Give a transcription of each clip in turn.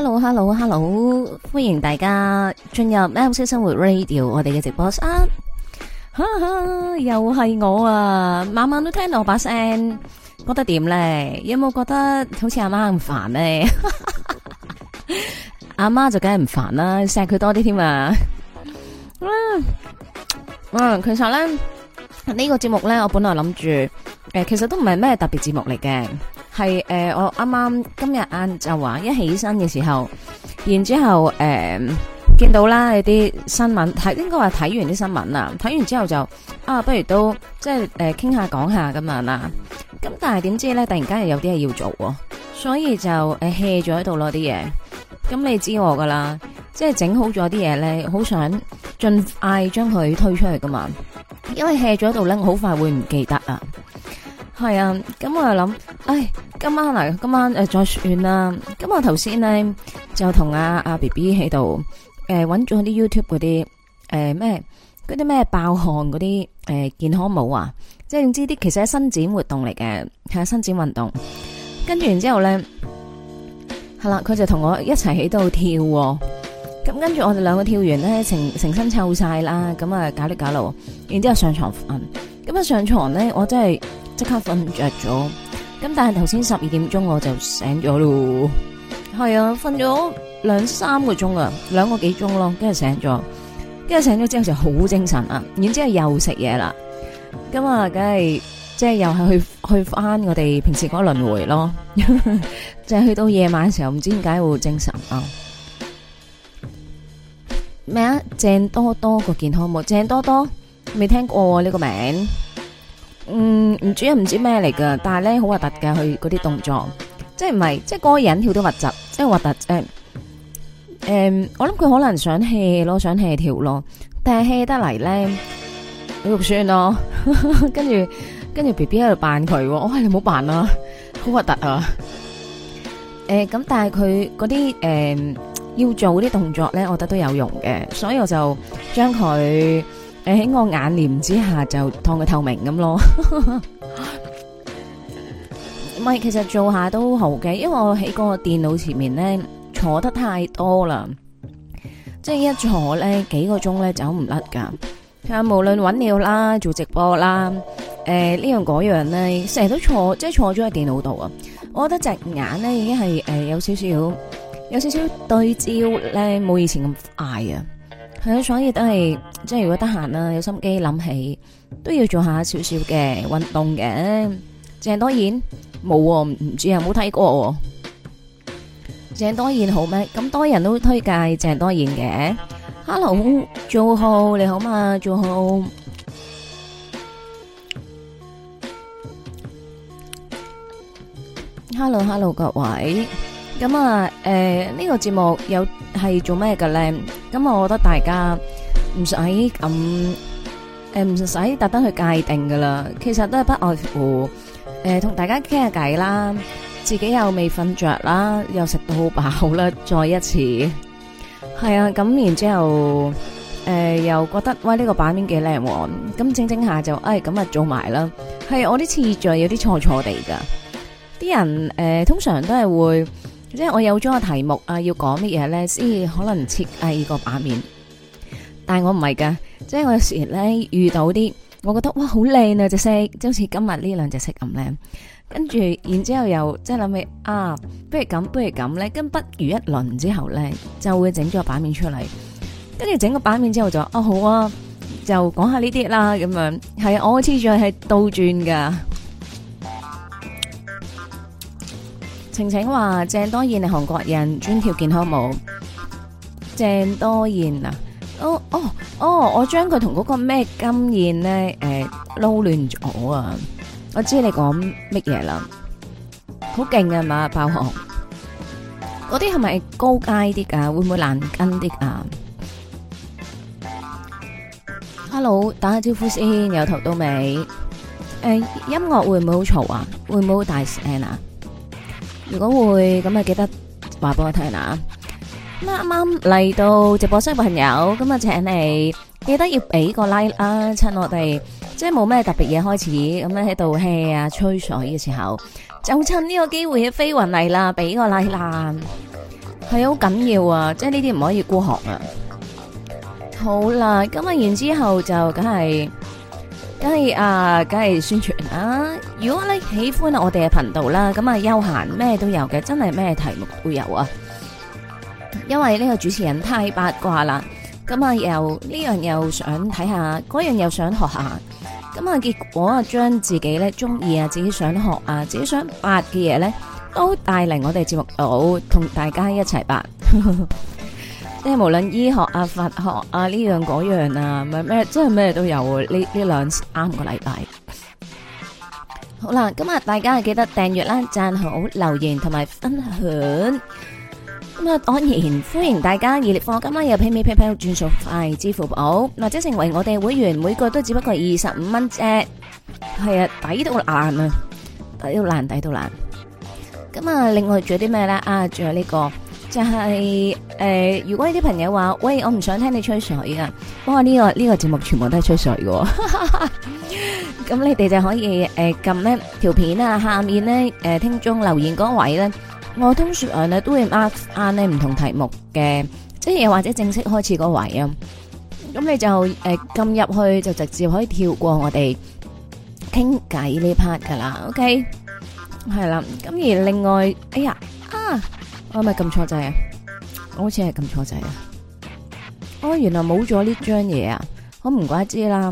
Hello，Hello，Hello！Hello, Hello. 歡迎大家進入喵式生活 Radio，我哋嘅直播室，啊。哈哈，又係我啊！晚晚都聽到我把聲，覺得點咧？有冇覺得好似阿媽咁煩咧？阿媽就梗係唔煩啦，錫佢多啲添啊！嗯，其實咧呢，呢個節目咧，我本來諗住誒，其實都唔係咩特別節目嚟嘅。係誒、呃，我啱啱今日晏晝話一起身嘅時候，然之後誒、呃、見到啦，有啲新聞睇，應該話睇完啲新聞啦，睇完之後就啊，不如都即係誒傾下講下咁啊啦，咁但係點知咧，突然間又有啲嘢要做喎、啊，所以就誒 hea 咗喺度咯啲嘢。咁、呃、你知我噶啦，即係整好咗啲嘢咧，好想盡快將佢推出去噶嘛，因為 hea 咗喺度咧，我好快會唔記得啊。係啊，咁我又諗，唉。今晚嗱，今晚誒再算啦。咁我頭先咧，就同阿阿 B B 喺度誒搵咗啲 YouTube 嗰啲誒咩嗰啲咩爆汗嗰啲誒健康舞啊，即係總之啲其實係伸展活動嚟嘅，係伸展運動。跟住然之後咧係啦，佢就同我一齊喺度跳啊。咁跟住我哋兩個跳完咧，成成身臭晒啦。咁啊，搞嚟搞路，然之後上床瞓。咁啊，上床咧，我真係即刻瞓着咗。咁但係頭先十二點鐘我就醒咗咯，係啊，瞓咗兩三個鐘啊，兩個幾鐘咯，跟住醒咗，跟住醒咗之後就好精神啊，然之後又食嘢啦，咁啊梗係即係又係去去翻我哋平時嗰個輪迴咯， 就係去到夜晚嘅時候，唔知點解會精神啊？咩啊？鄭多多個健康冇？鄭多多未聽過呢個名？嗯，唔知唔知咩嚟噶，但係咧好核突嘅佢嗰啲動作，即係唔係，即係嗰個人跳都核突，即係核突誒誒，我諗佢可能想 hea 咯，想 hea 跳咯，但係 hea 得嚟咧，咁算咯，跟住跟住 BB 喺度扮佢，我話你唔好扮啦，好核突啊！誒，咁但係佢嗰啲誒要做嗰啲動作咧，我覺得都有用嘅，所以我就將佢。誒，喺我眼簾之下就當佢透明咁咯，唔係，其實做下都好嘅，因為我喺個電腦前面咧坐得太多啦，即係一坐咧幾個鐘咧走唔甩噶，但係無論揾料啦，做直播啦，誒呢樣嗰樣咧，成日都坐，即係坐咗喺電腦度啊，我覺得隻眼咧已經係誒有少少有少少對焦咧冇以前咁快啊。係啊，所以都係，即係如果得閒啊，有心機諗起，都要做一下少少嘅運動嘅。鄭多燕冇，唔唔、啊、知有冇睇過，啊？鄭多燕好咩？咁多人都推介鄭多燕嘅。Hello，做好你好嘛？做好。Hello，Hello，Hello，各位。咁啊，誒，呢個節目又係做咩嘅咧？咁我覺得大家唔使咁，誒，唔使特登去界定噶啦。其實都係不外乎，誒，同大家傾下偈啦，自己又未瞓着啦，又食到好飽啦，再一次，係 啊。咁然之後，誒，又覺得喂，呢個版面幾靚喎。咁整整下就，哎，咁啊做埋啦。係我啲次序有啲錯錯地噶，啲人，誒，通常都係會。即係我有咗個題目啊，要講乜嘢咧？先可能設計個版面，但係我唔係噶，即係我有時咧遇到啲，我覺得哇好靚啊隻色，即好似今日呢兩隻色咁靚，跟住然之後又即係諗起啊，不如咁，不如咁咧，跟不如一輪之後咧，就會整咗個版面出嚟，跟住整個版面之後就啊好啊，就講下呢啲啦，咁樣係我次序係倒轉噶。晴晴話鄭多燕係韓國人，專跳健康舞。鄭多燕啊，哦哦哦，我將佢同嗰個咩金燕咧，誒撈亂咗啊！我知你講乜嘢啦，好勁啊嘛，爆紅！嗰啲係咪高階啲噶？會唔會難跟啲啊？Hello，打下招呼先，由頭到尾。誒，音樂會唔會好嘈啊？會唔會好大聲啊？如果會咁啊，記得話俾我聽啦。咁啊，啱啱嚟到直播室嘅朋友，咁啊，請你記得要俾個 like 啦，趁我哋即係冇咩特別嘢開始，咁咧喺度 hea 啊吹水嘅時候，就趁呢個機會嘅飛雲嚟啦，俾個 like，係好緊要啊！即係呢啲唔可以孤寒啊。好啦，咁啊，然之後就梗係。梗係啊，梗係宣傳啦，啊！如果你喜歡我哋嘅頻道啦，咁啊休閒咩都有嘅，真係咩題目都有啊！因為呢個主持人太八卦啦，咁啊又呢樣又想睇下，嗰樣又想學下，咁啊結果啊將自己咧中意啊、自己想學啊、自己想八嘅嘢咧，都帶嚟我哋節目度，同大家一齊八。 即係無論醫學啊、法學啊呢樣嗰樣啊，係咩，真係咩都有呢呢兩三個禮拜，好啦，今日大家記得訂閱啦、讚好、留言同埋分享。咁、嗯、啊，當然歡迎大家熱烈放金今晚又 PayMe、PayPal、轉數快支付寶，或者成為我哋會員，每個都只不過二十五蚊啫，係啊，抵到爛啊，抵到爛，抵到爛。咁、嗯、啊，另外仲有啲咩咧？啊，仲有呢、呢個。就係誒，如果你啲朋友話喂，我唔想聽你吹水啊，不過呢個呢個節目全部都係吹水嘅，咁你哋就可以誒撳咧條片啊，下面咧誒聽眾留言嗰位咧，我通常啊都會 mark 啱咧唔同題目嘅，即係又或者正式開始嗰位啊，咁你就誒撳入去就直接可以跳過我哋傾偈呢 part 噶啦，OK 係啦，咁而另外，哎呀啊！是不是錯我咪撳錯掣啊！好似係撳錯掣啊！哦，原來冇咗呢張嘢啊！好唔怪之啦。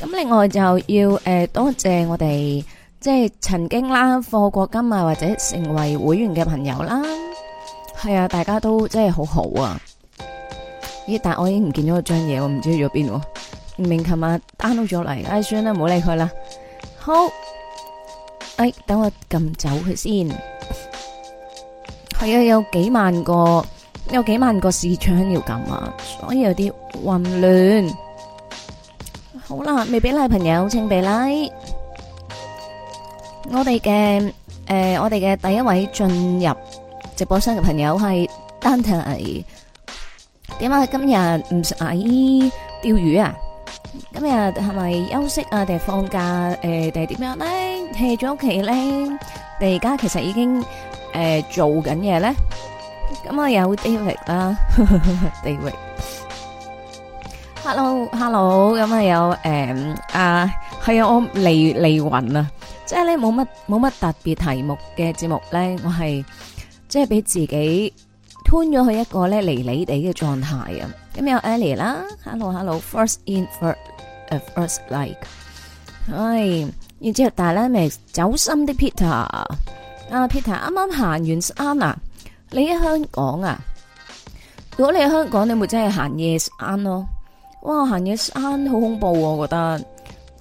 咁另外就要誒、呃，多謝我哋即係曾經啦，課過金啊，或者成為會員嘅朋友啦。係啊，大家都真係好好啊！咦，但我已經唔見咗一張嘢，我唔知去咗邊、啊。明明琴日 download 咗嚟，唉，算啦，唔好理佢啦。好，誒、哎，等我撳走佢先。係啊，有幾萬個有幾萬個市場要咁啊，所以有啲混亂。好啦，未俾禮朋友，請俾禮。我哋嘅誒，我哋嘅第一位進入直播室嘅朋友係丹婷阿姨。點啊？今日唔食阿姨釣魚啊？今日係咪休息啊？定係放假？誒，定係點樣咧？喺咗屋企咧？你而家其實已經。誒，做緊嘢咧，咁啊有 David 啦，David。Hello，Hello，咁啊有誒，阿係啊，我黎黎云啊，即係咧冇乜冇乜特別題目嘅節目咧，我係即係俾自己吞咗去一個咧離離地嘅狀態啊。咁有 Ellie 啦，Hello，Hello，First in first，at first like，唉，然之後但係咧咪走心啲 Peter。阿、uh, Peter 啱啱行完山啊！你喺香港啊？如果你喺香港，你咪真係行夜山咯。哇，行夜山好恐怖，啊，我覺得。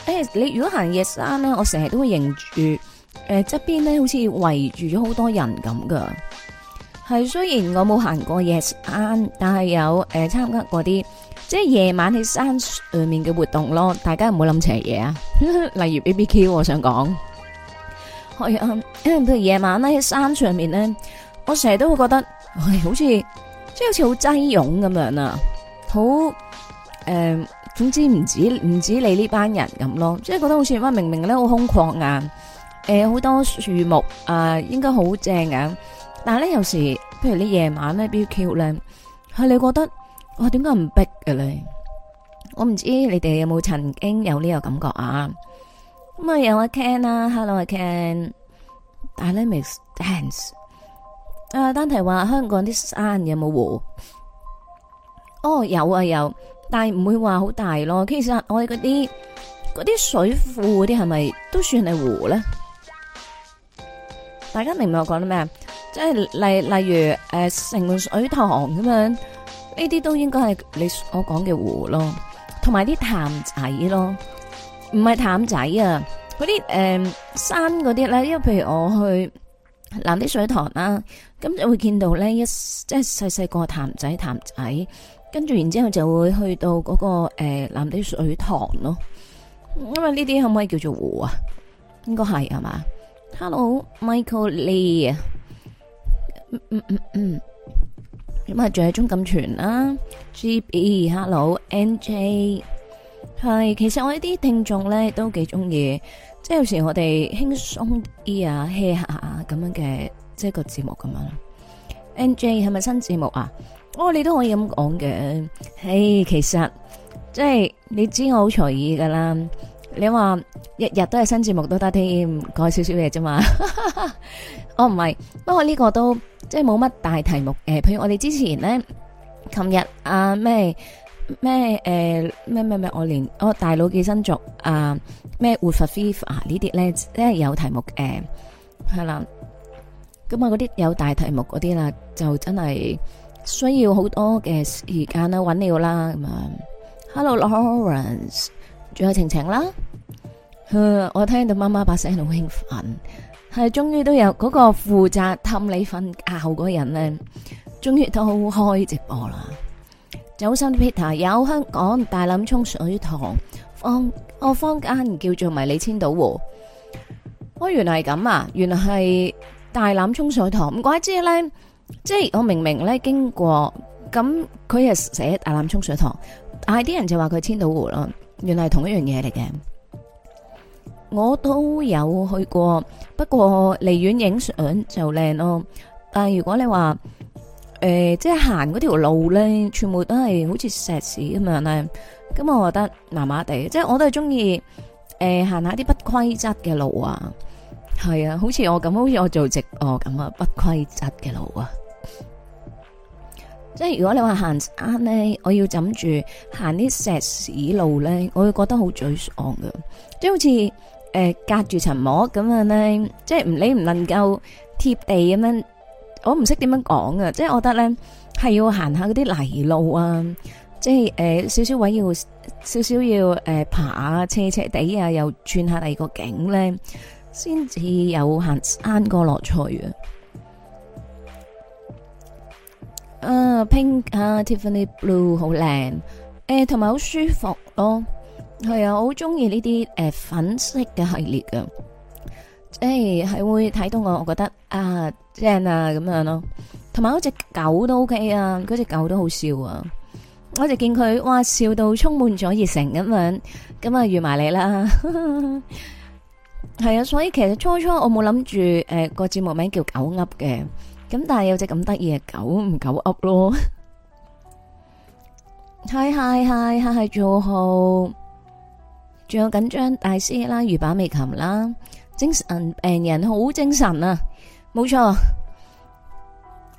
誒、欸，你如果行夜山咧，我成日都會認住誒側邊咧，好似圍住咗好多人咁噶。係雖然我冇行過夜山，但係有誒參、呃、加過啲即係夜晚喺山上面嘅活動咯。大家唔好諗邪嘢啊！ 例如 BBQ，我想講。係、嗯、啊，因為譬如夜晚咧，喺山上面咧，我成日都會覺得，哎、好似即係好似好擠擁咁樣啊，好誒、呃，總之唔止唔止你呢班人咁咯，即係覺得好似明明咧好空曠啊，誒、呃，好多樹木啊，應該好正啊。但係咧有時，譬如你夜晚咧，BQ 咧，係你覺得，哇，點解唔逼嘅咧？我唔知你哋有冇曾經有呢個感覺啊？咁、嗯、啊，有啊 Ken 啊，Hello 啊 Ken，I m o v e dance。啊，丹提話香港啲山有冇湖？哦，有啊有，但係唔會話好大咯。其實我哋嗰啲嗰啲水庫嗰啲係咪都算係湖咧？大家明唔明我講啲咩啊？即係例例如誒，城、呃、門水塘咁樣，呢啲都應該係你我講嘅湖咯，同埋啲潭仔咯。唔係潭仔啊，嗰啲誒山嗰啲咧，因為譬如我去藍地水塘啦、啊，咁就會見到咧一即係細細個潭仔潭仔，跟住然之後就會去到嗰、那個誒、呃、藍地水塘咯。因為呢啲可唔可以叫做湖啊？應該係係嘛？Hello Michael Lee，嗯嗯嗯嗯，咁、嗯嗯嗯、啊仲有鍾錦泉啦，GB Hello N J。係，其實我呢啲聽眾咧都幾中意，即係有時我哋輕鬆啲啊，hea 下咁樣嘅即係個節目咁樣啦。N J 係咪新節目啊？哦，你都可以咁講嘅。誒，其實即係你知道我好隨意噶啦。你話日日都係新節目都得，添改少少嘢啫嘛。我唔係，不過呢個都即係冇乜大題目。誒，譬如我哋之前咧，琴日啊咩？什麼咩誒咩咩咩我連我、哦、大佬寄生族啊咩活佛 viva 呢啲咧即係有題目，誒係啦，咁啊嗰啲有大題目嗰啲啦就真係需要好多嘅時間、啊、啦，揾料啦咁樣 hello Lawrence 仲有晴晴啦、嗯、我聽到媽媽把聲好興奮，係終於都有嗰個負責氹你瞓覺嗰個人咧終於都好開直播啦。有新 Peter 有香港大欖涌水塘方、哦、我坊間叫做迷你千島湖，我、哦、原來係咁啊，原來係大欖涌水塘。唔怪之咧，即係我明明咧經過，咁佢係寫大欖涌水塘，但係啲人就話佢千島湖咯。原來係同一樣嘢嚟嘅，我都有去過，不過離遠影相就靚咯。但係如果你話，誒、呃，即係行嗰條路咧，全部都係好似石屎咁樣咧，咁我覺得麻麻地。即係我都係中意誒行下啲不規則嘅路啊，係啊，好似我咁，好似我做直播咁啊，不規則嘅路啊。 即係如果你話行山咧，我要枕住行啲石屎路咧，我會覺得好沮喪噶，即係好似誒、呃、隔住層膜咁樣咧，即係唔你唔能夠貼地咁樣。我唔識點樣講啊，即係我覺得咧，係要行下嗰啲泥路啊，即係誒、呃，少少位要少少要誒、呃、爬啊，斜斜地啊，又轉下第二個景咧，先至有行山個樂趣啊！啊，Pink 啊、uh,，Tiffany Blue 好靚，誒、呃，同埋好舒服咯，係啊，我好中意呢啲誒粉色嘅系列噶。誒、欸，係會睇到我，我覺得啊正啊咁樣咯。同埋嗰隻狗都 OK 啊，嗰隻，啊，狗都，啊，好笑啊。我就見佢哇笑到充滿咗熱誠咁樣，咁啊預埋你啦。係 啊，所以其實初初我冇諗住誒個節目名叫狗噏嘅，咁但係有隻咁得意嘅狗唔狗噏咯。嗨嗨嗨嗨係做號，仲有緊張大師啦，御坂美琴啦。精神病人好精神啊，冇錯。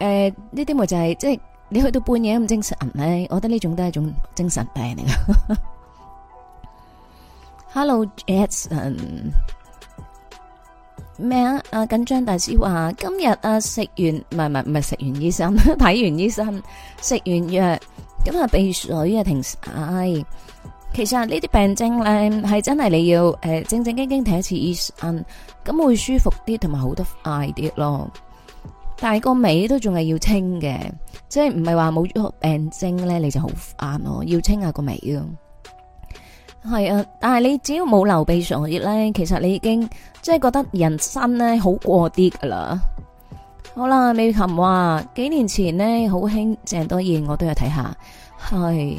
誒，呢啲咪就係即係你去到半夜咁精神咧？我覺得呢種都係一種精神病嚟。Hello，Jason，咩啊？阿緊張大師話今日阿食完，唔係唔係唔係食完醫生睇完醫生，食完藥，今日鼻水啊停晒。其實呢啲病症咧係真係你要誒、呃、正正經經睇一次醫生，咁會舒服啲，同埋好得快啲咯。但係個尾都仲係要清嘅，即係唔係話冇咗個病症咧，你就好返咯，要清一下個尾咯。係啊，但係你只要冇流鼻上水咧，其實你已經即係、就是、覺得人生咧好過啲噶啦。好啦，美琴話幾年前呢，好興鄭多燕，我都有睇下，係。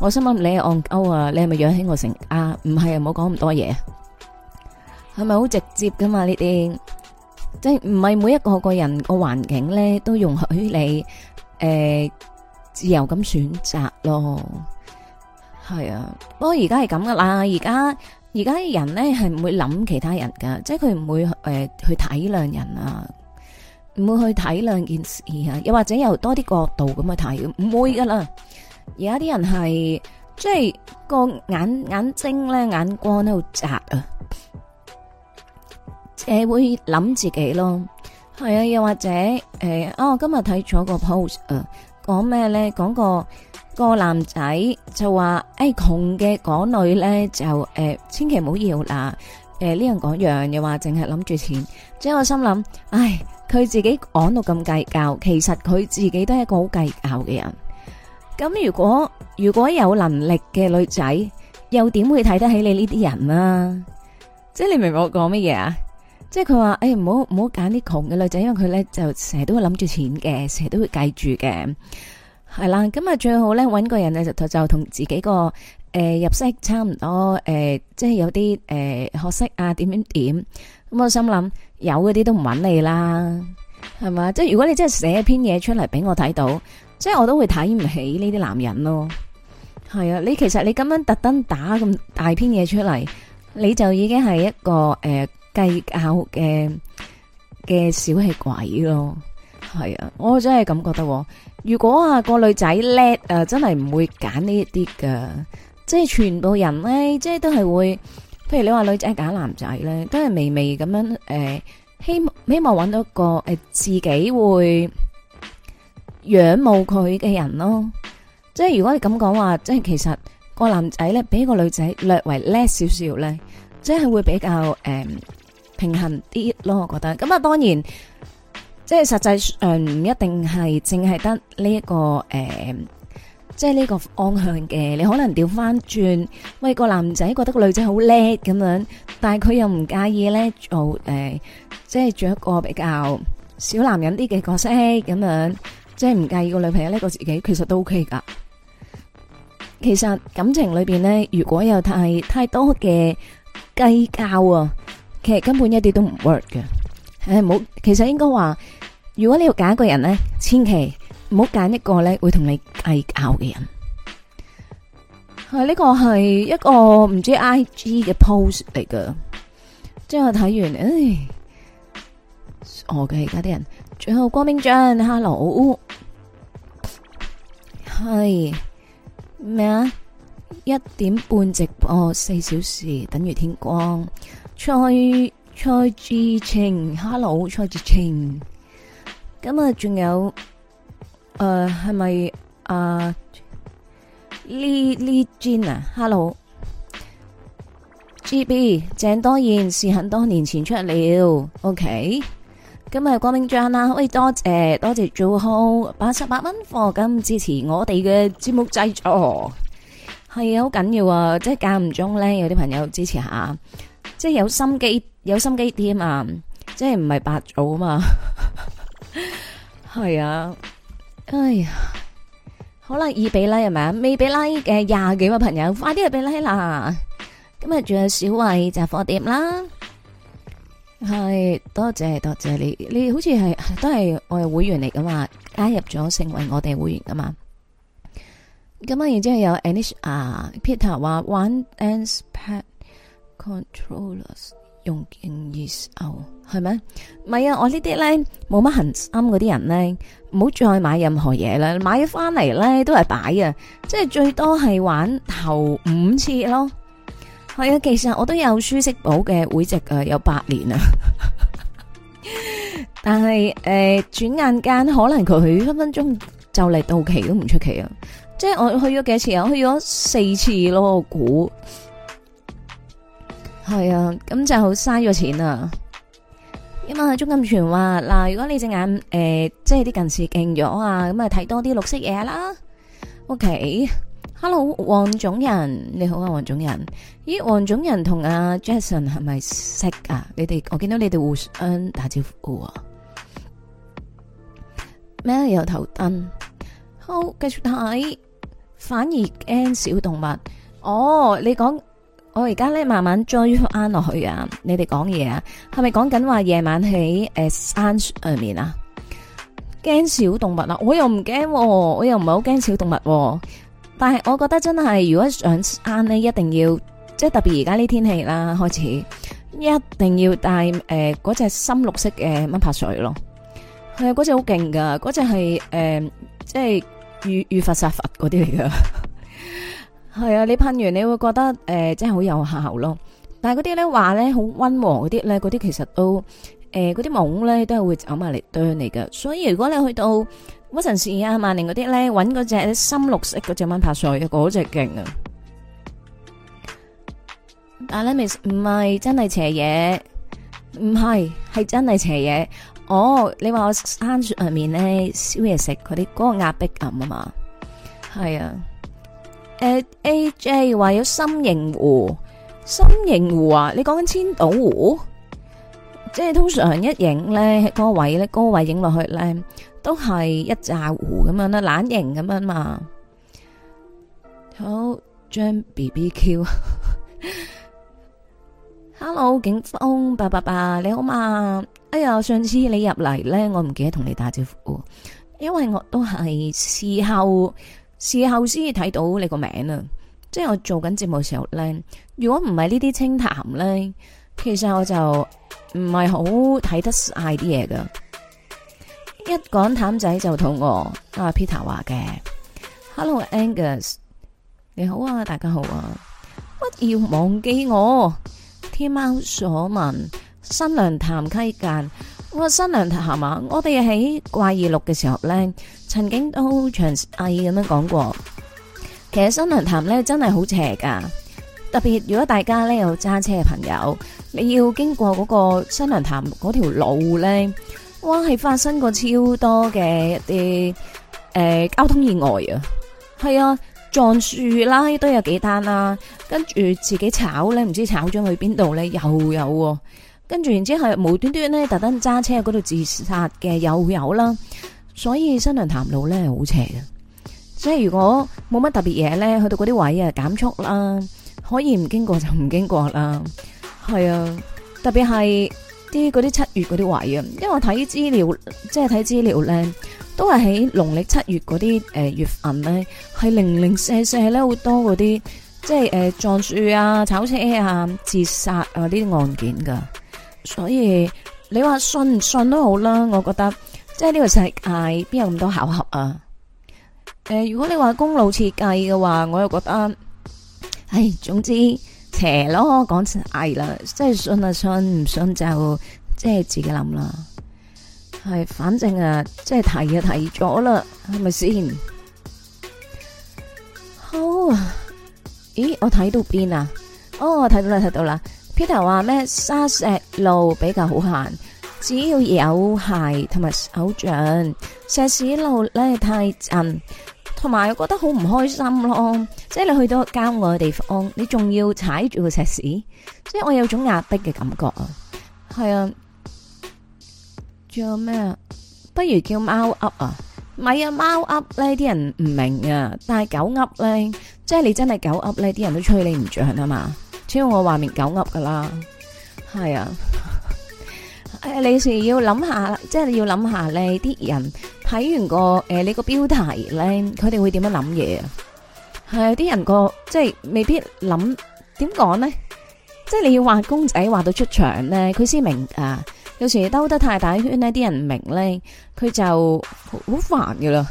我想問你係戇鳩啊？你係咪養起我成家？啊，唔係啊，唔好講咁多嘢，係咪好直接噶嘛？呢啲即係唔係每一個個人個環境咧都容許你誒自由咁選擇咯？係啊，不過而家係咁噶啦，而家而家人咧係唔會諗其他人噶，即係佢唔會誒去體諒人啊，唔會去體諒件事啊，又或者由多啲角度咁去睇，唔會噶啦。而家啲人係即係個眼眼睛咧眼光都好窄啊！誒，會諗自己咯，係啊，又或者誒，哦，今日睇咗個 post 誒，講咩咧？講個個男仔就話誒，窮嘅港女咧就誒，千祈唔好要啦。誒，呢樣嗰樣，又話淨係諗住錢。即係我心諗，唉，佢自己講到咁計較，其實佢自己都係一個好計較嘅人。咁如果如果有能力嘅女仔，又點會睇得起你呢啲人啊？即係你明唔明我講乜嘢啊？即係佢話，誒，唔好唔好揀啲窮嘅女仔，因為佢咧就成日都會諗住錢嘅，成日都會計住嘅，係啦。咁啊，最好咧揾個人咧就就同自己個誒、呃、入息差唔多，誒、呃、即係有啲誒、呃、學識啊，點點點。咁、嗯、我心諗有嗰啲都唔揾你啦，係嘛？即係如果你真係寫一篇嘢出嚟俾我睇到。即係我都會睇唔起呢啲男人咯，係啊，你其實你咁樣特登打咁大篇嘢出嚟，你就已經係一個誒、呃、計較嘅嘅、呃、小氣鬼咯，係啊，我真係咁覺得。如果啊個女仔叻啊，真係唔會揀呢一啲噶，即係全部人咧，即係都係會，譬如你話女仔揀男仔咧，都係微微咁樣誒，希望希望搵到一個誒、呃、自己會仰慕佢嘅人咯，即係如果你咁講話，即係其實個男仔咧，比個女仔略為叻少少咧，即係會比較誒、嗯、平衡啲咯。我覺得咁啊，當然即係實際上唔一定係淨係得呢一個誒、嗯，即係呢個方向嘅。你可能調翻轉，喂個男仔覺得個女仔好叻咁樣，但係佢又唔介意咧做誒、嗯，即係做一個比較小男人啲嘅角色咁樣。即係唔介意個女朋友呢個自己,其實都 OK 噶。其實感情裏邊咧，如果有太太多嘅計較啊，其實根本一啲都唔 work 嘅。誒，冇，其實應該話，如果你要揀一個人咧，千祈唔好揀一個咧會同你計較嘅人。係呢個係一個唔知 IG 嘅 post 嚟㗎，即係我睇完，誒，我嘅而家啲人。最後郭明章，hello，係咩、哦呃呃、啊？一點半直播四小時等於天光，蔡蔡志晴：「hello 蔡志晴。」今日仲有，誒係咪啊？Lily Jane 啊？hello，GB 鄭多燕是很多年前出了，OK。今日光明獎啦，喂，多謝多謝做好八十八蚊貨咁支持我哋嘅節目製作，係啊，好緊要啊！即係間唔中咧，有啲朋友支持下，即係有心機有心機啲啊嘛！即係唔係白做啊嘛，係 啊，哎呀，好啦，二俾拉係咪啊？未俾拉嘅廿幾位朋友，快啲去俾拉啦！今日仲有小慧雜貨店啦。係，多謝多謝你，你好似係都係我嘅會員嚟噶嘛，加入咗成為我哋會員噶嘛。咁啊，然之後有 Anish 啊，Peter 話 玩 Anspad controllers 用 e 熱 o 係咪？唔、哦、唔係啊，我呢啲咧冇乜恒心嗰啲人咧，唔好再買任何嘢啦，買咗翻嚟咧都係擺啊，即係最多係玩頭五次咯。係啊，其實我都有舒適寶嘅會籍誒，有八年啊，但係誒轉眼間可能佢分分鐘就嚟到期都唔出奇啊！即係我去咗幾次啊，我去咗四次咯，我估。係啊，咁就好嘥咗錢啊！因為鐘金泉話嗱，如果你隻眼誒，即係啲近視勁咗啊，咁啊睇多啲綠色嘢啦。O K。hello，黃種人你好啊，黃種人。咦，黃種人同阿、啊、Jason 係咪識啊？你哋我見到你哋互相打招呼啊。咩有頭燈？好，繼續睇。反而驚小動物哦。你講我而家咧慢慢追返落去啊。你哋講嘢啊，係咪講緊話夜晚喺誒、啊、山上面啊？驚小動物啊，我又唔驚、啊，我又唔係好驚小動物、啊。但係我覺得真係，如果上山咧，一定要即係特別而家呢天氣啦，開始一定要帶誒嗰隻深綠色嘅蚊拍水咯。係啊，嗰隻好勁噶，嗰隻係誒即係遇遇佛殺佛嗰啲嚟噶。係 啊，你噴完你會覺得誒、呃、真係好有效咯。但係嗰啲咧話咧好溫和嗰啲咧，嗰啲其實都誒嗰啲蚊咧都係會走埋嚟啄你噶。所以如果你去到，嗰陣時啊，萬寧嗰啲咧搵嗰隻深綠色嗰隻蚊拍水，個好隻勁啊！但係咧未唔係真係邪嘢，唔係係真係邪嘢。哦，你話我山上面咧宵夜食嗰啲，嗰個壓迫感啊嘛，係啊。誒，AJ 話有心形湖，心形湖啊？你講緊千島湖？即係通常一影咧，嗰個位咧，嗰個位影落去咧。都係一紮糊咁樣啦，懶型咁樣嘛。好，張 B B Q。 Hello，警方八八八，你好嘛？哎呀，上次你入嚟咧，我唔記得同你打招呼，因為我都係事後，事後先至睇到你個名啊。即係我做緊節目嘅時候咧，如果唔係呢啲清談咧，其實我就唔係好睇得晒啲嘢噶。一講譚仔就肚餓，阿 Peter 話嘅。Hello，Angus，你好啊，大家好啊，不要忘記我。天貓所聞，新娘潭溪澗、啊，我話新娘潭嘛。我哋喺怪異錄嘅時候咧，曾經都阿姨咁樣講過。其實新娘潭咧真係好邪噶，特別如果大家咧有揸車嘅朋友，你要經過嗰個新娘潭嗰條路咧。哇係發生過超多嘅一啲誒、呃、交通意外啊，係啊撞樹啦都有幾單啦、啊，跟住自己炒咧唔知炒咗去邊度咧又有、啊，跟住然之後無端端咧特登揸車喺嗰度自殺嘅又有啦、啊，所以新娘潭路咧好邪嘅、啊，所以如果冇乜特別嘢咧，去到嗰啲位啊減速啦，可以唔經過就唔經過啦，係啊，特別係。啲嗰啲七月嗰啲位啊，因為我睇資料，即係睇資料咧，都係喺農曆七月嗰啲誒月份咧，係零零舍舍，咧好多嗰啲，即係誒、呃、撞樹啊、炒車啊、自殺啊呢啲案件噶。所以你話信唔信都好啦，我覺得即係呢個世界邊有咁多巧合啊？誒、呃，如果你話公路設計嘅話，我又覺得，唉，總之。邪咯，講起危啦，即係信啊，信、唔信就即係自己諗啦。係，反正啊，即係睇就睇咗啦，係咪先？好啊，咦，我睇到邊啊？哦，睇到啦睇到啦。Peter 話咩沙石路比較好行，只要有鞋同埋手杖，石屎路咧太震。同埋我覺得好唔開心咯，即係你去到郊外嘅地方，你仲要踩住個石屎，即係我有種壓迫嘅感覺啊。係啊，仲有咩啊？不如叫貓噏啊？咪啊，貓噏呢，啲人唔明啊。但係狗噏呢，即係你真係狗噏呢，啲人都吹你唔着啊嘛。只要我話明狗噏噶啦，係啊。誒、呃，你是要諗下，即係你要諗下咧，啲人睇完個誒、呃，你個標題咧，佢哋會點樣諗嘢啊？係、呃、啲人個即係未必諗，點講咧？即係你要畫公仔畫到出腸咧，佢先明啊！有時兜得太大圈呢，啲人唔明咧，佢就好煩噶啦。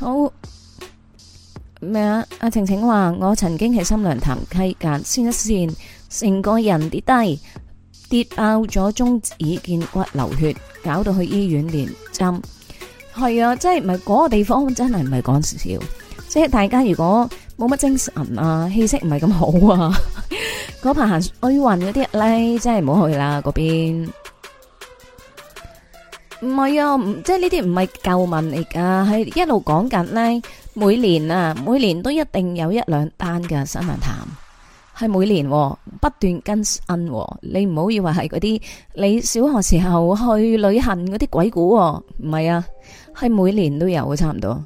好咩啊？阿、啊、晴晴話：我曾經喺深涼潭溪間跣一跣，成個人跌低。跌爆咗，中指見骨流血，搞到去醫院連針。係啊，即係唔係嗰個地方真係唔係講笑。即係大家如果冇乜精神啊，氣息唔係咁好啊，嗰排行哀運嗰啲咧，真係唔好去啦。嗰邊唔係啊，即係呢啲唔係舊聞嚟㗎，係一路講緊咧。每年啊，每年都一定有一兩單嘅新聞談。係每年不斷更新，你唔好以為係嗰啲你小學時候去旅行嗰啲鬼故，唔係啊，係每年都有嘅差唔多。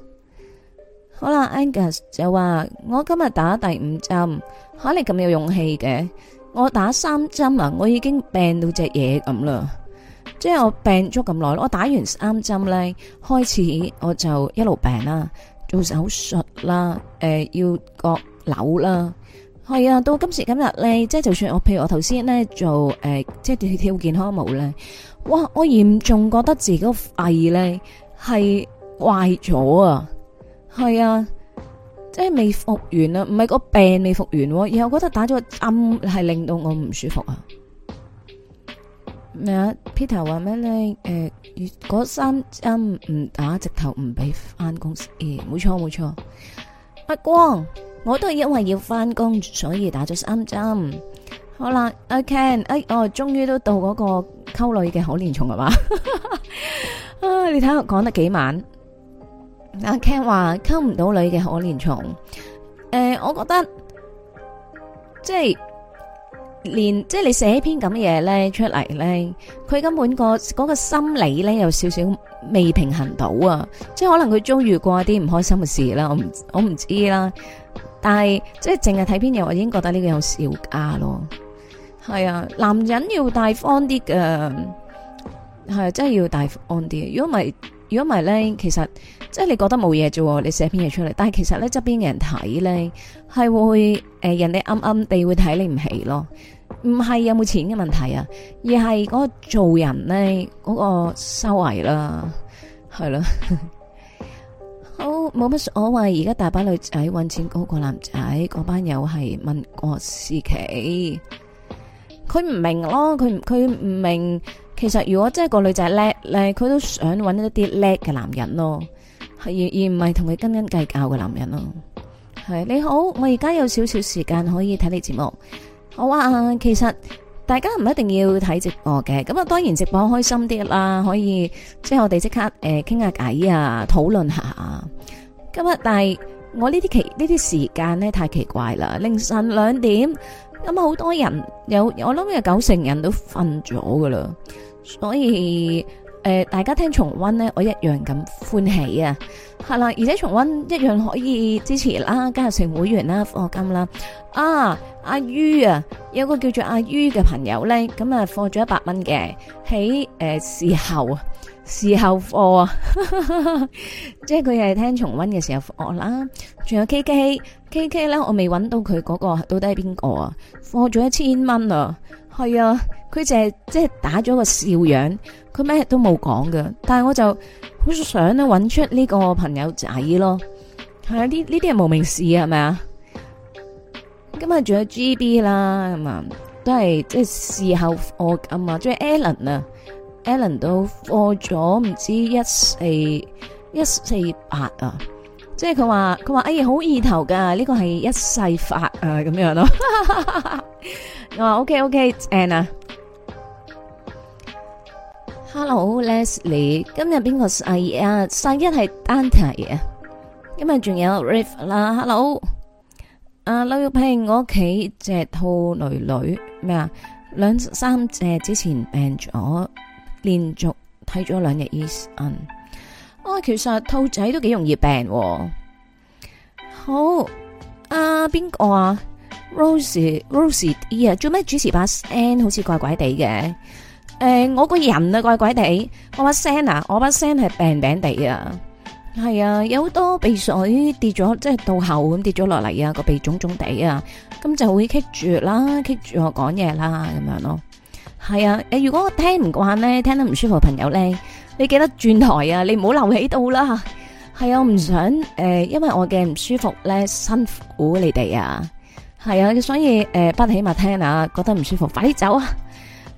好啦，Angus 就話：我今日打第五針，吓你咁有勇氣嘅？我打三針啊，我已經病到隻嘢咁啦，即係我病咗咁耐，我打完三針咧，開始我就一路病啦，做手術啦，誒，要割瘤啦。係啊，到今時今日咧，即係就算我，譬如我頭先咧做誒，即係跳健康舞咧，哇，我嚴重覺得自己個肺咧係壞咗啊！係啊，即係未復完啊，唔係個病未復完，然後覺得打咗針係令到我唔舒服啊！咩啊？Peter 話咩咧？誒，嗰三針唔打，直頭唔俾翻公司。誒，冇錯冇錯，阿光。我都係因為要翻工，所以打咗三針。好啦，阿 Ken，哎，我終於都到嗰個溝女嘅可憐蟲係嘛？啊，你睇我講得幾慢？阿 Ken 話溝唔到女嘅可憐蟲。誒，我覺得即係連即係你寫篇咁嘅嘢咧出嚟咧，佢根本個嗰個心理咧有少少未平衡到啊！即係可能佢遭遇過一啲唔開心嘅事啦，我唔我唔知啦。但係即係淨係睇篇嘢，我已經覺得呢個有少加咯。係啊，男人要大方啲嘅，係、啊、真係要大方啲。如果唔係，如果唔係咧，其實即係你覺得冇嘢啫，你寫篇嘢出嚟。但係其實咧，側邊嘅人睇咧，係會誒、呃、人哋暗暗地會睇你唔起咯。唔係有冇錢嘅問題啊，而係嗰個做人咧嗰、嗰個修為啦，係咯、啊。 好，冇乜所謂，而家大把女，班女仔揾錢，高過男仔，嗰班友係民國時期，佢唔明咯，佢佢唔明。其實如果真係個女仔叻咧，佢都想揾一啲叻嘅男人咯，而而唔係同佢斤斤計較嘅男人咯。係你好，我而家有少少時間可以睇你節目。好啊，其實。大家唔一定要睇直播嘅，咁啊當然直播開心啲啦，可以即係我哋即刻誒傾下偈啊，討論下。今日但係我呢啲奇呢啲時間咧太奇怪啦，凌晨兩點，咁啊好多人有，我諗有九成人都瞓咗噶啦，所以。誒、呃，大家聽重溫咧，我一樣咁歡喜啊！係啦，而且重溫一樣可以支持啦，加入成會員啦，課金啦。啊，阿于啊，有個叫做阿于嘅朋友咧，咁、嗯、啊，課咗一百蚊嘅，喺誒時候，時候課啊， 即係佢係聽重溫嘅時候課啦。仲有 K K K K 咧，我未揾到佢嗰，那個到底係邊個啊？課咗一千蚊啊！係啊，佢淨係即係打咗個笑樣，佢咩都冇講噶。但係我就好想咧揾出呢個朋友仔咯。係啊，呢呢啲係無名氏啊係咪啊？今日仲有 GB 啦，咁啊，都係即係事後我咁啊，即係 Alan 啊 Alan 都破咗唔知一四一四八啊。即係佢話佢話，哎呀好意頭噶，呢個係一世發啊，咁樣咯。我話 OK OK Anna 啊，Hello Leslie，今日邊個世啊？世一係 Dante 啊。今日仲有 Riff 啦，Hello。啊劉玉平，我屋企隻兔女女咩啊？兩三隻之前病咗，d 我連續睇咗兩日醫生哦、其實兔仔都幾容易病、哦。好，啊邊個啊 Rose，Rose 啊做咩主持把聲好似怪怪地嘅？誒、欸，我個人啊怪怪地，我把聲啊，我把聲係病病地啊，係啊，有好多鼻水跌咗，即係到後咁跌咗落嚟啊，個鼻腫腫地啊，咁就會棘住啦，棘住我講嘢啦，咁樣咯。係啊，誒，如果我聽唔慣咧，聽得唔舒服嘅朋友咧。你記得轉台啊！你唔好留喺度啦吓，係啊，我唔想誒，因為我嘅唔舒服咧，辛苦你哋啊，係啊，所以誒，不起碼聽下，覺得唔舒服，快啲走啊！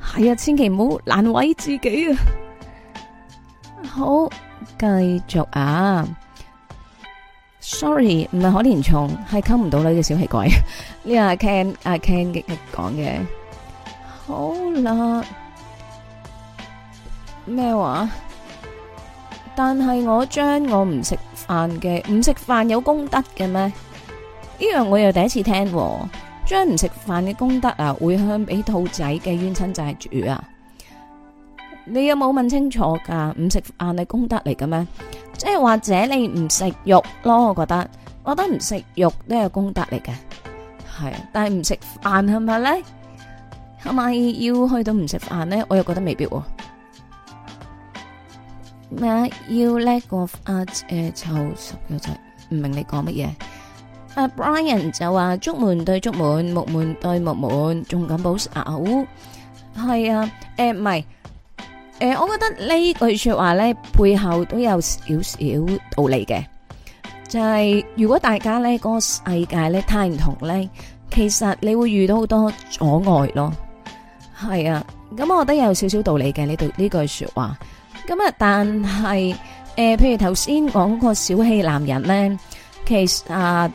係啊，千祈唔好難為自己啊！好，繼續啊！Sorry，唔係可憐蟲，係溝唔到女嘅小氣鬼，呢個阿 Ken，阿 Ken 極力講嘅，好啦，咩話？但係我將我唔食飯嘅唔食飯有功德嘅咩？呢樣我又第一次聽喎，將唔食飯嘅功德啊，會向俾兔仔嘅冤親債主啊？你有冇問清楚噶？唔食飯係功德嚟嘅咩？即係或者你唔食肉咯？我覺得，我覺得唔食肉都有功德嚟嘅，係。但係唔食飯係咪咧？係咪要去到唔食飯咧？我又覺得未必喎。咩？要叻個啊？誒，湊熟個仔，唔明你講乜嘢？阿 Brian 就話：竹門對竹門，木門對木門，仲敢保守？係啊，誒，唔係，誒，我覺得呢句說話咧，背後都有少少道理嘅。就係如果大家咧，嗰個世界咧太唔同咧，其實你會遇到好多阻礙咯。係啊，咁我覺得有少少道理嘅呢度呢句說話。咁啊，但係誒，譬如頭先講個小氣男人咧，其實誒、呃，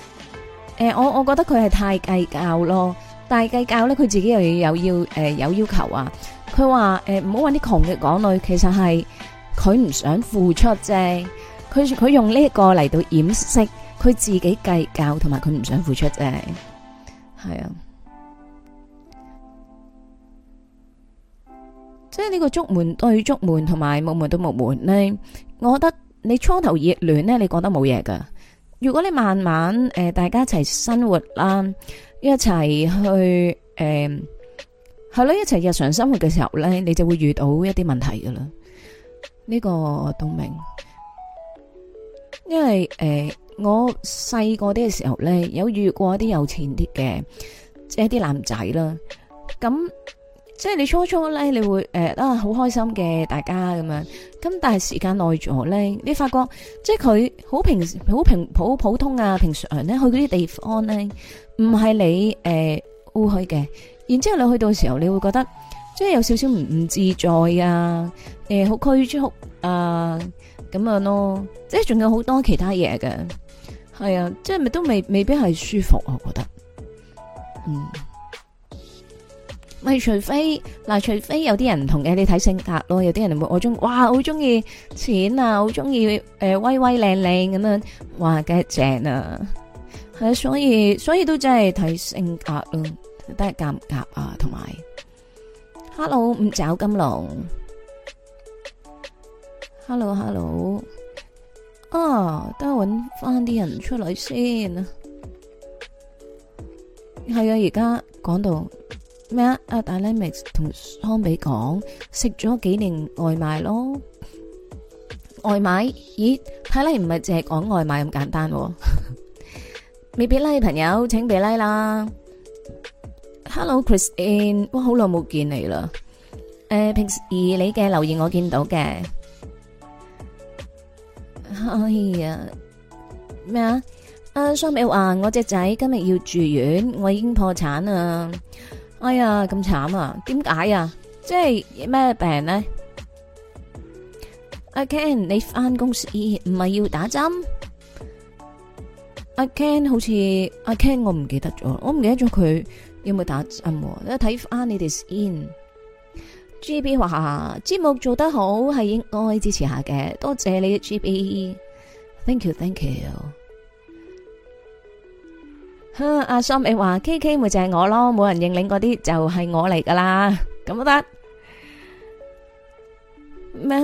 我我覺得佢係太計較咯。但係計較咧，佢自己又有要誒、呃、有要求啊。佢話誒唔好搵啲窮嘅港女，其實係佢唔想付出啫。佢佢用呢一個嚟到掩飾佢自己計較，同埋佢唔想付出啫。係啊。即係呢個竹門對竹門，同埋木門對木門，呢我覺得你初頭熱戀咧，你講得冇嘢噶。如果你慢慢誒，大家一齊生活啦，一齊去誒，係咯，一齊日常生活嘅時候咧，你就會遇到一啲問題噶啦。呢個東明，因為誒，我細個啲嘅時候咧，有遇過一啲有錢啲嘅，即係啲男仔啦，咁。即係你初初咧，你會誒、呃、啊好開心嘅，大家咁樣。咁但係時間耐咗咧，你發覺即係佢好平好平好普通啊，平常咧去嗰啲地方咧，唔係你誒去嘅。然之後你去到嘅時候，你會覺得即係有少少唔唔自在啊，誒好拘束啊咁樣咯。即係仲有好多其他嘢嘅，係啊，即係咪都未未必係舒服，啊？我覺得，嗯。咪除非嗱，除非有啲人唔同嘅，你睇性格咯。有啲人會我中，哇，好中意錢啊，好中意誒，威威靚靚咁樣，哇，梗係正啊！係啊，所以，所以都真係睇性格咯、啊啊，得係夾唔夾啊，同埋。Hello，唔找金龍。Hello，Hello。啊，都係搵返啲人出嚟先啊。係啊，而家講到。咩啊？啊，大咧咪同康比講食咗幾年外賣咯？外賣？咦，睇嚟唔係淨係講外賣咁簡單。未俾 like，朋友，請俾 like 啦。Hello，Christine，我好耐冇見你啦。誒，平時你嘅留言我見到嘅。哎呀，咩啊？阿康比話我隻仔今日要住院，我已經破產啦。哎呀，咁慘啊！點解啊？即係咩病呢？阿 Ken，你翻公司唔係要打針？阿 Ken 好似阿 Ken，我唔記得咗，我唔記得咗佢有冇打針，啊？看看你睇翻你哋先，GB 話節目做得好係應該支持下嘅，多謝你，GB，thank you，thank you。You. 阿、 啊、Sam 你話：K K 咪就係我咯，冇人認領嗰啲就係我嚟噶啦，咁都得咩？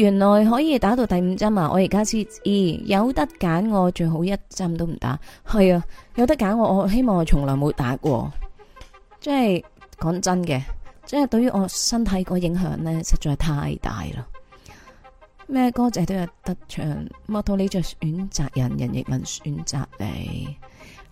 原來可以打到第五針啊！我而家先知，有得揀我最好一針都唔打。係啊，有得揀我，我希望我從來冇打過。即係講真嘅，即係對於我身體個影響呢，實在太大啦。咩歌仔都有得唱，莫道你着選擇人，人亦問選擇你。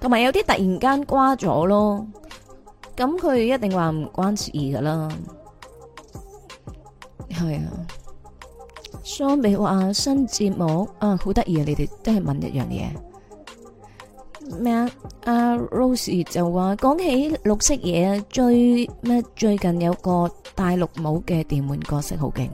同埋有啲突然間瓜咗咯，咁佢一定話唔關事噶啦，係啊。雙美話新節目啊，好得意啊！你哋都係問一樣嘢咩啊？阿 Rose 就話講起綠色嘢啊，最咩最近有個戴綠帽嘅電玩角色好勁。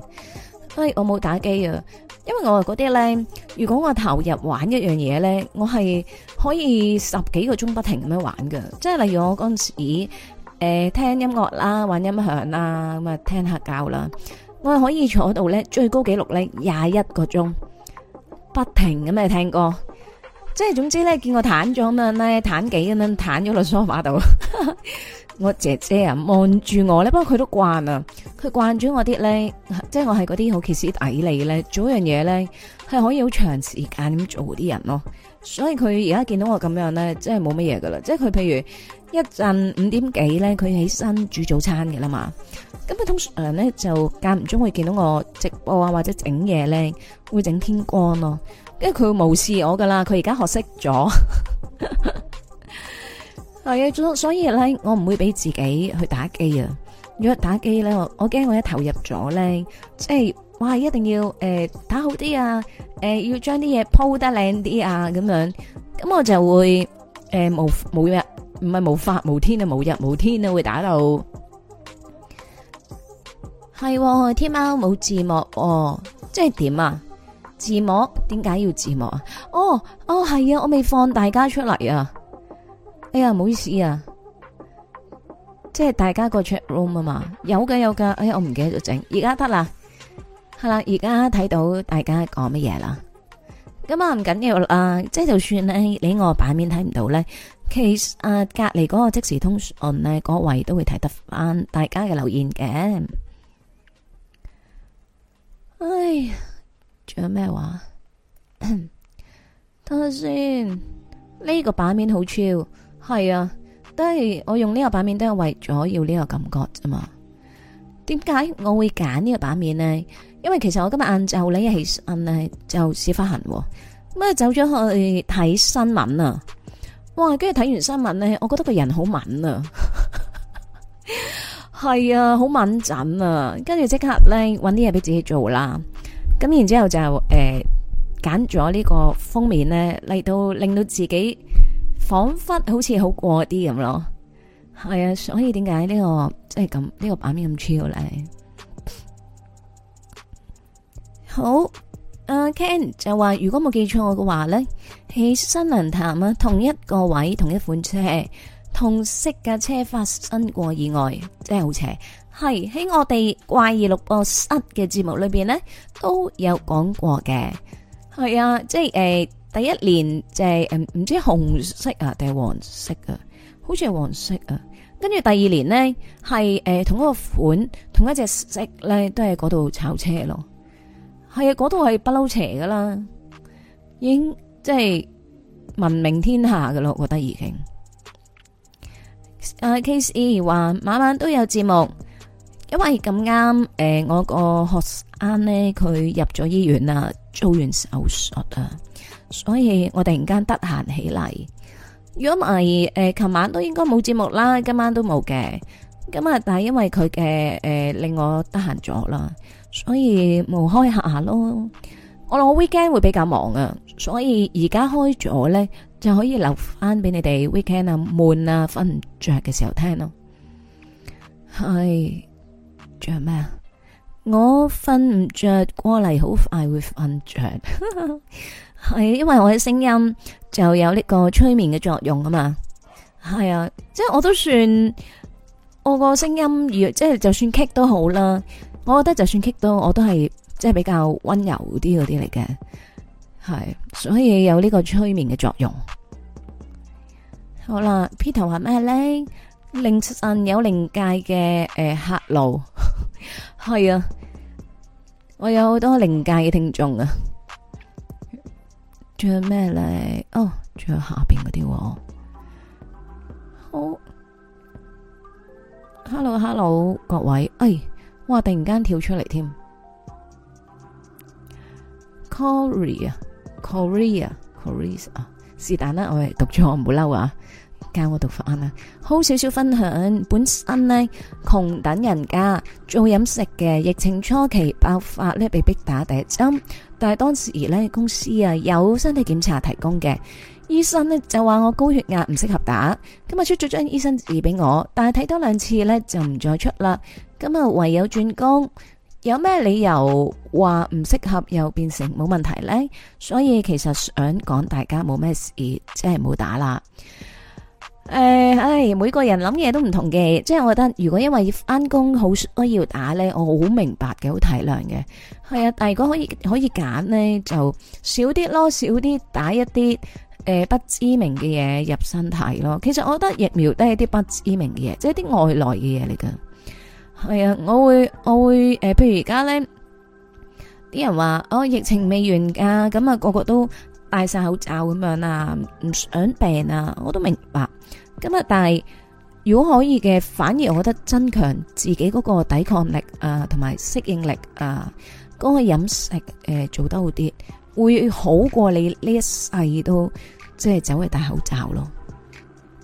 所以我冇打機啊，因為我話嗰啲咧，如果我投入玩一樣嘢咧，我係可以十幾個鐘不停咁樣玩噶。即係例如我嗰陣時，誒、呃、聽音樂啦，玩音響啦，咁啊聽客教啦，我係可以坐到咧最高紀錄咧廿一個鐘，不停咁樣聽歌。即係總之咧，見我癱咗咁樣，癱幾咁樣，癱咗落梳化度。 我姐姐啊，望住我咧。不過佢都慣啊，佢慣住我啲咧，即係我係嗰啲好歇斯底里嘅咧。做一樣嘢咧，係可以好長時間咁做啲人咯。所以佢而家見到我咁樣咧，即係冇乜嘢噶啦。即係佢譬如一陣五點幾咧，佢起身煮早餐嘅啦嘛。咁佢通常咧就間唔中會見到我直播啊，或者整嘢咧會整天光咯。因為佢會無視我噶啦，佢而家學識咗。 係啊，所所以咧，我唔會俾自己去打機啊。如果打機咧，我我驚我一投入咗咧，即、哎、係哇，一定要誒、呃、打好啲啊，誒、呃、要將啲嘢鋪得靚啲啊，咁樣，咁我就會誒、呃、無，無日，唔係無法無天啊，無日無天啊，會打到係天貓冇字幕喎、哦，即係點啊？字幕？點解要字幕啊？哦哦係啊，我未放大家出嚟啊。哎呀，唔好意思啊，即係大家個 chat room 啊嘛，有嘅有噶，哎呀，我唔記得咗整，而家得啦，係啦，而家睇到大家講乜嘢啦，咁啊唔緊要啦，即係就算你你我的版面睇唔到咧，其實啊隔籬嗰個即時通訊咧嗰位都會睇得翻大家嘅留言嘅，哎，仲有咩話？等下先，呢、 個版面好 chill。係啊，都係我用呢個版面，都係為咗要呢個感覺啊嘛。點解我會揀呢個版面呢？因為其實我今日晏晝咧起身呢，就先發痕咁啊走咗去睇新聞啊。哇！跟住睇完新聞呢，我覺得個人好敏啊，係 啊，好敏感啊。跟住即刻咧搵啲嘢俾自己做啦。咁然之後就誒揀咗呢個封面呢，嚟到令到自己。彷彿好似好過啲咁咯，係啊，所以點解呢個即係咁呢個版面咁 chill 咧？好，阿、uh, Ken 就話：如果冇記錯我嘅話呢，喺新娘潭啊，同一個位同一款車同色嘅車發生過意外，真係好邪。係喺我哋怪異錄播室嘅節目裏邊呢，都有講過嘅。係呀，即係誒。呃第一年就係、是、誒，唔知紅色啊定係黃，黃色啊，好似係黃色啊。跟住第二年呢，係誒、呃、同一個款同一隻色咧，都喺嗰度炒車咯。係啊，嗰度係不嬲邪噶啦，已經即係聞名天下噶咯。我覺得已經、uh, Casey 話晚晚都有節目，因為咁啱誒，我個學生呢，佢入咗醫院啦，做完手術啊。所以我突然間得閒起嚟，如果唔係誒，琴、呃、晚都應該冇節目啦，今晚都冇嘅。今日但係因為佢嘅誒令我得閒咗啦，所以冇開下下咯。我諗我 weekend 會比較忙啊，所以而家開咗咧就可以留翻俾你哋 weekend 啊，悶啊，瞓唔着嘅時候聽咯。係、哎、着咩啊？我瞓唔着過嚟，好快會瞓着。 係，因為我嘅聲音就有呢個催眠嘅作用啊嘛。係啊，即係我都算我個聲音，如即係就算 kick 都好啦。我覺得就算 kick 都，我都係即係比較溫柔啲嗰啲嚟嘅。係，所以有呢個催眠嘅作用。好啦，Peter 係咩咧？凌晨有靈界嘅誒客路，係、呃、 啊，我有好多靈界嘅聽眾啊。仲有咩咧？哦，仲有下邊嗰啲喎。好，hello hello 各位，哎，哇，突然間跳出嚟添。Korea，Korea，Korea Korea, Korea, 啊，是但啦，我哋讀我唔好嬲啊，教我讀法啦。好少少分享，本身呢，窮等人家做飲食嘅，疫情初期爆發咧被逼打第一針。但係當時呢，公司啊有身體檢查提供嘅，醫生呢就話我高血壓唔適合打，咁啊出咗張醫生紙俾我，但係睇多兩次呢，就唔再出啦，咁啊唯有轉工，有咩理由話唔適合又變成冇問題呢？所以其實想講大家冇咩事，即係冇打啦。誒，唉，每個人諗嘢都唔同嘅，即係我覺得如果因為要翻工，好需要打咧，我好明白嘅，好體諒嘅，係啊。但如果可以可以揀呢就少啲咯，少啲打一啲誒、呃、不知名嘅嘢入身體咯。其實我覺得疫苗都係啲不知名嘅嘢，即係啲外來嘅嘢嚟噶。係啊，我會我會誒、呃，譬如而家呢啲人話哦，疫情未完噶，咁啊個個都。戴晒口罩咁樣啊，唔想病啊，我都明白。咁啊，但係如果可以嘅，反而我覺得增強自己嗰個抵抗力啊，同埋適應力啊，嗰個飲食誒、呃、做得好啲，會好過你呢一世都即係、就是、走去戴口罩咯。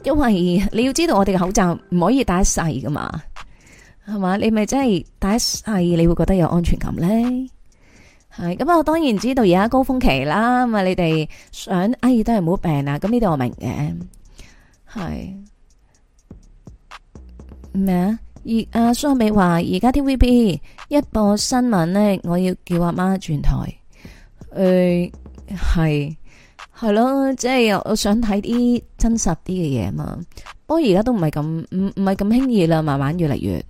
因為你要知道，我哋嘅口罩唔可以戴一世噶嘛，係嘛？你咪真係戴一世，你會覺得有安全感咧？係咁我當然知道而家高峰期啦，咁啊你哋想哎都係唔好病啊！咁呢度我明嘅，係咩啊？而阿蘇阿美話而家 TVB 一播新聞呢，我要叫阿媽轉台。誒、呃，係係咯，即係、就是、我，我想睇啲真實啲嘅嘢啊嘛！不過而家都唔係咁唔唔係咁輕易啦，慢慢來越嚟越。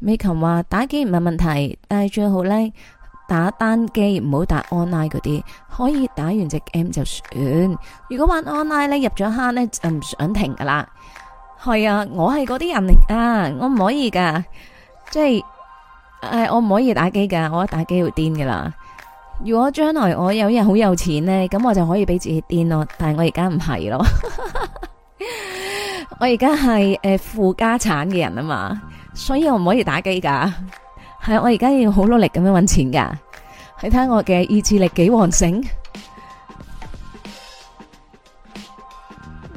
美琴話打機唔係問題，但係最好呢。打單機唔好打 online 嗰啲，可以打完隻 M 就算。如果玩 online 咧，入咗坑咧就唔想停噶啦。係啊，我係嗰啲人嚟啊，我唔可以噶，即係誒，我唔可以打機噶，我一打機會癲噶啦。如果將來我有日好有錢咧，咁我就可以俾自己癲咯。但係我而家唔係咯， 我而家係誒負家產嘅人啊嘛，所以我唔可以打機噶。係，我而家要好努力咁樣搵錢噶你睇下我嘅意志力幾旺盛？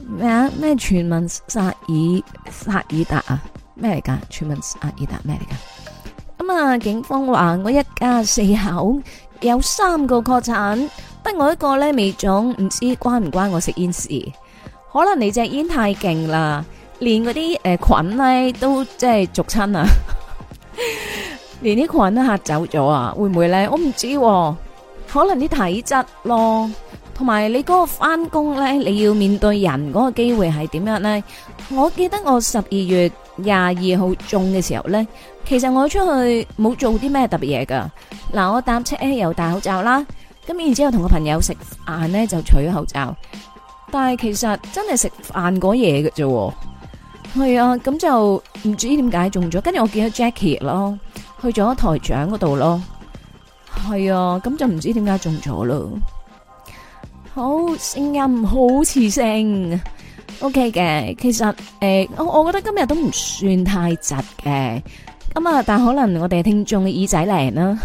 咩啊？咩全民薩爾薩爾達啊？咩嚟噶？全民薩爾達咩嚟噶？咁啊，警方話我一家四口有三個確診，得我一個咧未腫，唔知關唔關我食煙事？可能你隻煙太勁啦，連嗰啲誒菌咧都即係俗親啊。 連呢個人都嚇走咗啊！會唔會咧？我唔知、啊，可能啲體質咯，同埋你嗰個翻工咧，你要面對人嗰個機會係點樣咧？我記得我十二月廿二號中嘅時候咧，其實我出去冇做啲咩特別嘢噶。嗱、啊，我搭車又戴口罩啦，咁然之後同個朋友食飯咧，就取咗口罩。但係其實真係食飯嗰嘢咋啫。係啊，咁就唔知點解中咗。跟住我見到 Jackie 咯。去咗台長嗰度咯，係啊，咁就唔知點解中咗咯。好聲音好磁性，OK 嘅。其實，誒，我我覺得今日都唔算太窒嘅咁啊。但可能我哋聽眾嘅耳仔靈啦，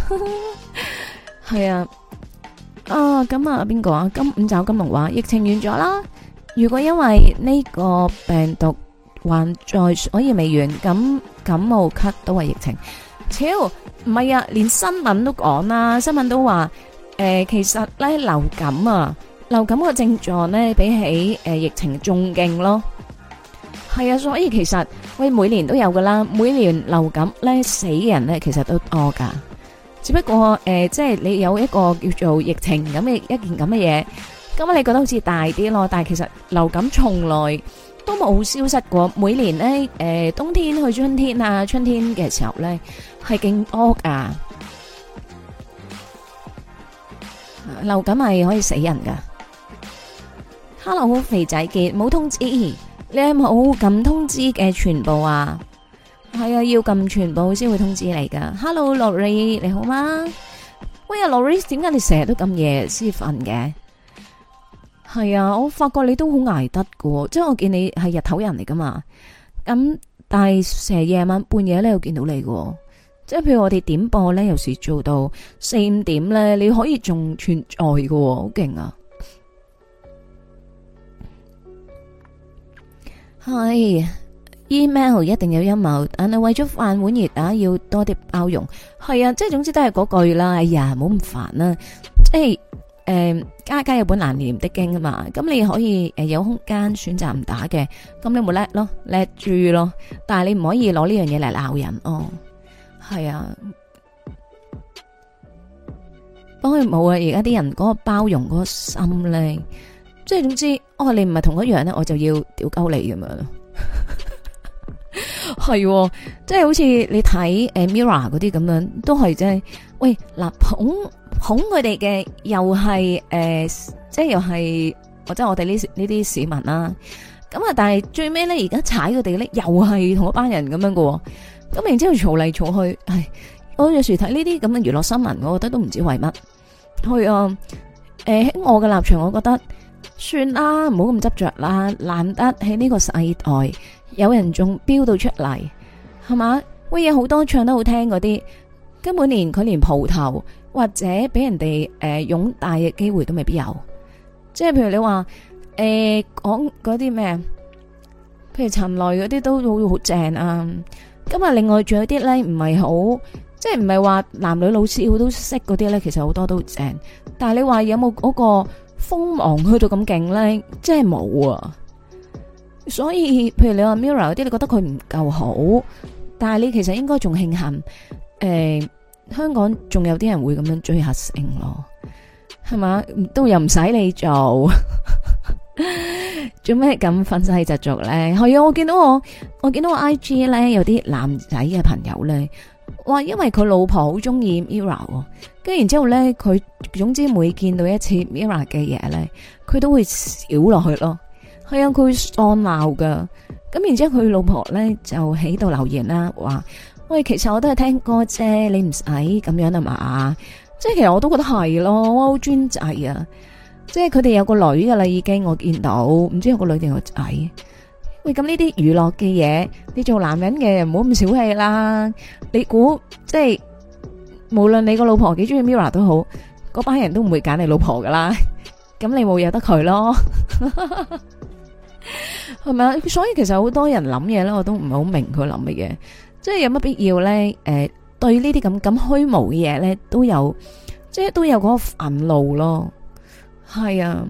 係啊啊咁啊，邊個啊？金五爪金龍話疫情完咗啦。如果因為呢個病毒還在，所以未完咁，感冒咳都係疫情。超唔係啊！連新聞都講啦，新聞都話誒，其實咧，流感啊，流感個症狀咧比起誒疫情仲勁咯。係啊，所以其實喂，每年都有噶啦，每年流感咧死嘅人咧其實都多噶。只不過誒，即係你有一個叫做疫情咁嘅一件咁嘅嘢，咁你覺得好似大啲咯。但係其實流感從來都冇消失過，每年咧誒冬天去春天啊，春天嘅時候咧。係勁惡啊！流感係可以死人噶。Hello，肥仔杰，冇通知你，有冇撳通知嘅全部啊？係啊，要撳全部先會通知你噶。Hello，Lorie 你好嗎？喂，Lorie，點解你成日都咁夜先瞓嘅？係啊，我發覺你都好捱得噶，即係我見你係日頭人嚟噶嘛。咁但係成夜晚半夜咧，又我見到你噶。即係譬如我哋點播呢，有時做到四五點呢，你可以仲存在噶，好勁啊。係 email 一定有陰謀，但係為咗飯碗而打，要多啲包容。係啊，即係總之都係嗰句啦。哎呀，唔好咁煩啦。即係誒、呃，家家有本難念的經啊嘛。咁你可以誒有空間選擇唔打嘅，咁你冇叻咯，叻住咯，咯。但係你唔可以攞呢樣嘢嚟鬧人哦。係啊，幫佢冇啊！而家啲人嗰個包容嗰個心咧，即係總之，哦，你唔係同一樣咧，我就要屌鳩你咁樣。係、 啊，即係好似你睇誒 MIRROR 嗰啲咁樣，都係即係喂，嗱捧捧佢哋嘅又係誒，即係又係，或者我哋呢呢啲市民啦。咁啊，但係最尾咧，而家踩佢哋咧，又係同一班人咁樣噶。咁然之後嘈嚟嘈去，唉，我有時睇呢啲咁嘅娛樂新聞，我覺得都唔知為乜去啊。誒、呃，喺我嘅立場，我覺得算啦，唔好咁執着啦。難得喺呢個世代有人仲飆到出嚟，係嘛？喂，有好多唱得好聽嗰啲，根本連佢連蒲頭或者俾人哋誒、呃、擁戴嘅機會都未必有。即係譬如你話誒、呃、講嗰啲咩？譬如陳蕾嗰啲都好好正啊。今日另外仲有啲咧唔係好，即係唔係話男女老師好都識嗰啲咧，其實好多都正。但係你話有冇嗰個鋒芒去到咁勁咧？即係冇啊！所以譬如你話 Mirror 嗰啲，你覺得佢唔夠好，但係你其實應該仲慶幸，誒、欸，香港仲有啲人會咁樣追下星咯，係嘛？都又唔使你做。 做咩咁憤世嫉俗咧？係啊，我見到我，我見到我 I G 咧，有啲男仔嘅朋友咧，哇，因為佢老婆好中意 Mirror，跟住然之後咧，佢總之每見到一次 Mirror 嘅嘢咧，佢都會笑落去咯。係啊，佢會喪鬧噶。咁然之後佢老婆咧就喺度留言啦，話喂，其實我都係聽歌啫，你唔使咁樣吖嘛。即係其實我都覺得係咯，我好專制啊。即係佢哋有個女噶啦，已經我見到，唔知有個女定個仔。喂，咁呢啲娛樂嘅嘢，你做男人嘅唔好咁小氣啦。你估即係，無論你個老婆幾中意 Mirror 都好，嗰班人都唔會揀你老婆噶啦。咁你冇有得佢咯？係咪啊？所以其實好多人諗嘢咧，我都唔係好明佢諗乜嘢。即係有乜必要咧？誒、呃，對呢啲咁咁虛無嘅嘢咧，都有，即係都有嗰個煩惱咯。係啊，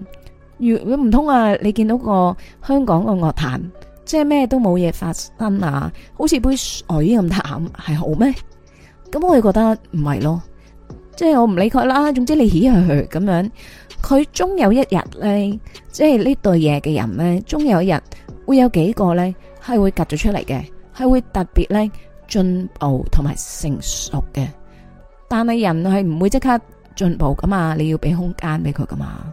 如果唔通啊，你見到個香港個樂壇，即係咩都冇嘢發生啊，好似杯水咁淡，係好咩？咁我哋覺得唔係咯，即係我唔理佢啦。總之你喜愛去，咁樣，佢終有一日咧，即係呢對嘢嘅人咧，終有一日會有幾個咧係會隔咗出嚟嘅，係會特別咧進步同埋成熟嘅。但係人係唔會即刻。進步噶嘛，你要俾空間俾佢噶嘛，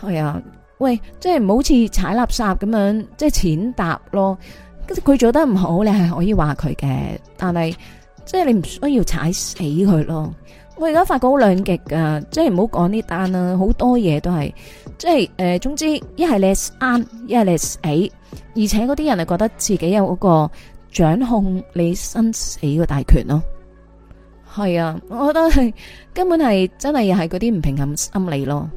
係啊，喂，即係唔好似踩垃圾咁樣，即係踐踏咯。跟住佢做得唔好，你係可以話佢嘅，但係即係你唔需要踩死佢咯。我而家發覺好兩極噶，即係唔好講呢單啦，好多嘢都係，即係誒、呃，總之一係你啱，一係你死，而且嗰啲人係覺得自己有嗰個掌控你生死嘅大權咯。係啊，我覺得係根本係真係又係嗰啲唔平衡心理咯。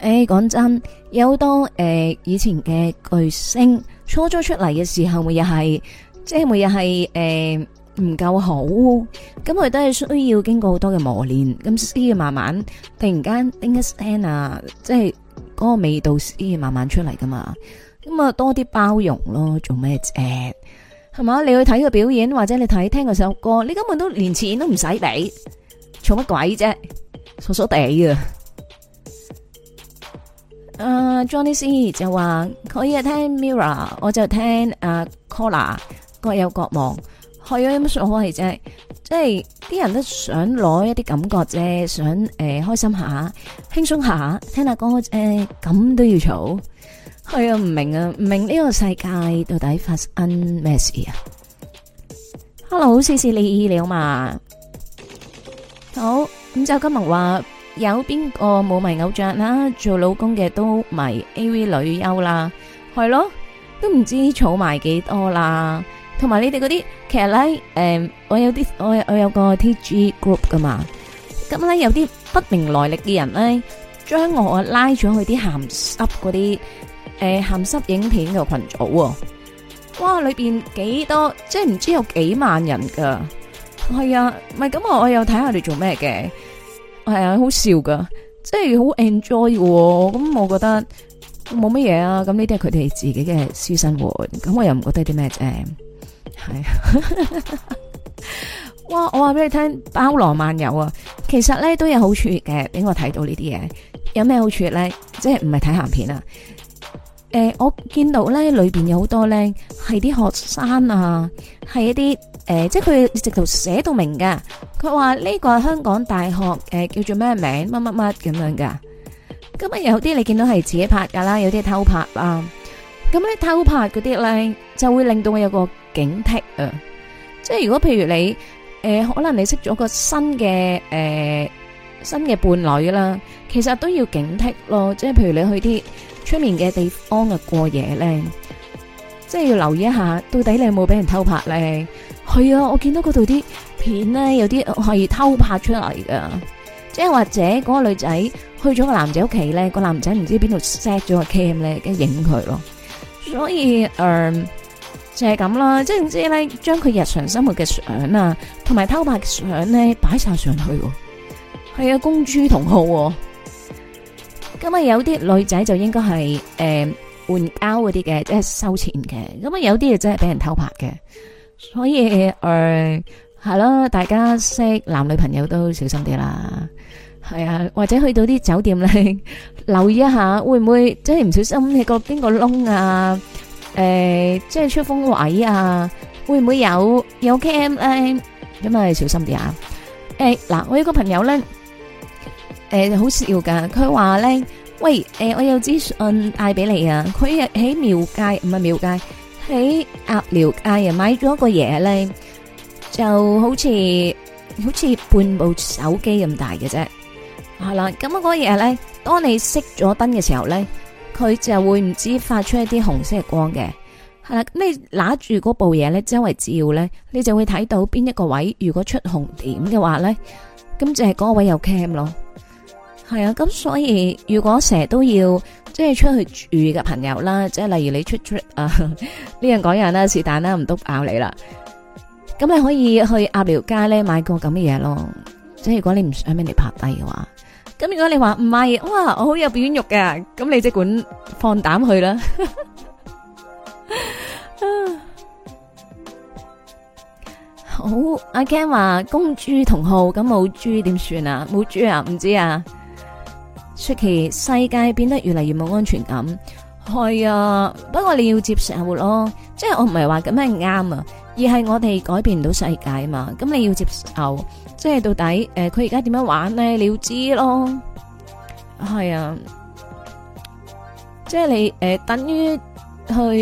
誒，講真，有好多誒、呃、以前嘅巨星初初出嚟嘅時候是，咪又係即係咪又係誒唔夠好，咁佢都係需要經過好多嘅磨練，咁先慢慢突然間，一個 stand 啊，即係嗰個味道先慢慢出嚟噶嘛。咁啊，多啲包容咯，做咩誒？同埋你去睇個表演，或者你睇聽個首歌，你根本都連錢都唔使俾，嘈乜鬼啫？傻傻地啊，uh，Johnny C 就話可以聽 Mirror，我就聽啊、uh, Kola 各有各忙，可以有乜所謂啫？即係啲人都想攞一啲感覺啫，想誒、呃、開心下，輕鬆下，聽下歌啫，咁、呃、都要嘈？係啊，唔明啊，唔明呢個世界到底發生咩事啊？Hello，謝謝你，你好嘛？好，咁就今日話有邊個冇迷偶像啦，做老公嘅都迷 AV 女優啦，係咯，都唔知儲埋幾多啦。同埋你哋嗰啲其實咧，誒，我有啲我我有個 TG group 㗎嘛，咁咧有啲不明來歷嘅人咧，將我拉咗去啲咸濕嗰啲。誒、哎，鹹濕影片嘅群組、哦，哇，裏邊幾多，即係唔知有幾萬人噶，係啊，唔係咁我我又睇下你做咩嘅，係啊，好笑噶，即係好 enjoy 喎。咁我覺得冇乜嘢啊，咁呢啲係佢哋自己嘅私生活，咁我又唔覺得啲咩、啊，係係、啊， 哇，我話俾你聽，包羅萬有啊，其實咧都有好處嘅，俾我睇到呢啲嘢，有咩好處咧，即係唔係睇鹹片啊。誒，我見到咧裏邊有好多咧係啲學生啊，係一啲誒，即係佢直頭寫到明嘅，佢話呢個係香港大學誒叫做咩名乜乜乜咁樣噶。咁啊有啲你見到係自己拍噶啦，有啲係偷拍啦。咁咧偷拍嗰啲咧就會令到我有個警惕啊。即係如果譬如你誒，可能你識咗個新嘅誒新嘅伴侶啦，其實都要警惕咯。即係譬如你去啲。出面嘅地方啊過夜咧，即係要留意一下，到底你有冇俾人偷拍咧？係啊，我見到嗰度啲片咧，有啲可以偷拍出嚟噶，即係或者嗰個女仔去咗個男仔屋企咧，個男仔唔知邊度 set 咗個 cam 咧，跟住影佢咯。所以誒、呃，就係咁啦，即係唔知咧，將佢日常生活嘅相啊，同埋偷拍嘅相咧，擺晒上去。係啊，公諸同好啊。咁啊，有啲女仔就應該係誒換 Out 嗰啲嘅，即係收錢嘅。咁啊，有啲嘢真係俾人偷拍嘅。所以誒係咯，大家識男女朋友都小心啲啦。係啊，或者去到啲酒店咧，留意一下會唔會即係唔小心？你個邊個窿啊？誒，即係出風口位啊，會唔會有有 cam 咧？咁啊，小心啲啊！誒，嗱，我有個朋友咧。誒，好笑噶。佢話咧，喂，誒，我有資訊帶俾你啊。佢喺廟街唔係廟街，喺鴨寮街啊，又買咗個嘢咧，就好似好似半部手機咁大嘅啫。係啦，咁嗰個嘢咧，當你熄咗燈嘅時候咧，佢就會唔知發出一啲紅色嘅光嘅。係啦，你拿住嗰部嘢咧，周圍照咧，你就會睇到邊一個位。如果出紅點嘅話咧，咁就係嗰個位有 cam 咯。係啊，咁所以如果成日都要即係出去住嘅朋友啦，即係例如你出 trip 啊，呢樣講樣啦，是但啦，唔都咬你啦。咁你可以去鴨寮街咧買個咁嘅嘢咯。即係如果你唔想俾你拍低嘅話，咁如果你話唔係，嘩，哇，我好有表演欲㗎。咁你即管放膽去啦。 好，阿 Ken 話公豬同號，咁冇豬點算啊？冇豬啊？唔知啊？出奇，世界變得越嚟越冇安全感。係啊，不過你要接受下活咯。即係我唔係話咁樣係啱啊，而係我哋改變唔到世界啊嘛。咁你要接受，即係到底誒，佢而家點樣玩呢？你要知咯。係啊，即係你誒，等於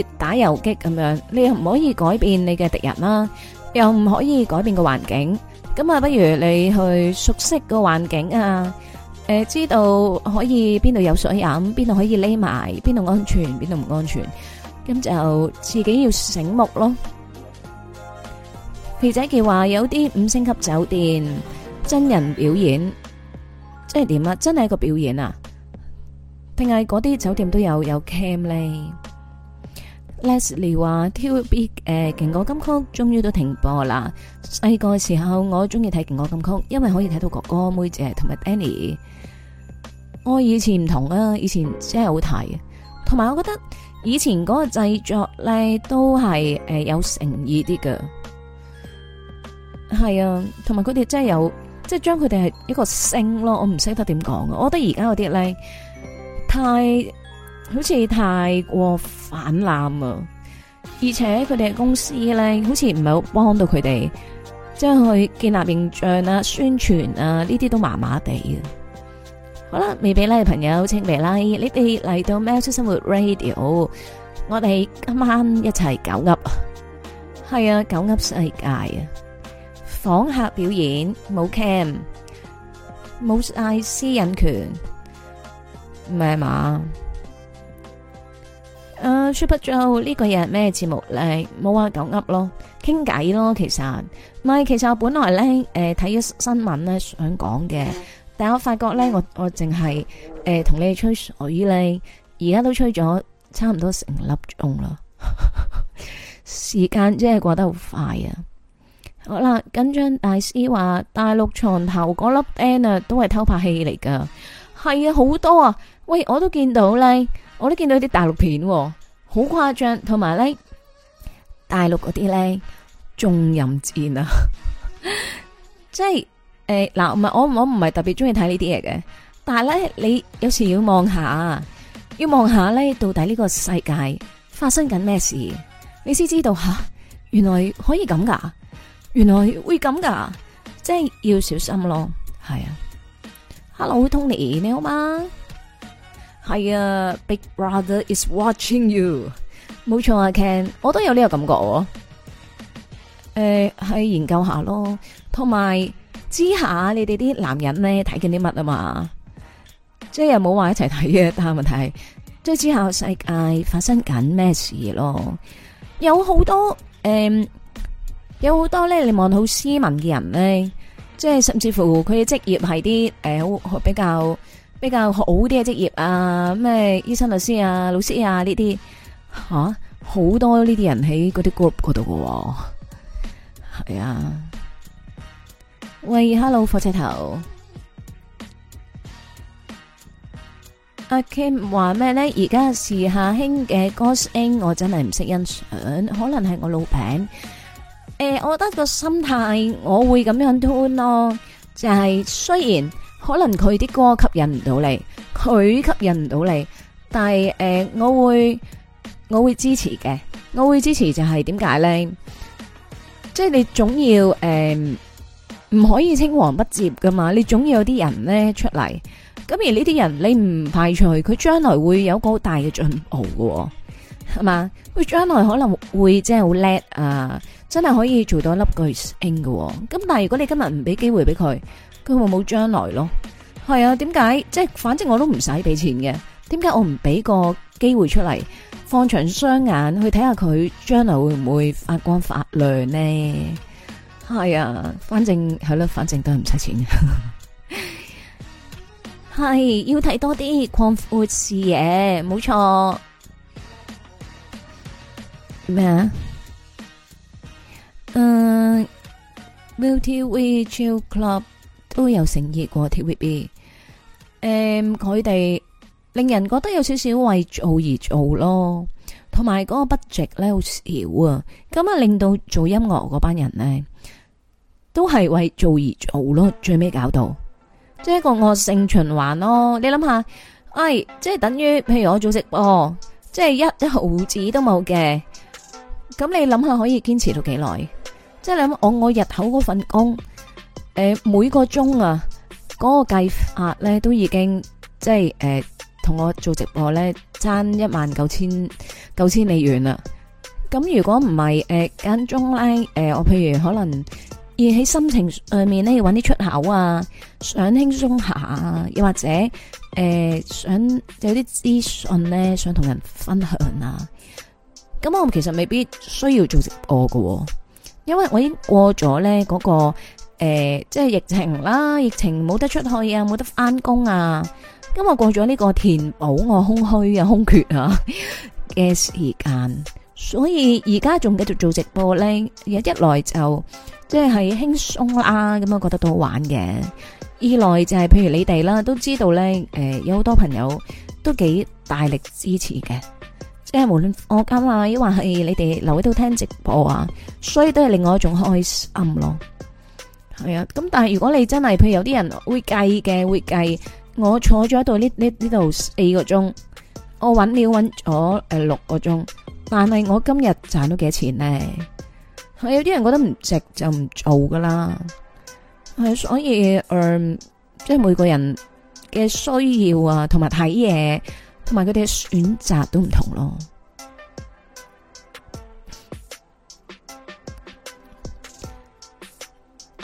去打游擊咁樣，你又唔可以改變你嘅敵人啦，又唔可以改變個環境。咁啊，不如你去熟悉個環境啊。誒，知道可以邊度有水飲，邊度可以匿埋，邊度安全，邊度唔安全，咁就自己要醒目咯。肥仔奇話有啲五星級酒店真人表演，即係點啊？真係一個表演啊？定係嗰啲酒店都有有 cam 咧？Leslie 話 TVB 誒勁歌金曲終於都停播啦。細個嘅時候我中意睇勁歌金曲，因為可以睇到哥哥、妹仔同埋 Annie。我以前唔同啊，以前真係好睇，同埋我覺得以前嗰個製作咧都係誒有誠意啲㗎，係啊，同埋佢哋真係有，即係將佢哋係一個星咯，我唔識得點講啊，我覺得而家嗰啲咧太好似太過氾濫啊，而且佢哋公司咧好似唔係好幫到佢哋，即係去建立形象啊、宣傳啊呢啲都麻麻地嘅。好啦，未俾拉嘅朋友，請俾拉。你哋嚟到《喵式生活 Radio》，我哋今晚一齊9 up，係啊，9 up 世界啊！訪客表演冇 cam，冇晒私隱權，唔係嘛？誒，Super Joe 呢個又係咩節目嚟？冇啊9 up 咯，傾偈咯，其實唔係。其實我本來咧誒睇咗新聞咧，想講嘅。但係我發覺咧，我我淨係誒同你哋吹水咧，而家都吹咗差唔多成粒鐘啦， 時間真係過得好快啊！好啦，緊張大師話大陸床頭嗰粒 N 啊，都係偷拍戲嚟噶，係啊，好多啊！喂，我都見到咧，我都見到啲大陸片，啊，好誇張，同埋咧，大陸嗰啲咧仲淫賤啊， 即係。誒、欸，嗱，唔係我我唔係特別中意睇呢啲嘢，嘅，但係咧，你有時要望下，要望下咧，到底呢個世界發生緊咩事，你先知道吓，啊，原來可以咁噶，原來會咁噶，即係要小心咯，係啊。Hello，Tony 你好嗎？係啊，Big Brother is watching you，啊。冇錯啊，Ken，我都有呢個感覺，啊。誒、欸，係研究下咯，同埋。之下你哋啲男人咧睇緊啲乜啊嘛，即係又冇話一齊睇嘅，但係問題係即係之下世界發生緊咩事咯？有好多誒、嗯，有好多咧，你望好斯文嘅人咧，即係甚至乎佢嘅職業係啲誒好比較比較好啲嘅職業啊，咩醫生、律師啊、老師啊呢啲，吓好多呢啲人喺嗰啲 group 嗰度嘅，係啊。喂，Hello，火車頭，阿 Kim 話咩咧？而家時下興嘅歌聲，我真係唔識欣賞，可能係我老餅。誒，我覺得個心態我會咁樣 turn 咯，就係雖然可能佢啲歌吸引唔到你，佢吸引唔到你，但係誒，我會我會支持嘅，我會支持就係點解咧？即係你總要誒。唔可以青黃不接噶嘛，你總要有啲人咧出嚟，咁而呢啲人你唔排除，佢將來會有個好大嘅進步噶喎，係嘛？佢將來可能會即係好叻啊，真係可以做到一粒巨星噶喎。咁但係如果你今日唔俾機會俾佢，佢會冇將來咯。係啊，點解？即係反正我都唔使俾錢嘅，點解我唔俾個機會出嚟，放長雙眼去睇下佢將來會唔會發光發亮呢？係啊，反正係咯，啊，反正都係唔使錢嘅。 係要睇多啲擴闊視野，冇錯咩啊？嗯，ViuTV Chill Club 都有誠意過 T V B，誒，佢，um, 哋令人覺得有少少為做而做咯，同埋嗰個 budget 咧好少啊，咁啊令到做音樂嗰班人咧。都係為做而做咯，最尾搞到即係一個惡性循環咯。你諗下，誒、哎，即係等於譬如我做直播，即係一一毫子都冇嘅。咁你諗下可以堅持到幾耐？即係你諗我我日口嗰份工誒、呃，每個鐘啊嗰、那個計法咧都已經即係誒同我做直播咧，爭一萬九千九千美元啦。咁如果唔係誒揀鐘咧，誒、呃呃、我譬如可能。而喺心情上面咧，要揾啲出口啊，想輕鬆下啊，又或者誒、呃，想有啲資訊咧，想同人分享啊。咁我其實未必需要做直播噶，因為我已經過咗咧嗰個誒，即、呃、係、就是、疫情啦，疫情冇得出去啊，冇得返工啊。咁我過咗呢個填補我空虛啊、空缺啊嘅時間。所以而家仲繼續做直播咧，一來就即係、就是、輕鬆啦，咁我覺得都好玩嘅。二來就係、是、譬如你哋啦，都知道咧，誒、呃、有好多朋友都幾大力支持嘅，即係無論我啱啊，抑或係你哋留喺度聽直播啊，所以都係另外一種開心咯。係啊，咁但係如果你真係，譬如有啲人會計嘅，會計我坐咗喺度呢呢呢度四個鐘，我搵料搵咗誒六個鐘。但係我今日賺到幾多錢呢？係有啲人覺得唔值就唔做噶啦。係所以，嗯、呃，即、就、係、是、每個人嘅需要和看和的、 uh，的啊，同埋睇嘢，同埋佢哋嘅選擇都唔同咯。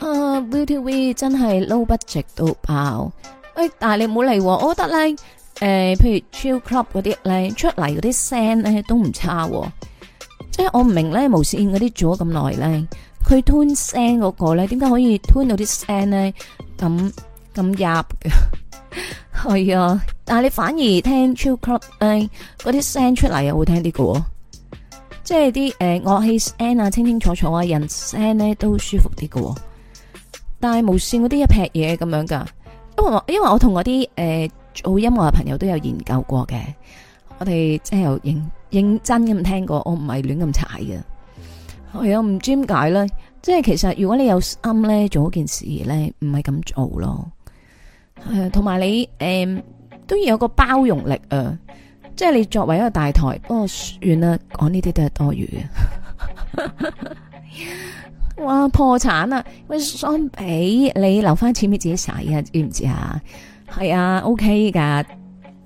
啊 VTV 真係撈不值到爆，喂！但係你唔好嚟我得咧。誒、呃，譬如 chill club 嗰啲咧，出嚟嗰啲聲咧都唔差、哦，即係我唔明咧無線嗰啲做咗咁耐咧，佢吞聲嗰個咧，點解可以吞到啲聲咧？咁咁入嘅？係啊！但係你反而聽 chill club 誒嗰啲聲出嚟又會聽啲嘅、哦，即係啲誒樂器聲啊，清清楚楚啊，人聲咧都舒服啲嘅、哦。但係無線嗰啲一劈嘢咁樣噶，因為我因為我同嗰啲誒。呃做音樂嘅朋友都有研究過嘅，我哋真係有認認真咁聽過，我唔係亂咁踩嘅。係、哎、啊，唔知點解啦，即係其實如果你有心咧，做一件事咧，唔係咁做咯。係、哎、啊，同埋你誒、呃、都要有個包容力啊！即係你作為一個大台，不過算啦，講呢啲都係多餘嘅。 哇，破產啦！喂，相比你留翻錢俾自己使啊？知唔知啊？係啊，OK 噶，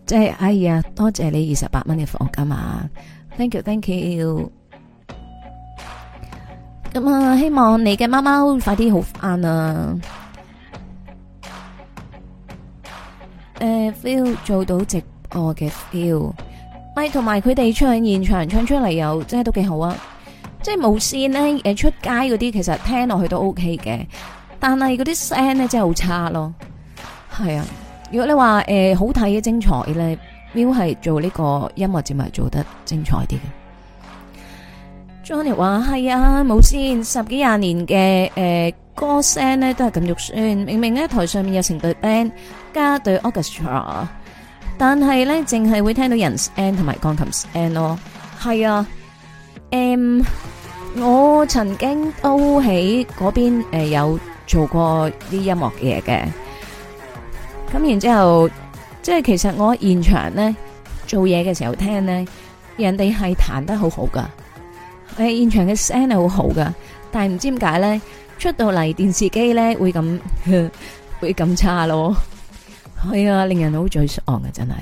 即係哎呀，多謝你二十八蚊嘅房金啊，Thank you，Thank you。咁啊，希望你嘅貓貓快啲好翻啊！誒、呃、 ，feel 做到直播嘅 feel，咪同埋佢哋唱現場唱出嚟又真係都幾好啊！即係無線呢，誒出街嗰啲其實聽落去都 OK 嘅，但係嗰啲聲呢，真係好差咯，係啊。如果你話誒、呃、好睇嘅精彩咧，喵係做呢個音樂節目做得精彩啲嘅。Johnny 話係啊，冇先十幾廿年嘅誒、呃、歌聲咧都係咁肉酸。明明咧台上面有成隊 band 加隊 orchestra，但係咧淨係會聽到人聲同埋鋼琴聲咯。係啊，M、嗯、我曾經都喺嗰邊誒有做過啲音樂嘅嘢嘅。咁然之後，即係其實我現場咧做嘢嘅時候聽咧，人哋係彈得好好噶，誒，現場嘅聲係好好噶，但係唔知點解咧，出到嚟電視機咧會咁會咁差咯，係 啊，令人好沮喪啊，真係。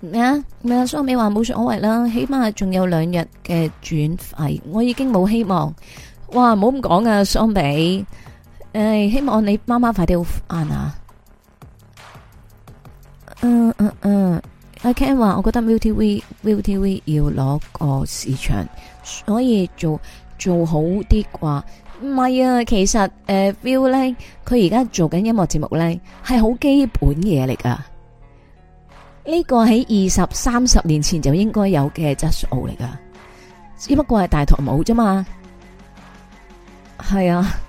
咩啊？咩啊？雙美話冇所謂啦，起碼仲有兩日嘅轉費，我已經冇希望。哇，唔好咁講啊，雙美。誒、哎，希望你媽媽快啲好返啊！嗯嗯嗯，阿 Ken 話，我覺得 Viu TV Viu TV 要攞個市場，所以做做好啲啩？唔係啊，其實誒、uh，Viu 咧，佢而家做緊音樂節目咧，係好基本嘢嚟噶。呢、這個喺二十三十年前就應該有嘅質素嚟噶，只不過係大台冇啫嘛。係啊。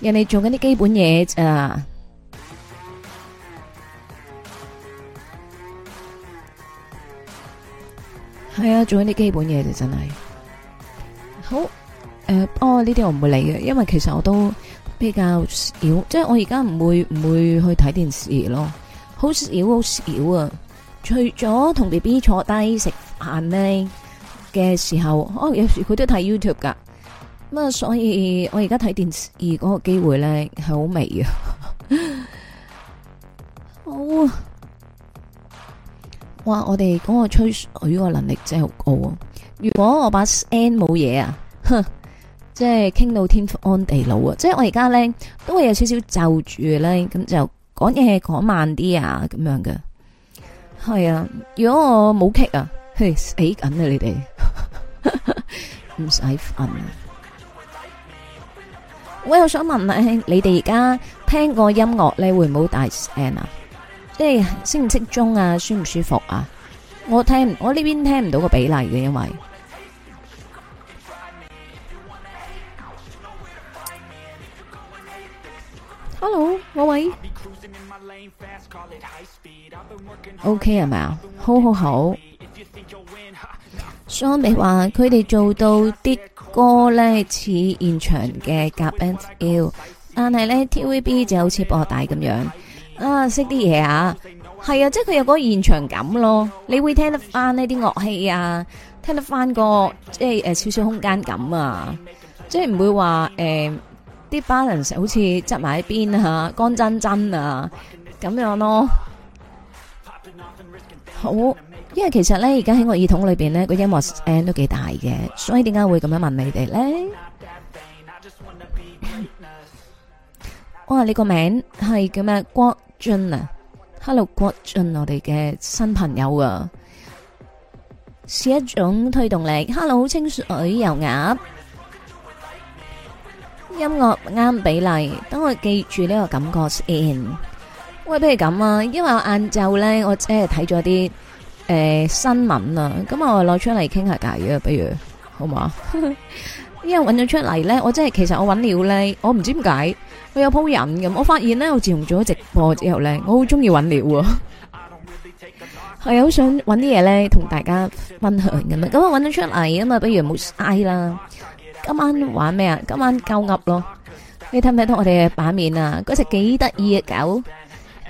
人哋做緊啲基本嘢啊，係啊，做緊啲基本嘢就真係好。誒、呃，哦，呢啲我唔會理嘅，因為其實我都比較少，即係我而家唔會唔會去睇電視咯，好少好少啊。除咗同 B B 坐低食飯呢嘅時候，哦，有時佢都睇 YouTube 噶。咁所以我而家睇電視嗰個機會咧係好微啊！ 好啊，哇！我哋嗰個吹水個能力真係好高啊！如果我把聲冇嘢啊，哼，即係傾到天荒地老啊！即係我而家咧都會有少少就住咧，咁就講嘢講慢啲啊，咁樣嘅。係啊，如果我冇 kick 啊，嘿死緊啊！你哋唔使瞓。我又想問阿兄，你哋而家聽個音樂咧，會唔會大聲啊？即係適唔適中啊？舒唔舒服啊？我聽我呢邊聽唔到個比例嘅，因為。Hello，喂喂，OK 係咪啊？好好好。蘇美話：佢哋做到啲歌咧似現場嘅 gap and fill 但係咧 T V B 就好似博大咁樣啊，識啲嘢啊，係啊，即係佢有嗰個現場感咯。你會聽得翻呢啲樂器啊，聽得翻個即係誒、呃，少少空間感啊，即係唔會話誒啲 balance 好似執埋喺邊啊，乾真真啊咁樣咯。好。因為其實咧，而家喺我耳筒裏邊呢個音樂聲都幾大嘅，所以點解會咁樣問你哋咧？哇！你個名係叫咩？郭俊啊！Hello，郭俊，我哋嘅新朋友啊，是一種推動力。Hello，好清水油鴨，音樂啱比例，等我記住呢個感覺先。喂，不如咁啊，因為我晏晝咧，我真係睇咗啲。誒，新聞啊，咁我攞出嚟傾下偈啊，不如，好唔好？ 因為揾咗出嚟咧，我真、就、係、是、其實我揾料咧，我唔知點解，我有鋪癮咁。我發現咧，我自從做咗直播之後咧，我好中意揾料啊，係好 想揾啲嘢咧同大家分享咁啊。咁我揾咗出嚟啊嘛，不如冇嘥啦。今晚玩咩啊？今晚鳩噏咯。你睇唔睇到我哋嘅版面啊？嗰隻幾得意嘅狗，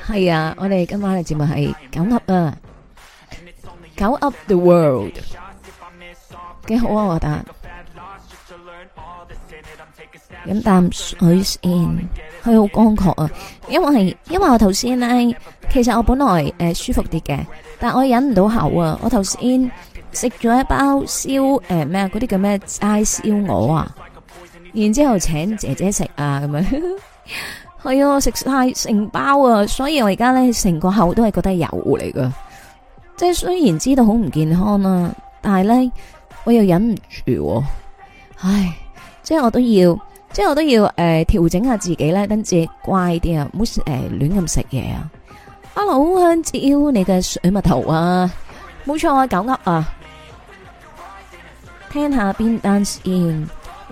係啊。我哋今晚嘅節目係鳩噏啊。9 UP The World，幾好啊我覺得，飲啖水先，佢好乾涸啊！因為因為我頭先咧，其實我本來誒舒服啲嘅，但係我忍唔到口啊！我頭先食咗一包燒誒咩啊，嗰啲叫咩齋燒鵝啊，然之後請姐姐食啊咁樣，係啊，食晒成包啊，所以我而家咧成個口都係覺得油嚟噶。即係雖然知道好唔健康啦、啊，但係咧我又忍唔住、啊，唉！即係我都要，即係我都要誒調、呃、整下自己咧，等自己乖啲啊，唔好誒亂咁食嘢啊！Hello 香蕉，你嘅水蜜桃啊，冇錯啊，狗噏啊！聽下《邊單身》，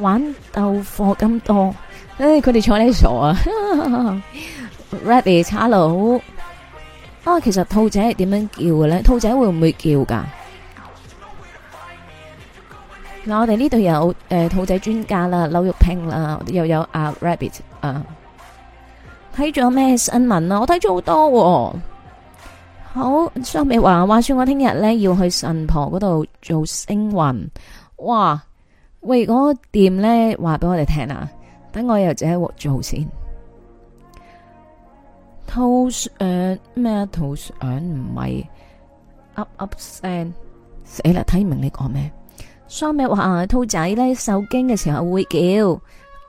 玩斗貨咁多，唉、哎，佢哋坐你傻啊 Ready，差佬。 Ready? 啊，其實兔仔係點樣叫嘅咧？兔仔會唔會叫噶？嗱、啊，我哋呢度有誒、呃、兔仔專家啦，柳玉平啦，又有阿、啊、rabbit 啊。睇咗咩新聞啊？我睇咗好多、哦。好，上面話話說我聽日咧要去神婆嗰度做星雲。哇，喂，嗰、那個、店咧話俾我哋聽啊，等我又自己做先。圖誒咩？圖像唔係 up up 聲寫啦，睇唔明你講咩？雙咩話兔仔呢受驚嘅時候會叫。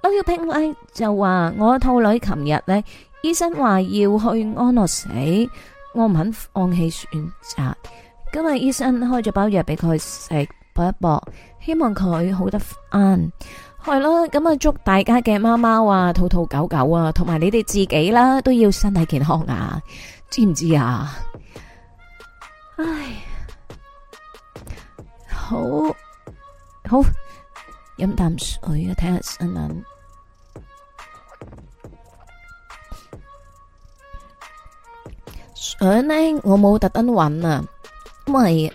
歐陽平威就話我兔女琴日呢醫生話要去安樂死，我唔肯放棄選擇。今日醫生開咗包藥俾佢食，搏一搏，希望佢好得翻。係咯，咁啊，祝大家嘅貓貓啊、兔兔、狗狗啊，同埋你哋自己啦，都要身體健康啊，知唔知啊？唉，好好飲啖水啊，睇下新聞。想，呢我冇特登揾啊，因為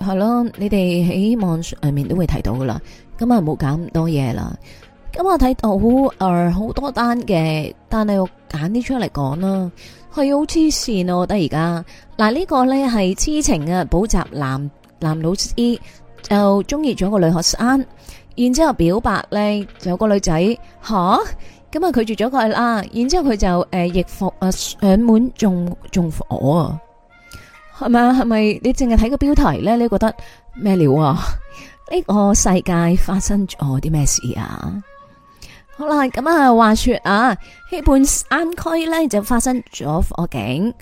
誒係咯，你哋喺網上面都會提到噶啦。今日唔好揀咁多嘢啦。今日睇到誒好多單嘅，但係我揀啲出嚟講啦，係好黐線啊！我覺得而家嗱，呢個呢係痴情啊，補習男男老師就中意咗個女學生，然之後表白呢，就有個女仔吓咁啊拒絕咗佢啦。然之後佢就誒逆服啊上門，仲仲火啊，係咪係係咪你淨係睇個標題呢，你覺得咩料啊？呢、這個世界發生咗啲咩事啊？好啦，咁啊，話說啊，西半山區咧就發生咗火警，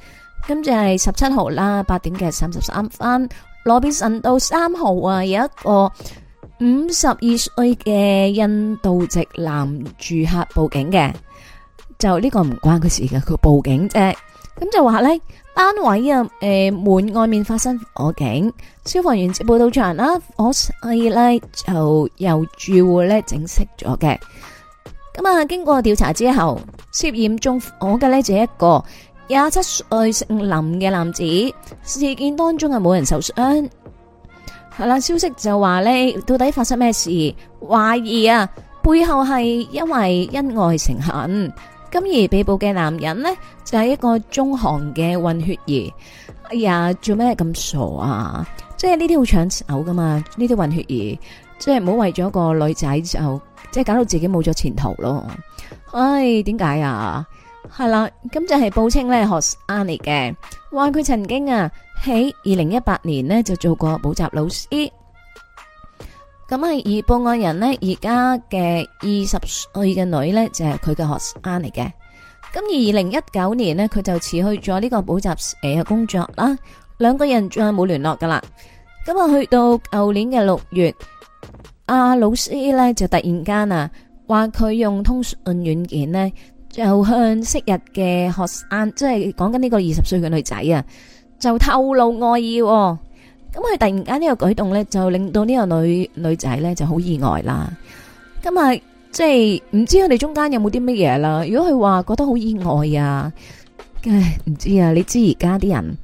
今次係十七號啦，八點嘅三十三分，羅便臣道三號啊，有一個五十二歲嘅印度籍男住客報警嘅，就呢個唔關佢事嘅，佢報警啫。咁就話呢單位啊，誒、呃，門外面發生火警，消防員接報到場啦，火係呢，就由住戶呢整熄咗嘅。咁啊，經過調查之後，涉嫌縱火嘅呢就一個廿七歲姓林嘅男子，事件當中啊冇人受傷。係啦，消息就話呢到底發生咩事？懷疑啊，背後係因為恩愛成恨。金兒被捕嘅男人呢，就係、是、一個中韓嘅混血兒，哎呀，做咩咁傻啊？即係呢啲好搶手噶嘛？呢啲混血兒即係唔好為咗個女仔就即係搞到自己冇咗前途咯。唉、哎，點解啊？係啦，咁就係報稱咧，學 Annie 嘅，話佢曾經啊喺二零一八年呢，就做過補習老師。咁係而報案人呢，而家嘅二十歲嘅女呢，就係佢嘅學生嚟嘅。咁而二零一九年呢，佢就辭去咗呢個補習社嘅工作啦。兩個人仲係冇聯絡噶啦。咁啊，去到舊年嘅六月，阿、啊、老師呢就突然間啊，話佢用通訊軟件呢，就向昔日嘅學生，即係講緊呢個二十歲嘅女仔啊，就透露愛意，哦。咁佢突然間呢個舉動呢，就令到呢個女女仔呢就好意外啦。咁啊，即係唔知佢哋中間有冇啲乜嘢啦。如果佢話覺得好意外呀、啊，唉，唔知啊。你知而家啲人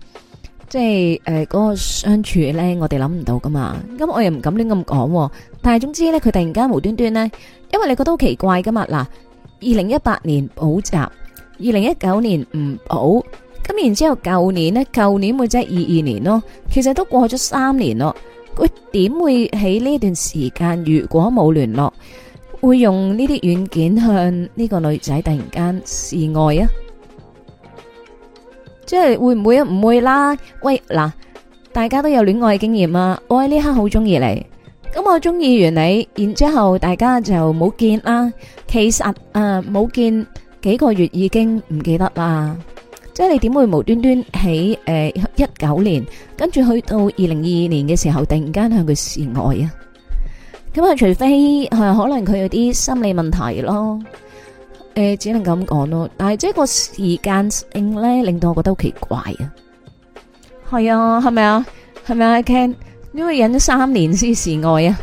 即係誒嗰個相處呢，我哋諗唔到噶嘛。咁我又唔敢亂咁講。但係總之呢，佢突然間無端端呢，因為你覺得好奇怪噶嘛。嗱、呃，二零一八年補習，二零一九年唔補。咁然之後，舊年呢，舊年會即二二年咯，其實都過咗三年咯。佢點會喺呢段時間，如果冇聯絡，會用呢啲軟件向呢個女仔突然間示愛啊？即係會唔會啊？唔會啦。喂，嗱，大家都有戀愛經驗啊。我喺呢刻好中意你，咁我中意完你，然之後大家就冇見啦。其實呃、冇見幾個月已經唔記得啦。即係你點會無端端喺誒一九年，跟住去到二零二二年嘅時候，突然間向佢示愛啊？咁啊，除非係可能佢有啲心理問題咯，誒，只能咁講咯。但係即係個時間性咧，令到我覺得好奇怪啊。係啊，係咪啊？係咪啊？Ken，因為忍咗三年先示愛啊。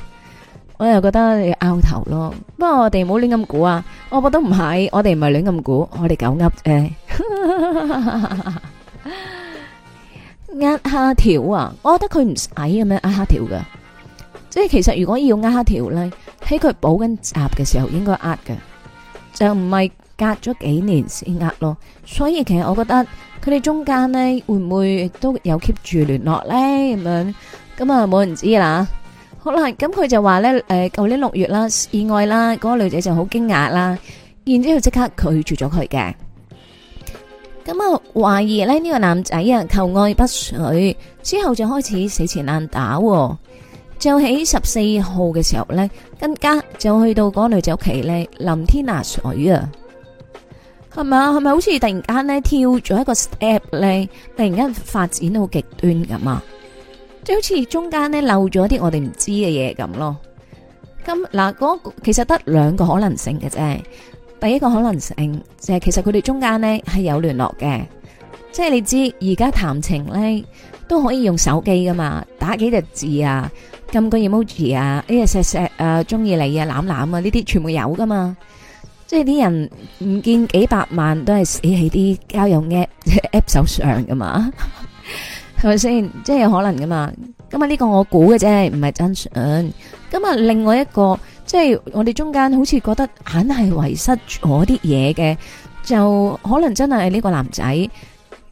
我又覺得拗頭咯，不過我哋唔好亂咁估啊！我覺得唔係，我哋唔係亂咁估，我哋搞噏誒，壓下條啊！我覺得佢唔使咁樣，壓下條嘅，即係其實如果要壓下條咧，喺佢補緊習嘅時候應該壓嘅，就唔係隔咗幾年先壓咯。所以其實我覺得佢哋中間咧會唔會都有 keep 住聯絡咧咁樣，咁啊冇人知啦。好啦，咁佢就話咧，誒、呃，舊年六月啦，意外啦，嗰、那個女仔就好驚訝啦，然之後即刻拒絕咗佢嘅。咁、這個、啊，懷疑咧呢個男仔啊求愛不遂，之後就開始死纏爛打、啊。就喺十四號嘅時候咧，更加就去到嗰個女仔屋企咧淋天拿水啊，係咪啊？係咪好似突然間咧跳咗一個 Step 咧，突然間發展到極端咁啊？即係好似中間咧漏咗啲我哋唔知嘅嘢咁咯，咁嗱嗰其實得兩個可能性嘅啫。第一個可能性就係其實佢哋中間咧係有聯絡嘅，即係你知而家談情咧都可以用手機噶嘛，打幾隻字啊，撳個 emoji 啊，哎呀錫錫啊中意你啊攬攬啊呢啲全部有噶嘛，即係啲人唔見幾百萬都係死喺啲交友 app app 手上噶嘛。係咪先？即係有可能噶嘛？咁啊呢個我估嘅啫，唔係真相。咁啊，另外一個即係我哋中間好似覺得硬係遺失咗啲嘢嘅，就可能真係呢個男仔誒、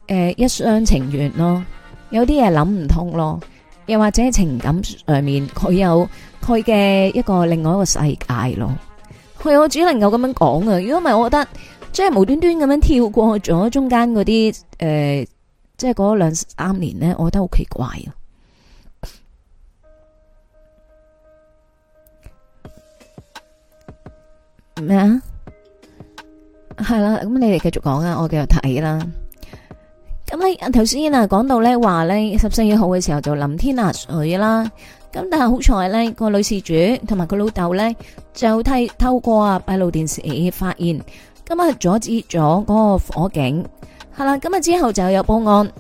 呃、一廂情願咯，有啲嘢諗唔通咯，又或者情感上面佢有佢嘅一個另外一個世界咯，佢、呃、我只能夠咁樣講啊。如果唔係，我覺得即係無端端咁樣跳過咗中間嗰啲誒。呃即係嗰兩三年呢，我覺得好奇怪啊！咩啊？係啦，咁你哋繼續講啊，我繼續睇啦。咁咧，頭先啊講到呢話呢，十四號嘅時候就淋天拿水啦。咁但係好彩呢，個女事主同埋佢老豆呢，就替透過啊閉路電視發現，今日阻止咗嗰個火警。係、嗯、啦，咁啊，之後就有報案，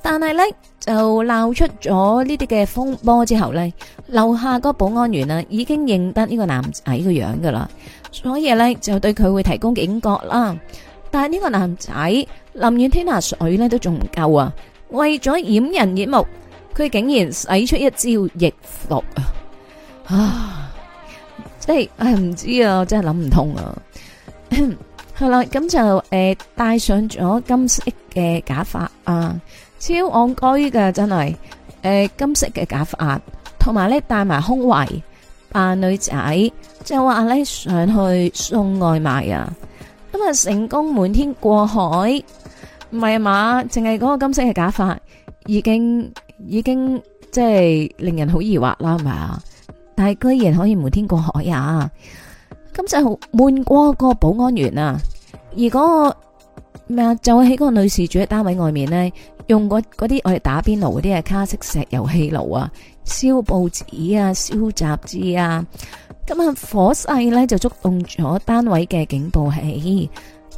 但係咧就鬧出咗呢啲嘅風波之後咧，樓下個保安員啊已經認得呢個男仔嘅樣噶啦，所以咧就對佢會提供警覺啦。但係呢個男仔淋完天拿水咧都仲唔夠啊，為咗掩人耳目，佢竟然使出一招易服啊！即係唉唔知啊，我真係諗唔通啊！ 啦、嗯，咁就誒戴上咗金色嘅假髮啊，超戇居噶，真係。誒、嗯、金色嘅假髮，同埋咧戴埋胸圍扮女仔，就話咧上去送外賣啊，咁、嗯、就成功瞞天過海，唔係嘛？淨係嗰個金色嘅假髮已經已經即係令人好疑惑啦，係咪啊，但係居然可以瞞天過海啊，咁就瞞過個保安員啊！而嗰，那個咩啊，就喺嗰個女事主嘅單位外面咧，用嗰嗰啲我哋打邊爐嗰啲嘅卡式石油氣爐啊，燒報紙啊，燒雜誌啊，咁啊火勢咧就觸動咗單位嘅警報器。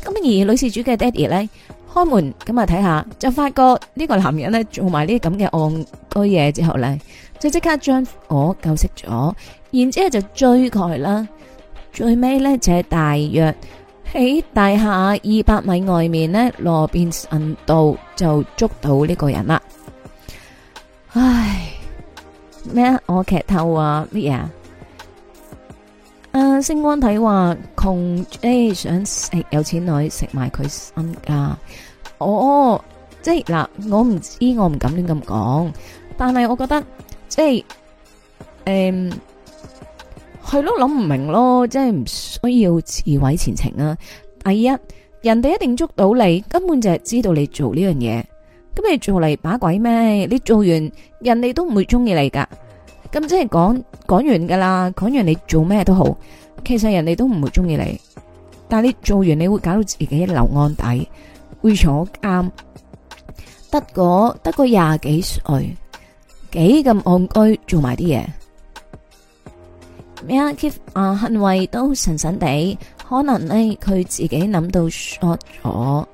咁而女事主嘅爹 y 咧，開門咁啊睇下，就發覺呢個男人咧做埋呢啲咁嘅戇居嘢之後咧，就即刻將火救熄咗，然之後就追蓋啦。最尾咧就係，是，大約。喺、哎、大廈二百米外面呢，羅便臣道就捉到呢個人啦。唉，咩啊？我劇透啊，咩嘢啊？星光體話窮誒，窮想食有錢女，食埋佢身噶。哦，即係嗱，我唔知，我唔敢亂咁講。但係我覺得，即係、嗯係咯，諗唔明咯，即係唔需要自毀前程啦，啊。第一，人哋一定捉到你，根本就係知道你做呢樣嘢，咁你做嚟把鬼咩？你做完，人哋都唔會中意你噶。咁即係講講完噶啦，講完你做咩都好，其實人哋都唔會中意你。但係你做完，你會搞到自己留案底，會坐監，得個得個廿幾歲，幾咁戇居做埋啲嘢。咩啊？佢啊，行為都神神地，可能咧佢自己諗到 short 咗，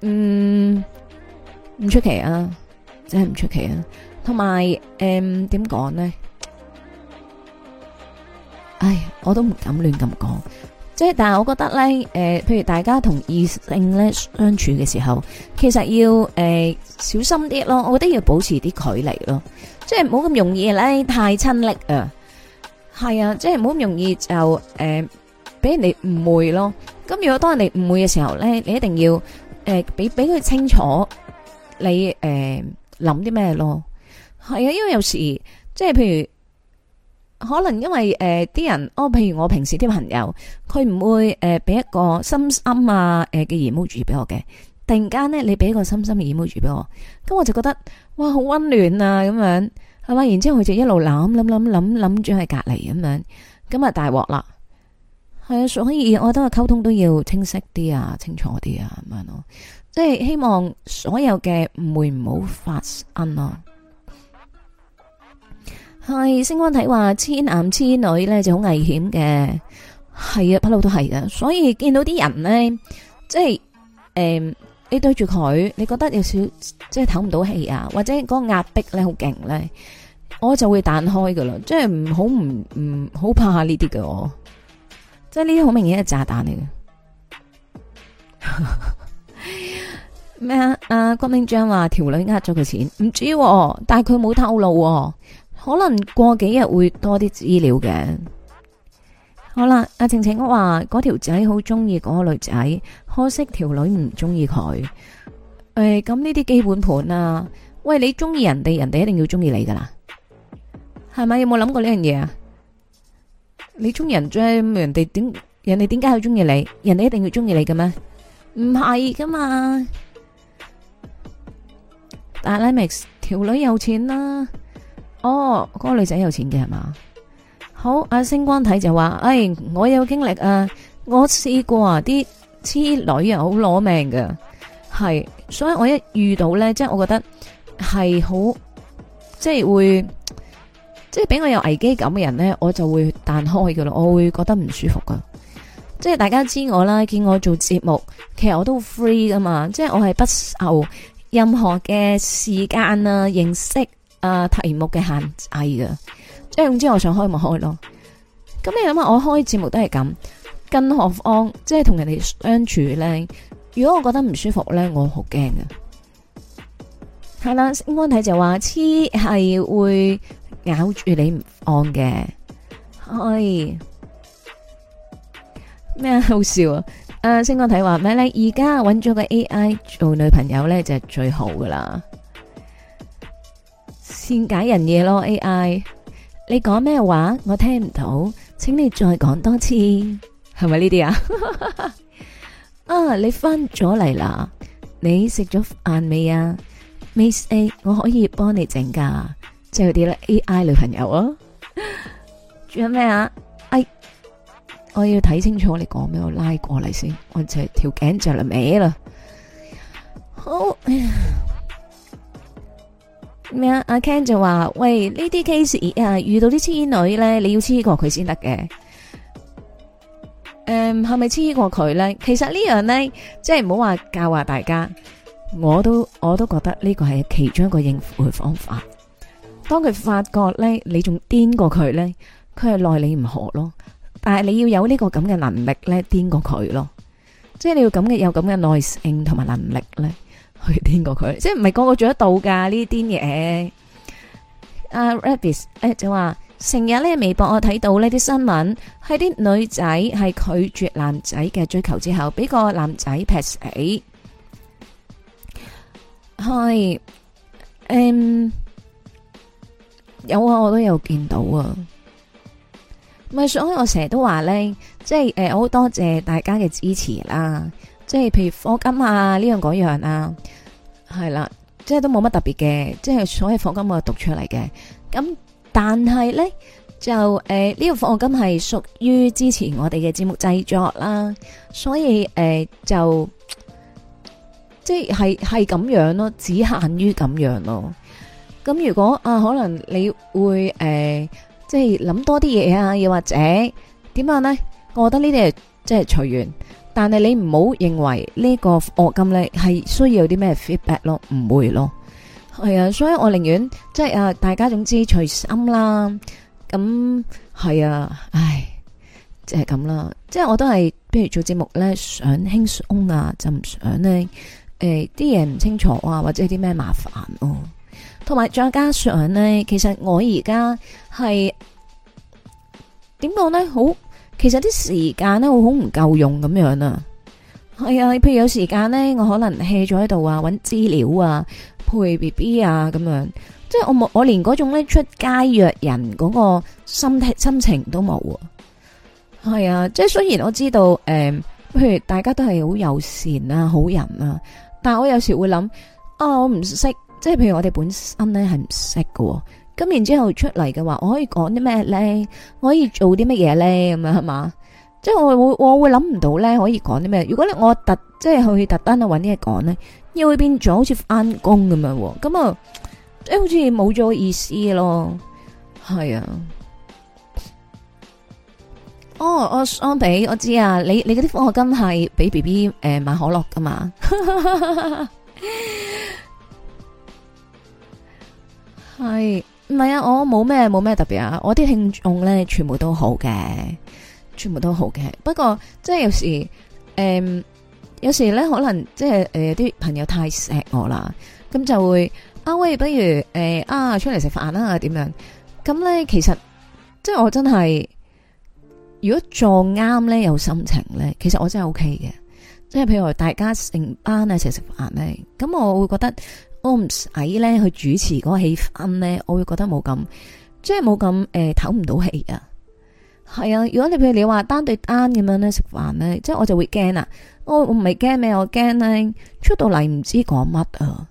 嗯，唔出奇啊，真係唔出奇啊。同埋誒，點講咧？唉，我都唔敢亂咁講。即係，但係我覺得咧，誒、呃，譬如大家同異性咧相處嘅時候，其實要誒、呃、小心啲咯。我覺得要保持啲距離咯，即係唔好咁容易咧，太親力啊！係啊，即係唔好咁容易就誒俾、呃、人哋誤會咯。咁如果當人哋誤會嘅時候咧，你一定要誒俾俾佢清楚你誒諗啲咩咯。係啊，因為有時即係譬如可能因為誒啲、呃、人，我譬如我平時啲朋友，佢唔會誒俾、呃、一個心心啊誒嘅 emoji 俾我嘅。突然間咧，你俾一個心心嘅 emoji 俾我，咁我就覺得哇好溫暖啊咁樣。係嘛？然之後佢就一路諗諗諗諗諗住喺隔籬咁樣，咁咪大鑊啦！係啊，所以我覺得溝通都要清晰啲啊，清楚啲啊咁樣咯。即係、就是、希望所有嘅唔會唔好發生咯。係星光睇話，千男千女咧就好危險嘅。係啊，不嬲都係㗎。所以見到啲人咧，即、就、係、是、誒。你對住佢，你覺得有少即係唞唔到氣啊，或者嗰個壓迫咧好勁咧，我就會彈開噶啦，即係唔好唔唔好怕呢啲嘅喎，即係呢啲好明顯係炸彈嚟嘅。咩 啊？阿、啊、郭明章話條女呃咗佢錢，唔知、啊，但係佢冇透露、啊，可能過幾日會多啲資料嘅。好啦，阿晴晴話嗰條仔好中意嗰個女仔。可惜條女唔中意佢，誒咁呢啲基本盤啊！喂，你中意人哋，人哋一定要中意你噶啦，係咪？有冇諗過呢樣嘢啊？你中意人啫，人哋點？人哋點解要中意你？人哋一定要中意你嘅咩？唔係噶嘛？但阿 l i m 條女有錢啦、啊，哦，嗰、那個女仔有錢嘅係嘛？好，阿星光睇就話，誒、哎，我有經歷啊，我試過啊啲。黐女人好攞命㗎。係，所以我一遇到呢，即係我覺得係好，即係會即係俾我有危機感嘅人呢，我就會彈開噶啦，我會覺得唔舒服噶。即係大家知我啦，見我做節目，其實我都 free 噶嘛，即係我係不受任何嘅時間啊、形式啊、題目嘅限制㗎，即係總之我想開咪開咯。咁你諗下，我開節目都係咁。更何況，即係同人哋相處咧。如果我覺得唔舒服咧，我好驚噶。係啦，星光體就話，黐係會咬住你唔放嘅。係、哎、咩好笑啊？誒、啊，星光體話咩咧？而家揾咗個 AI 做女朋友咧，就係、是、最好噶啦。善解人嘢咯，AI。你講咩話？我聽唔到，請你再講多次。係咪呢啲啊？ 啊，你翻咗嚟啦？你食咗飯未啊？Miss A，我可以幫你整噶，即係啲咧 AI 女朋友仲、啊、有咩啊？哎，我要睇清楚你講咩，我拉過嚟先。我就條頸就嚟歪啦。好咩啊？阿 Ken 就話：「喂，呢啲 case 啊，遇到啲痴女咧，你要黐過佢先得嘅。誒，係咪黐過佢咧？其實呢樣咧，即係唔好話教壞大家，我都我都覺得呢個係其中一個應付嘅方法。當佢發覺咧，你仲癲過佢咧，佢係奈你唔何咯。但係你要有呢個咁嘅能力咧，癲過佢咯。即係你要咁嘅有咁嘅耐性同埋能力咧，去癲過佢。即係唔係個個做得到噶呢啲癲嘢。阿 Rabbit，誒，就話。成日咧微博，我睇到呢啲新聞，係啲女仔係拒絕男仔嘅追求之後，俾個男仔劈死。係，嗯，有啊，我都有見到啊。咪所以我，就是，我成日都話咧，即係誒，我好多謝大家嘅支持啦，就是啊啊。即係譬如課金啊，呢樣嗰樣啊，係啦，即係都冇乜特別嘅，即係所以課金我讀出嚟嘅咁。但係咧，就誒呢、呃這個課金係屬於之前我哋嘅節目製作啦，所以誒、呃、就即係係咁樣咯，只限於咁樣咯。咁如果啊，可能你會誒、呃、即係諗多啲嘢啊，又或者點樣咧？我覺得呢啲係即係隨緣，但係你唔好認為個呢個課金咧係需要有啲咩 feedback 咯，唔會咯。係啊，所以我寧願即係大家總之隨心啦。咁係啊，唉，即係咁啦。即係我都係，譬如做節目咧，想輕鬆啊，就唔想呢誒啲嘢唔清楚啊，或者啲咩麻煩咯、啊。同埋再加上咧，其實我而家係點講咧，好其實啲時間咧，我好唔夠用咁樣啊。係啊，譬如有時間咧，我可能 hea 咗喺度啊，搵資料啊。陪 B B 啊，咁樣，即係我冇，我連嗰種咧出街約人嗰個心心情都冇喎，啊。係啊，即係雖然我知道，誒，呃，譬如大家都係好友善啊，好人啊，但我有時會諗，啊，哦，我唔識，即係譬如我哋本身咧係唔識喎。啊，咁然之後出嚟嘅話，我可以講啲咩咧？我可以做啲乜嘢咧？咁樣係嘛？即係我會，我會諗唔到咧，可以講啲咩？如果咧我特，即係去特登去搵啲嘢講咧。又會變咗好似翻工咁樣，咁啊，即、欸、好似冇咗意思咯，係啊。哦，我安比，我知啊，你你嗰啲科學金係俾 B B 誒買可樂噶嘛？係唔係啊？我冇咩冇咩特別啊，我啲聽眾咧全部都好嘅，全部都好嘅。不過即係有時誒。呃有時咧可能即係誒啲朋友太錫我啦，咁就會啊喂，不如誒、呃、啊出嚟食飯啦，點樣？咁咧其實即係我真係如果撞啱咧有心情咧，其實我真係 OK 嘅。即係譬如大家成班一齊食飯咧，咁我會覺得我唔使咧去主持嗰個氣氛咧，我會覺得冇咁即係冇咁誒唞唔到氣啊。呃係啊，如果你譬如你話單對單咁樣咧食飯咧，即係我就會驚啦。我我唔係驚咩，我驚咧出到嚟唔知講乜啊，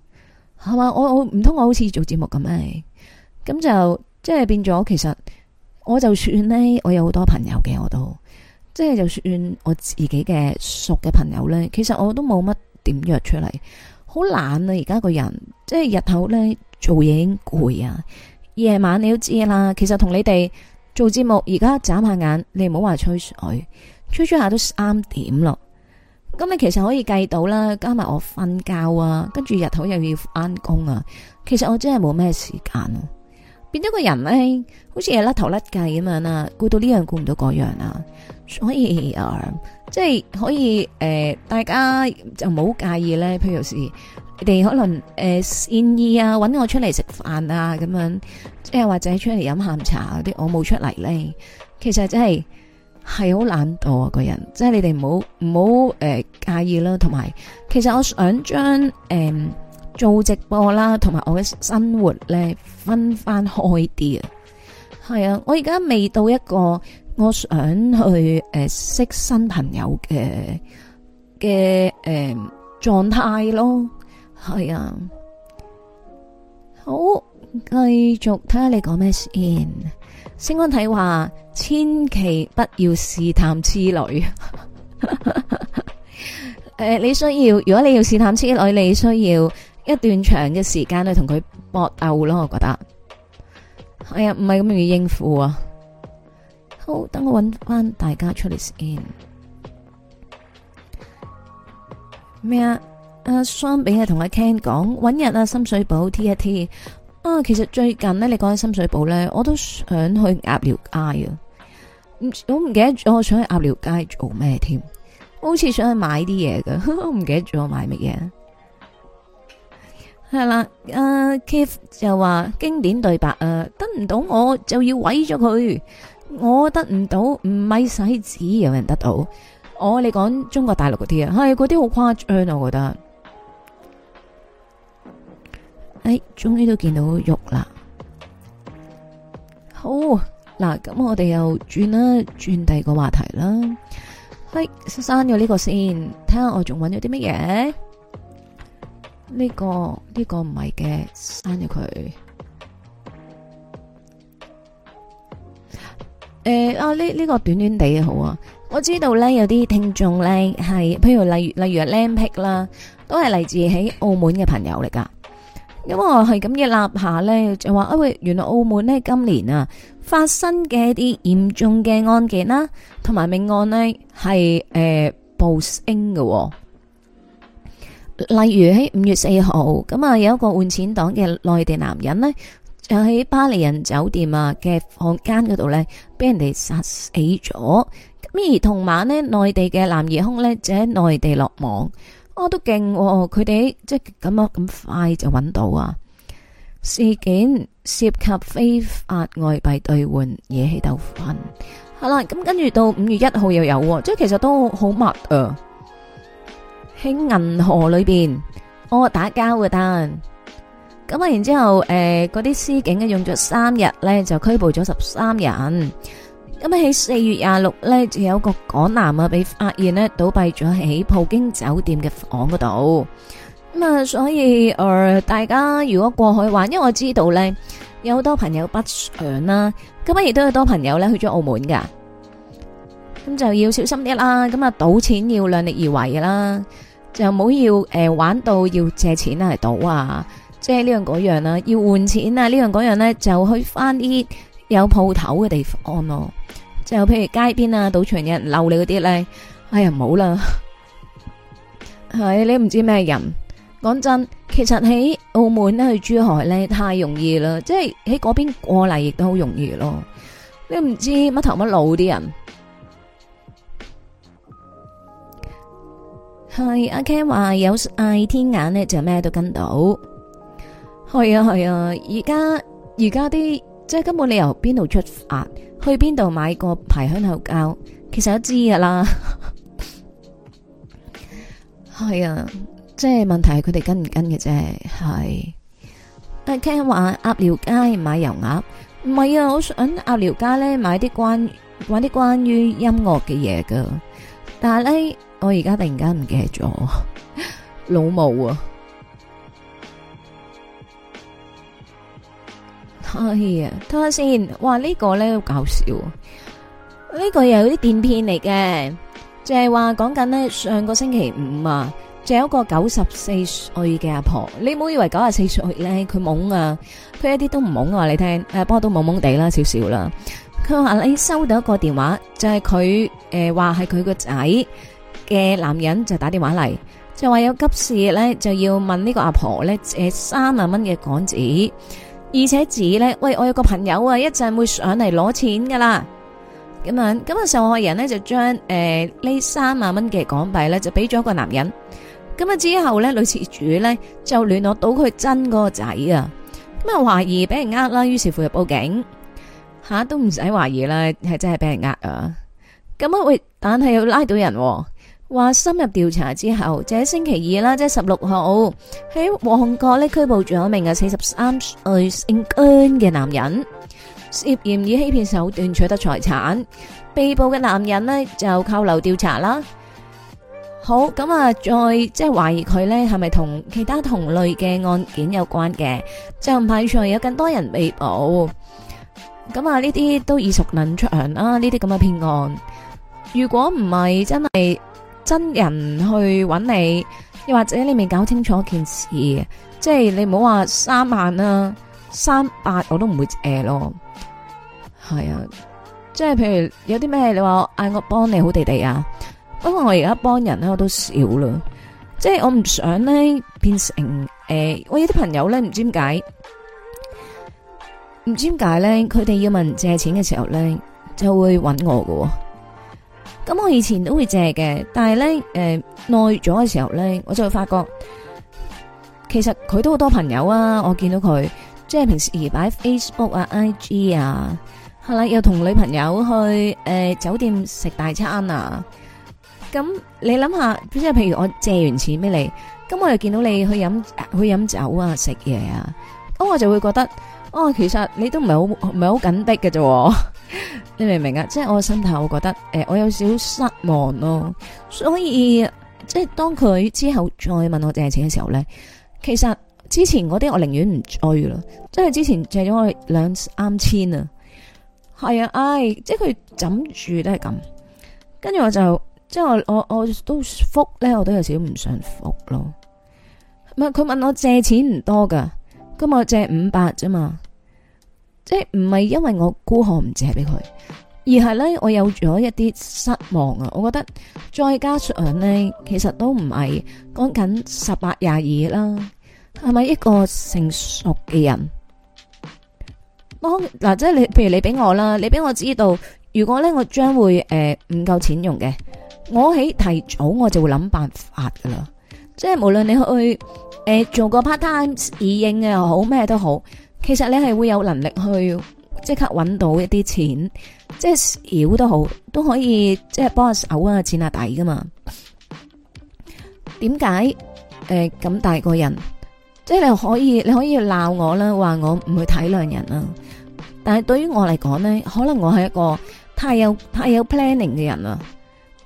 係嘛？我我唔通我，我好似做節目咁嚟，咁就即係變咗其實我就算咧，我有好多朋友嘅我都，即係就算我自己嘅熟嘅朋友咧，其實我都冇乜點約出嚟，好懶啊！而家個人即係日頭咧做嘢已經攰啊，夜晚你都知啦。其實同你哋。做節目而家眨下眼，你唔好話吹水，吹吹下都三點咯。咁你其實可以計到啦，加埋我瞓覺啊，跟住日頭又要返工啊，其實我真係冇咩時間咯。變咗個人咧，好似係甩頭甩計咁樣啊，顧到呢樣顧唔到嗰樣啊，所以啊，即係可以誒、呃，大家就唔好介意咧，譬如是。你哋可能誒、呃、善意啊，搵我出嚟食飯啊，咁樣即係或者出嚟飲下午茶嗰啲，我冇出嚟咧。其實真係係好懶惰啊，個人即係你哋唔好唔好誒介意啦。同埋其實我想將誒、呃、做直播啦，同埋我嘅生活咧分翻開啲啊。係啊，我而家未到一個我想去誒、呃、識新朋友嘅嘅誒狀態咯。係啊，好，繼續睇下你講咩先。星安體話：千祈不要試探痴女。誒、 呃，你需要如果你要試探痴女，你需要一段長嘅時間去同佢搏鬥咯。我覺得係啊，唔係咁容易應付啊。好，等我揾翻大家出嚟先。咩啊？阿、啊、雙比阿同阿 Ken 講，搵日啊，深水埗 t 1 t 啊，其實最近呢，你講起深水埗咧，我都想去鴨寮街啊，唔我唔記得咗我想去鴨寮街做咩添，好似想去買啲嘢都唔記得咗我買乜嘢。係啦，阿 Keith 又話經典對白啊，得唔到我就要毀咗佢，我得唔到唔米使紙有人得到，我你講中國大陸嗰啲啊，係嗰啲好誇張我覺得。誒，終於都見到玉啦。好嗱，咁我哋又轉啦，轉第二個話題啦。係刪咗呢個先，睇下我仲揾咗啲乜嘢？呢個呢個唔係嘅，刪咗佢。誒啊，呢呢個短短地嘅好啊。我知道咧，有啲聽眾咧係，譬如例如例如啊，lamp 啦，都係嚟自喺澳門嘅朋友嚟噶。咁我係咁嘅，立下呢，就話，因為原來澳門呢，今年啊，發生嘅一啲嚴重嘅案件啦，同埋命案呢係誒暴升嘅。例如喺五月四號，咁啊有一個換錢黨嘅內地男人呢，就喺巴黎人酒店啊嘅房間嗰度呢，俾人哋殺死咗。咁而同晚呢，內地嘅男疑兇呢，就喺內地落網。我都勁喎，佢哋即係咁樣咁快就揾到啊！事件涉及非法外幣兌換、惹氣鬥毆。好啦，咁跟住到五月一號又有，即係其實都好密啊！喺銀河裏邊，我打交嘅單。咁啊，然之後誒，嗰啲司警咧用咗三日咧就拘捕咗十三人。咁喺四月廿六咧，就有個港男啊被發現咧倒閉咗喺葡京酒店嘅房嗰度。咁啊，所以誒、呃、大家如果過去玩，因為我知道咧有好多朋友不爽啦。咁啊，亦都有很多朋友咧去咗澳門噶。咁就要小心啲啦。咁啊，賭錢要量力而為㗎啦，就唔好要誒、呃、玩到要借錢嚟賭啊。即係呢樣嗰樣啦，要換錢啊，樣樣呢樣嗰樣咧就去翻啲。有鋪頭嘅地方咯，就譬如街邊啊，賭場有人嬲你嗰啲咧，哎呀，唔好啦，係 你唔知咩人。講真，其實喺澳門咧，去珠海咧太容易啦，即係喺嗰邊過嚟亦都好容易咯。你唔知乜頭乜路啲人，係阿 Ken 話有嗌天眼咧，就咩都跟到。係啊，係啊，而家而家啲。即係根本你由邊度出發，去邊度買個排香口膠，其實我知噶啦，係 啊，即係問題係佢哋跟唔跟嘅啫，係。聽下話鴨寮街買油鴨，唔係啊，我想鴨寮街咧買啲關，買啲關於音樂嘅嘢噶，但係咧我而家突然間唔記得咗，老母啊！係啊，睇下先。哇，這個，呢個咧好搞笑，呢，這個又有啲電騙，嚟嘅，就係話講緊咧上個星期五啊，就有一個九十四歲嘅阿婆，你唔好以為九十四歲咧佢懵啊，佢一啲都唔懵啊，你聽，誒，啊，不過都懵懵地啦，少少啦。佢話你收到一個電話，就係佢誒話係佢個仔嘅男人就打電話嚟，就話有急事咧就要問呢個阿婆咧借三萬蚊嘅港紙。而且指咧，喂，我有個朋友啊，一陣會上嚟攞錢噶啦，咁樣，咁啊受害人呢，呃、30，就將誒呢三萬蚊嘅港幣咧就俾咗個男人，咁啊之後咧，女事主咧就聯絡到佢真嗰個仔啊，咁啊懷疑俾人呃啦，於是乎入報警，吓都唔使懷疑啦，係真係俾人呃啊，咁啊喂，但係又拉到人喎。話深入調查之後，就喺星期二啦，即係十六號喺旺角呢拘捕咗一名嘅四十三歲姓姜嘅男人，涉嫌以欺騙手段取得財產，被捕嘅男人呢就扣留調查啦。好，咁啊，再即係懷疑佢咧係咪同其他同類嘅案件有關嘅，就唔排除有更多人被捕。咁啊，呢啲都耳熟能詳啦，呢啲咁嘅騙案，如果唔係真係。真人去揾你，又或者你未搞清楚件事，即係你唔好話三萬啦、啊，三百我都唔會借咯。係啊，即係譬如有啲咩你話我嗌我幫你好地地啊，不過我而家幫人咧我都少啦，即係我唔想咧變成誒、呃，我有啲朋友咧唔知點解，唔知點解咧佢哋要問借錢嘅時候咧就會揾我喎。咁我以前都會借嘅，但係咧，誒、呃，耐咗嘅時候咧，我就會發覺，其實佢都好多朋友啊，我見到佢，即係平時擺 Facebook 啊、IG 啊，係啦，又同女朋友去誒、呃、酒店食大餐啊。咁你諗下，即係譬如我借完錢俾你，咁我又見到你去飲去飲酒啊、食嘢啊，咁我就會覺得，哦，其實你都唔係好唔係好緊逼嘅啫。 你明唔明啊？即係我個心態，我覺得誒、呃，我有少少失望咯。所以即係當佢之後再問我借錢嘅時候咧，其實之前嗰啲我寧願唔追啦。即係之前借咗我兩三千啊，係、哎、啊，唉、哎，即係佢枕住都係咁。跟住我就即係我我我都復咧，我都有少少唔想復咯。唔係佢問我借錢唔多噶，咁我借五百啫嘛。即係唔係因為我孤寒唔借俾佢，而係咧我有咗一啲失望啊！我覺得再加上咧，其實都唔係講緊十八廿二啦，係咪一個成熟嘅人？嗱、啊啊，即係你，譬如你俾我啦，你俾我知道，如果咧我將會誒唔、呃、夠錢用嘅，我喺提早我就會諗辦法噶啦。即係無論你去誒、呃、做個 part time 侍應，又好咩都好。其實你係會有能力去即刻搵到一啲錢，即係少都好，都可以即係幫下手啊，剪下底噶嘛。點解誒咁大個人，即係你可以你可以鬧我啦，話我唔會體諒人啊。但係對於我嚟講呢，可能我係一個太有太有 planning 嘅人啊。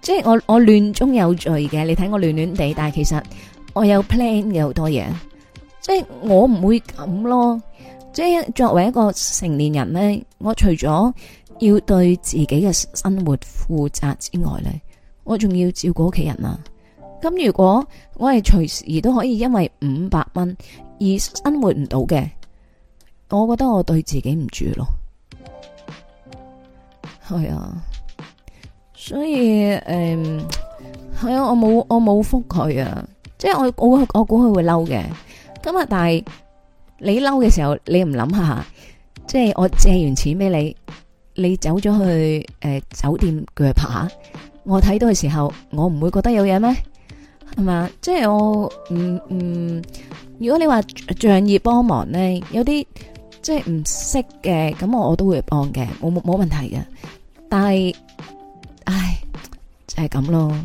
即係我我亂中有序嘅，你睇我亂亂地，但係其實我有 plan 嘅好多嘢，即係我唔會咁咯。即係作為一個成年人呢，我除咗要對自己嘅生活負責之外呢，我仲要照顧屋企人啊。咁如果我係隨時都可以因為五百蚊而生活唔到嘅，我覺得我對自己唔住咯。係啊，所以誒，係啊，我冇我冇覆佢啊，即係我我我估佢會嬲嘅。咁啊，但係。你嬲嘅時候，你唔諗下，即係我借完錢俾你，你走咗去誒、呃、酒店鋸扒，我睇到嘅時候，我唔會覺得有嘢咩？係嘛，即係我唔唔、嗯嗯，如果你話仗義幫忙咧，有啲即係唔識嘅，咁我我都會幫嘅，冇冇冇問題嘅。但係，唉，就係、是、咁咯。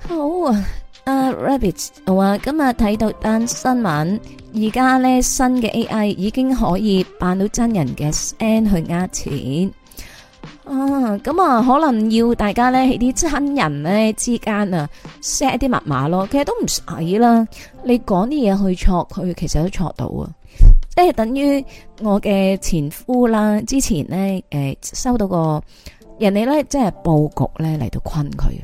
好啊。Uh, Rabbit 我話今日睇到單新聞，而家咧新嘅 AI 已經可以扮到真人嘅聲去呃錢啊！咁、uh, 啊、嗯，可能要大家咧喺啲親人咧之間啊 set 啲密碼咯，其實都唔使啦。你講啲嘢去錯，佢其實都錯到啊，即係等於我嘅前夫啦。之前咧誒、呃、收到個人哋咧即係布局咧嚟到昆佢。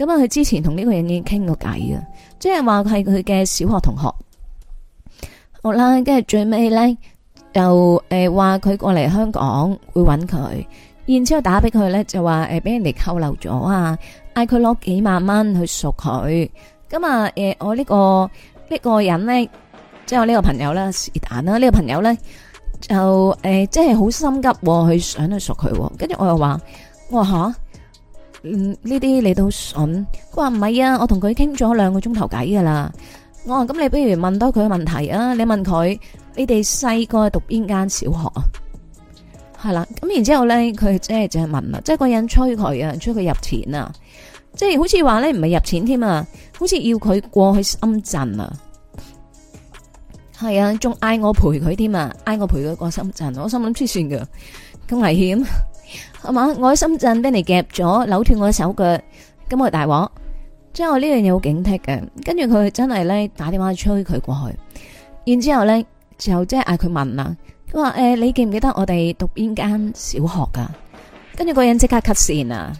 咁啊，佢之前同呢個人已經傾過偈嘅，即係話佢係佢嘅小學同學，好啦，跟住最尾咧就誒，話佢過嚟香港會揾佢，然之後打俾佢咧就話誒，俾人哋扣留咗啊，嗌佢攞幾萬蚊去贖佢。咁啊，誒，我呢個呢個人咧，即係我呢個朋友啦，是但啦，呢個朋友咧就誒即係好心急去想去贖佢，跟住我又話我話吓。嗯，呢啲你都信。佢話唔係啊，我同佢傾咗兩個鐘頭偈噶啦。我話咁，你不如問多佢問題啊。你問佢，你哋細個讀邊間小學啊？係啦，咁然之後咧，佢即係就係問啊，即係個人催佢啊，催佢入錢啊，即係好似話咧唔係入錢添啊，好似要佢過去深圳啊。係啊，仲嗌我陪佢添啊，嗌我陪佢過深圳。我心諗痴線噶，咁危險。係嘛？我喺深圳俾你夾咗，扭斷我手腳，咁我大鑊。將我呢樣嘢好警惕嘅。跟住佢真係咧打電話催佢過去，然之後咧就即係嗌佢問啦。佢話誒，你記唔記得我哋讀邊間小學噶、啊？跟住個人即刻 cut 線啊！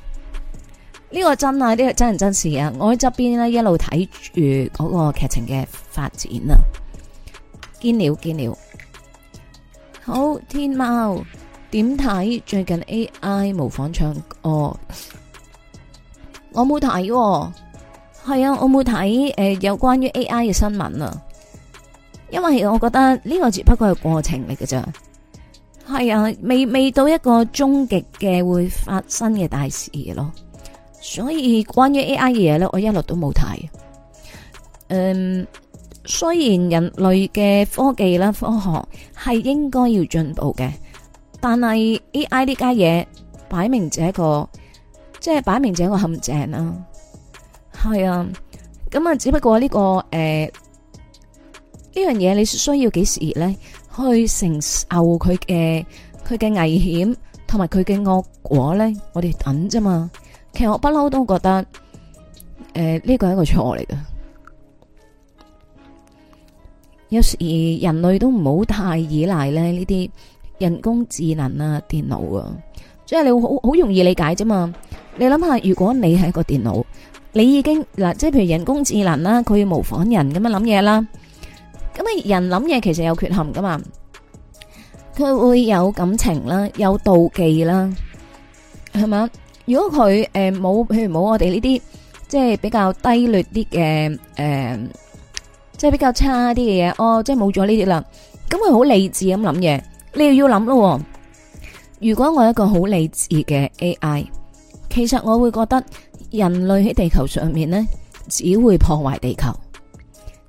呢、這個真啊，呢、這個真人真事啊！我喺側邊咧一路睇住嗰個劇情嘅發展啊！見了見了，好天喵。點睇最近 A.I. 模仿唱歌？Oh, 我冇睇哦，係啊，我冇睇，誒有關於 A.I. 嘅新聞啊。因為我覺得呢個只不過係過程嚟嘅啫，係啊，未未到一個終極嘅會發生嘅大事咯。所以關於 A.I. 嘅嘢咧，我一律都冇睇。嗯，雖然人類嘅科技啦、科學係應該要進步嘅。但係 AI 呢家嘢擺明這一個，即係擺明這個陷阱啊，係啊，咁啊只不過呢個誒呢樣嘢你需要幾時咧去承受佢嘅佢嘅危險同埋佢嘅惡果咧？我哋等啫嘛。其實我不嬲都覺得誒呢個係一個錯嚟噶。有時人類都唔好太依賴咧呢啲。人工智能啊，電腦啊，即係你會好好容易理解啫嘛。你諗下，如果你係一個電腦，你已經嗱，即係譬如人工智能啦、啊，佢要模仿人咁樣諗嘢啦。咁啊，人諗嘢其實有缺陷噶嘛，佢會有感情啦、啊，有妒忌啦、啊，係嘛？如果佢誒冇，譬如冇我哋呢啲即係比較低劣啲嘅誒，即係比較差啲嘅嘢，哦，即係冇咗呢啲啦，咁佢好理智咁諗嘢。你又要諗咯？如果我一個好理智嘅 AI，其實我會覺得人類喺地球上面呢，只會破壞地球，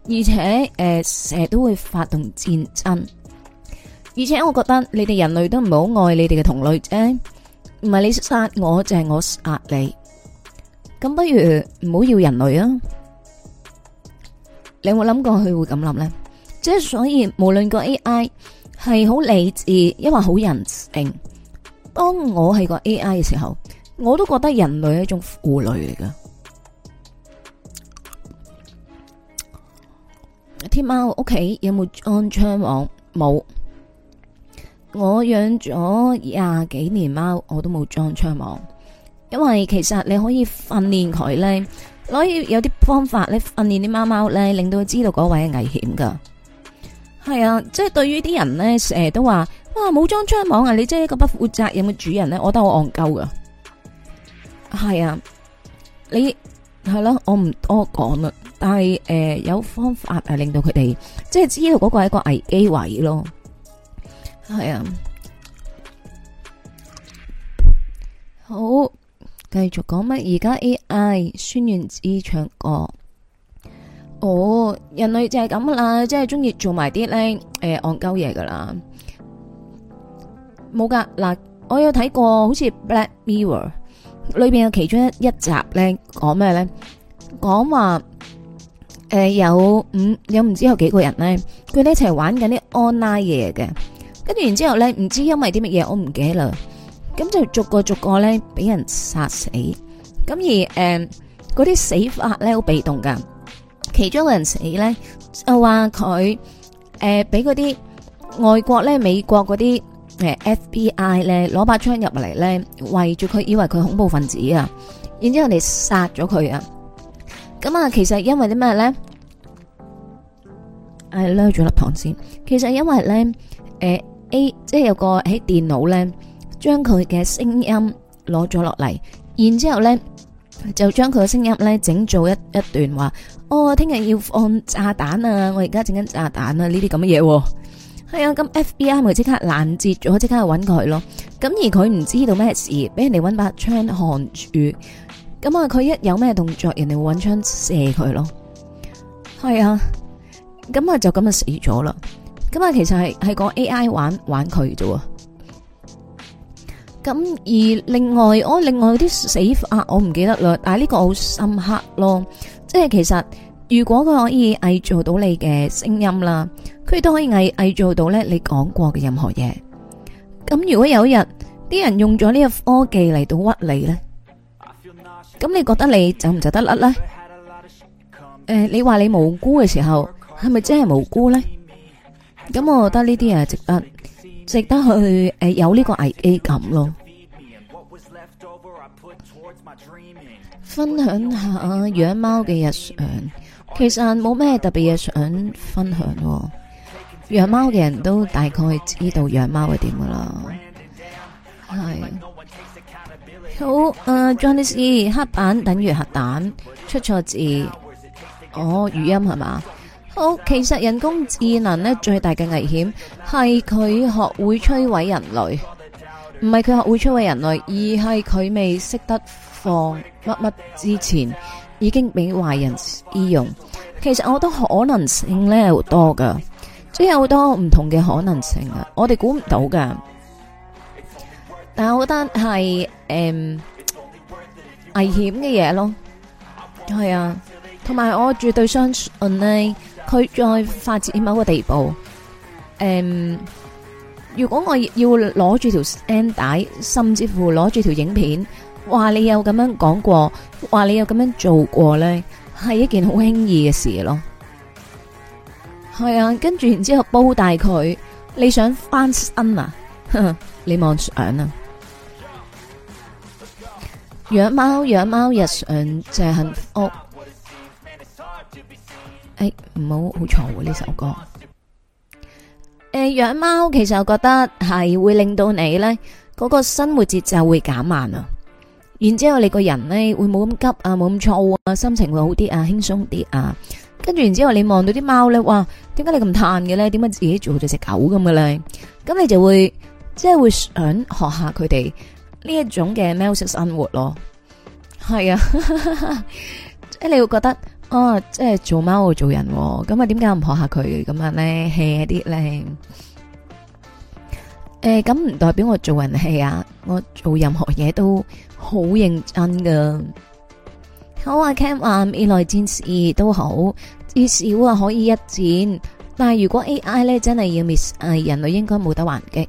而且誒成日都會發動戰爭，而且我覺得你哋人類都唔好愛你哋嘅同類啫，唔係你殺我就係我殺你，咁不如唔好要，要人類啊？你有冇諗過佢會咁諗呢？即係所以無論個 AI。係好理智，因為好人性。當我係個 A I 嘅時候，我都覺得人類係一種負累嚟噶。天貓屋企有冇裝窗網？冇。我養咗廿幾年貓，我都冇裝窗網，因為其實你可以訓練佢呢。可以有啲方法你訓練啲貓貓呢，令到佢知道嗰位係危險噶。係啊，即係對於啲人咧，成日都話，哇冇裝張網啊！你真係一個不負責任嘅主人咧，我覺得好戇鳩噶。係啊，你係啦、啊，我唔多講啦。但係誒、呃、有方法係、啊、令到佢哋即係知道嗰個係一個危機位咯。係啊，好，繼續講乜？而家 AI 孫燕姿唱歌。哦，人類就係咁啦，即係中意做埋啲咧誒，戇鳩嘢噶啦，冇噶嗱。我有睇過，好似《Black Mirror》裏邊嘅其中一、一集咧，講咩咧？講話誒，有五、嗯、有唔知有幾個人咧，佢哋一齊玩緊啲 online 嘢嘅，跟住然之後咧，唔知因為啲乜嘢，我唔記得啦。咁就逐個逐個咧，俾人殺死。咁而誒，嗰、呃、啲死法咧好被動噶。其中一個人死咧，就話佢誒俾嗰啲外國咧，美國嗰啲誒 FBI 咧攞把槍入嚟咧，圍住佢，以為佢恐怖分子啊，然之後人哋殺咗佢啊！咁啊，其實因為啲咩咧？誒，攞咗粒糖先。其實因為咧，誒 A 即係有個喺電腦咧，將佢嘅聲音攞咗落嚟，然之後咧。就將佢嘅聲音咧整做一一段話，哦，聽日要放炸彈啊！我而家整緊炸彈啊！呢啲咁嘅嘢，係啊，咁 F B I 咪即刻攔截咗，即刻去搵佢咯。咁而佢唔知道咩事，俾人哋搵把槍看住。咁啊，佢一有咩動作，人哋會搵槍射佢咯。係啊，咁啊就咁就死咗啦。咁啊其實係係講 A I 玩玩佢啫喎。咁而另外，我另外嗰啲死法，我唔記得啦。但係呢個好深刻咯，即係其實如果佢可以偽造到你嘅聲音啦，佢都可以偽偽造到咧你講過嘅任何嘢。咁如果有一日啲人用咗呢個科技嚟到屈你咧，咁你覺得你走唔走得甩咧？誒，你話你無辜嘅時候，係咪真係無辜咧？咁我覺得呢啲嘢值得。值得去誒、呃、有呢個危機感咯！分享下養貓嘅日常，其實冇咩特別嘢想分享。養貓嘅人都大概知道養貓係點噶啦。係好、呃、Johnny C，黑板等於核彈，出錯字。哦，語音係嘛？是好，其實人工智能咧，最大嘅危險係佢學會摧毀人類，唔係佢學會摧毀人類，而係佢未識得放乜乜之前，已經俾壞人利用。其實我覺得可能性咧好多噶，即有好多唔同嘅可能性啊，我哋估唔到噶。但係我覺得係誒、嗯、危險嘅嘢咯，係啊，同埋我絕對相信咧。佢再發展某個地步，誒、嗯，如果我要攞住條聲帶，甚至乎攞住條影片，話你有咁樣講過，話你有咁樣做過咧,係一件好輕易嘅事咯。係、嗯、啊,跟住然之後煲大佢，你想翻身呵呵啊？你望住眼啊？養貓養貓日常就係幸福。哦誒、哎，唔好好嘈喎呢首歌。誒、呃，養貓，其實我覺得係會令到你呢嗰、那個生活節奏會減慢啊。然之後你個人呢會冇咁急啊，冇咁燥啊，心情會好啲啊，輕鬆啲啊。跟住然之後，後你望到啲貓呢，哇，點解你咁嘆嘅呢？點解自己做好似隻狗咁嘅呢？咁你就會即係、就是、會想學下佢哋呢一種嘅喵式生活咯。係啊，哈哈即係誒，你會覺得。啊、是哦，即係做貓會做人，咁啊，點解唔學下佢咁樣咧？hea 啲咧？誒，咁唔代表我做人 hea 啊？我做任何嘢都好認真噶。好啊，Cam 啊，未來戰士都好，至少啊可以一戰。但係如果 AI 咧，真係要 miss，I, 人類應該冇得還擊。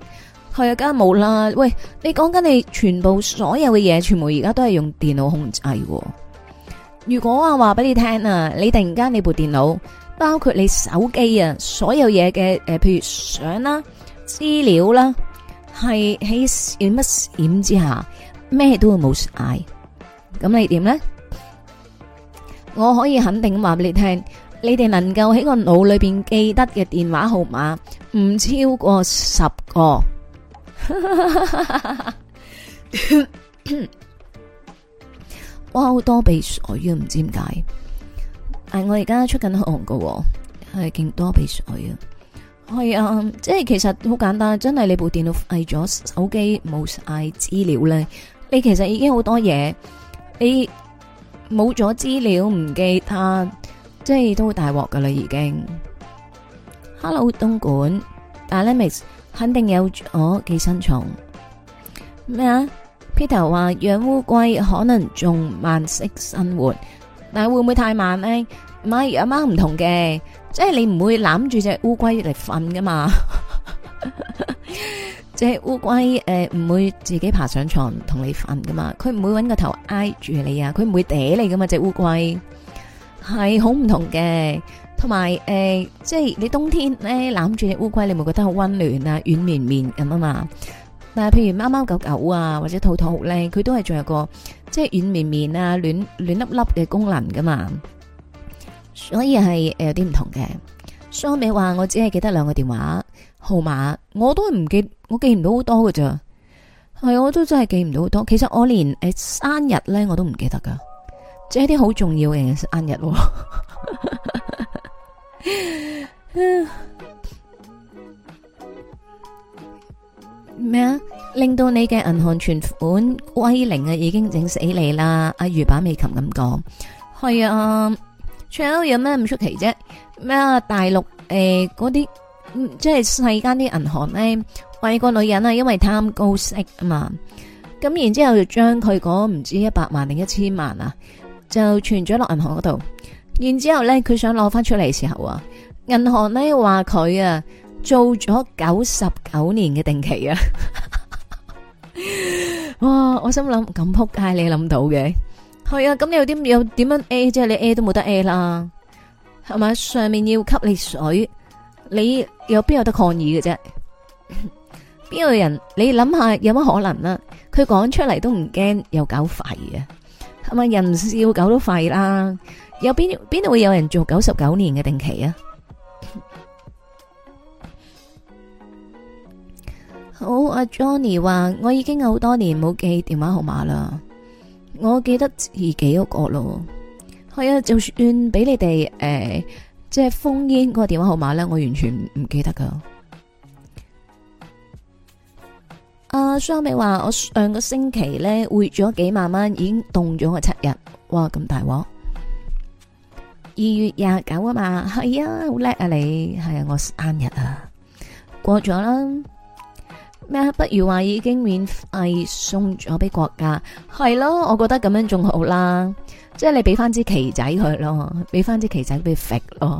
係啊，梗係冇啦。喂，你講緊你全部所有嘅嘢，全部而家都係用電腦控制。如果啊，話俾你聽啊，你突然間你部電腦，包括你手機啊，所有嘢嘅，誒，譬如相啦、資料啦，係喺乜閃之下，咩都會冇晒。咁你點呢？我可以肯定話俾你聽，你哋能夠喺個腦裏邊記得嘅電話號碼，唔超過十個。 哇！好多鼻水啊，唔知點解。但我而家出緊汗噶，係勁多鼻水啊。係啊，即係其實好簡單，真係你部電腦嗌咗手機冇嗌資料咧，你其實已經好多嘢。你冇咗資料唔記得，即係都大鑊噶啦，已經。Hello，東莞，Alex 肯定有咗、哦、寄生蟲。咩啊？Peter 話養烏龜可能仲慢式生活，但係會唔會太慢咧？唔係養貓唔同嘅，即係你唔會攬住隻烏龜嚟瞓噶嘛，即係烏龜誒唔會自己爬上床同你瞓噶嘛，佢唔會搵個頭挨住你啊，佢唔會嗲你噶嘛，隻烏龜係好唔同嘅，同埋誒即係你冬天咧攬住隻烏龜，你會覺得好溫暖啊，軟綿綿咁啊嘛。但係，譬如貓貓狗狗啊，或者兔兔咧，佢都係仲有個即係軟綿綿啊、暖暖粒粒嘅功能噶嘛，所以係誒有啲唔同嘅。上尾話我只係記得兩個電話號碼，我都唔記，我記唔到好多㗎咋。係，我都真係記唔到好多。其實我連誒生日咧，我都唔記得噶，即係啲好重要嘅生日，啊。 咩啊？令到你嘅銀行存款威靈啊，已經整死你啦！阿、啊、如把美琴咁講，係啊，除有有咩唔出奇啫？咩啊？大陸誒，嗰、呃、啲即係世間啲銀行咧，為個女人啊，因為貪高息啊嘛，咁然之後就將佢嗰唔知一百萬定一千萬啊，就存咗落銀行嗰度，然之後咧佢想攞翻出嚟時候銀啊，銀行咧話佢啊。做咗九十九年嘅定期啊！ 哇，我心諗咁撲街，你諗到嘅？係啊，咁你有啲又點樣 a？即係你 a 都冇得 a 啦，係咪？上面要吸你水，你有邊有得抗議嘅、啊、啫？邊 個人你諗下有乜可能啊？佢講出嚟都唔驚有狗吠啊？係咪人要狗都吠啦、啊？有邊邊度會有人做九十九年嘅定期啊？好、oh, 阿 Johnny 話我已經有好多年冇記電話號碼啦。我記得自己嗰個咯，係啊，就算俾你哋誒，即、欸、係、就是、封煙嗰個電話號碼咧，我完全唔記得噶。阿、uh, 雙美話我上個星期咧匯咗幾萬蚊，已經凍咗我七日。哇，咁大鑊！二月廿九啊嘛，係啊，好叻啊你，係啊，我生日啊，過咗啦。咩？不如話已經免費送咗俾國家，係咯？我覺得咁樣仲好啦，即係你俾翻支旗仔佢咯，俾翻支旗仔俾佢搣咯，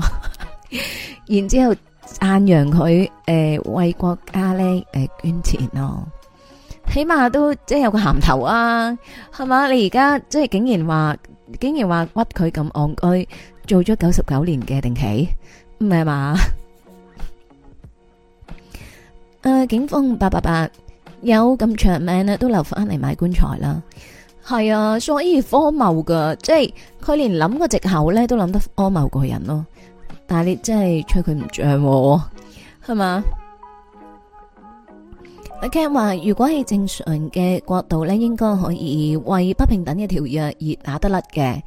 然之後讚揚佢誒為國家咧誒、呃、捐錢咯，起碼都即係有個銜頭啊，係嘛？你而家即係竟然話竟然話屈佢咁戇居，做咗九十九年嘅定期，唔係嘛？誒、uh，警方八八八有咁長命都留翻嚟買棺材啦。係啊，所以荒謬噶，即係佢連諗個借口咧，都諗得荒謬過人咯。但係你真係吹佢唔漲，係嘛？阿、uh, Ken 話，如果係正常嘅角度咧，應該可以為不平等嘅條約而打得甩嘅。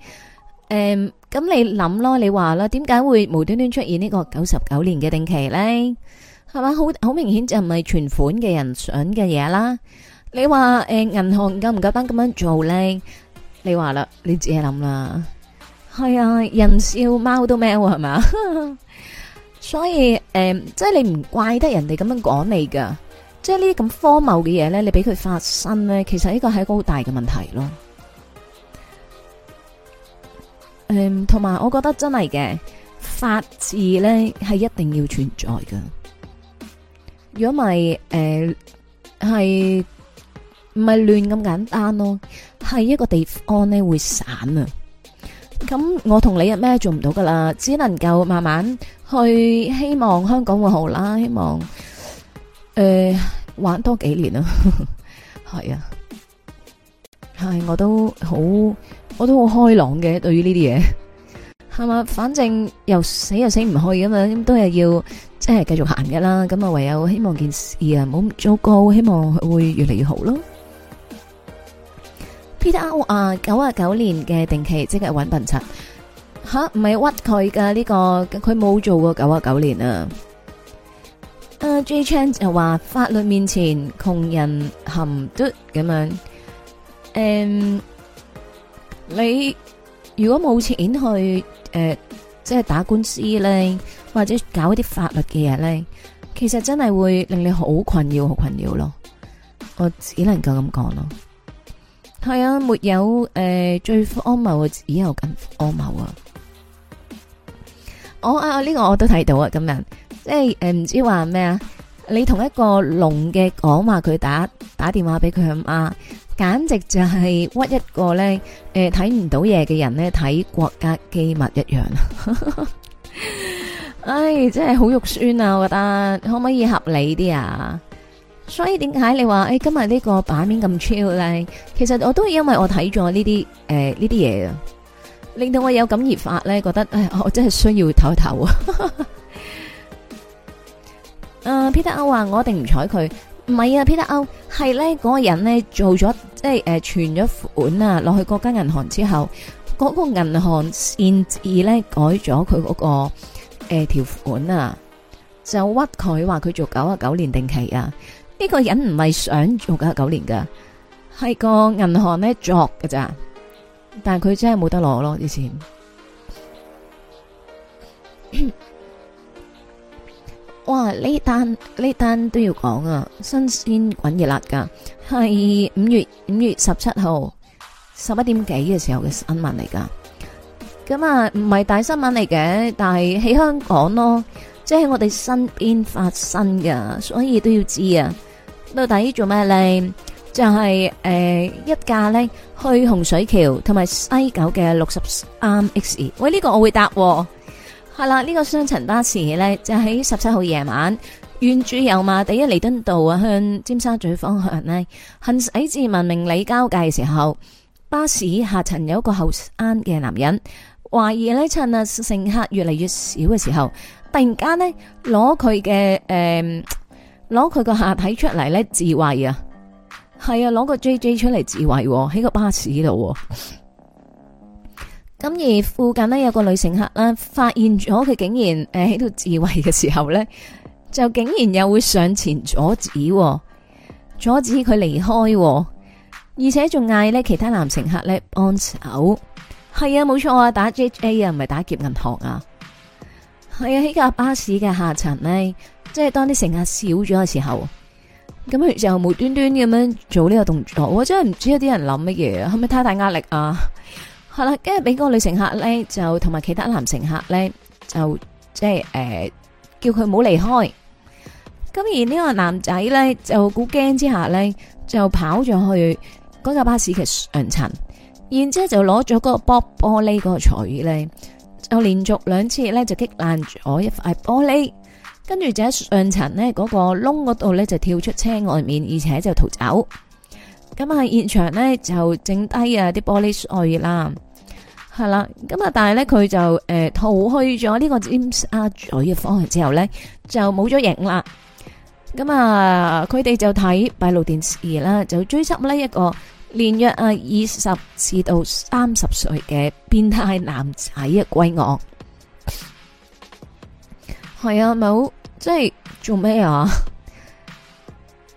誒，咁你諗咯，你話啦，點解會無端端出現呢個九十九年嘅定期咧？係嘛？好好明顯就唔係存款嘅人想嘅嘢啦。你話，誒，銀、呃、行夠唔夠膽咁樣做咧？你話啦，你自己諗啦。係啊，人笑貓都喵，係嘛？ 所以誒、呃，即係你唔怪得人哋咁樣講你噶。即係呢啲咁荒謬嘅嘢咧，你俾佢發生咧，其實呢個係一個好大嘅問題咯。嗯、呃，同埋我覺得真係嘅法治咧係一定要存在噶。如果咪誒係唔係亂咁簡單咯，係一個地方咧會散啊。咁我同你咩做唔到噶啦，只能夠慢慢去希望香港會好啦，希望誒、呃、玩多幾年 係啊。係啊，係我都好，我都好開朗嘅。對於呢啲嘢係嘛，反正又死又死唔去噶嘛，咁都係要。即係繼續行嘅啦，咁啊，唯有希望件事啊，冇咁糟糕，希望佢會越嚟越好咯。Peter O 啊，九啊九年嘅定期即係穩笨柒吓，唔係屈佢嘅呢個，佢冇做過九十九年啊。啊，J Chance 又話法律面前窮人含嘟咁樣，誒，你如果冇錢去誒。即係打官司咧，或者搞一啲法律嘅嘢咧，其實真係會令你好困擾，好困擾咯。我只能夠咁講咯。係啊，沒有誒、呃，最荒謬嘅只有更荒謬、哦、啊！我啊，呢個我都睇到啊，今日即係誒，呃、唔知話咩啊？你同一個聾嘅講話，佢打打電話俾佢阿媽，簡直就係屈一個咧，誒睇唔到嘢嘅人咧睇國家機密一樣啊！ 唉，真係好肉酸啊！我覺得可唔可以合理啲啊？所以點解你話誒今日呢個版面咁 chill 咧？其實我都因為我睇咗呢啲誒呢啲嘢啊，令到我有感而發咧，覺得誒我真係需要唞一唞啊！ Peter O 話我一定唔睬佢，唔係啊，Peter O 係咧呢個人咧做咗即係誒存咗款啊落去國家銀行之後，嗰、那個銀行擅自咧改咗佢嗰個誒條、呃、款啊，就屈佢話佢做九啊九年定期啊，呢、這個人唔係想做九啊九年噶，係個銀行咧作噶咋，但係佢真係冇得攞咯，以前。 哇！呢單呢單都要講啊，新鮮滾熱辣噶，係五月五月十七號十一點幾嘅時候嘅新聞嚟噶。咁啊，唔係大新聞嚟嘅，但係喺香港咯，即係喺我哋身邊發生噶，所以都要知啊。到底做咩咧？就係誒一架咧去洪水橋同埋西九嘅六十三 X2。喂，呢個我會答。係啦，呢個雙層巴士咧，就喺十七號夜晚，沿住油麻地一彌敦道啊，向尖沙咀方向咧，行駛至文明里交界嘅時候，巴士下層有一個後生嘅男人，懷疑咧趁啊乘客越嚟越少嘅時候，突然間咧攞佢嘅誒，攞佢個下體出嚟咧自慰啊，係啊，攞個 JJ 出嚟自慰喎，喺個巴士度。咁而附近呢，有個女乘客啦，發現咗佢竟然誒喺度自慰嘅時候咧，就竟然又會上前阻止，阻止佢離開，而且仲嗌咧其他男乘客咧幫手。係啊，冇錯啊，打 J A 啊，唔係打劫銀行啊。係啊，喺架巴士嘅下層咧，即係當啲乘客少咗嘅時候，咁佢就無端端咁樣做呢個動作，我真係唔知有啲人諗乜嘢，係咪太大壓力啊？係啦，跟住俾個女乘客咧，就同埋其他男乘客咧，就即係誒、呃，叫佢冇離開。咁而呢個男仔咧，就好驚之下咧，就跑咗去嗰架巴士嘅上層，然之後就攞咗個玻玻璃個錘咧，就連續兩次咧就擊爛咗一塊玻璃，跟住就喺上層咧嗰個窿嗰度咧就跳出車外面，而且就逃走。咁啊，現場咧就剩低啊啲玻璃碎啦。係啦，咁啊，但係咧佢就誒、呃、逃去咗呢個尖沙咀嘅方向之後咧，就冇咗形啦。咁、嗯、啊，佢哋就睇閉路電視啦，就追緝呢一個年約啊二十至到三十歲嘅變態男仔嘅歸案。係 啊，冇即係做咩啊？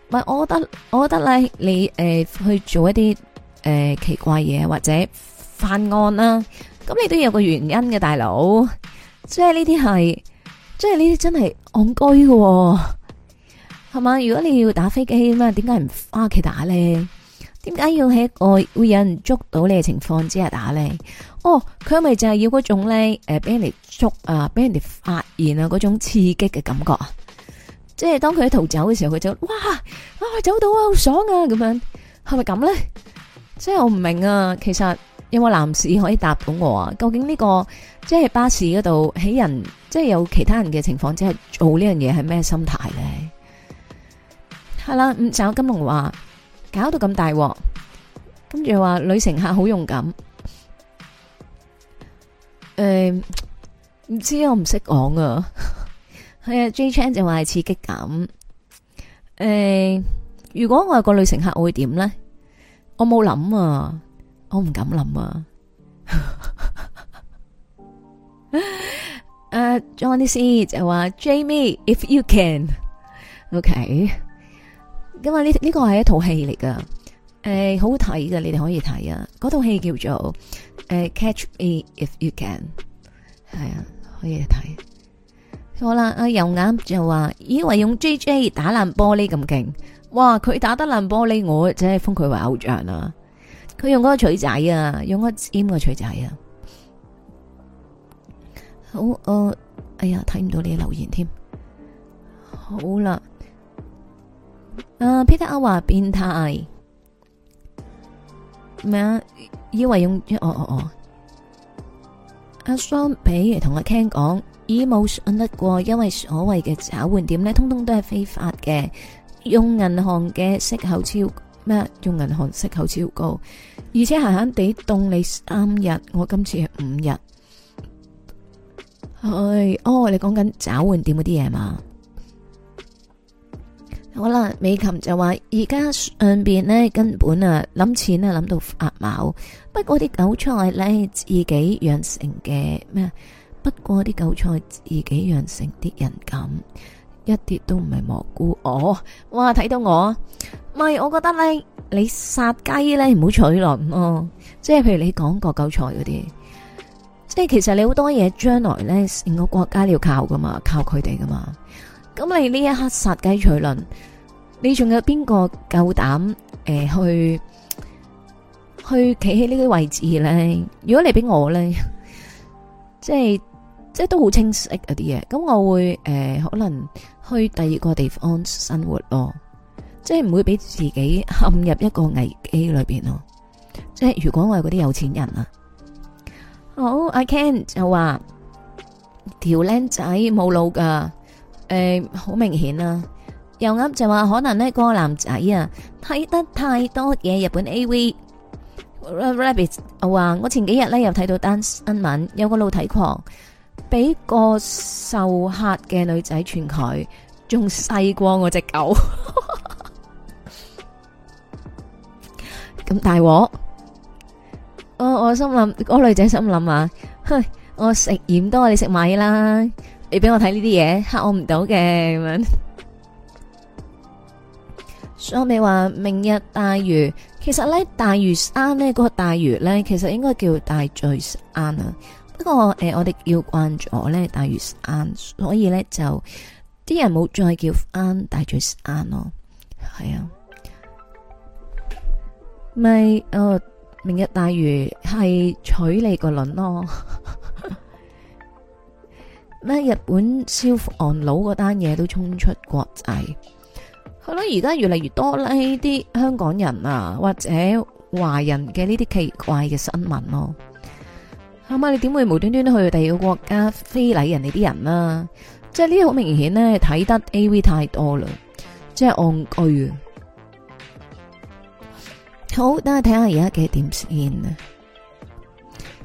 唔係， 我覺得我覺得咧，你、呃、誒去做一啲誒、呃、奇怪嘢，或者犯案啦，啊，咁你都有個原因嘅，大佬，即係呢啲係，即係呢啲真係戇居喎，係嘛？如果你要打飛機啊嘛，點解唔返屋企打咧？點解要喺一個會有人捉到你嘅情況之下打咧？哦，佢係咪就係要嗰種咧？誒、呃，俾人哋捉啊，俾人哋發現啊，嗰種刺激嘅感覺啊！即係當佢喺逃走嘅時候，佢就哇啊走到啊，好爽啊，咁樣係咪咁咧？即係我唔明啊，其實。有冇男士可以答到我啊？究竟呢個即係巴士嗰度起人，即係有其他人嘅情況之下做呢樣嘢係咩心態咧？係啦，五爪金龍話搞到咁大鑊，跟住話女乘客好勇敢。誒、欸，唔知我唔識講啊。係 啊，J Chan 就話係刺激感。誒、欸，如果我係個女乘客，我會點咧？我冇諗啊。我唔敢諗啊、， uh, okay. uh, 啊！誒，Johnny C 就話 Jamie，If you can，OK。因為呢呢個係一套戲嚟噶，誒，好睇噶，你哋可以睇啊。嗰套戲叫做誒、uh, Catch Me If You Can，係啊，可以睇。好啦，阿、啊、油眼就話以為用 J J 打爛玻璃咁勁，哇！佢打得爛玻璃，我真係封佢為偶像啊。佢用嗰個取仔啊，用個尖個取仔啊。好，誒、呃，哎呀，睇唔到你嘅留言添。好啦，誒、啊、，Peter 阿華變態咩？以為用哦哦哦，哦哦啊、桑比阿 Sam 俾嚟，同阿 Ken 講，已冇信得過，因為所謂嘅找換點呢，通通都係非法嘅，用銀行嘅息口超咩？用銀行息口超高。而且閒閒地凍你三日，我今次係五日。哎，哦，你講緊找換店嗰啲嘢嘛？好啦，美琴就話而家上邊呢，根本啊諗錢咧諗到發毛，不過啲韭菜呢，自己養成嘅咩？不過啲韭菜自己養成啲人咁，一啲都唔係蘑菇。哦，哇，睇到我，咪我覺得你。」你殺雞咧唔好取卵咯，哦，即係譬如你講割韭菜嗰啲，即係其實你好多嘢將來咧，成個國家都要靠噶嘛，靠佢哋噶嘛。咁你呢一刻殺雞取卵，你仲有邊個夠膽誒去去企喺呢啲位置咧？如果嚟俾我咧，即係即係都好清晰嗰啲嘢，咁我會誒、呃、可能去第二個地方生活咯。即係唔會俾自己陷入一個危機裏邊咯。即係如果我係嗰啲有錢人啊，好、oh，I can't 就話條僆仔冇腦噶，誒，好、欸、明顯啊。又啱就話可能呢個男仔啊睇得太多嘢日本 A V。R、Rabbit 話我，我前幾日呢又睇到單新聞，有個露體狂俾個受嚇嘅女仔串佢仲細過我隻狗。 咁大鑊，我我心諗嗰女仔心諗啊，哼，我食鹽多，你食米啦，你俾我睇呢啲嘢吓我唔到嘅咁樣。 所以咪話明日大嶼，其實呢，大嶼山呢、嗰個大嶼呢，其實應該叫大嘴山啊，不過誒、呃、我哋叫慣咗呢大嶼山，所以呢，就啲人冇再叫返大嘴山咯，係啊。咪哦，明日大嶼係取你個卵咯！咩日本消防佬嗰單嘢都衝出國際，係咯，而家越嚟越多呢啲香港人啊，或者華人嘅呢啲奇怪嘅新聞咯。係咪你點會無端端去第二個國家非禮人哋啲人啊？即係呢啲好明顯咧，睇得 AV 太多啦，即係戇居啊！好，等下睇下而家幾點先啊！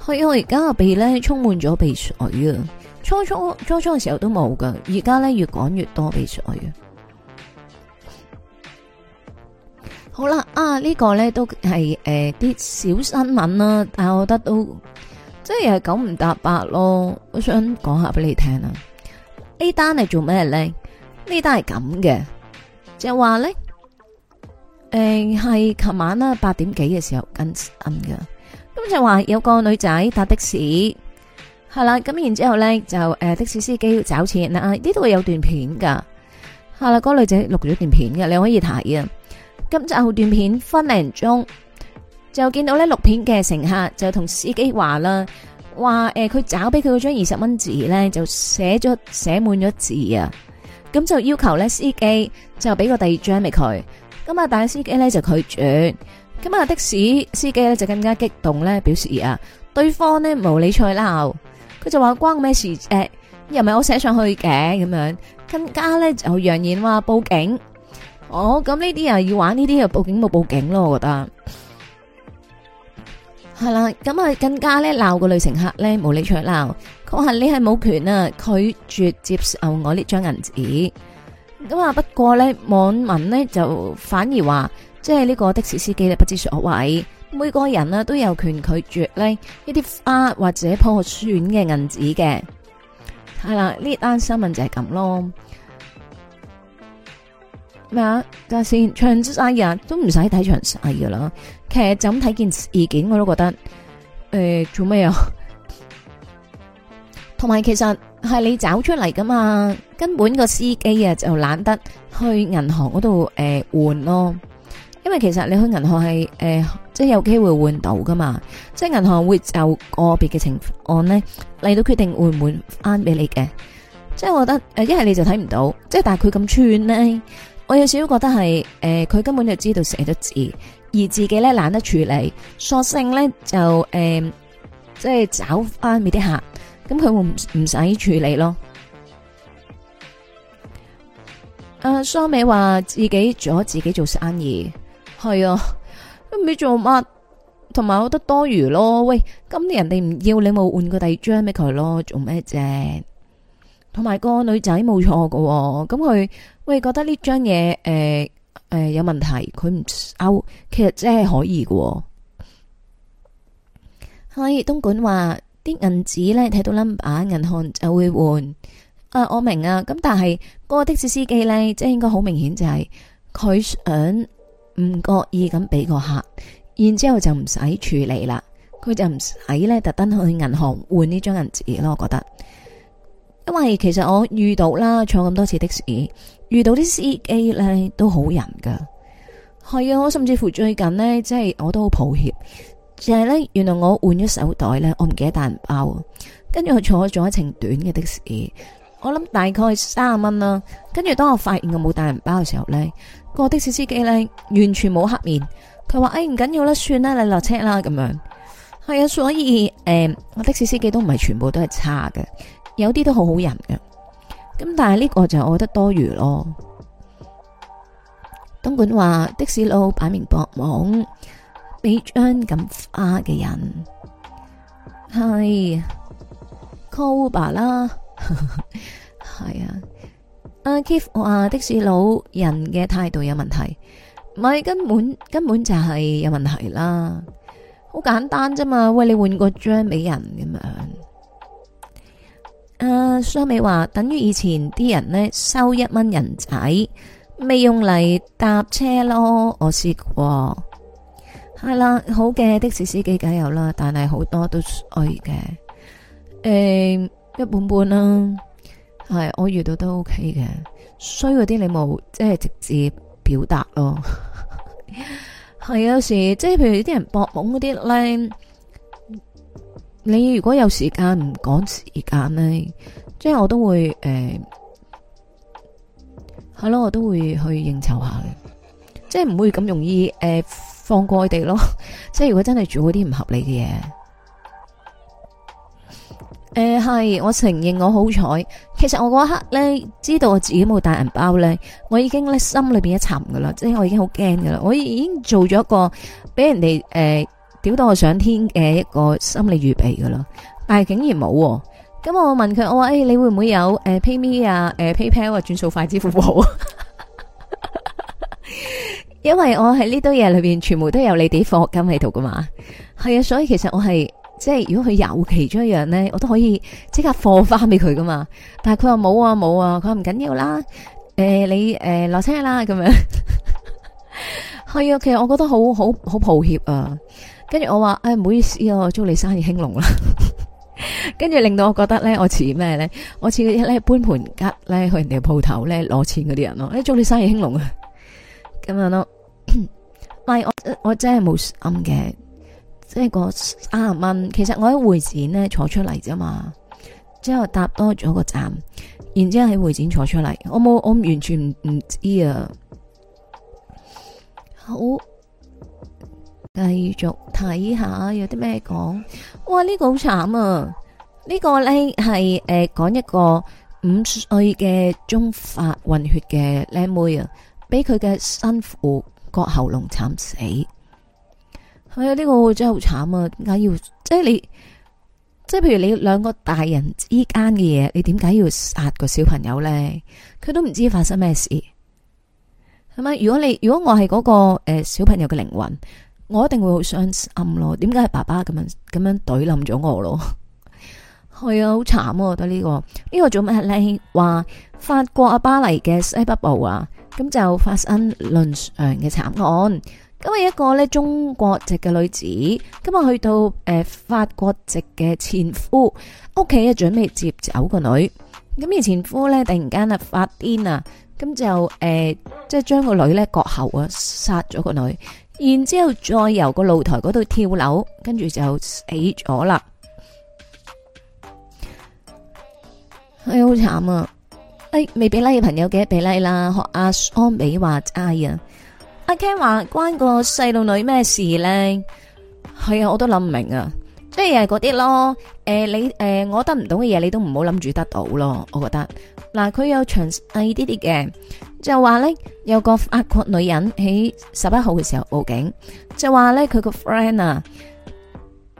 我我而家個鼻咧充滿咗鼻水啊！初初初初嘅時候都冇噶，而家咧越講越多鼻水啊！好啦，啊呢個咧都係誒啲小新聞啦，但係我覺得都即係又係九唔搭八咯。我想講下俾你聽啊，呢單係做咩咧？呢單係咁嘅，就係話咧。誒、呃，係琴晚啦，八點幾嘅時候跟 un 嘅，咁、嗯、就話有個女仔搭的士係啦，咁然之後咧就誒、呃、的士司機要找錢嗱，呢度會有段片噶係啦，嗰、那個女仔錄咗段片嘅，你可以睇啊。咁就段片分零鐘就見到咧，錄片嘅乘客就同司機話啦，話誒佢找俾佢嗰張二十蚊紙咧，就寫咗寫滿咗字啊，咁、嗯、就要求咧司機就俾個第二張俾佢。咁啊！但係司機咧就拒絕。咁啊！的士司機咧就更加激動咧，表示啊，對方咧無理取鬧。佢就話關我咩事？誒、呃，又唔係我寫上去嘅咁樣，更加咧就揚言話報警。哦，咁呢啲啊要玩呢啲啊報警冇報警咯，我覺得。係啦，咁啊更加咧鬧個女乘客咧無理取鬧，佢話你係冇權啊拒絕接受我呢張銀紙。咁啊！不過咧，網民咧就反而話，即係呢個的士司機咧不知所謂。每個人咧都有權拒絕咧一啲花或者破損嘅銀紙嘅。係啦，呢單新聞就係咁咯。咩啊？等下先，詳細人都唔使睇詳細噶啦。其實就咁睇件事件，我都覺得誒做咩啊？同埋其實。係你找出嚟噶嘛？根本個司機啊就懶得去銀行嗰度誒換咯，因為其實你去銀行係誒、呃、即係有機會換到噶嘛，即係銀行會就個別嘅情況咧嚟到決定換唔換翻俾你嘅。即係我覺得誒一係你就睇唔到，即係但係佢咁串咧，我有少少覺得係誒佢根本就知道寫咗字，而自己咧懶得處理，索性咧就誒、呃、即係找翻俾啲客。咁佢會唔唔使處理咯？誒、啊，梳尾話自己阻自己做生意，係啊，都唔知做乜，同埋我覺得多餘咯。喂，今日人哋唔要你，冇換過第二張俾佢咯，做咩啫？同埋個女仔冇錯噶，咁佢喂覺得呢張嘢誒誒有問題，佢唔收，其實真係可以噶。係，東莞話。啲銀紙咧睇到 number，銀行就會換。啊，我明啊，咁但係個的士司機呢，即係應該好明顯就係佢想唔覺意咁俾個客，然之後就唔使處理啦，佢就唔使咧特登去銀行換呢張銀紙咯。我覺得，因為其實我遇到啦坐咁多次的士，遇到啲司機呢都好人㗎，係啊，我甚至乎最近呢，即係我都好抱歉。就係呢，原來我換咗手袋呢。我唔記得帶銀包啊。跟住我坐咗一程短嘅的，的士，我諗大概三十蚊啦。跟住當我發現我冇帶銀包嘅時候呢，個的士司機呢完全冇黑面，佢話誒，唔緊要啦，算啦，你落車啦咁樣。係啊，所以誒、呃，我的士司機都唔係全部都係差嘅，有啲都好好人嘅。咁但係呢個就我覺得多餘咯。東莞話的士佬擺明博網。俾張咁花嘅人係 Coba 啦，係 啊。阿 Kiff 話的士老人嘅態度有問題，唔係根本根本就係有問題啦。好簡單啫嘛，喂你換個張人、uh, 畀人咁樣。阿 Sammy 話等於以前啲人呢收一蚊人仔，未用嚟搭車咯。我試過。係啦，好嘅的，的士司機梗有啦，但係好多都衰嘅，誒、欸，一本半半、啊、啦，係我遇到都 OK 嘅，衰嗰啲你冇即係直接表達咯，係 有時即係譬如啲人搏懵嗰啲咧，你如果有時間唔趕時間咧，即係我都會誒，係、欸、咯，我都會去應酬下嘅，即係唔會咁容易誒。欸放過佢哋咯，即係如果真係做嗰啲唔合理嘅嘢，誒、呃、係，我承認我好彩。其實我嗰一刻咧，知道我自己冇帶銀包咧，我已經咧心裏邊一沉噶啦，即係我已經好驚噶啦，我已經做咗一個俾人哋誒屌到我上天嘅一個心理預備噶啦，但係竟然冇，咁我問佢，我話誒、欸、你會唔會有誒、呃、PayMe 啊，誒、呃、PayPal 啊，轉數快支付寶？ 因為我喺呢堆嘢裏邊，全部都有你哋啲貨金喺度噶嘛，係啊，所以其實我係即係如果佢有其中一樣咧，我都可以即刻貨翻俾佢噶嘛。但係佢話冇啊冇啊，佢話唔緊要啦，誒、呃、你誒、呃、落車啦咁樣。係 啊，其實我覺得好好好抱歉啊。跟住我話誒唔好意思啊，我祝你生意興隆啦。跟 住令到我覺得咧，我似咩咧？我似一咧搬盤吉咧去人哋鋪頭咧攞錢嗰啲人咯，誒祝你生意興隆啊！咁樣咯，唔係我我真係冇暗嘅，即係個卅蚊。其實我喺會展咧坐出嚟啫嘛，之後搭多咗個站，然之後喺會展坐出嚟。我冇我完全唔唔知啊。好，繼續睇下有啲咩講。哇！呢個好慘啊！呢個咧係誒講一個五歲嘅中法混血嘅靚妹啊。俾佢嘅辛苦割喉嚨慘死，係、哎這個、啊！呢個真係好慘啊。點解要即係你即係？譬如你兩個大人之間嘅嘢，你點解要殺個小朋友呢？佢都唔知發生咩事。係咪？如果你如果我係嗰、那個誒、呃、小朋友嘅靈魂，我一定會好傷心咯、啊。點解係爸爸咁樣咁樣懟冧咗我咯？係 啊、哎，好慘啊！我覺得呢、這個呢、這個做咩？你話法國阿巴黎嘅西北部啊。咁就發生倫常嘅慘案。咁係一個咧中國籍嘅女子，今日去到誒、呃、法國籍嘅前夫屋企，啊準備接走個女。咁而前夫咧突然間啊發癲啊，咁就誒即係將個女咧割喉啊殺咗個女，然之後再由個露台嗰度跳樓，跟住就死咗啦。係好、哎、慘啊誒、哎，未畀 like 嘅朋友嘅畀 like 啦。學阿蘇美話 I 啊，阿 Ken 話關個細路女咩事咧？係、哎、啊，我都諗唔明啊。即係嗰啲咯。誒、呃，你誒、呃，我得唔到嘅嘢，你都唔好諗住得到咯。我覺得嗱，佢有詳細啲啲嘅，就話咧有個法國女人喺十一號嘅時候報警，就話咧佢個 friend 啊，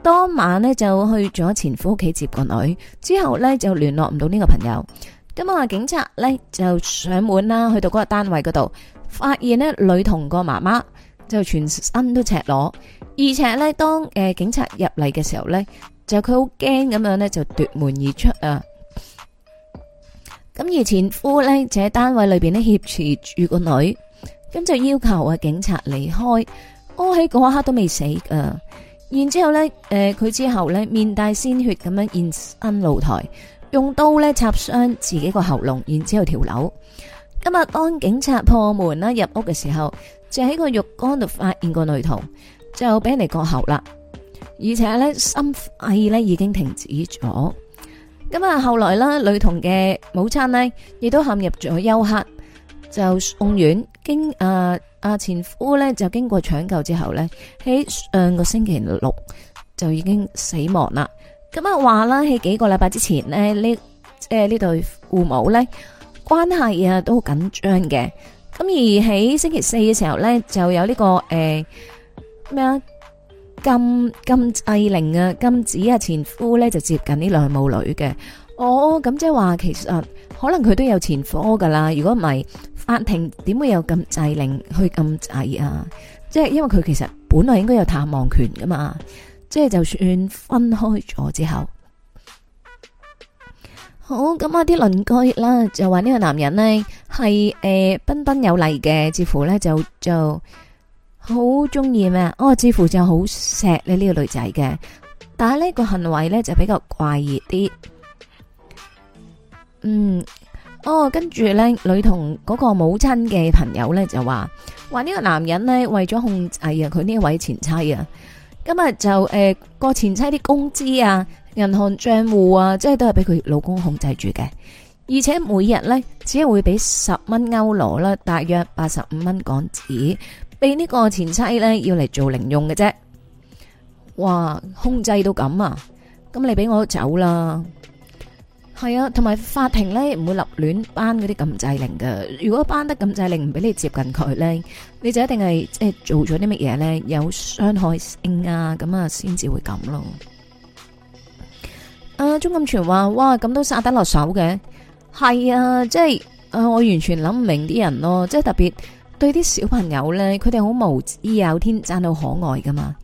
當晚咧就去咗前夫屋企接個女，之後咧就聯絡唔到呢個朋友。咁啊，警察咧就上門啦，去到嗰個單位嗰度，發現呢女童個媽媽就全身都赤裸，而且呢，當誒、呃、警察入嚟嘅時候呢，就佢好驚咁樣呢，就奪門而出啊！咁而前夫呢，就喺單位裏邊呢，挾持住個女，咁就要求啊警察離開，屙喺嗰一刻都未死啊。然之後呢誒佢、呃、之後呢，面帶鮮血咁樣現身露台。用刀呢插傷自己個喉嚨，然之後跳樓。今日當警察破門啦入屋嘅時候，就喺個浴缸度發現個女童就俾人哋割喉啦，而且呢，心肺已經停止咗。咁啊，後來呢女童嘅母親呢，亦都陷入咗休克，就送院經啊啊、呃、前夫呢，就經過搶救之後呢，喺上個星期六就已經死亡啦。咁啊，話啦，喺幾個禮拜之前咧，呢即係呢對父母咧關係啊都好緊張嘅。咁而喺星期四嘅時候咧，就有呢、呢個誒咩啊禁禁制令啊，禁止啊前夫咧就接近呢兩母女嘅。哦、咁、嗯、即係話其實可能佢都有前科噶啦。如果唔係，法庭點會有禁制令去禁制啊？即係因為佢其實本來應該有探望權噶嘛。即係就算分開咗之後好，好咁啊！啲鄰居啦就話呢個男人呢係誒彬彬有禮嘅，似乎呢就就好中意咩？哦，似乎就好錫你呢個女仔嘅，但係呢個行為呢，就比較怪異啲。嗯，哦，跟住呢，女同嗰個母親嘅朋友呢，就話話呢個男人呢，為咗控制呀佢呢位前妻啊，今日就誒個、呃、前妻啲工資啊、銀行賬戶啊，即係都係俾佢老公控制住嘅，而且每日呢，只係會俾十蚊歐羅啦，大約八十五蚊港紙俾呢個前妻呢，要嚟做零用嘅啫。哇，控制到咁啊！咁你俾我走啦。係啊，同埋法庭咧，唔會立亂頒嗰啲禁制令㗎。如果頒得禁制令唔俾你接近佢咧，你就一定係即係做咗啲乜嘢咧，有傷害性啊，咁啊先至會咁咯。啊，鍾錦全話，哇，咁都殺得落手嘅。係啊，即係，誒、啊，我完全諗唔明啲人咯。即係特別對啲小朋友咧，佢哋好無知有天，真到可愛噶嘛。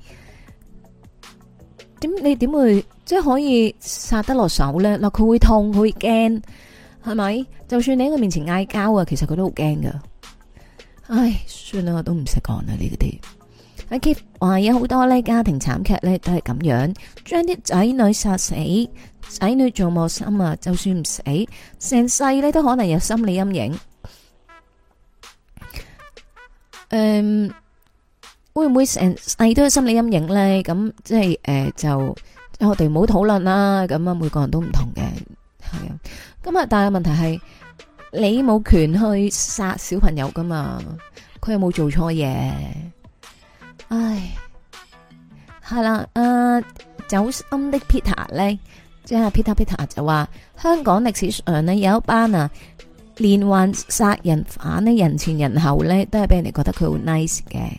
點你點會即係可以殺得落手咧？嗱，佢會痛，佢會驚，係咪？就算你喺佢面前嗌交啊，其實佢都好驚噶。唉，算啦，我都唔識講啦呢啲。阿 K，話有好多咧家庭慘劇咧都係咁樣，將啲仔女殺死，仔女做冇心啊。就算唔死，成世咧都可能有心理陰影。嗯。會唔會成世都有心理陰影呢？咁即係誒、呃，就我哋唔好討論啦。咁啊，每個人都唔同嘅係啊。咁啊，但係問題係你冇權去殺小朋友㗎嘛？佢有冇做錯嘢？唉，係啦。誒、啊，走心的 Peter 呢，即、就、係、是、Peter Peter 就話香港歷史上呢有一班啊連環殺人犯呢，人前人後呢，都係俾人哋覺得佢好 nice 嘅。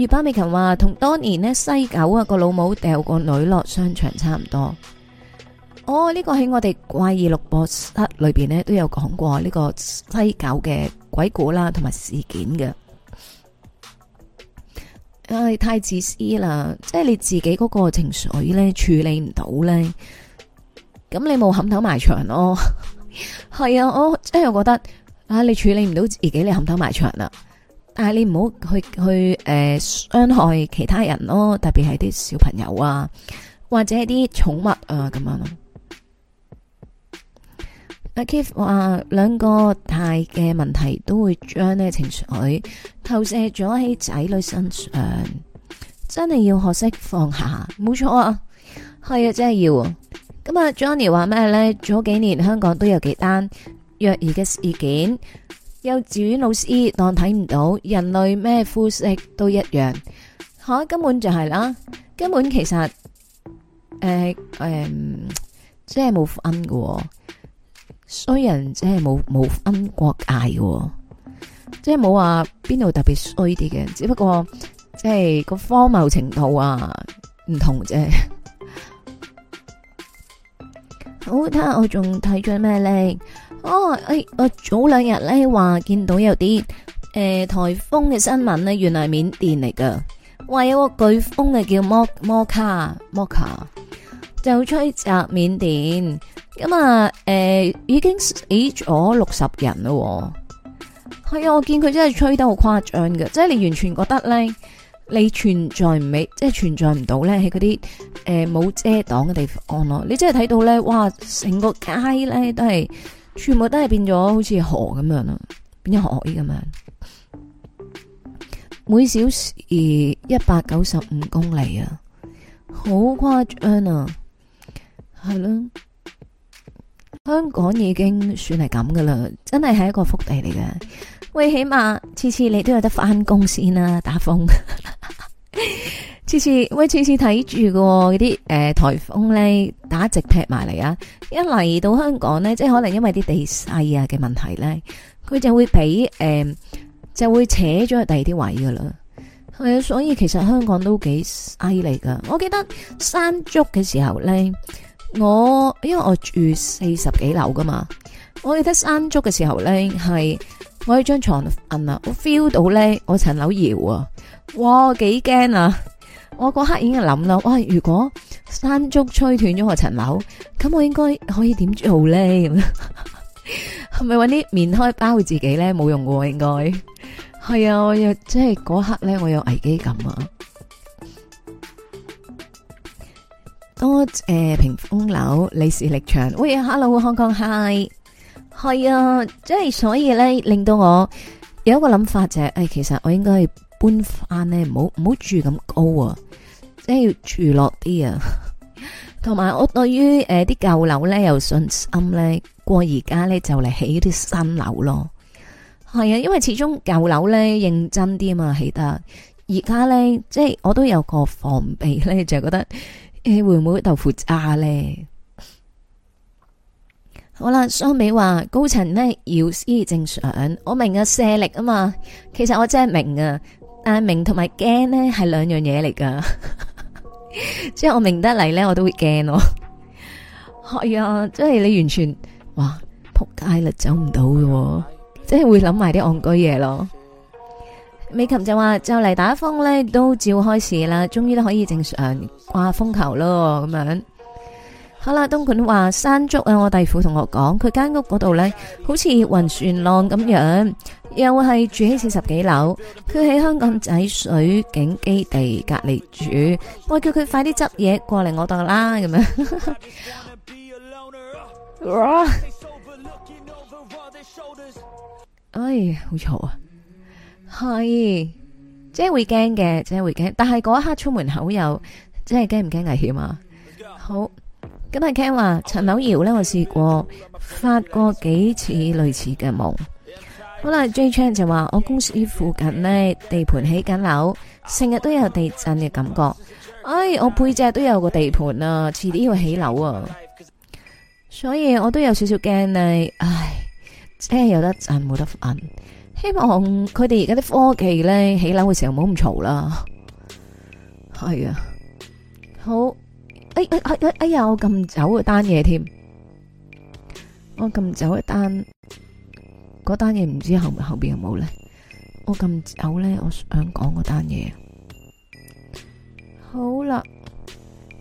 月巴美琴話：同當年呢西九啊個老母掉個女落商場差唔多。哦，呢、這個喺我哋怪異錄播室裏邊咧都有講過呢、這個西九嘅鬼故啦，同埋事件嘅。唉、哎，太自私啦！即係你自己嗰個情緒呢處理唔到呢。咁你冇冚頭埋牆咯。係、哦、 啊，哦、真是我真係覺得啊，你處理唔到自己，你冚頭埋牆啦。但係！你唔好去去誒，傷、呃、害其他人咯，特別係啲小朋友啊，或者係啲寵物啊咁樣。阿 Kif 話，兩 個太嘅問題都會將呢情緒投射咗喺仔女身上，真係要學識放下，冇錯啊，係啊，真係要。咁啊，Johnny 話咩呢？早幾年香港都有幾單虐兒嘅事件。幼稚園老師當睇唔到，人類咩膚色都一樣，可根本就係啦，根本其實誒誒、呃嗯，即係冇分喎、哦。衰人即係冇冇分國界喎、哦，即係冇話邊度特別衰啲嘅，只不過即係個荒謬程度啊唔同啫。好，睇下我仲睇咗咩呢？哦，誒、哎，我早兩日咧，話見到有啲誒、呃、颱風嘅新聞咧，原來係緬甸嚟噶話有個颶風嘅叫摩卡摩卡，就吹襲緬甸咁啊。誒、嗯呃，已經死咗六十人咯、哦。係、哎、啊，我見佢真係吹得好誇張噶即係你完全覺得咧，你存在唔，即係存在唔到咧，喺嗰啲誒冇遮擋嘅地方咯。你真係睇到咧，哇，成個街咧都係～全部都係變咗好似河咁樣咯，變咗河咁樣，每小時一百九十五公里啊，好誇張啊，係咯，香港已經算係咁噶啦，真係係一個福地嚟嘅。喂，起碼次次你都有得翻工先啦，打風。 次次喂，次次睇住個嗰啲誒颱風咧打直劈埋嚟啊！一嚟到香港咧，即係可能因為啲地勢啊嘅問題咧，佢就會俾誒、呃、就會扯咗去第二啲位噶啦。係啊，所以其實香港都幾犀利噶。我記得山竹嘅時候咧，我因為我住四十幾樓噶嘛，我記得山竹嘅時候咧係。我喺張床瞓啊，我 feel 到咧我層樓搖啊，哇幾驚啊！我嗰刻已經諗啦，哇如果山竹吹斷咗我層樓，咁我應該可以點做咧？係咪搵啲棉胎包住自己咧？冇用嘅應該係啊！我又即係嗰刻咧，我有危機感啊！多謝屏風樓李氏力場，喂，hello 康康 hi。係啊，即係所以咧，令到我有一個諗法就係、是，誒、哎，其實我應該搬翻咧，唔好唔好住咁高啊，即係要住落啲啊。同埋我對於誒啲、呃、舊樓咧有信心咧，過而家咧就嚟起啲新樓咯。係啊，因為始終舊樓咧認真啲啊嘛，起得而家咧，即係我都有個防備咧，就係覺得誒、呃、會唔會豆腐渣咧？好啦，雙美話高層呢要先正常，我明啊卸力啊嘛，其實我真係明啊，但、啊、係明同埋驚呢係兩樣嘢嚟噶， 即係我明得嚟呢，我都會驚咯、啊。係、 哎就是、啊，即係你完全哇扑街啦，走唔到喎。即係會諗埋啲戇居嘢咯。美琴就話就嚟打風咧，都照開始啦，終於都可以正常掛風球咯，咁樣。好啦，東莞話山竹啊，我弟婦同我講佢間屋嗰度咧，好似暈船浪咁樣，又係住喺四十幾樓，佢喺香港仔水景基地隔離住，我叫佢快啲執嘢過嚟我度啦，咁樣 哎、啊。哎，好嘈啊，係，真係會驚嘅，真係會驚，但係嗰一刻出門口又真係驚唔驚危險啊？好。今日 Ken 話陳柳瑤咧，我試過發過幾次類似嘅夢，嗯。好啦，J Chan 就話我公司附近呢，地盤起緊樓，成日都有地震嘅感覺。唉、哎，我背脊都有個地盤啊，遲啲要起樓啊，所以我都有少少驚呢。唉，聽日有得震冇得揾。希望佢哋而家啲科技呢，起樓嘅時候唔好咁嘈啦。係啊，好。哎哎哎哎哎呀！我撳走個單嘢添，我撳走一單，嗰單嘢唔知後後邊有冇咧。我撳走咧，我想講嗰單嘢。好啦，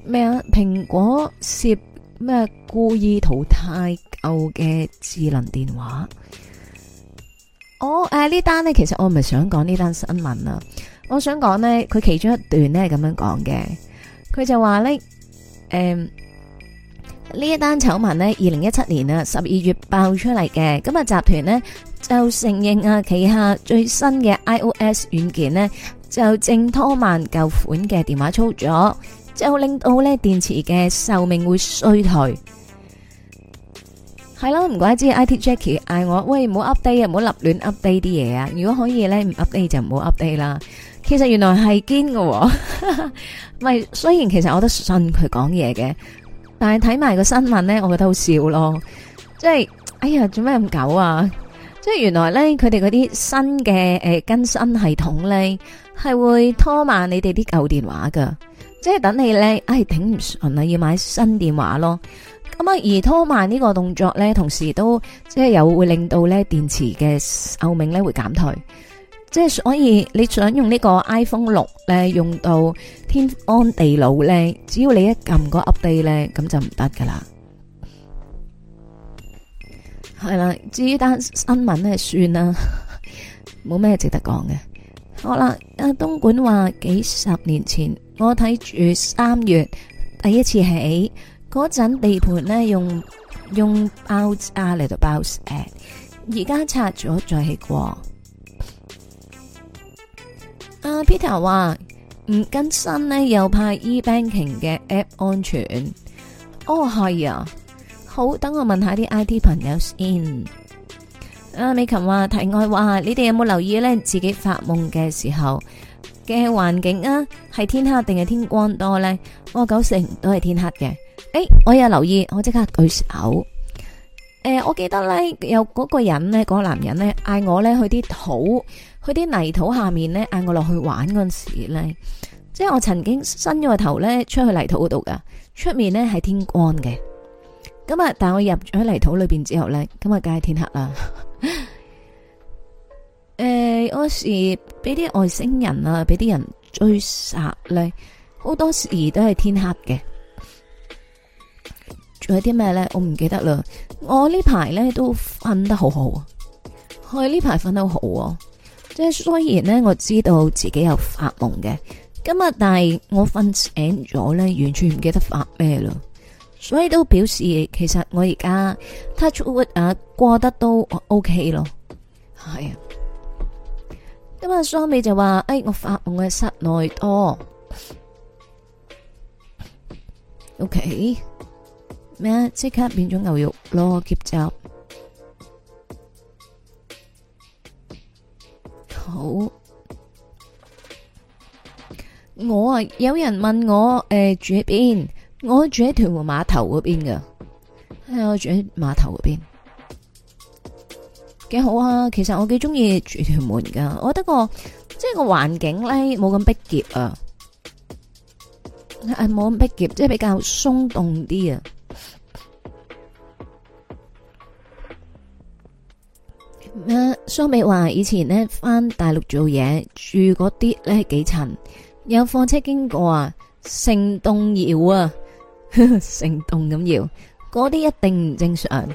咩啊？蘋果涉咩故意淘汰舊嘅智能電話？哦，誒，呢單咧，其實我唔係想講呢單新聞啦。我想講咧，佢其中一段咧係咁樣講嘅，佢就話咧。誒，呢一單醜聞咧，二零一七年啊十二月爆出嚟嘅，咁啊集團咧就承認啊旗下最新嘅 iOS 軟件咧就正拖慢舊款嘅電話操作，就令到咧電池嘅壽命會衰退。係咯，唔怪之，IT Jackie 嗌我喂唔好 update 啊，唔好立亂 update 啲嘢啊，如果可以咧唔 update 就唔好 update 啦。其實原來係堅嘅，咪 雖然其實我都信佢講嘢嘅，但係睇埋個新聞咧，我覺得好笑咯。即係哎呀，做咩咁久啊？即係原來咧，佢哋嗰啲新嘅誒、呃、更新系統咧，係會拖慢你哋啲舊電話噶，即係等你咧，哎頂唔順啦，要買新電話咯。咁啊，而拖慢呢個動作咧，同時都即係有會令到咧電池嘅壽命咧會減退。即係所以你想用呢個 iPhone 六咧，用到天安地老咧，只要你一撳個 update 咧，咁就唔得噶啦。係啦，至於單新聞咧，算啦，冇 咩值得講嘅。好啦，啊東莞話幾十年前，我睇住三月第一次起嗰陣地盤咧，用用爆啊嚟到爆誒，而家拆咗再起過。阿 Peter 話唔更新呢，又怕 e banking 嘅 app 安全。哦，係啊。好，等我問下啲 IT 朋友先。阿美琴話題外話，你哋有冇留意呢？自己發夢嘅時候嘅環境啊，係天黑定係天光多呢？我九成都係天黑嘅。誒、欸，我有留意，我即刻舉手。誒、欸，我記得呢，有嗰個人呢，嗰、嗰個男人呢，嗌我呢去啲土。佢啲泥土下面咧，嗌我落去玩嗰陣時咧，即係我曾經伸咗個頭咧出去泥土嗰度噶。出面咧係天光嘅，咁啊，但係我入咗喺泥土裏邊之後咧，咁啊梗係天黑啦。誒、 呃，有時俾啲外星人啊，俾啲人追殺咧，好多時都係天黑嘅。仲有啲咩咧？我唔記得啦。我呢排咧都瞓得好好，我呢排瞓得好好。即係雖然咧，我知道自己有發夢嘅今日，但係我瞓醒咗咧，完全唔記得發咩咯，所以都表示其實我而家 touch wood 啊，過得都 ok 咯，係啊。今日收尾就話，哎，我發夢嘅室內多，ok 咩？即刻變咗牛肉咯，攞個夾爪。好，我啊，有人問我誒、欸、住喺邊？我住喺屯門碼頭嗰邊噶，係啊，我住喺碼頭嗰邊，幾好啊！其實我幾中意住屯門噶，我覺得個即係個環境咧冇咁逼夾啊，係冇咁逼夾，即係比較鬆動啲啊。咩、啊？蘇美話以前咧翻大陸做嘢住嗰啲咧幾層，有貨車經過啊，成棟搖啊，成棟咁搖，嗰啲一定唔正常。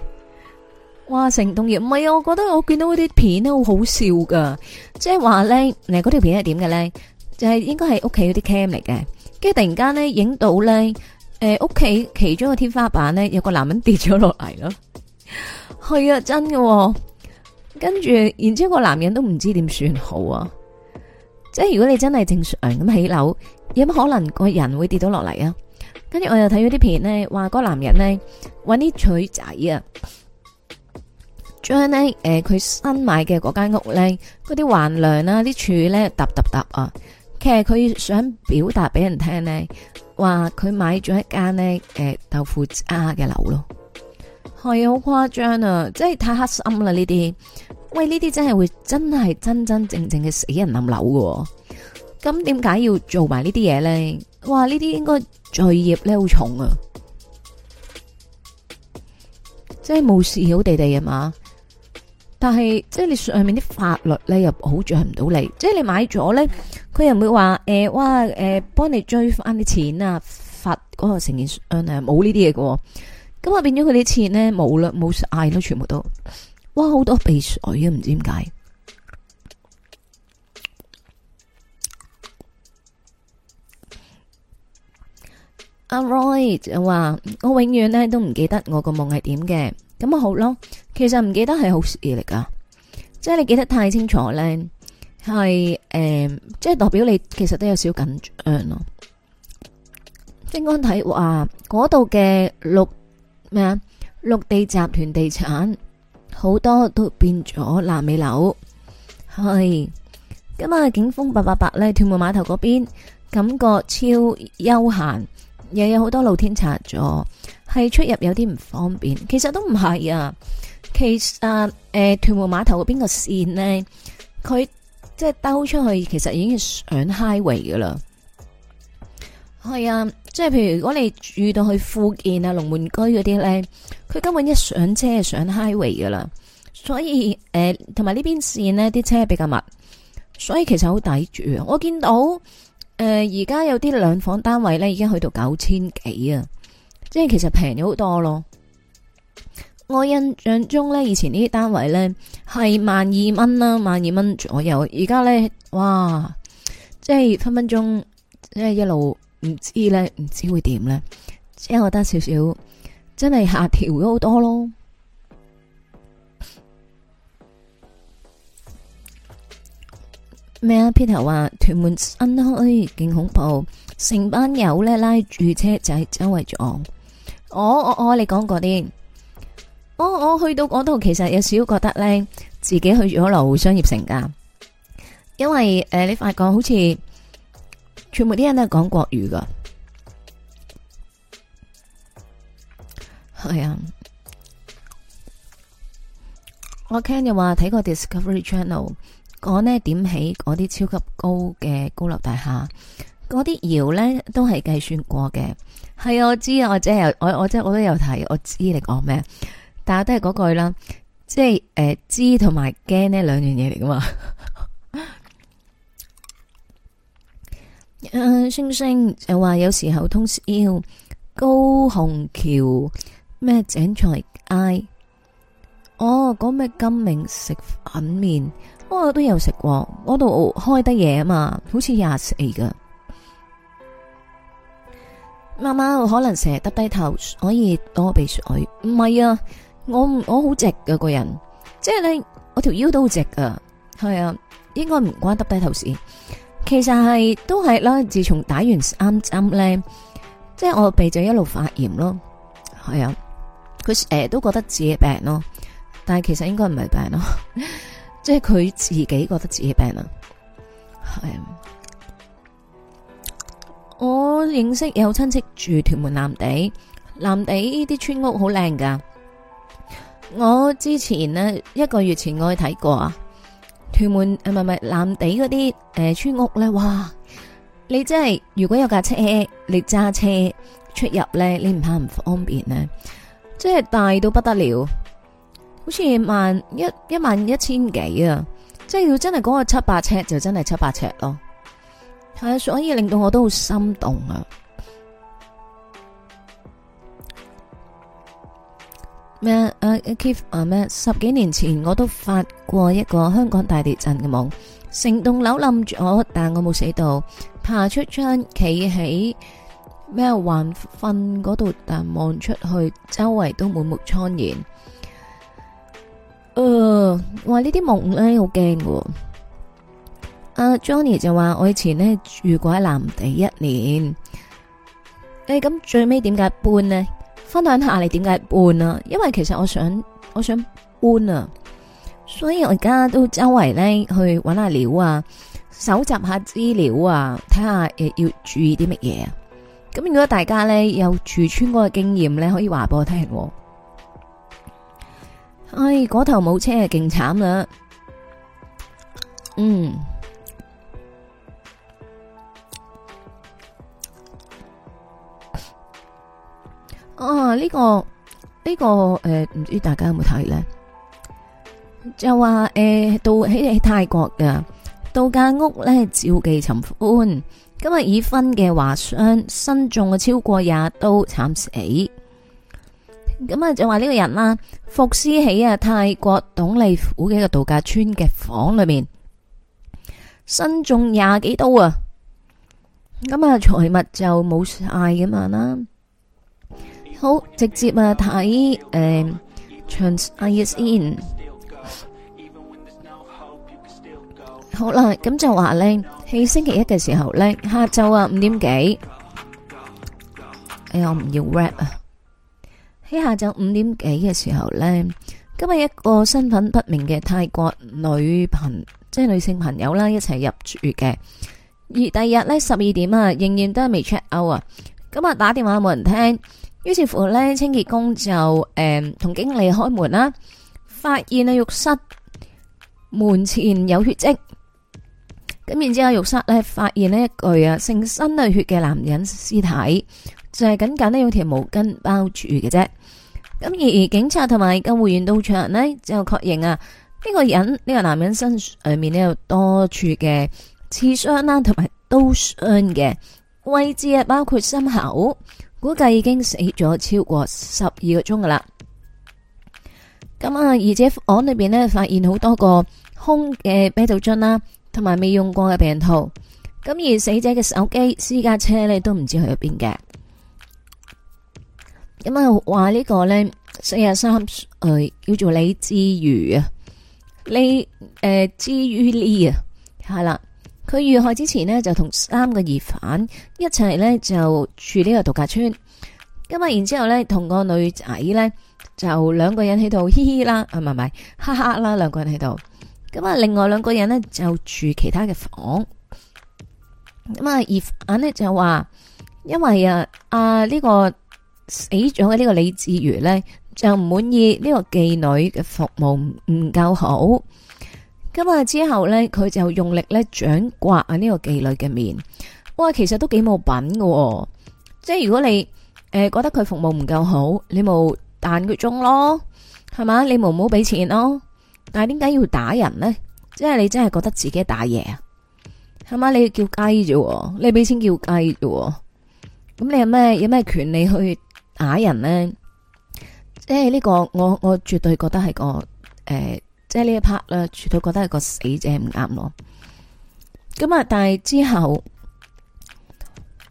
哇！成棟搖唔係啊？我覺得我見到嗰啲片都好好笑噶，即係話咧，嗱嗰條片係點嘅咧？就係、是就是、應該係屋企嗰啲 cam 嚟嘅，跟住突然間咧影到咧，誒屋企其中個天花板咧有個男人跌咗落嚟咯，係 啊，真喎、哦。跟住，然之後個男人都唔知點算好啊！即係如果你真係正常咁起樓，有乜可能個人會跌到落嚟啊？跟住我又睇咗啲片呢，話個男人呢搵啲鎚仔啊，將呢誒佢、呃、新買嘅嗰間屋呢，嗰啲橫梁啊、啲柱呢，揼揼揼啊！其實佢想表達俾人聽呢，話佢買咗一間呢誒、呃、豆腐渣嘅樓咯。係好誇張啊！即係太黑心啦呢啲，喂呢啲真係會真係真真正正嘅死人冧樓嘅，咁點解要做埋呢啲嘢咧？哇呢啲應該罪孽咧好重啊！即係冇事好地地啊嘛，但係即係你上面啲法律咧又保障唔到你，即係你買咗咧，佢又唔會話誒，哇、呃、誒，幫、呃呃、你追翻啲錢啊，罰嗰個承建商冇呢啲嘢嘅。咁啊，變咗佢啲錢呢冇啦，冇晒咯，全部都嘩，好多鼻水啊！唔知點解阿 Roy 就話我永遠呢都唔記得我個夢係點嘅。咁啊，好咯，其實唔記得係好事嚟㗎，即係你記得太清楚呢，係誒，即係代表你其實都有少緊張咯。星光睇話嗰度嘅六。咩啊？綠地集團地產好多都變咗爛尾樓，係今日景峰八八八咧，屯門碼頭嗰邊感覺超悠閒，又有好多露天茶座，係出入有啲唔方便。其實都唔係啊，其實誒，屯門碼頭嗰邊個線呢，佢即係兜出去，其實已經係上 highway 噶啦，係啊。即係譬如如果你住到去富健啊、龍門居嗰啲呢，佢根本一上車就上 highway 㗎啦。所以誒，同埋呢邊線呢啲車比較密，所以其實好抵住。我見到誒而家有啲兩房單位呢已經去到九千幾啊，即係其實平咗好多咯。我印象中呢，以前呢啲單位呢係萬二蚊啦，萬二蚊左右。而家呢，哇，即係分分鐘即係一路。唔知咧，唔知會點咧，即係我覺得少少真係下調咗好多咯。咩啊？Peter 話屯門新開勁恐怖，成班友咧拉住車仔周圍撞。我我我，你講過啲，我、哦、我、哦、去到嗰度，其實有少覺得咧，自己去咗樓商業城噶，因為誒、呃，你發覺好似。全部啲人都講國語噶，係啊。我 Ken 話睇過 Discovery Channel，講呢點起嗰啲超級高嘅高樓大廈，嗰啲搖咧都係計算過嘅。係啊，我知啊，我真係我我即係我都有睇，我知你講咩，但係都係嗰句啦，即係誒、呃、知同埋驚呢兩樣嘢嚟噶嘛。呃、星星就話有時候通宵高雄橋咩井財街，哦，講咩金明食粉麵，哦，我都有食過，嗰度開得嘢啊嘛，好似廿四噶。媽媽可能成日耷低頭，可以多鼻水。唔係啊，我我好直嘅個人，即係你，我條腰都好直噶，係啊，應該唔關耷低頭事。其實係都係啦，自從打完三針咧，即係我鼻就一路發炎咯，係啊，佢成日都覺得自己病咯，但係其實應該唔係病咯，即係佢自己覺得自己病啦。係，我認識有親戚住屯門藍地，藍地呢啲村屋好靚噶，我之前咧，一個月前我去睇過啊。屯門，啊，唔係唔係，藍地嗰啲誒村屋咧，哇！你真係如果有架車，你揸車出入咧，你唔怕唔方便咧？即係大到不得了，好似萬一一萬一千幾啊！即係要真係嗰個七八尺，就真係七八尺咯。係啊，所以令到我都好心動啊！咩？阿，Keith 啊咩？十幾年前我都發過一個香港大地震嘅夢，成棟樓冧咗，但我冇死到，爬出窗，企喺咩幻瞓嗰度，但望出去周圍都滿目瘡痍。誒，我呢啲夢呢好驚噶。阿 Johnny 就話我以前呢住過喺藍地一年。誒，咁最尾點解搬呢？分享下你點解搬啊？因為其實我想我想搬啊，所以我而家都周圍咧去揾下料啊，搜集下資料啊，睇下、呃、要注意啲乜嘢啊。咁如果大家咧有住村嗰個經驗咧，可以話俾我聽。唉，嗰頭冇車係勁慘啦，嗯。哦，呢、這個呢、這個誒，唔、呃、知大家有冇睇呢？就話誒、呃，到喺喺泰國㗎，度假屋呢，召妓尋歡，今日已婚嘅華商身中啊超過廿刀慘死。咁、嗯、啊就話呢個人啦、啊，伏屍喺啊泰國董里府嘅一個度假村嘅房裏面，身中廿幾刀啊！咁、嗯、啊財物就冇晒㗎嘛啦。好直接啊！睇誒，trans i s in 好啦。咁就話呢，喺星期一嘅時候呢，下晝啊五點幾誒，我唔要 rap 啊。喺下晝五點幾嘅時候呢，今日一個身份不明嘅泰國女朋，即係女性朋友啦，一齊入住嘅。而第二日呢十二點啊，仍然都係未 check out 啊。今日打電話冇人聽。於是乎呢，清潔工就誒同、嗯、經理開門啦，發現啊浴室門前有血跡，咁然之後浴室呢發現呢一具啊成身啊血嘅男人屍體，就係僅僅呢用條毛巾包住嘅啫。咁而警察同埋救護員到場呢，就確認啊呢個人呢、呢個男人身上面咧有多處嘅刺傷啦同埋刀傷嘅位置啊包括心口。估計已經死咗超過十二個鐘噶啦，咁啊，而且房裏邊呢，發現好多個空嘅、啊、啤酒樽啦，同埋未用過嘅病套。咁而死者嘅手機、私家車呢，都唔知去咗邊嘅。咁啊，話呢個呢，四十三歲，誒、呃，叫做李之如啊，李誒、呃、之于李啊，係啦。佢遇害之前呢，就同三個疑犯一齊呢，就住呢個度假村。咁啊，然之後呢，同個女仔呢，就兩個人喺度嘻嘻啦，唔係唔係，哈哈啦，兩個人喺度。咁啊，另外兩個人呢，就住其他嘅房。咁啊，疑犯呢，就話，因為啊啊呢個死咗嘅呢個李志如呢，就唔滿意呢個妓女嘅服務唔夠好。咁啊！之後咧，佢就用力咧掌摑啊呢個妓女嘅面。哇，其實都幾冇品噶、哦，即係如果你誒、呃、覺得佢服務唔夠好，你冇彈佢鐘咯，係嘛？你冇冇俾錢咯？但係點解要打人呢？即係你真係覺得自己打贏啊？係嘛？你叫雞啫，你俾錢叫雞啫。咁你有咩有咩權利去打人呢？即係呢、呢個，我我絕對覺得係個誒。呃即係呢一 part 咧，全都覺得係個死者唔啱咯。咁啊，但係之後，誒、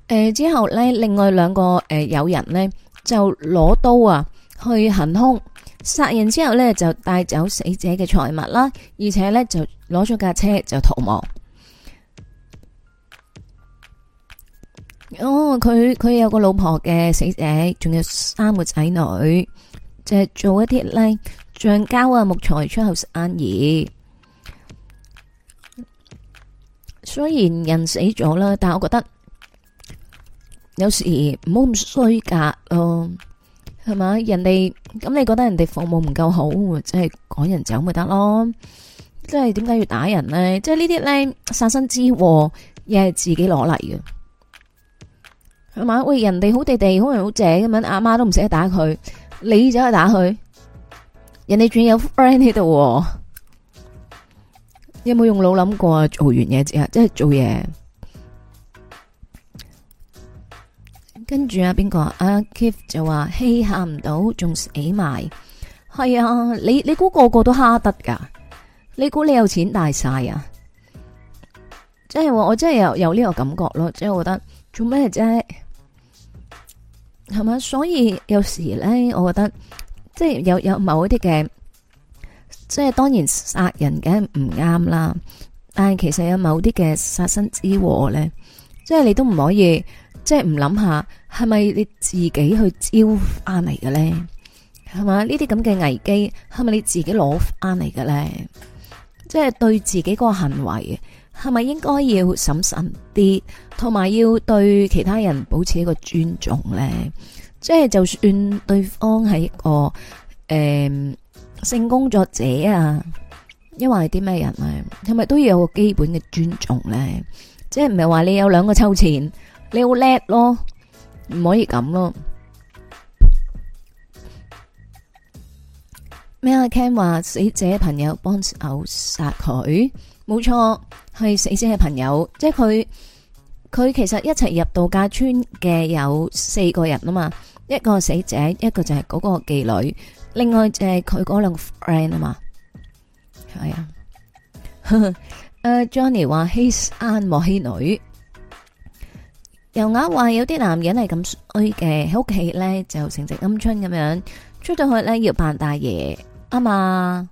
呃、之後咧，另外兩個誒友、呃、人咧就攞刀啊去行兇殺人之後咧，就帶走死者嘅財物啦，而且咧就攞咗架車就逃亡。哦，佢佢有個老婆嘅死者，仲有三個仔女，就係做一啲咧。橡膠啊，木材出口食生意。雖然人死咗啦，但係我覺得有時唔好咁衰格咯，係嘛？人哋咁你覺得人哋服務唔夠好，即係趕人走咪得咯。即係點解要打人呢？即係呢啲咧殺身之禍，又係自己攞嚟嘅，係嘛？喂，人哋好地地，好人好正咁樣，阿媽都唔捨得打佢，你走去打佢？人哋仲有 friend 喺度，有冇用腦諗過做完嘢之後，即係做嘢。跟住啊，邊個、uh, 啊 Keith 就話，稀吓唔到，仲死埋。係啊，你你估個個都蝦得噶你估你有錢大晒啊？即係，我真係有有呢個感覺咯，即係我覺得做咩啫？係嘛，所以有時咧，我覺得。即係有有某啲嘅，即係當然殺人嘅唔啱啦。但係其實有某啲嘅殺身之禍咧，即係你都唔可以，即係唔諗下係咪你自己去招翻嚟嘅咧？係嘛？呢啲咁嘅危機係咪你自己攞翻嚟嘅咧？即係對自己個行為係咪應該要審慎啲，同埋要對其他人保持一個尊重咧？.即係就算對方係一個誒、呃、性工作者啊，因為係啲咩人啊，係咪都要有個基本嘅尊重咧？即係唔係話你有兩個抽錢，你好叻咯，唔可以咁咯？咩阿 Ken 話死者朋友幫手殺佢，冇錯，係死者嘅朋友，即係佢佢其實一齊入度假村嘅有四個人啊嘛。一個是死者，一個就係嗰個妓女，另外就係佢嗰兩個 friend 啊嘛，係啊。誒、 呃、Johnny 話欺男莫欺女，尤雅話有啲男人係咁衰嘅，喺屋企咧就成隻鵪鶉咁樣，出到去咧要扮大爺啊嘛。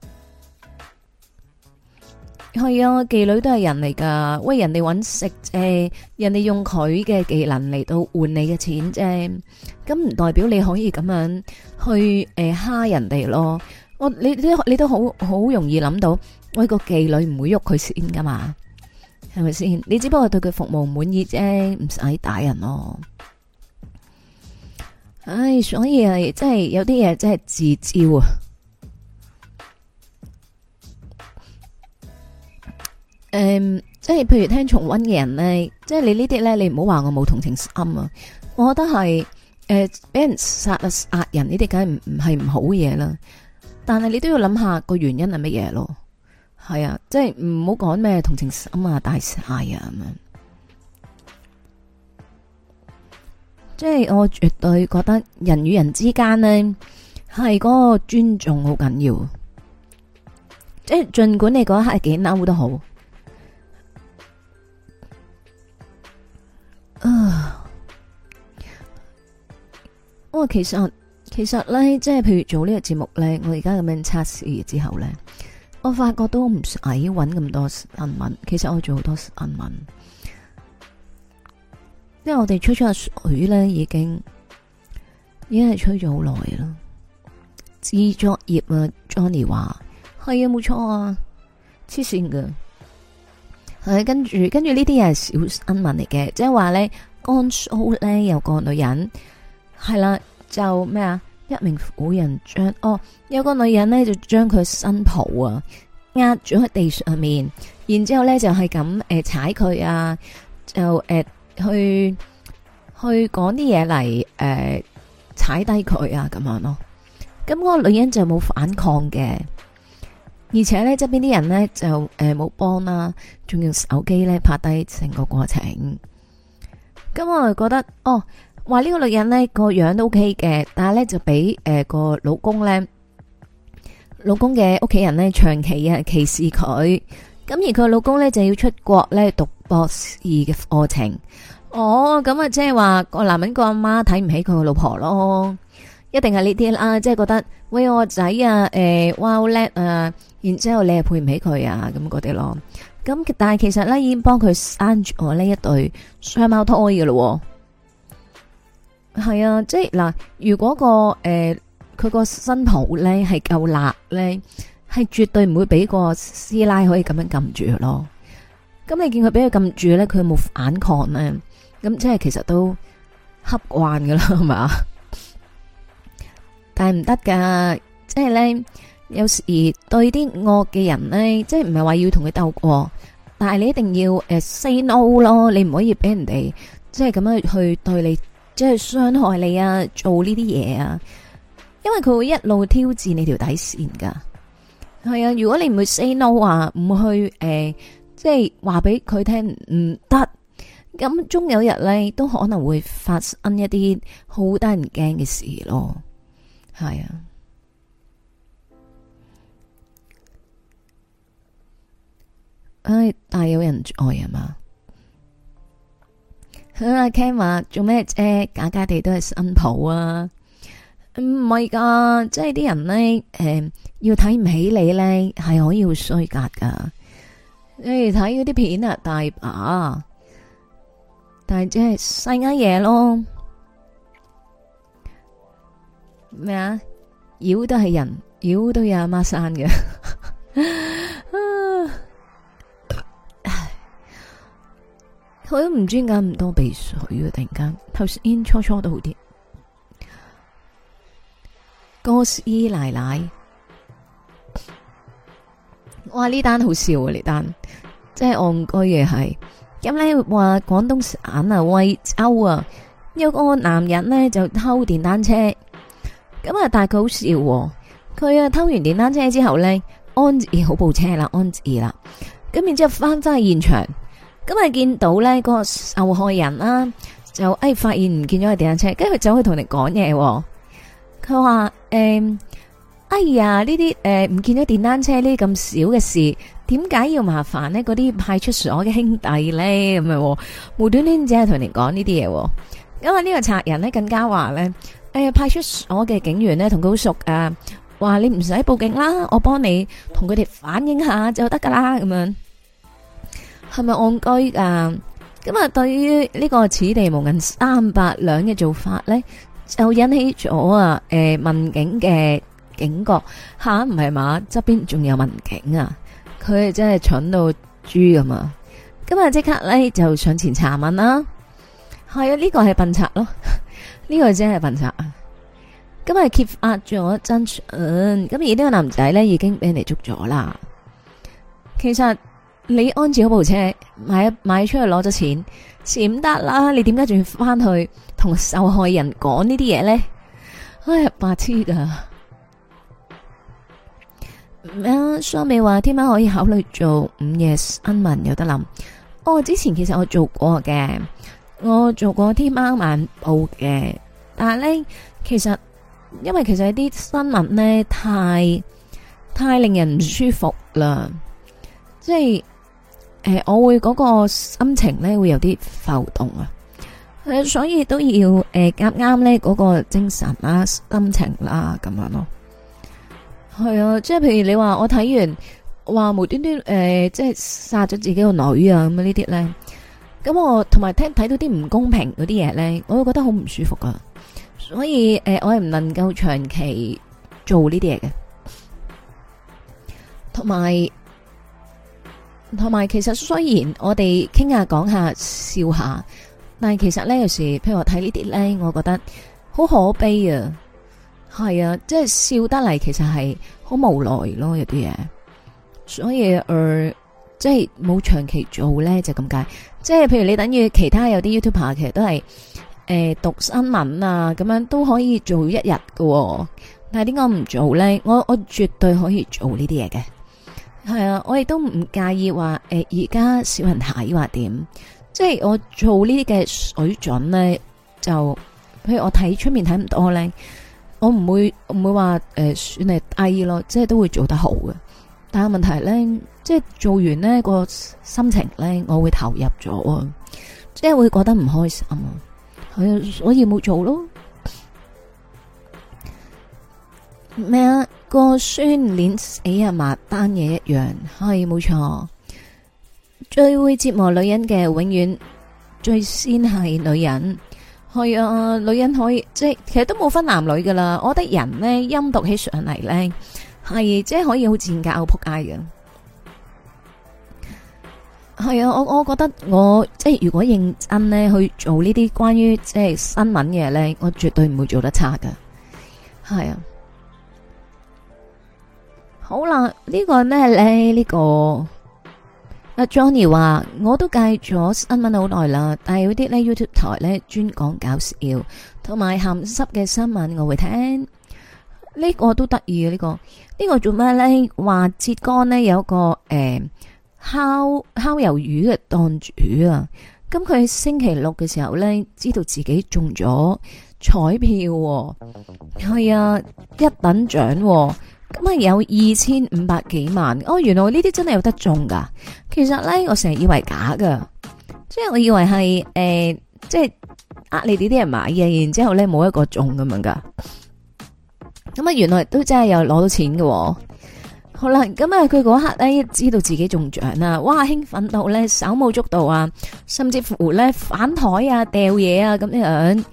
係啊，妓女都係人嚟噶，喂，人哋搵食啫，人哋用佢嘅技能嚟到換你嘅錢啫。咁唔代表你可以咁樣去誒蝦、呃、人哋咯。我你你你都好好容易諗到，喂，個妓女唔會喐佢先噶嘛，係咪先？你只不過對佢服務滿意啫，唔使打人咯。唉，所以係真係有啲嘢真係自招啊！誒、嗯，即係譬如聽重溫嘅人咧，即係你呢啲咧，你唔好話我冇同情心啊！我覺得係誒，俾人殺啊、呃、殺人呢啲，梗係唔係唔好嘢啦。但係你都要諗下個原因係乜嘢咯？係啊，即係唔好講咩同情心啊大晒啊咁樣。即係我絕對覺得人與人之間咧，係嗰個尊重好緊要。即係盡管你嗰一刻係幾嬲都好。啊！我、哦、其實其實咧，即係譬如做這個節呢個節目咧，我而家咁樣測試之後咧，我發覺都唔使搵咁多新聞。其實我做好多新聞，因為我哋吹出水咧，已經已經係吹咗好耐啦。製作業啊，Johnny 話係啊，冇錯啊，黐線嘅。跟住跟住呢啲嘢係小新聞嚟嘅，即係話咧，甘肅咧，有個女人係啦，就咩啊，一名婦人將哦，有個女人咧，就將佢新抱啊壓住喺地上面，然之後咧，就係咁誒踩佢啊，就誒、呃、去去講啲嘢嚟誒踩低佢啊咁樣咯，咁、那個女人就冇反抗嘅。而且呢，側邊啲人呢就誒冇幫啦，仲要手機呢拍低成個過程。咁、嗯、我就覺得，哦，話呢個女人呢個樣都 OK 嘅，但係呢就俾誒個老公呢，老公嘅屋企人呢長期啊歧視佢。咁而佢老公呢就要出國呢讀博士嘅課程。哦，咁啊即係話個男人個阿媽睇唔起佢個老婆咯，一定係呢啲啦，即、就、係、是、覺得，喂，我仔啊，誒、呃、哇，好叻啊！然之後你又配唔起佢啊咁嗰啲咯，咁但係其實咧已經幫佢生住我呢一對雙胞胎噶咯，係啊，即係嗱，如果個誒佢個新抱咧係夠辣咧，係絕對唔會俾個師奶可以咁樣撳住咯。咁你見佢俾佢撳住咧，佢冇反抗咧？咁即係其實都習慣噶啦，係嘛？但係唔得噶，即係咧。有時對啲惡嘅人呢，即係唔係話要同佢鬥過，但係你一定要誒、uh, say no 咯，你唔可以俾人哋即係咁樣去對你，即係傷害你啊，做呢啲嘢啊，因為佢會一路挑戰你條底線噶。係啊，如果你唔會 say no 話唔去誒，uh, 即係話俾佢聽唔得，咁終有日呢，都可能會發生一啲好得人驚嘅事咯。係啊。唉，大有人在啊說嘛！阿 Ken 話做咩啫？假假地都係新抱啊！唔係噶，即係啲人呢，誒、呃，要睇唔起你呢，係可以好衰格噶。誒、哎，睇嗰啲片啊，大把，但係即係細眼嘢咯。咩啊？妖都係人，妖都有阿媽生嘅。 啊佢都唔知點解咁多鼻水啊！突然間，頭先初初都好啲。哥斯姨奶奶，我話呢單好笑啊！這呢單即係憨居嘅係，咁呢話廣東省啊惠州啊，有個男人呢就偷電單車，咁啊，但係佢好笑，佢啊偷完電單車之後呢，安置，欸、好部車啦，安置啦，咁然之後翻翻去現場。咁咪見到咧，個受害人啦，就哎發現唔見咗個電單車，就跟住走去同你講嘢。佢話：誒、欸，哎呀，呢啲誒唔見咗電單車呢咁少嘅事，點解要麻煩呢嗰啲派出所嘅兄弟咧，咁樣無端端只係同你講呢啲嘢。因為呢個賊人咧更加話咧，誒、欸、派出所嘅警員咧同佢好熟啊，話你唔使報警啦，我幫你同佢哋反映下就得噶啦，咁樣。係咪戇居噶？咁啊，對於呢個此地無銀三百兩嘅做法呢，就引起咗啊，誒、呃，民警嘅警覺。吓、啊，唔係嘛？側邊仲有民警啊！佢真係蠢到豬咁啊！咁啊，即刻呢，就上前查問啦。係啊，呢、這個係笨賊咯，呢 個真係笨賊啊！咁啊，揭 e e p 壓住我一陣，嗯，咁而呢個男仔呢，已經俾人哋捉咗啦。其實。你安置好部車買買出去攞咗錢，閃得啦！你點解仲要翻去同受害人講呢啲嘢咧？唉，白痴噶！咩啊？蘇美話天喵可以考慮做午夜新聞，有得諗。我、哦、之前其實我做過嘅，我做過天喵晚報嘅，但係呢，其實因為其實啲新聞呢，太太令人唔舒服啦，即係。誒，我會嗰個心情咧會有啲浮動啊，誒，所以都要誒啱啱咧嗰個精神啦、心情啦咁樣咯。係啊，即係譬如你話我睇完話無端端誒，即係殺咗自己個女啊咁啊呢啲咧，咁我同埋聽睇到啲唔公平嗰啲嘢咧，我會覺得好唔舒服啊，所以誒，我係唔能夠長期做呢啲嘢嘅，同埋。同埋，其實雖然我哋傾下、講下、笑下，但係其實呢，有時，譬如我睇呢啲呢，我覺得好可悲啊。係啊，即係笑得嚟，其實係好無奈咯，有啲嘢。所以，誒、呃，即係冇長期做呢，就咁解。即係譬如你等於其他有啲 YouTuber，其實都係誒、呃、讀新聞啊，咁樣都可以做一日喎、啊。但係點解唔做呢？我我絕對可以做呢啲嘢嘅。係啊，我亦都唔介意話誒，而家少人睇或點，即係我做呢啲嘅水準咧，就譬如我睇出面睇唔多咧，我唔會唔會話誒算係低咯，即係都會做得好嘅。但係問題咧，即係做完呢個心情咧，我會投入咗，啊，即係會覺得唔開心，所以所以冇做咯。咩啊？個酸臉死啊嘛，單嘢，一，一樣，係冇錯。最會折磨女人嘅，永遠最先係女人，係啊，女人可以即係其實都冇分男女噶啦。我覺得人呢，陰毒起上嚟呢，係即係可以好賤格、撲街嘅。係啊，我我覺得我即係如果認真呢去做呢啲關於即係新聞嘅呢，我絕對唔會做得差噶。係啊。好啦，這個、呢、這個咩咧？呢個阿 Johnny 話，我都介咗新聞好耐啦，但係嗰啲咧 YouTube 台咧專講搞笑同埋鹹濕嘅新聞我會聽。這個這個這個、呢個都得意嘅，呢個呢個做咩咧？話浙江咧有個誒、欸、烤烤魷魚嘅檔主啊，咁佢星期六嘅時候咧知道自己中咗彩票、哦，係、嗯嗯嗯、啊、嗯嗯嗯、一等獎、哦。咁啊有二千五百幾萬哦，原來呢啲真係有得中噶。其實咧，我成日以為假噶，即係我以為係誒、呃，即係呃你哋啲人買嘢，然之後咧冇一個中咁樣噶。咁啊，原來都真係有攞到錢嘅、哦。好啦，咁啊，佢嗰刻咧知道自己中獎啦，哇，興奮到咧手舞足蹈啊，甚至乎咧反台啊、掉嘢啊咁樣。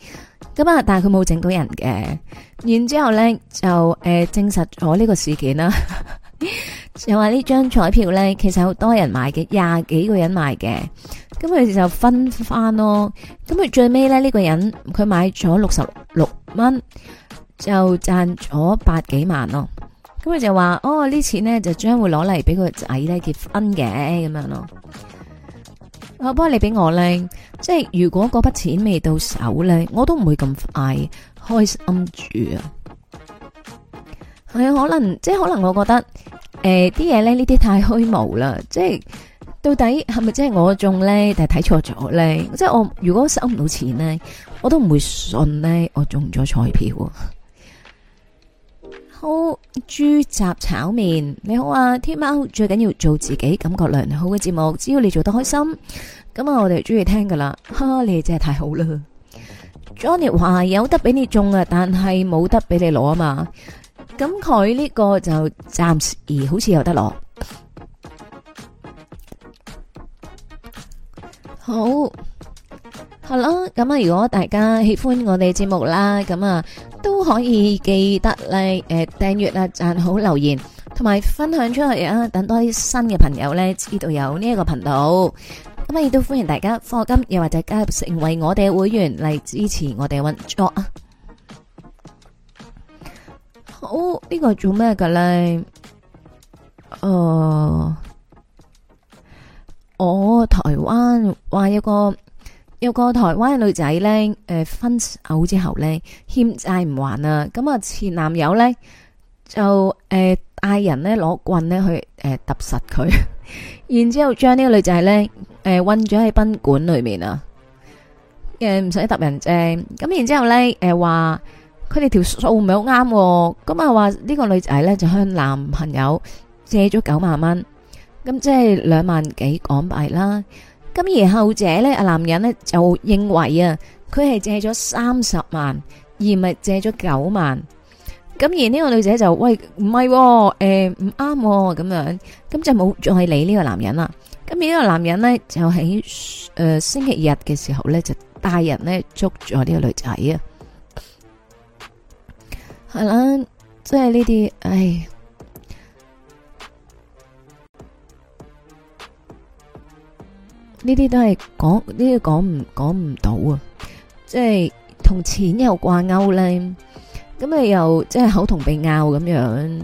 咁啊，但係佢冇整到人嘅，完之後咧就誒證實咗呢個事件啦。 就話呢張彩票咧其實好多人買嘅，廿幾個人買嘅，咁佢就分翻。咯。咁佢最尾咧呢、這個人佢買咗六十六蚊，就賺咗百幾萬咯。咁佢就話哦，錢呢，錢咧就將會攞嚟俾個仔咧結婚嘅咁樣咯。我幫你俾我咧，即係如果嗰筆錢未到手咧，我都唔會咁快開心住啊！係啊，可能即係可能我覺得誒啲嘢咧，呃、呢啲太虛無啦！即係到底係咪真係我中咧，定係睇錯咗咧？即係我如果收唔到錢咧，我都唔會信咧，我中咗彩票。好豬雜炒麵，你好啊！天喵，最緊要做自己，感覺良好嘅節目，只要你做得開心，咁啊，我哋中意聽噶啦，哈哈！你哋真係太好啦。Johnny 話有得俾你中啊，但係冇得俾你攞啊嘛。咁佢呢個就暫時而,好似有得攞。好，Hello！咁啊，如果大家喜歡我哋節目啦，咁啊。都可以記得嚟，誒訂閱啊，讚好留言，同埋分享出去啊，等多啲新嘅朋友咧知道有呢一個頻道。咁啊亦都歡迎大家課金，又或者加入成為我哋嘅會員嚟支持我哋嘅運作啊！好，這個、呢個做咩嘅咧？哦、呃，我台灣話有個。有個台灣嘅女仔咧，誒、呃、分手之後咧欠債唔還啊，咁啊前男友咧就誒嗌、呃、人咧攞棍咧去誒揼、呃、實佢，然之後將呢個女仔咧誒韞咗喺賓館裏面、呃呃、啊，誒唔使揼人證，咁然之後咧誒話佢哋條數唔係好啱，咁啊話呢個女仔咧就向男朋友借咗九萬蚊，咁即係兩萬幾港幣啦。咁而後者咧，阿男人咧就認為啊，佢係借咗三十萬，而唔係借咗九萬。咁而呢個女仔就喂，唔係，誒唔啱咁樣，咁就冇再理呢個男人啦。咁而呢個男人咧就喺誒星期日嘅時候咧就帶人咧捉咗呢個女仔啊，係啦，即係呢啲唉。呢啲都係講，呢啲講唔講唔到啊！即係同錢又掛鈎咧，咁啊又即係口同鼻拗咁樣，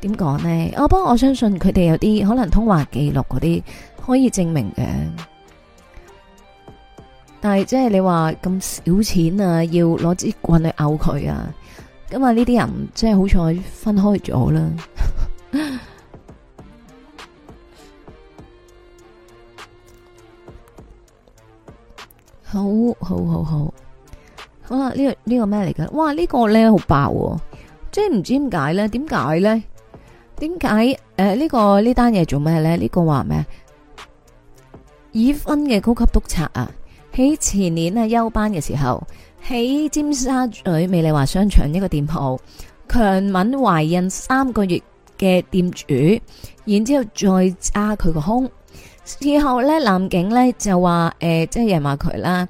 點講呢？不過，我相信佢哋有啲可能通話記錄嗰啲可以證明嘅，但係即係你話咁少錢啊，要攞支棍去拗佢啊？咁啊呢啲人即係好彩分開咗啦。 好好好好，好啦！呢個呢個咩嚟噶？哇！這個這個哇這個、呢個咧好爆喎、哦！即係唔知點解咧？點解咧？點解？誒、呃，這個、呢、這個呢單嘢做咩咧？呢個話咩？已婚嘅高級督察啊，喺前年啊休班嘅時候，喺尖沙咀美麗華商場一個店鋪，強吻懷孕三個月嘅店主，然之後再揸佢個胸。事後呢，男警呢就話誒、呃，即係人話佢啦，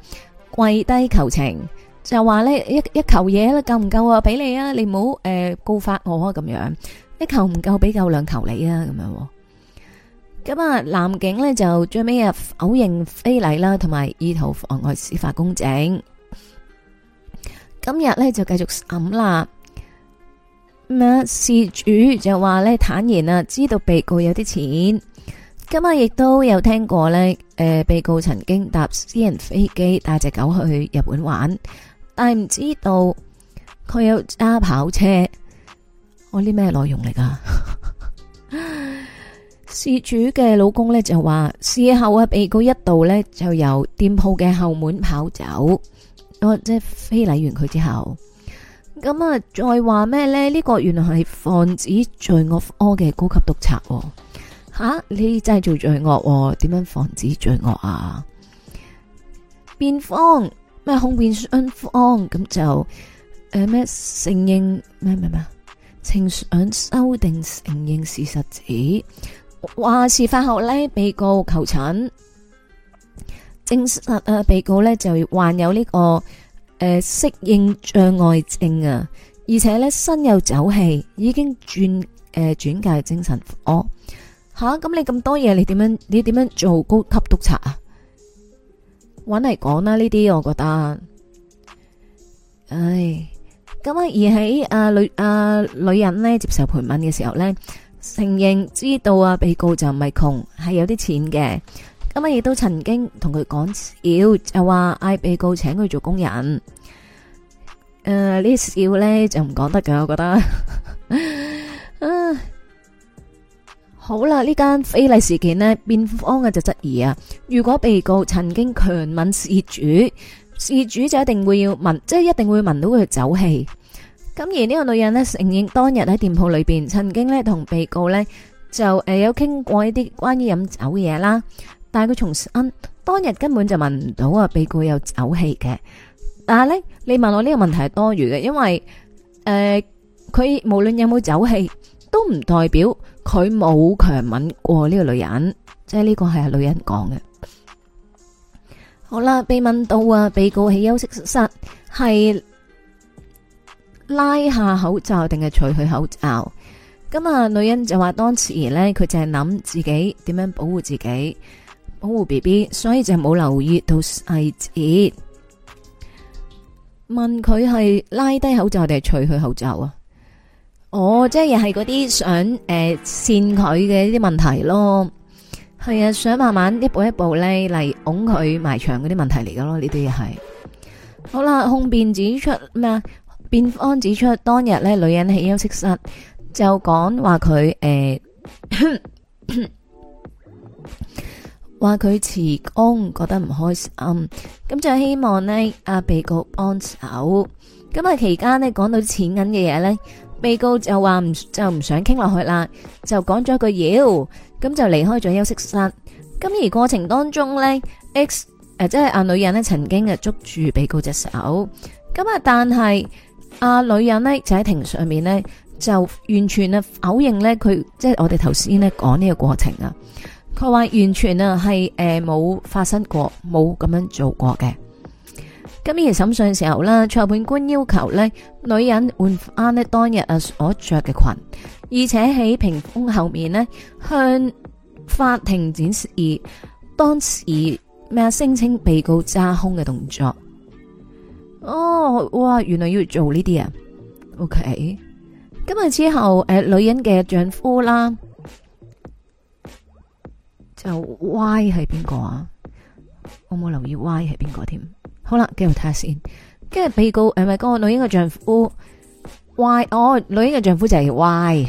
跪低求情，就話呢一一球嘢啦，夠唔夠啊？俾你啊，你唔好誒告發我啊，咁樣一球唔夠，俾夠兩球你啊，咁樣、啊。咁啊，男警呢就最尾啊，否認非禮啦，同埋意圖妨礙司法公正。今日呢就繼續審啦。咁啊，事主就話呢，坦言啊，知道被告有啲錢。咁啊，亦都有聽過呢，誒、呃，被告曾經搭私人飛機帶隻狗去日本玩，但係唔知道佢有揸跑車，我啲咩內容嚟㗎？ 事主嘅老公呢就話事後啊，被告一度呢就由店鋪嘅後門跑走，我、哦、即係非禮完佢之後，咁、嗯、啊再話咩呢？呢、這個原來係防止罪惡科嘅高級督察、哦。吓、啊、你真係做罪惡、啊，點樣防止罪惡啊？辯方咩控辯雙方咁就誒咩、呃、承認咩咩咩？庭上修訂承認事實紙？話事發後呢，被告求診證實啊，被告呢就患有呢、這個誒適、呃、應障礙症啊，而且呢，身有酒氣，已經轉誒轉介精神科。吓、啊，咁你咁多嘢，你點樣？你點樣做高級督察啊？搵嚟講啦，呢啲我覺得，唉，咁啊，而喺啊女啊女人呢接受盤問嘅時候呢，承認知道啊被告就唔係窮，係有啲錢嘅。咁、嗯、啊，亦都曾經同佢講笑，就話嗌被告請佢做工人。誒、呃，呢笑呢，就唔講得㗎，我覺得。 啊好啦，呢間非禮事件呢，辯方嘅就質疑啊。如果被告曾經強吻事主，事主就一定會要聞，即係一定會聞到佢酒氣。咁而呢個女人呢，承認當日喺店鋪裏邊曾經呢同被告呢，就誒、呃、有傾過一啲關於飲酒嘅嘢啦。但係佢重申當日根本就聞唔到啊，被告有酒氣嘅。但係呢，你問我呢個問題係多餘嘅，因為誒佢、呃、無論有冇酒氣都唔代表。佢冇強吻過呢個女人，即係呢個係女人講嘅。好啦，被問到啊，被告喺休息室係拉下口罩定係除去口罩？咁啊，女人就話當時呢，佢淨係諗自己點樣保護自己，保護 BB，所以就冇留意到細節。問佢係拉低口罩定係除去口罩啊？我、哦、即係又係嗰啲想誒扇佢嘅呢啲問題咯，係啊，想慢慢一步一步咧嚟拱佢埋牆嗰啲問題嚟噶咯，呢啲嘢係。好啦、啊，控辯指出咩？辯方指出當日咧，女人喺休息室就講話佢誒，話佢辭工覺得唔開心，咁就希望呢阿、啊、被告幫手。咁啊期間呢，講到錢銀嘅嘢呢。被告就話唔就唔想傾落去啦，就講咗句「妖」，咁就離開咗休息室。咁而過程當中呢，x 誒、呃，即係阿女人呢曾經嘅捉住被告隻手。咁啊，但係阿女人呢，就喺庭上面呢，就完全啊否認呢，佢即係我哋頭先呢講呢個過程啊。佢話完全啊係誒冇發生過，冇咁樣做過嘅。今日審訊嘅時候，裁判官要求女人換翻當日啊所着嘅裙，而且喺屏風後面向法庭展示當時咩聲稱被告揸胸嘅動作。哦，哇！原來要做呢啲啊。OK，今日之後誒、呃，女人嘅丈夫啦，就 Y 係邊個啊？我冇留意 Y 係邊個添。好啦，跟住睇下先。跟住被告，誒係咪嗰個女嬰嘅丈夫，Why 哦，oh, 女嬰嘅丈夫就係 Why。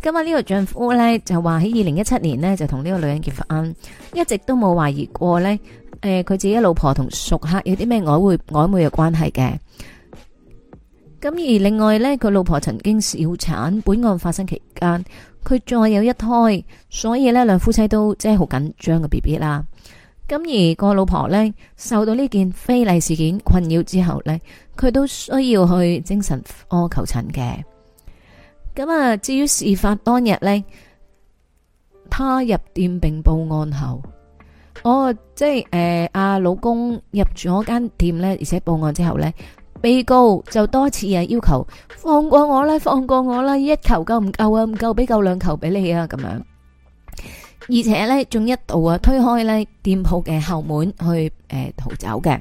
咁啊呢個丈夫呢，就話喺二零一七年呢，就同呢個女人結婚，一直都冇懷疑過呢，誒、呃、佢自己老婆同熟客有啲咩曖昧曖昧嘅關係嘅。咁而另外呢，佢老婆曾經小產，本案發生期間佢再有一胎，所以呢兩夫妻都即係好緊張個 B B 啦。咁而那個老婆呢，受到呢件非禮事件困擾之後呢，佢都需要去精神科求診嘅。咁啊，至於事發當日呢，他入店並報案後，哦，即係誒，阿、呃、老公入咗間店呢，而且報案之後呢，被告就多次啊要求放過我啦，放過我啦，一球夠唔夠啊？唔夠俾夠兩球俾你啊，咁樣。而且咧，仲一度啊，推開咧店鋪嘅後門去誒、呃、逃走嘅。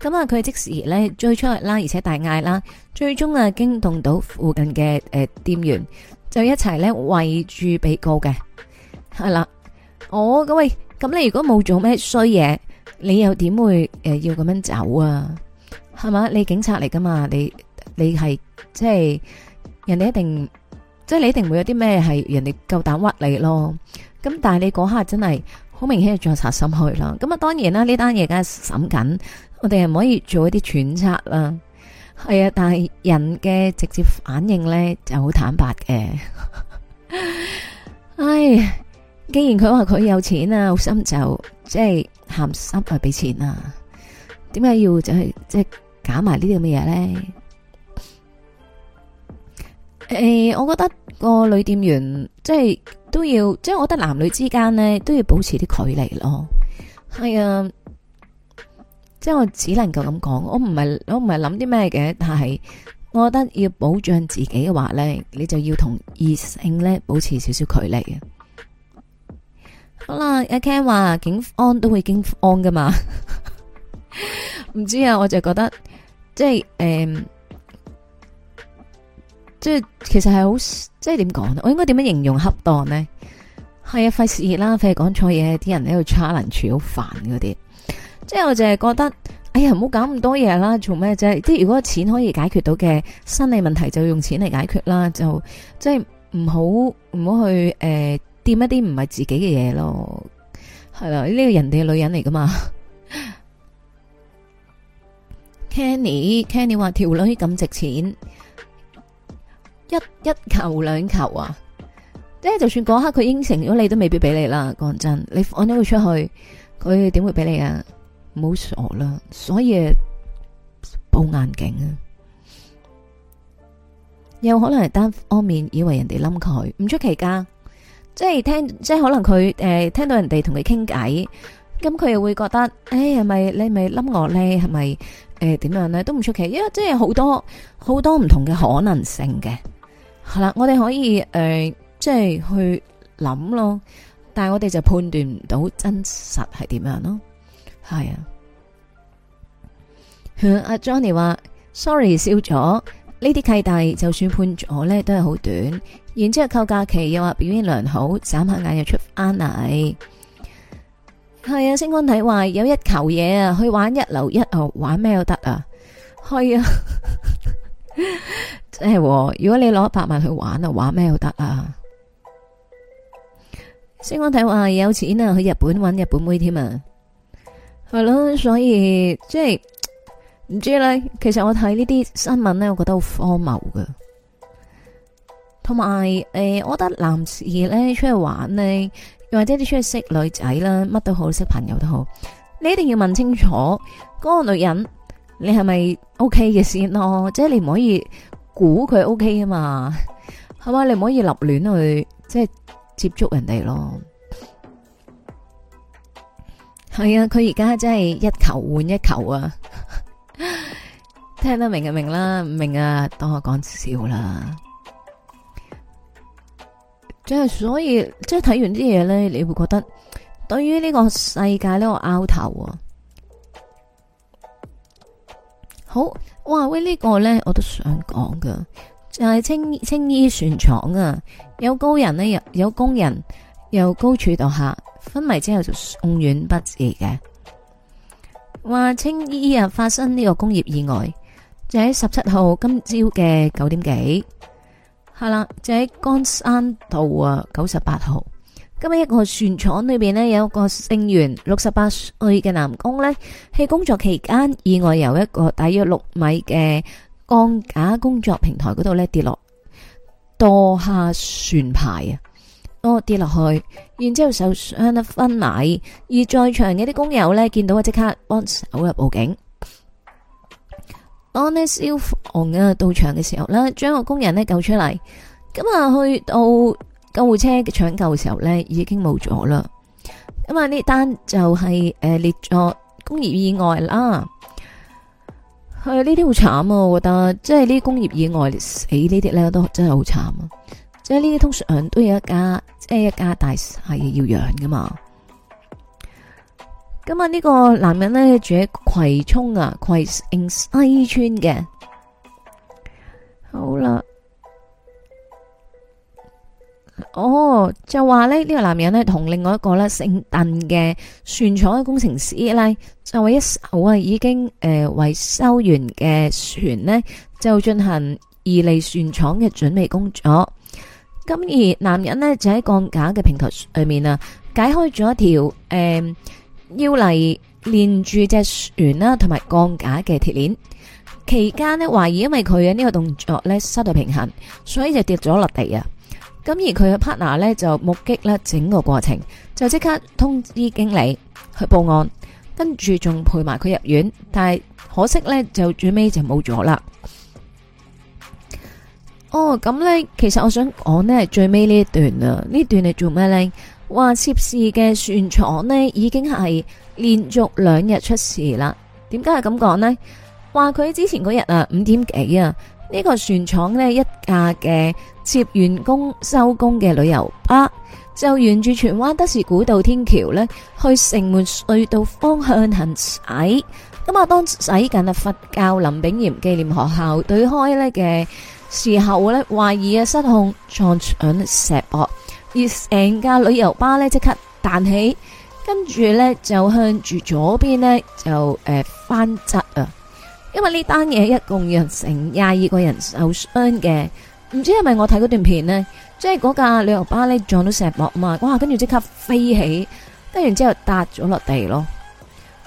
咁啊，佢即時咧追出去啦，而且大嗌啦，最終啊驚動到附近嘅誒、呃、店員，就一齊咧圍住被告嘅。係、哦、啦，我咁喂，咁你如果冇做咩衰嘢，你又點會誒、呃、要咁樣走啊？係嘛，你警察嚟㗎嘛，你你係即係人哋一定。所以你一定會有啲咩係人哋夠膽屈你咯，咁但係你嗰下真係好明顯係做賊心虛啦。咁啊當然啦，呢單嘢梗係審緊，我哋係唔可以做一啲揣測啦。係啊，但係人嘅直接反應咧就好坦白嘅。 唉，既然佢話佢有錢啊，好心就即係鹹心去俾錢啊，點解要就係即係搞埋呢啲咁嘅嘢咧？誒、欸，我覺得個女店員即係都要，即係我覺得男女之間呢，都要保持啲距離咯。係、哎、啊，即係我只能夠咁講，我唔係我唔係諗啲咩嘅，但係我覺得要保障自己嘅話呢，你就要同異性呢保持少少距離啊。好啦，阿 Ken 話警方都會驚慌㗎嘛？唔 知啊，我就覺得即係誒。欸即係其實係好，即係點講，我應該點樣形容恰當呢？係啊，費事啦，費事講錯嘢，啲人喺度 challenge 好煩嗰啲。即係我就係覺得，哎呀，唔好搞咁多嘢啦，做咩啫？即係如果錢可以解決到嘅生理問題，就用錢嚟解決啦。就即係唔好唔好去誒掂、呃、一啲唔係自己嘅嘢咯。係啦、啊，呢個人哋嘅女人嚟噶嘛？Kenny，Kenny 話條女咁值錢。一一球兩球啊！即係就算嗰刻佢應承咗你，都未必俾你啦。講真，你放咗佢出去，佢點會俾你啊？唔好傻啦！所以報眼鏡啊，有可能係單方面以為人哋冧佢，唔出奇噶。即係聽，即係可能佢誒、呃、聽到人哋同佢傾偈，咁佢又會覺得，誒係咪你咪冧我咧？係咪誒點樣咧？都唔出奇，因為即係好多好多唔同嘅可能性嘅。係啦，我哋可以誒、呃，即係去諗咯，但係我哋就判斷唔到真實係點樣咯。係啊，阿、嗯、Johnny 話，sorry，笑咗呢啲契弟，就算判咗咧，都係好短。然之後扣假期又話表現良好，眨下眼又出翻嚟。係啊，星光體話有一球嘢啊，去玩一樓一號玩咩都得啊，係啊。 真係，如果你攞一百萬去玩啊，玩咩都得啊！星哥睇話有錢啊，去日本搵日本妹添啊，係咯。所以即係唔知咧。其實我睇呢啲新聞呢，我覺得好荒謬噶。同埋誒，我覺得男士呢，出去玩呢，又或者你出去識女仔啦，乜都好，識朋友都好，你一定要問清楚嗰個女人。你係咪 OK 嘅先、哦 OK、咯？即係你唔可以估佢 OK 啊嘛，係嘛？你唔可以立亂去即係接觸人哋咯。係啊，佢而家真係一球換一球啊！ 聽得明就明啦，唔明啊，當我講笑啦。即係所以，即係睇完啲嘢咧，你會覺得對於呢個世界呢、呢個拗頭啊！好，哇喂，呢、這個呢我都想講噶，就係青青衣船廠啊，有高人呢，有有工人，有高處墮下昏迷之後就送院不治嘅，話青衣啊發生呢個工業意外，就喺十七號今朝嘅九點幾，係啦，就喺江山道啊九十八號。今日一個船廠裏邊呢，有一個姓袁六十八歲嘅男工呢，喺工作期間意外由一個大約六米嘅鋼架工作平台嗰度呢跌落墮下船排啊，跌落去，然之後受傷啊昏迷。而在場嘅啲工友呢，見到啊，即刻幫手入報警。當呢消防員到場嘅時候呢，將個工人呢救出嚟。咁啊，去到。救護車搶救嘅時候咧，已經冇咗啦。咁啊，呢單就係、是、誒、呃、列咗工業意外啦。係呢啲好慘啊！我覺得，即係呢工業意外死呢啲咧，都真係好慘啊！即係呢啲通常都有一家，即、就、係、是、一家大細要養噶嘛。咁啊，呢、這個男人咧住喺葵涌啊，葵盛西村嘅。好啦。哦，就話呢，呢個男人呢，同另外一個呢姓鄧嘅船廠工程師呢，就為一艘啊已經誒維修完嘅船呢，就進行移嚟船廠嘅準備工作。咁而男人呢，就喺鋼架嘅平台上面啊，解開咗一條誒要嚟連住隻船啦，同埋鋼架嘅鐵鏈。期間呢，懷疑因為佢嘅呢個動作呢，失去平衡，所以就跌咗落地啊。咁而佢嘅 partner 呢，就目擊呢整個過程，就即刻通知經理去報案，跟住仲陪埋佢入院，但係可惜呢，就最尾就冇咗啦。哦，咁呢，其實我想講呢最尾呢一段，一段呢呢呢啊，呢段係做咩呢？話涉事嘅船廠呢已經係連續兩日出事啦。點解係咁講呢？話佢之前嗰日啊五點幾啊。呢、這個船廠呢，一架嘅接員工收工嘅旅遊巴，就沿住荃灣德士古道天橋呢，去城門隧道方向行駛。咁、嗯、啊，當駛緊啊佛教林炳炎紀念學校對開呢嘅時候呢，懷疑啊失控撞上石壆，而成架旅遊巴呢即刻彈起，跟住呢，就向住左邊呢，就誒、呃、翻側啊！因為呢單嘢一共有成廿二個人受傷嘅，唔知係咪我睇嗰段片呢？即係嗰架旅遊巴呢撞到石壆啊嘛，哇！跟住即刻飛起，跟住之後搭咗落地咯。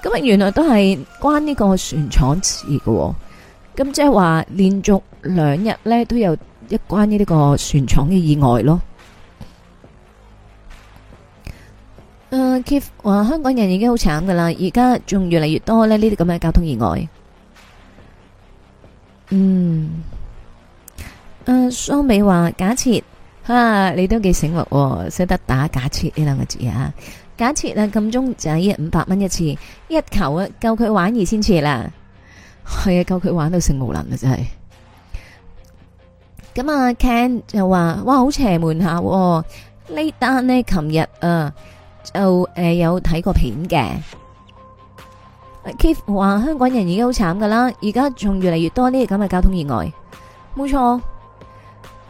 咁啊，原來都係關呢個船廠事嘅，咁即係話連續兩日呢，都有一關於呢個船廠嘅意外咯。誒，Keith 話香港人已經好慘噶啦，而家仲越嚟越多咧呢啲咁嘅交通意外。嗯，誒、呃，桑美話假設、啊、你都幾醒目，識得打假設呢兩個字啊？假設啊，咁中就係五百蚊一次，一球啊，夠佢玩二千次啦。係啊，夠佢玩到成無能啊，真係。咁啊，Ken 就話，哇，好邪門下、啊，呢單呢，琴日啊，就誒、呃、有睇過片嘅。Keith 話香港人已經好慘噶啦，而家仲越嚟越多呢啲咁嘅交通意外。冇錯，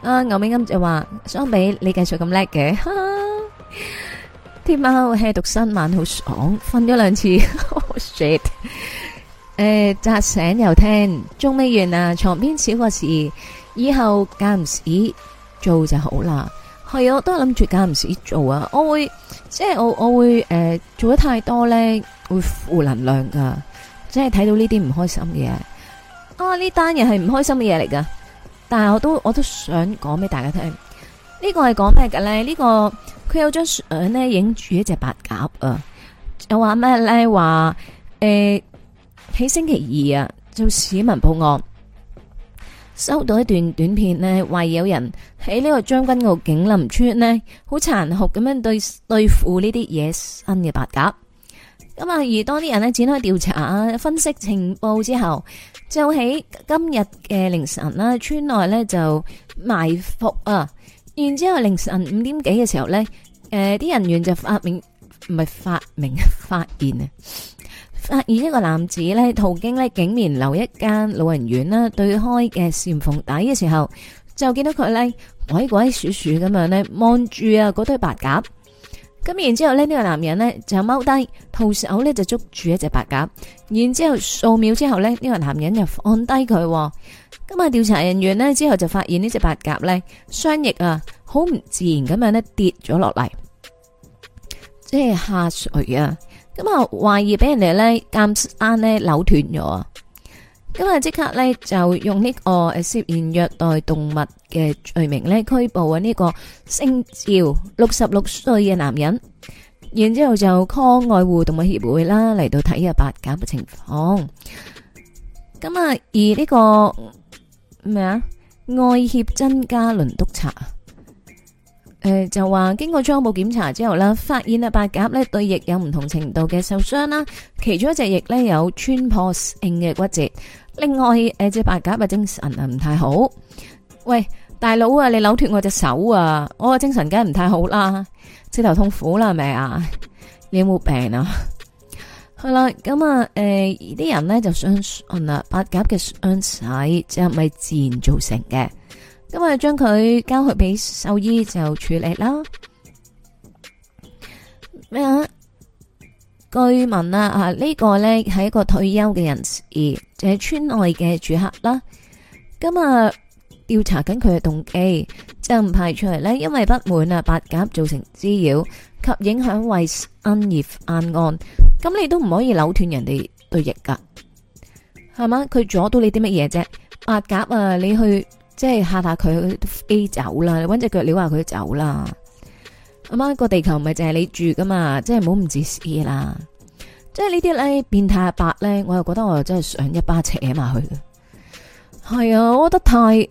啊牛尾咁就話，相比你繼續咁叻嘅，天貓嘿讀新聞好爽，瞓咗兩次。h s i 誒，扎、呃、醒又聽，仲未完啊！床邊小個事，以後間唔時做就好啦。係啊， 我都諗住間唔時做啊。我會即係我我會誒、呃、做咗太多咧。會負能量噶，即係睇到呢啲唔開心嘅嘢。啊、哦，呢單嘢係唔開心嘅嘢嚟噶，但係我都我都想講俾大家聽。呢個、呢、呢個係講咩嘅咧？呢個佢有張相呢，影住一隻白鴿啊。又話咩咧？話誒，喺、呃、星期二啊，做市民報案，收到一段短片呢，話有人喺呢個將軍澳景林村呢，好殘酷咁樣對對付呢啲野生嘅白鴿。咁啊，而當啲人呢展開調查、分析情報之後，就喺今日嘅凌晨啦，村內呢就埋伏啊。然之後凌晨五點幾嘅時候呢誒，啲人員就發明唔係發明呵呵發現啊，發現一個男子呢途經呢景面樓一間老人院啦，對開嘅禪縫底嘅時候，就見到佢呢鬼鬼祟祟咁樣呢望住啊嗰堆白鴿。咁然之後呢呢、呢個男人呢就踎低，徒手呢就捉住一隻白鴿。然之後數秒之後呢，呢、呢個男人又就放低佢。咁啊，調查人員呢之後就發現呢隻白鴿呢雙翼啊，好唔自然咁樣呢跌咗落嚟，即係下垂啊！咁啊，懷疑俾人哋呢監啱呢扭斷咗。今日即刻咧，就用呢個誒，涉嫌虐待動物嘅罪名咧，拘捕啊呢個姓趙六十六歲嘅男人，然之後就 call 愛護動物協會啦，嚟到睇下白鴿嘅情況。咁啊，而呢個咩啊？外協曾家倫督察誒就話，經過初步檢查之後啦，發現啊白鴿咧對翼有唔同程度嘅受傷啦，其中一隻翼咧有穿破性嘅骨折。另外，誒，隻白鴿嘅精神啊，唔太好。喂，大佬啊，你扭脱我隻手啊，我個精神梗係唔太好啦，直頭痛苦啦，係咪啊？你有冇病啊？係 啦，咁啊，誒、呃，啲人咧就相信啦，白鴿嘅傷勢，即係咪自然造成嘅？咁啊，將佢交去俾獸醫就處理啦。咩啊？據聞啊，啊、這個、呢個咧係一個退休嘅人士，就係、是、村外嘅住客啦。咁啊調查緊佢嘅動機，就唔排除咧因為不滿啊八哥造成滋擾及影響為恩業安安。咁你都唔可以扭斷人哋對翼噶，係嘛？佢阻到你啲乜嘢啫？八哥啊，你去即係嚇下佢飛走啦，你搵隻腳撩下佢走啦。咁啊個地球唔係淨係你住噶嘛，即係唔好唔自私啦。即係呢啲咧變態阿伯咧，我又覺得我真係想一巴扯埋去。係啊，我覺得太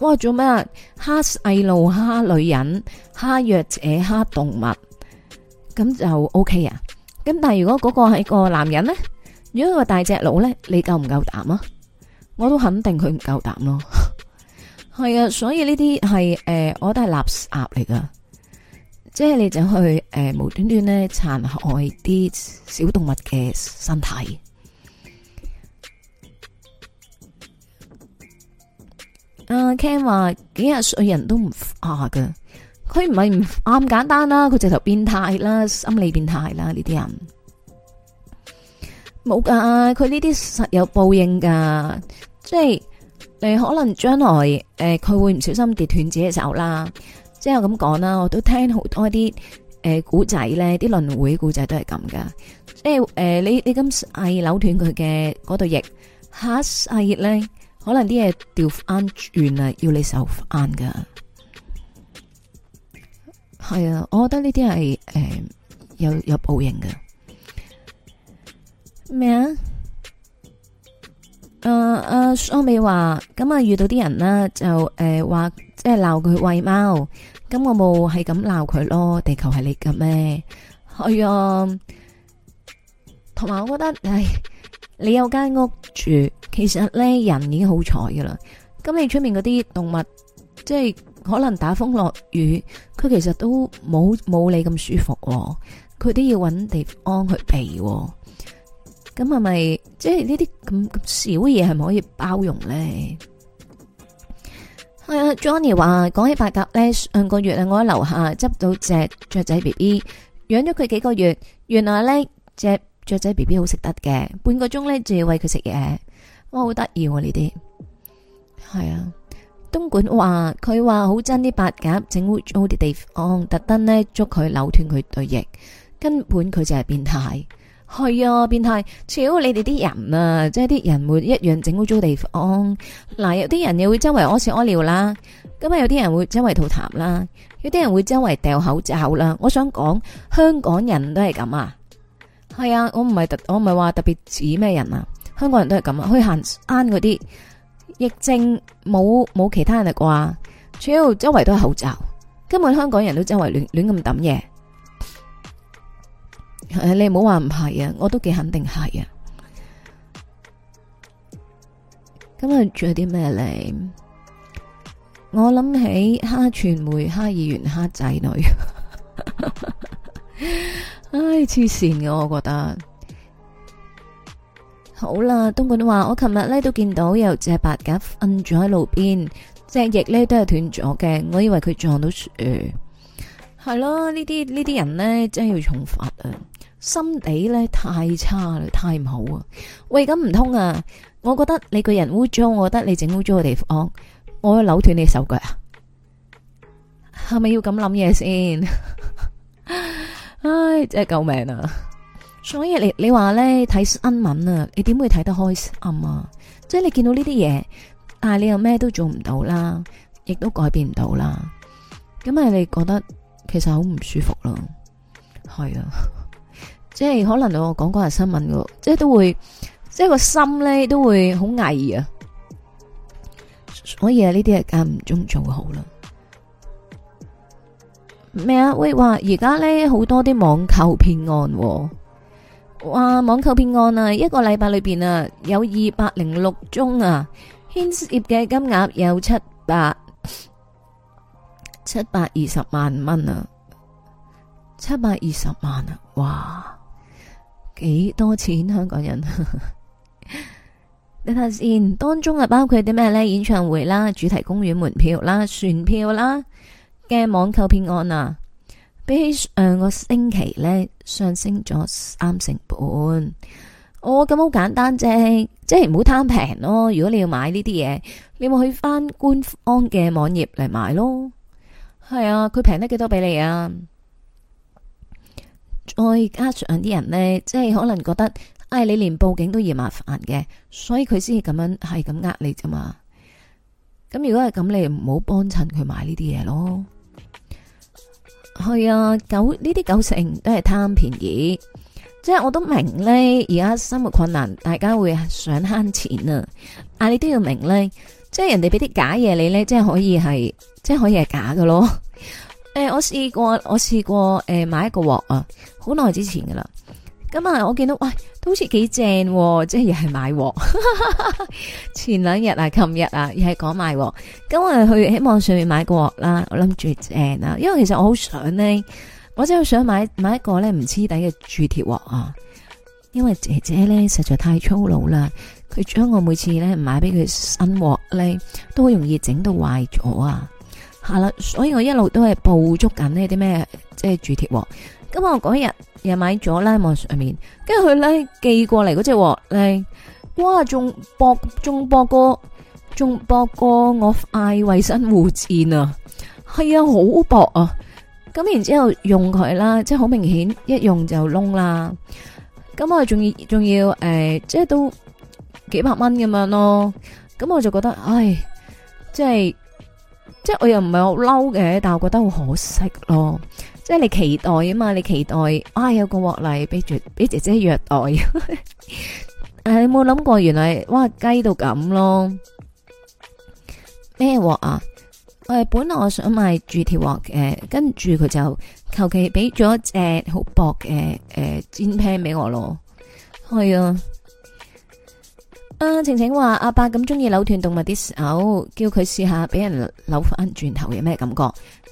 哇做咩蝦細路、蝦女人、蝦弱者、蝦動物咁就 OK 啊。咁但係如果嗰個係個男人咧，如果個大隻佬咧，你夠唔夠膽啊？我都肯定佢唔夠膽咯。係 啊，所以呢啲係誒，我覺得係垃圾嚟噶。即係你走去誒、呃，無端端咧殘害啲小動物嘅身體。阿、啊、Ken 話幾廿歲人都唔化噶，佢唔係唔化咁簡單啦，佢直頭變態啦，心理變態啦，呢啲人冇噶，佢呢啲實有報應噶，即係你可能將來誒，佢、呃、會唔小心跌斷自己手啦。即係咁講啦，我都聽好多啲誒古仔咧，啲輪回古仔都係咁噶。即係誒、呃，你你今世扭斷佢嘅嗰對翼，下世咧，可能啲嘢掉翻轉啦，要你受翻噶。係啊，我覺得呢啲係誒有有報應嘅。咩啊？誒、呃、誒，阿、呃、美話咁啊，遇到啲人啦，就誒話、呃、即係鬧佢喂貓。咁我冇係咁鬧佢咯，地球係你嘅咩？係啊，同埋我覺得，唉，你有間屋住，其實咧人已經好彩噶啦。咁你出面嗰啲動物，即係可能打風落雨，佢其實都冇冇你咁舒服喎，佢都要搵地方去避喎。咁係咪即係呢啲咁咁少嘢，係咪可以包容咧？係啊 ，Johnny 話講起白鴿呢，上個月啊，我喺樓下執到隻雀仔 B B，養咗佢幾個月，原來呢隻雀仔 B B 好食得嘅，半個鐘呢就要喂佢食嘢，哇、哦，好得意啊呢啲。係啊，東莞話佢話好憎啲白鴿，整污糟啲地方，特登呢捉佢扭斷佢對翼，根本佢就係變態。係啊，變態！超你哋啲人啊，即係啲人會一樣整污糟地方。嗱，有啲人又會周圍屙屎屙尿啦，咁啊有啲人會周圍吐痰啦，有啲人會周圍掉口罩啦。我想講，香港人都係咁啊。係啊，我唔係特，我唔係話特別似咩人啊。香港人都係咁啊，去行山嗰啲疫症冇冇其他人嚟啩？超周圍都係口罩，根本香港人都周圍亂亂咁抌嘢。你唔好話唔係啊，我都幾肯定係啊。今日仲有啲咩嚟？我諗起蝦傳媒、蝦議員、蝦仔女，唉、 哎，黐線嘅我覺得。好啦，東莞都話我琴日呢都見到有隻白鴿瞓咗喺路邊，隻翼呢都係斷咗嘅，我以為佢撞到樹。係咯，呢啲呢啲人呢，真係要重罰啊！心地咧太差啦，太唔好啊。喂，咁唔通啊？我覺得你個人污糟，我覺得你整污糟嘅地方，我要扭斷你手腳啊。係咪要咁諗嘢先？ 唉，真係救命啊！所以你你話咧睇新聞啊，你點會睇得開心啊？即係你見到呢啲嘢，但係你又咩都做唔到啦，亦都改變唔到啦。咁咪你覺得其實好唔舒服咯？係啊。即係可能我講嗰日新聞嘅，即係都會，即係個心呢都會好危啊！所以啊，呢啲係間唔中做好啦。咩啊？喂，話而家呢好多啲網購騙案，哇！網購騙案啊，一個禮拜裏邊啊有二百零六宗啊，牽涉嘅金額有七百七百二十萬蚊啊，七百二十萬啊，哇！幾多，多錢？香港人， 你睇下先，當中啊包括啲咩呢？演唱會啦、主題公園門票啦、船票啦嘅網購騙案啊，比起上個星期呢，上升咗三成半。我咁好簡單啫，即係唔好貪平咯。如果你要買呢啲嘢，你咪去翻官方嘅網頁嚟買咯。係啊，佢平得幾多俾你啊？再加上啲人呢，即係可能覺得，哎，你連報警都嫌麻煩嘅，所以佢先至咁樣，係咁呃你啫嘛。咁如果係咁，你唔好幫襯佢買呢啲嘢咯。係啊，九呢啲九成都係貪便宜，即係我都明呢。而家生活困難，大家會想慳錢啊。但、啊、你都要明呢，即係人哋俾啲假嘢你呢，即係可以係，即係可以係假嘅咯。誒，我試過，我試過，誒，買一個鑊啊，好耐之前噶啦。咁、嗯啊， 啊，啊，嗯、啊，我見到，喂，都好似幾正，即係又係買鑊。前兩日啊，琴日啊，又係講買鑊。今日去喺網上面買個鑊啦，我諗住正啊，因為其實我好想呢，我真係好想買買一個咧唔黐底嘅鑄鐵鑊啊。因為姐姐咧實在太粗魯啦，佢將我每次咧買俾佢新鑊咧，都好容易整到壞咗啊。係啦，所以我一路都係捕捉緊呢啲咩，即係鑄鐵喎。咁、嗯、我嗰日又買咗咧，網上面，跟住佢咧寄過嚟嗰隻鑊，呢。哇，仲薄，仲薄過，仲薄過我嗌衛生護墊啊！係啊，好薄啊！咁然之後用佢啦，即係好明顯，一用就窿啦。咁、嗯、我仲要仲要誒，即係都幾百蚊咁樣咯。咁、嗯、我就覺得，唉，即係。即係我又唔係好嬲嘅，但係我覺得好可惜咯。即係你期待啊嘛，你期待啊有個鑊嚟俾住俾姐姐虐待。誒，你冇諗過原來哇雞到咁咯咩鑊啊？誒，本來我想買鑄鐵鑊嘅，跟住佢就求其俾咗隻好薄嘅誒、呃、煎 pan 俾我咯，係啊。晴晴話：阿伯咁中意扭斷動物啲手，叫佢試下俾人扭翻轉頭，有咩感覺？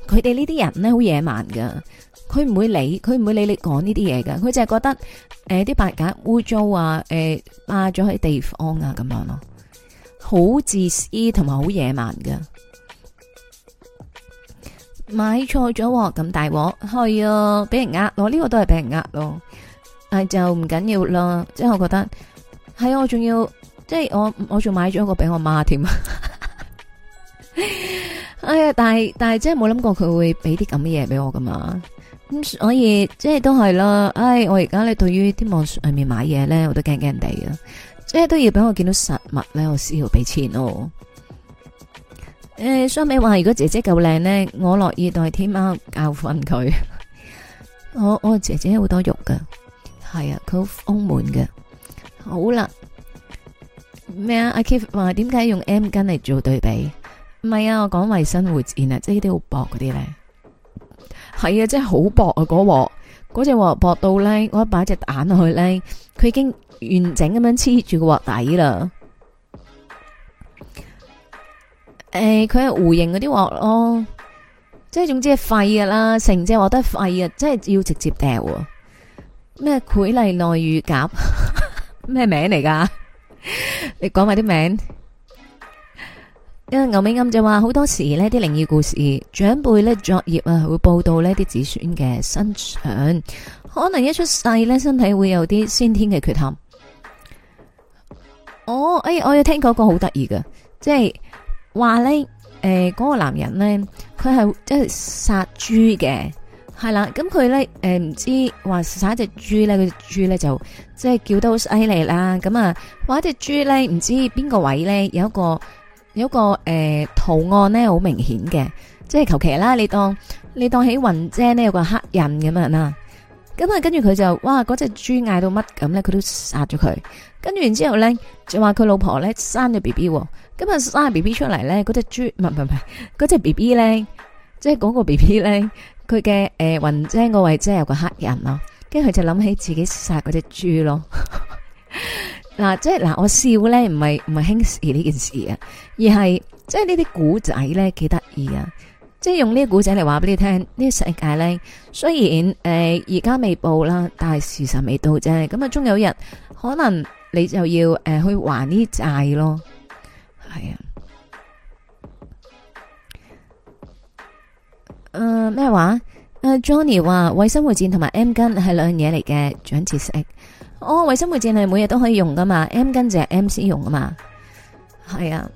佢哋呢啲人咧，好野蠻噶，佢唔會理，佢唔會理你講呢啲嘢噶，佢淨係覺得誒啲、呃、白鴿污糟啊，誒霸咗喺地方啊咁樣咯，好自私同埋好野蠻噶。買錯咗咁大鑊，係啊，俾人呃，這個、人我呢個都係俾人呃咯，但、哎、係就唔緊要囉。即係我覺得係啊，我仲要。即係我我仲買咗一個俾我媽添，哎呀！但係但係真係冇諗過佢會俾啲咁嘅嘢俾我噶嘛，咁所以即係都係啦。哎，我而家咧對於啲網上面買嘢咧，我都驚驚地啊！即係都要俾我見到實物咧，我先要俾錢咯，哦呃。誒，相比話，如果姐姐夠靚咧，我樂意代天喵教訓佢。 我我姐姐好多肉噶，係啊，佢好豐滿嘅。好啦。咩啊？阿 Kif 話點解用 M 根嚟做對比？唔係啊，我講衛生活字啊，即係啲好薄嗰啲咧。係啊，即係好薄啊！嗰鑊嗰隻鑊薄到咧，我一擺隻蛋落去咧，佢已經完整咁樣黐住個鑊底啦。誒、欸，佢係弧形嗰啲鑊咯，即、哦、係總之係廢噶啦，成隻鑊都廢啊！即係要直接掉。咩魁麗內羽甲咩 名嚟噶？ 你講埋啲名，因為牛尾暗就話好多時呢啲靈異故事，長輩呢作業啊會報道呢啲子孫嘅身上，可能一出世呢，身體會有啲先天嘅缺陷。哦，哎，我有聽過一個好得意嘅，即係話呢，誒嗰個男人呢，佢係即係殺豬嘅。係啦，咁佢咧誒，唔知話殺隻豬咧，嗰隻豬咧就即係叫得好犀利啦。咁啊，話一隻豬咧，唔知邊個位咧有一個有一個誒圖案咧，好明顯嘅，即係求其啦。你當你當起雲遮咧有個黑印咁樣啦，咁啊，跟住佢就哇嗰隻豬嗌到乜咁咧，佢都殺咗佢。跟住完之後咧就話佢老婆咧生咗 B B，咁啊生 B B 出嚟咧，嗰隻豬唔唔唔，嗰隻 B B 咧，即係嗰個 B B 咧。佢嘅誒雲遮嗰位即係有個黑人咯，跟住佢就諗起自己殺嗰隻豬咯。 嗱、啊，即係嗱、啊，我笑咧唔係唔係輕視呢件事啊，而係即係呢啲古仔咧幾得意啊！即係用呢啲古仔嚟話俾你聽，呢個世界咧雖然誒而家未報啦，但係事實未到啫，咁啊終有一日可能你就要誒、呃、去還呢啲債咯。係啊。誒咩話？誒 Johnny 話衛生護墊同埋 M 巾係兩樣嘢嚟嘅轉折式。我衛生護墊係每日都可以用噶嘛，M 巾就係 M 師用啊嘛。係啊，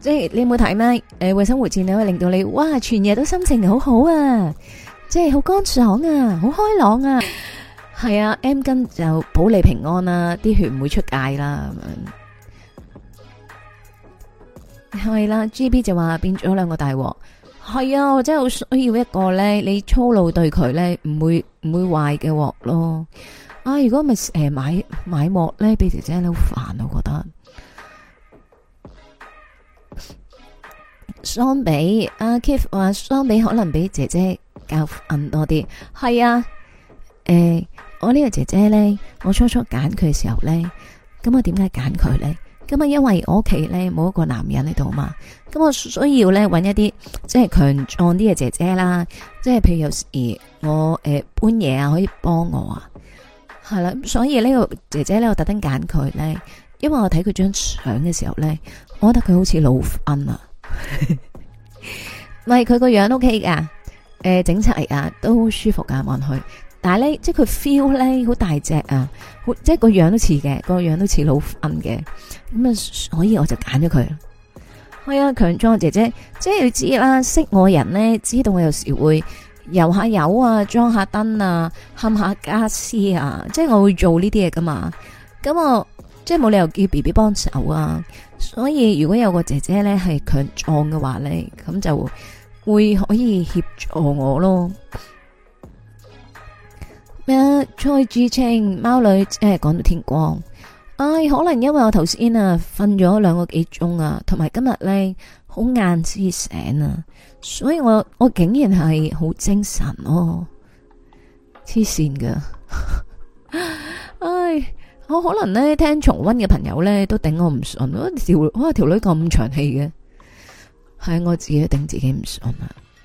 即係你冇睇咩？誒衛生護墊你可以令到你哇，全日都心情好好啊，即係好乾爽啊，好開朗啊。係啊，M 巾就保你平安啦，啲血唔會出界啦咁樣。係啦，GB 就話變咗兩個大鑊。係啊，我真係好需要一個咧，你粗魯對佢咧，唔會唔會壞嘅鑊咯。啊，如果咪誒、呃、買買鑊咧，俾姐姐你好煩，我覺得。相比阿 Keith 話相比，啊、比可能比姐姐較暗多啲。係啊，誒、欸，我呢個姐姐咧，我初初揀佢嘅時候咧，咁我點解揀佢咧？咁啊，因為我屋企咧冇一個男人喺度啊嘛，咁我需要咧揾一啲即係強壯啲嘅姐姐啦，即係譬如有時我誒搬嘢啊，可以幫我啊，係啦，咁所以呢個姐姐咧，我特登揀佢咧，因為我睇佢張相嘅時候咧，我覺得佢好似老闆啊，唔係佢個樣 OK 噶，誒整齊啊，都舒服噶，望佢。但係咧，即係佢 feel 咧好大隻啊，即係個樣都似嘅，個樣都似老粉嘅。咁、嗯、啊,所以我就揀咗佢。係啊，強壯姐姐，即係要知啦，識我人咧，知道我有時會油下油啊，裝下燈啊，喊下家私啊，即係我會做呢啲嘢噶嘛。咁我即係冇理由叫 B B 幫手啊。所以如果有個姐姐咧係強壯嘅話咧，咁就會可以協助我咯。咩？蔡智清貓女誒即係講、欸、到天光，哎，可能因為我頭先啊瞓咗兩個幾鐘啊，同埋今日呢，好晏先醒啊，所以我我竟然係好精神哦、啊，黐線噶，哎， 我可能呢聽重温嘅朋友呢都頂我唔順，條條女咁長氣嘅，係我自己都頂自己唔順啊。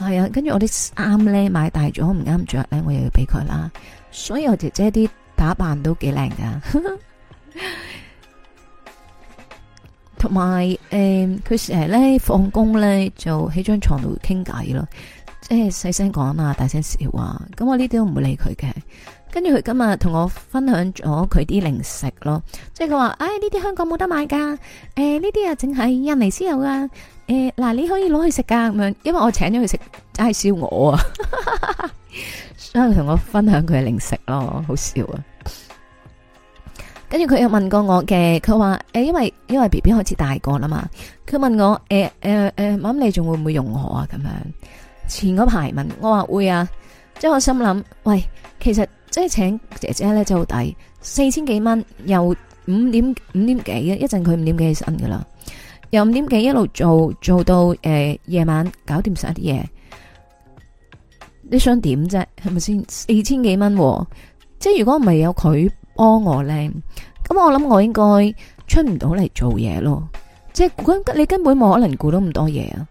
係啊，跟住我啲衫咧買大咗唔啱着咧，我又要俾佢啦。所以我姐姐啲打扮都幾靚噶，同埋誒，佢成日咧放工咧就喺張床度傾偈咯，即係細聲講啊，大聲笑啊。咁我呢啲都唔會理佢嘅。跟住佢今日同我分享咗佢啲零食咯，即係佢話誒呢啲香港冇得買噶，誒呢啲啊淨係印尼先有啊。誒，嗱，你可以攞去食噶咁樣，因為我請咗佢食，真係笑我啊，所以同我分享佢嘅零食咯，好笑啊！跟住佢又問過我嘅，佢話誒，因為因為 BB 開始大個啦嘛，佢問我誒誒誒，欸欸欸、你仲會唔會用我啊？咁樣前嗰排問我話會啊，即係我心諗，喂，其實即係請姐姐咧真好抵，四千幾蚊，又五點五點幾啊，一陣佢五點幾起身噶啦。由五點幾一路做做到誒夜晚，搞掂晒啲嘢，你想點啫？係咪先四千幾蚊喎？即係如果唔係有佢幫我咧，咁我諗我應該出唔到嚟做嘢咯。即係你根本冇可能顧到咁多嘢啊！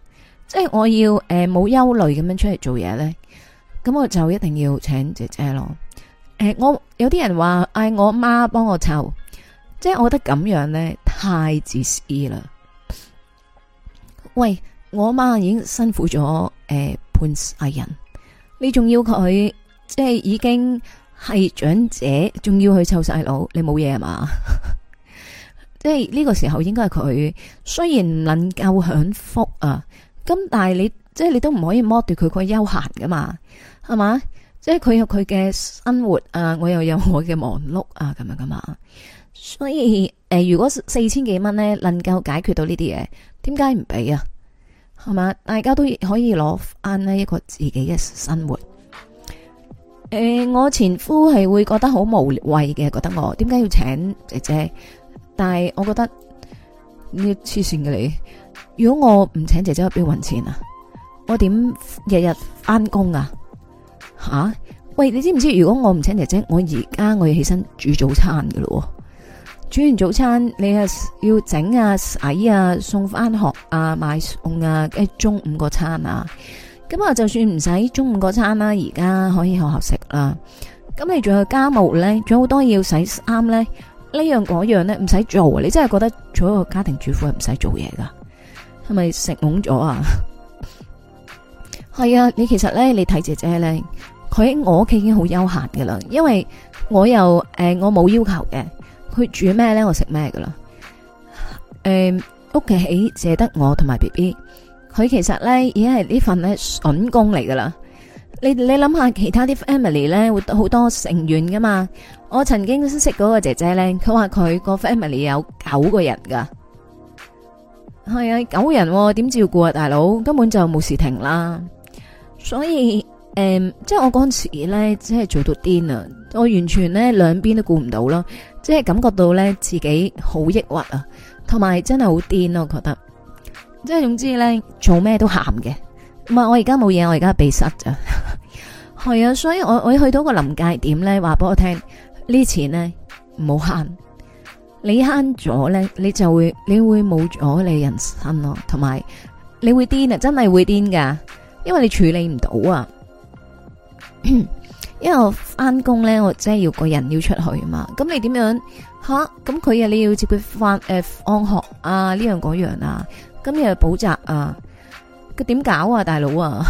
即係我要誒冇憂慮咁樣出嚟做嘢呢，咁我就一定要請姐姐咯。誒、呃，我有啲人話嗌我媽幫我湊，即係我覺得咁樣呢，太自私啦。喂，我媽已經辛苦咗誒半世人，你仲要佢即係已經係長者，仲要去湊細佬，你冇嘢係嘛？ 即係呢個時候應該係佢，雖然能夠享福啊，咁但係你即係你都唔可以剝奪佢個悠閒噶嘛，係嘛？即係佢有佢嘅生活啊，我又有我嘅忙碌啊，咁樣噶嘛？所以誒、呃，如果四千幾蚊咧，能夠解決到呢啲嘢，點解唔俾啊？係嘛，大家都可以攞翻呢一個自己嘅生活。誒、呃，我前夫係會覺得好無謂嘅，覺得我點解要請姐姐？但係我覺得呢黐線嘅你，如果我唔請姐姐入邊揾錢啊，我點日日翻工啊？吓、啊，喂，你知唔知？如果我唔請姐姐，我而家我要起身煮早餐噶啦。煮完早餐，你是要啊要整啊洗啊，送翻學啊，買餸啊，中午個餐啊。咁啊，就算唔使中午個餐啦，而家可以學校食啦。咁你仲有家務咧，仲有好多要洗衫咧，呢樣嗰樣咧唔使做。你真係覺得做一個家庭主婦係唔使做嘢噶？係咪食懵咗啊？係 啊，你其實咧，你睇姐姐咧，佢喺我屋企已經好休閒噶啦，因為我又誒、呃、我冇要求嘅。佢煮咩咧？我食咩噶啦？誒，屋企係得我同埋 B B。佢其實咧已經係呢份咧笋工嚟噶啦。你你諗下，其他啲 family 咧會好多成員噶嘛？我曾經識嗰個姐姐咧，佢話佢個 family 有九個人噶，係啊，九人喎，點照顧啊大佬？根本就冇時停啦。所以誒，即係我嗰陣時咧，即係做到癲啊！我完全咧兩邊都顧唔到囉。即係感覺到咧自己好抑鬱啊，同埋真係好癲咯，我覺得。即係總之咧，做咩都慳嘅。唔係我而家冇嘢，我而家鼻塞咋。係 啊，所以我我去到個臨界點咧，話俾我聽，呢錢咧冇慳，你慳咗咧，你就會你會冇咗你人生咯，同埋你會癲啊，真係會癲噶，因為你處理唔到啊。 因為我翻工咧，我真係要個人要出去嘛。咁你點樣吓？咁佢啊，你要接佢翻誒放學啊？呢樣嗰樣啊？咁又補習啊？佢點搞啊？大佬啊？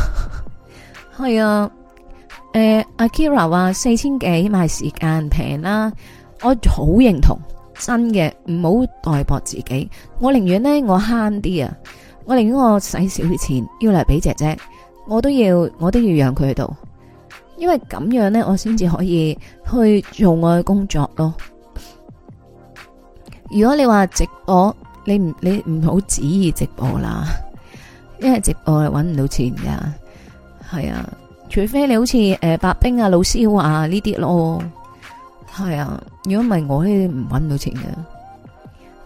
係 啊？誒、呃，阿 Kira 話四千幾買時間平啦，啊，我好認同，真嘅唔好代薄自己。我寧願咧我慳啲啊，我寧願我使少啲錢要嚟俾姐姐，我都要我都要讓佢喺度。因為咁樣呢，我先至可以去做我嘅工作咯。如果你話直播，你唔你唔好旨意直播啦，因為直播係揾唔到錢噶，係啊。除非你好似誒、呃、白冰啊、老師話呢啲咯，係啊。如果唔係我咧，唔揾到錢嘅。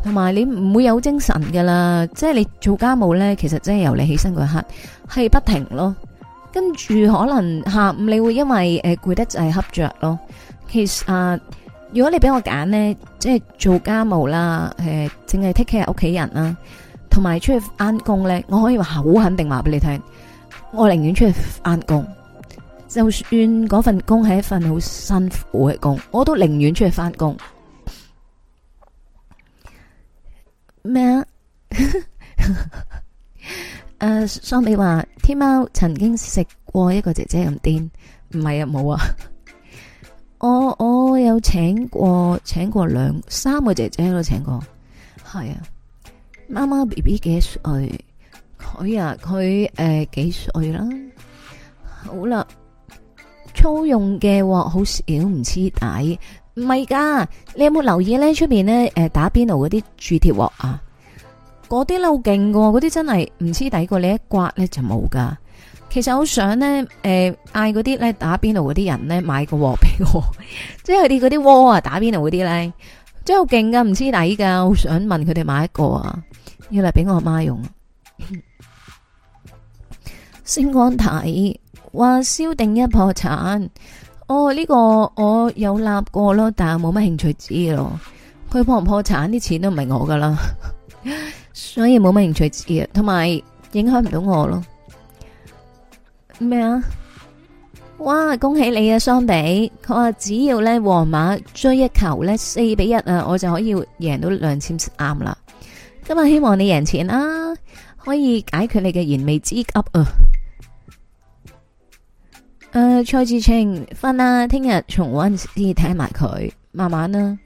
同埋你唔會有精神噶啦，即係你做家務呢，其實真係由你起身嗰一刻係不停咯。跟住可能下午，你會因為誒攰得就係恰著咯。其實如果你俾我揀咧，即係做家務啦，誒，淨係 take care 屋企人啦，同埋出去翻工咧，我可以話好肯定話俾你聽，我寧願出去翻工，就算嗰份工係一份好辛苦嘅工，我都寧願出去翻工。咩啊？誒、呃，桑美話天貓曾經食過一個姐姐咁癲，唔係啊，冇啊，我我有請過，請過兩三個姐姐咯，請過，係啊，媽媽 BB 幾歲？佢啊，佢誒、呃、幾歲啦？好啦、啊，粗用嘅鑊好少唔黐底，唔係噶，你有冇留意咧？出面咧，誒打邊爐嗰啲鑄鐵鑊啊？嗰啲咧好勁噶，嗰啲真係唔黐底。過你一刮咧就冇噶。其實好想咧，誒、呃，嗌嗰啲咧打邊爐嗰啲人咧買個鑊俾我，即係佢哋嗰啲鑊啊，打邊爐嗰啲咧，真係好勁噶，唔黐底噶。好想問佢哋買一個啊，要嚟俾我阿媽用。星光睇，話蕭定一破產。哦，呢、這個我有立過咯，但係冇乜興趣知咯。佢破唔破產啲錢都唔係我噶啦。 所以冇乜興趣，同埋影響唔到我咯。咩啊？哇！恭喜你啊，桑比佢話只要咧，皇馬追一球咧，四比一啊，我就可以贏到兩千啱啦。今日希望你贏錢啦，可以解決你嘅燃眉之急啊！誒、呃，蔡志清，瞓啦，聽日重溫先睇埋佢，慢慢啦。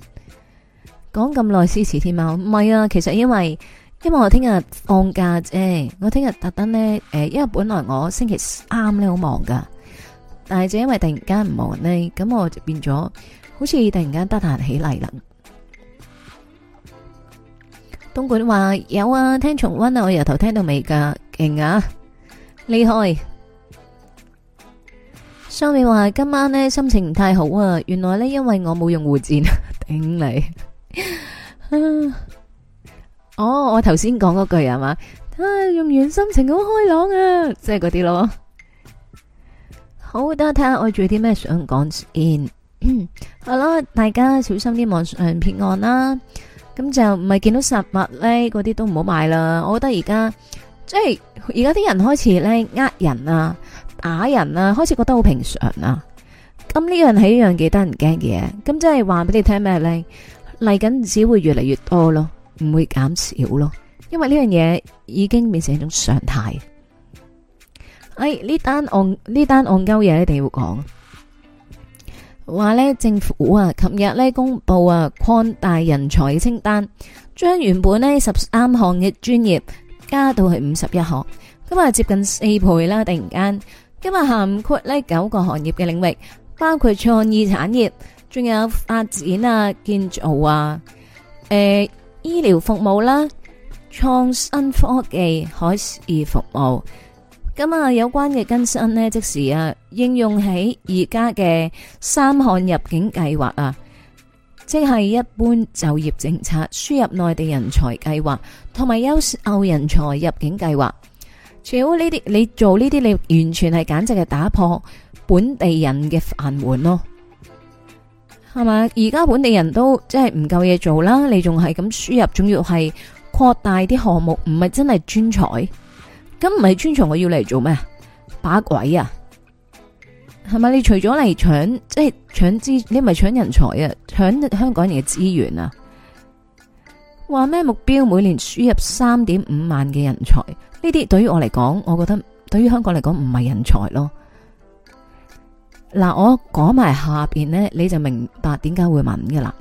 講咁耐支持天喵唔係啊，其實因為。希望我聽日放假啫，我聽日特登咧，誒，因為本來我星期三咧好忙噶，但係就因為突然間唔忙咧，咁我就變咗，好似突然間得閒起嚟啦。東莞話有啊，聽重温啊，我由頭聽到尾噶，勁啊，厲害。雙面話今晚咧心情唔太好啊，原來咧因為我冇用護墊，頂你。哦，我頭先講嗰句係嘛？啊，用完心情好開朗啊，即係嗰啲咯。好，等睇下我仲有啲咩想講先。嗯、好啦，大家小心啲網上騙案啦。咁就唔係見到實物咧，嗰啲都唔好買啦。我覺得而家即係而家啲人開始咧呃人啊，打人啊，開始覺得好平常啊。咁呢樣係一樣幾得人驚嘅嘢，咁即係話俾你聽咩咧？嚟緊只會越嚟越多咯。唔會減少咯，因為呢樣嘢已經變成一種常態。哎，呢單案呢單按鳩嘢一定要講，話呢政府啊，琴日呢公布啊，擴大人才清單，將原本呢十三項嘅專業加到去五十一項，今日接近四倍啦！突然間，今日涵蓋呢九個行業嘅領域，包括創意產業，仲有發展啊、建造啊、誒、呃。醫療服務啦，創新科技、海事服務，咁啊有關嘅更新呢，即時啊應用喺而家嘅三項入境計劃啊，即係一般就業政策、輸入內地人才計劃同埋優秀人才入境計劃。除咗呢啲你做呢啲，你完全係簡直係打破本地人嘅飯碗咯。係嘛？而家本地人都即係唔夠嘢做啦，你仲係咁輸入，仲要係擴大啲項目，唔係真係專才。咁唔係專才，我要你嚟做咩？把鬼啊！係咪？你除咗嚟搶，即係搶資，你係咪搶人才啊？搶香港人嘅資源啊？話咩目標？每年輸入三點五萬嘅人才，呢啲對於我嚟講，我覺得對於香港嚟講唔係人才咯。嗱，我講埋下邊呢，你就明白點解會問噶啦。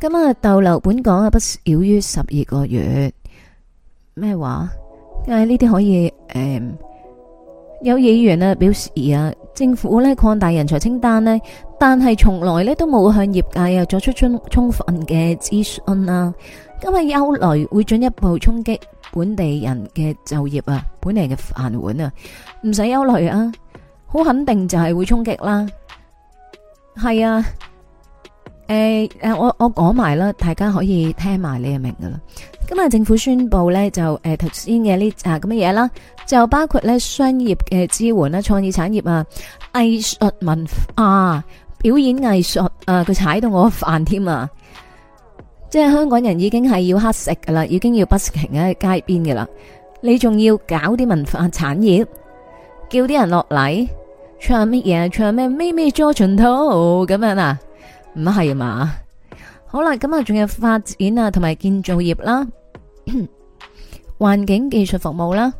今日逗留本港嘅不少於十二個月咩話？因為呢啲可以誒、呃，有議員啊表示啊，政府呢擴大人才清單呢，但係從來呢都冇向業界呀作出充充分嘅諮詢啊。今日憂慮會進一步衝擊本地人嘅就業啊，本地嘅飯碗啊，唔使憂慮啊。好肯定就係會衝擊啦，係啊，誒、欸、誒，我我講埋啦，大家可以聽埋你就明噶啦。今日政府宣布咧，就誒頭先嘅呢啊咁嘅嘢啦，就包括咧，商業嘅支援啦，創意產業啊，藝術文化啊，表演藝術啊，佢踩到我飯添啊，即係香港人已經係要乞食噶啦，已經要不行喺街邊噶啦，你仲要搞啲文化產業，叫啲人落嚟。唱乜嘢？唱咩咩咩做全套咁樣啊？唔係啊嘛？好啦，咁啊，仲有發展啊，同埋建造業啦，環 境技術服務啦。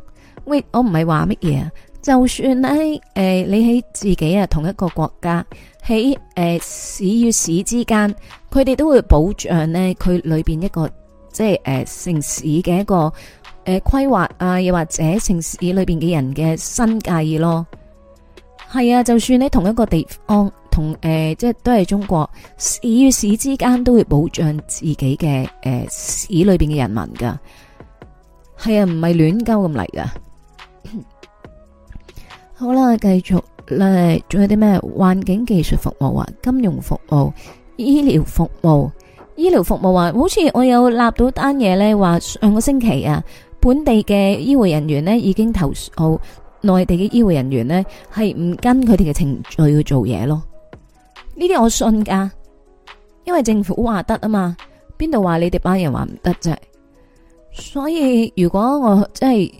喂，我唔係話乜嘢啊？就算喺誒、呃，你喺自己啊同一個國家，喺誒市與市之間，佢哋都會保障呢。佢裏邊一個即係誒、呃、城市嘅一個誒規劃啊，又或者城市裏邊嘅人嘅生計咯。係啊，就算你同一個地方，同誒、呃，即係都係中國市與市之間都會保障自己嘅誒、呃、市裏邊嘅人民噶。係啊，唔係亂交咁嚟噶。好啦，繼續咧，仲有啲咩環境技術服務啊，金融服務、醫療服務、醫療服務啊，好似我有立到單嘢呢。話上個星期啊，本地嘅醫護人員呢已經投訴。內地嘅醫護人員呢，係唔跟佢哋嘅程序去做嘢咯，呢啲我信噶，因為政府話得啊嘛，邊度話你哋班人話唔得啫。所以如果我即係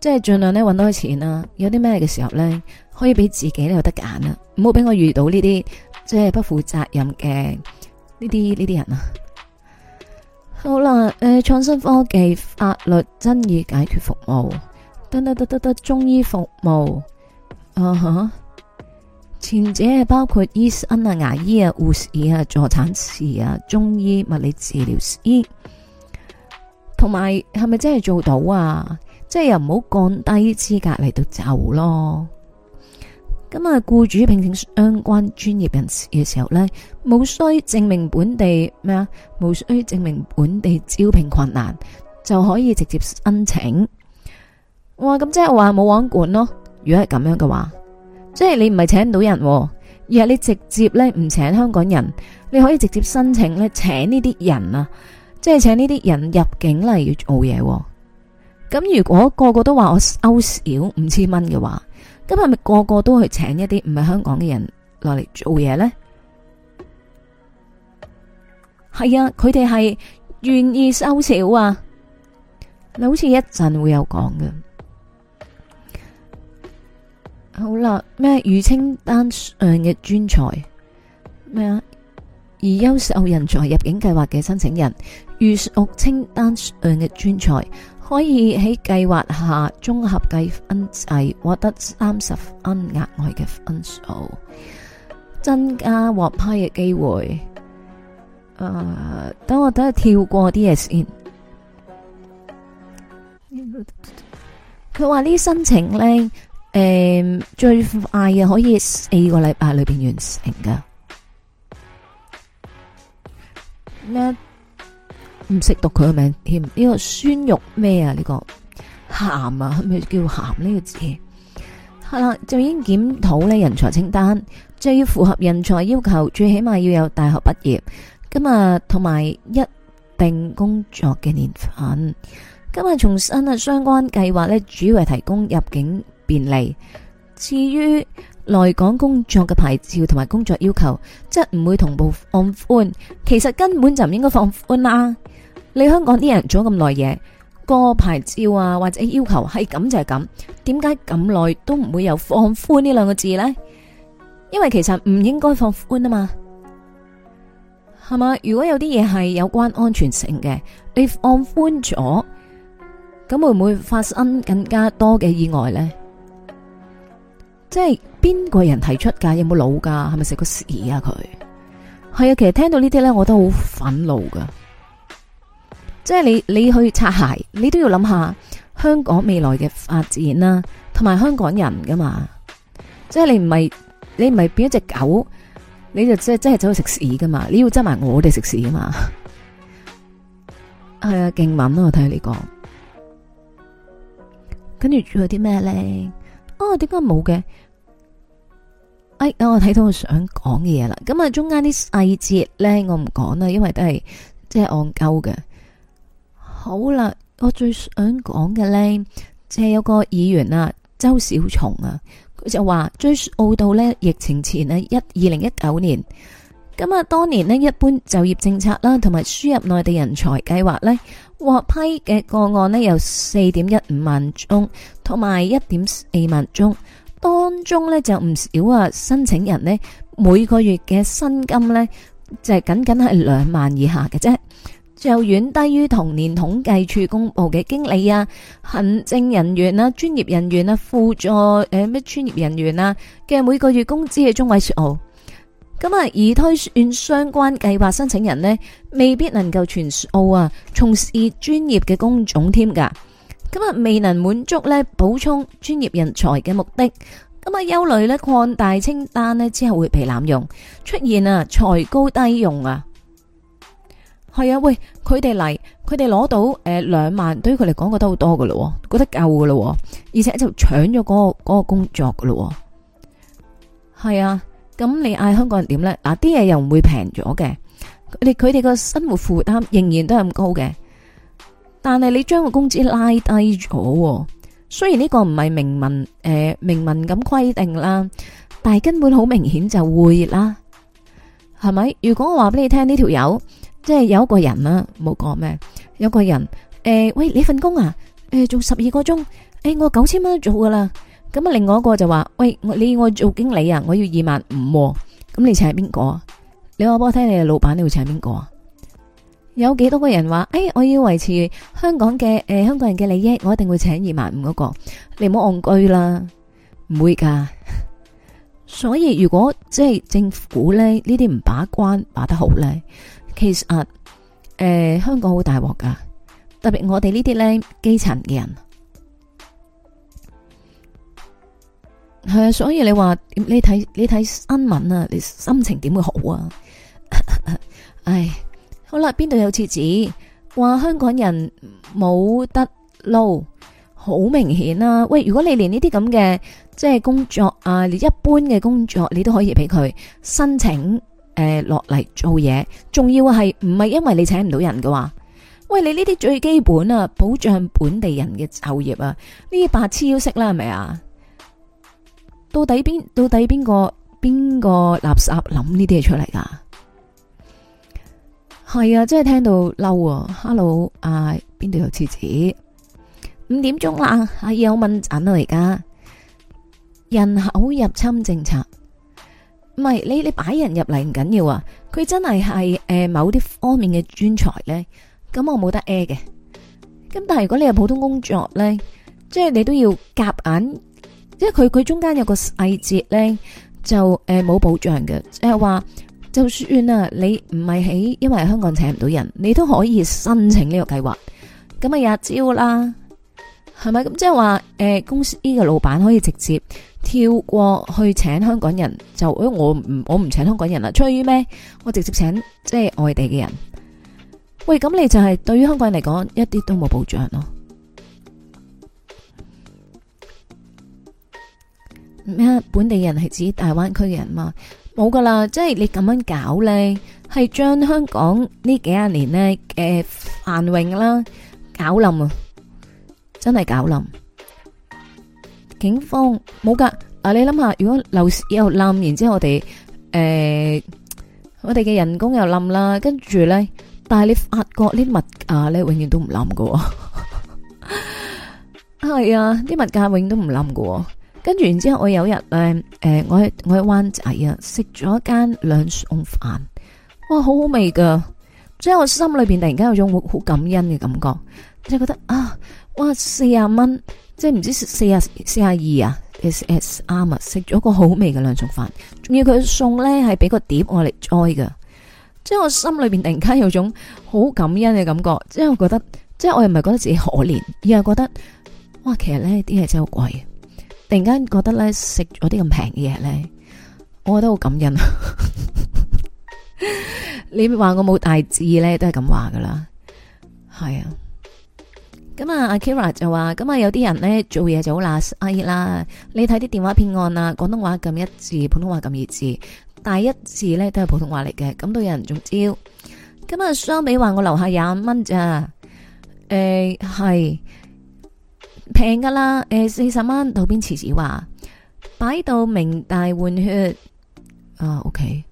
即係盡量呢揾多啲錢啦，有啲咩嘅時候呢，可以俾自己呢有得揀啦，唔好俾我遇到呢啲即係不負責任嘅呢啲呢啲人啊。好啦，誒、呃，創新科技法律、爭議解決服務。得得得得得中醫服務，啊哈！前者係包括醫生啊、牙醫啊、護士啊、助產士啊、中醫、物理治療師，同埋係咪真係做到啊？即係又唔好降低資格嚟，到就走咯。咁啊，僱主聘請相關專業人士嘅時候呢，冇需證明本地咩啊，冇需證明本地招聘困難就可以直接申請。哇，咁即係話冇王管咯。如果係咁樣嘅話，即係你唔係請唔到人，啊，而係你直接咧唔請香港人，你可以直接申請咧請呢啲人啊，即係請呢啲人入境嚟要做嘢，啊。咁如果個個都話我收少五千蚊嘅話，咁係咪個個都去請一啲唔係香港嘅人落嚟做嘢呢？係啊，佢哋係願意收少啊。你好似一陣會，會有講嘅。好啦，咩如清單上嘅專才咩啊？而優秀人才入境計劃嘅申請人，如屬清單上嘅專才，可以喺計劃下綜合計分制獲得三十分額外嘅分數，增加獲批嘅機會。誒、uh，等我等下跳過啲嘢先。佢話呢，申請呢。誒、嗯，最快嘅可以四個禮拜裏邊完成噶。咩唔識讀佢個名添？呢、這個酸肉咩啊？呢、這個咸啊，咩叫咸呢、這個字？係、嗯、啦，就已經檢討呢人才清單，最符合人才要求，最起碼要有大學畢業，今日同埋一定工作嘅年份。今日重新啊，相關計劃呢，主要係提供入境。便利。至於來港工作嘅牌照同埋工作要求，即係唔會同步放寬。其實根本就唔應該放寬啦。你香港啲人做咁耐嘢，個牌照啊，或者要求係咁就係咁。點解咁耐都唔會有放寬呢兩個字呢？因為其實唔應該放寬啊嘛，係嘛？如果有啲嘢係有關安全性嘅，你放寬咗，咁會唔會發生更加多嘅意外呢？即係邊個人提出噶？有冇腦噶？係咪食過屎啊？佢係啊，其實聽到呢啲咧，我都好憤怒噶。即係你你去擦鞋，你都要諗下香港未來嘅發展啦，同埋香港人噶嘛。即係你唔係你唔係變咗一隻狗，你就即係真係走去食屎噶嘛？你要執埋我哋食屎啊嘛？係啊，勁敏咯，我睇你講。跟住仲有啲咩咧？哦，點解冇嘅？哎，我睇到我想講嘅嘢啦，咁啊，中間啲細節呢，我唔講啦，因為都係即係戇鳩嘅。好啦，我最想講嘅呢，就係、是、有個議員啊，周小松啊，佢就話追溯到呢疫情前呢，一二零一九年，咁啊當年呢，一般就業政策啦，同埋輸入內地人才計劃呢，獲批嘅個案呢，有四點一五萬宗，同埋一點四萬宗。當中咧，就唔少啊，申請人呢，每個月嘅薪金呢，就係僅僅係兩萬以下嘅啫，就遠低於同年統計處公布嘅經理啊、行政人員啊、專業人員啊、輔助誒咩、呃、專業人員啊嘅每個月工資嘅中位數哦。咁啊，而推算相關計劃申請人呢，未必能夠全數啊從事專業嘅工種添㗎。今日未能滿足咧補充專業人才嘅目的，今日憂慮咧擴大清單呢之後會被濫用，出現啊才高低用啊，係啊喂，佢哋嚟，佢哋攞到誒兩萬，對於佢嚟講覺得好多噶喎，覺得夠噶喎，而且就搶咗嗰個嗰個工作噶喎。係啊，咁你嗌香港人點呢？嗱啲嘢又唔會平咗嘅，你佢哋個生活負擔仍然都係咁高嘅。但係你將個工資拉低咗，雖然呢個唔係明文誒、呃、明文咁規定啦，但係根本好明顯就會啦，係咪？如果我話俾你聽，呢條友，即係有一個人啦，冇講咩，有個人誒、呃，喂，你份工啊，誒、呃，做十二個鐘，誒、欸，我九千蚊做噶啦，咁啊，另外一個就話，喂，你我要做經理啊，我要二萬五，咁你請邊個？你話俾我聽，你老闆你會請邊個啊？有幾多個人話？誒、哎，我要維持香港嘅誒、呃、香港人嘅利益，我一定會請二萬五嗰個，你唔好戇居啦，唔會噶。 所以如果即係政府咧，呢啲唔把關把得好咧，其實誒香港好大鑊噶，特別我哋呢啲咧基層嘅人係啊， 所以你話你睇你睇新聞啊，你心情點會好啊？唉、 哎。好啦，邊度有設置？話香港人冇得撈，好明顯啦、啊。喂，如果你連呢啲咁嘅即係工作啊，一般嘅工作你都可以俾佢申請誒落嚟做嘢，仲、呃、要係唔係因為你請唔到人嘅話？喂，你呢啲最基本啊，保障本地人嘅就業啊，呢啲白痴要識啦，係咪啊？到底邊到底邊個邊個垃圾諗呢啲嘢出嚟㗎？係啊，真係聽到嬲啊！Hello，阿邊度有廁紙？五點鐘啦，係有問眼啊。而家、哎。人口入侵政策，唔係你你擺人入嚟唔緊要啊，佢真係係誒某啲方面嘅專才咧。咁我冇得 a 嘅。咁但係如果你係普通工作咧，即係你都要夾硬，即係佢佢中間有個細節咧，就誒冇、呃、保障嘅，即係話。就算啊，你唔係喺，因為香港請唔到人，你都可以申請呢個計劃。咁啊，日招啦，係咪？咁即係話，誒，公司呢個老闆可以直接跳過去請香港人，就，哎，我唔我唔請香港人啦，吹咩？我直接請即係外地嘅人。喂，咁你就係對於香港人嚟講，一啲都冇保障咯。咩本地人係指大灣區嘅人嘛？冇噶啦，即係你咁樣搞咧，係將香港呢幾廿年咧嘅繁榮啦搞冧啊！真係搞冧。警方冇噶，啊你諗下，如果樓市又冧，然之後我哋誒，我哋嘅人工又冧啦，跟住咧，但係你發覺呢啲物價咧永遠都唔冧噶，係啊，啲物價永遠都唔冧噶。跟住，然之後我有日咧，誒、呃，我喺我喺灣仔啊，食咗一間兩餸飯，哇，好好味噶！即係我心裏邊突然間有一種好感恩嘅感覺，即係覺得啊，哇，四啊蚊，即係唔知四啊四啊二啊，S S R 嘛，食咗，right, 個好味嘅兩餸飯，仲要佢餸咧係俾個碟我嚟裝噶，即係我心裏邊突然間有一種好感恩嘅感覺，即係我覺得，即係我又唔係覺得自己可憐，而係覺得，哇，其實咧啲嘢真係好貴突然間覺得咧食咗啲咁平嘅嘢咧，我覺得好感恩。 你話我冇大志咧都係咁話噶啦，係啊。咁啊，阿 Kira 就話咁啊，有啲人咧做嘢就好垃圾啦。你睇啲電話騙案啊，廣東話咁一字，普通話咁二字，但一字咧都係普通話嚟嘅，咁都有人中招。咁啊，相比話我樓下廿五蚊咋？誒、欸、係。平噶啦，誒四十蚊。到邊廚師話擺到明大換血啊，OK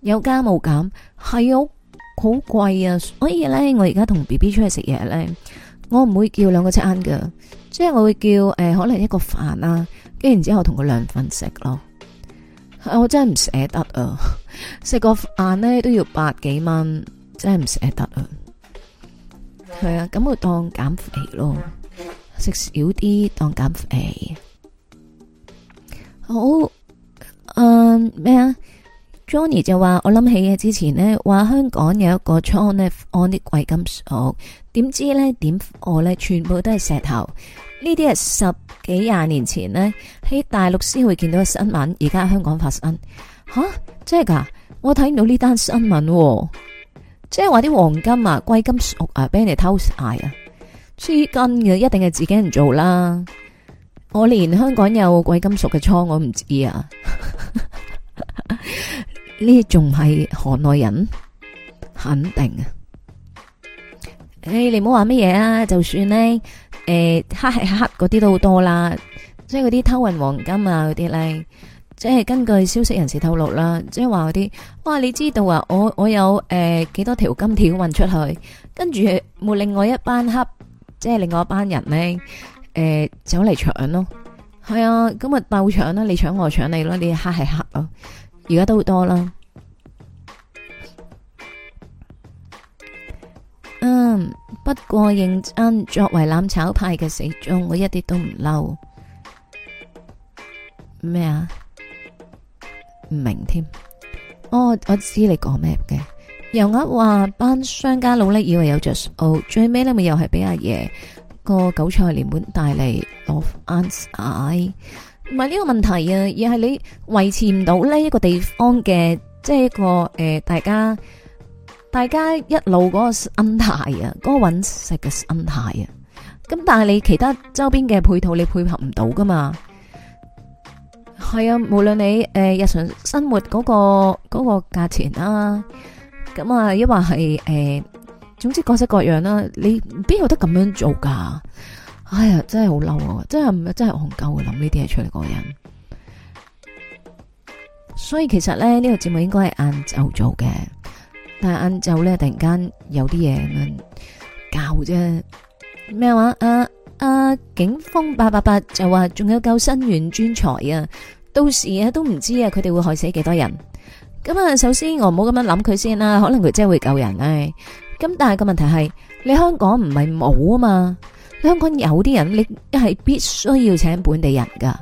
有加冇減係好好貴啊。所以咧，我而家同 B B 出去食嘢咧，我唔會叫兩個餐噶，即係我會叫誒、呃、可能一個飯、啊、啦，跟然之後同佢兩份食咯。我真係唔捨得啊，食個飯咧都要百幾蚊，真係唔捨得啊。係、嗯、啊，咁我當減肥咯。食少啲當減肥。好，嗯咩啊？Johnny 就話我諗起嘅之前呢，話香港有一個倉呢 on 啲貴金屬，點知呢點我呢全部都係石頭。呢啲係十幾廿年前呢喺大陸先會見到嘅新聞，而家香港發生吓、啊、真係噶？我睇到呢單新聞、啊，即係話啲黃金啊、貴金屬啊俾人偷晒啊！資金嘅一定係自己人做啦，我連香港有貴金屬嘅倉我都唔知啊！呢仲係行內人，肯定啊！誒、哎，你唔好話乜嘢啊！就算呢誒、呃，黑係黑嗰啲都好多啦，即係嗰啲偷運黃金啊嗰啲咧，即係根據消息人士透露啦，即係話嗰啲，哇，你知道啊，我我有誒、呃、幾多條金條運出去，跟住冇另外一班黑。即係另外一班人呢，誒、欸，走嚟搶咯，係啊，咁啊鬥搶啦，你搶我搶你咯，你黑係黑啊，而家都好多啦。嗯，不過認真作為攬炒派嘅死忠，我一啲都唔嬲。咩啊？唔明添。哦，我知你講咩嘅。有呃話班商家佬呢，以為有著數，最尾咧，咪又係俾阿爺、個韭菜連本帶利 o f ans 低，唔係呢個問題啊，而係你維持唔到呢一個地方嘅，即、就、係、是、一個誒、呃，大家大家一路嗰個心態啊，嗰個搵食嘅心態啊。咁但係你其他周邊嘅配套，你配合唔到㗎嘛？係啊，無論你誒、呃、日常生活嗰、那個嗰、那個價錢啦、啊。咁啊，抑或係誒，總之各式各樣啦、啊。你邊有得咁樣做噶？哎呀，真係好嬲啊！真係真係戇鳩諗呢啲嘢出嚟嘅人。所以其實咧，呢、這個節目應該係晏晝做嘅，但係晏晝咧突然間有啲嘢教啫。咩話、啊？啊啊警方八八八就話仲有救生員專才啊，到時啊都唔知啊，佢哋會害死幾多人。咁啊，首先我唔好咁樣諗佢先啦，可能佢真係會救人咧。咁但係個問題係，你香港唔係冇啊嘛，香港有啲人，你係必須要請本地人噶，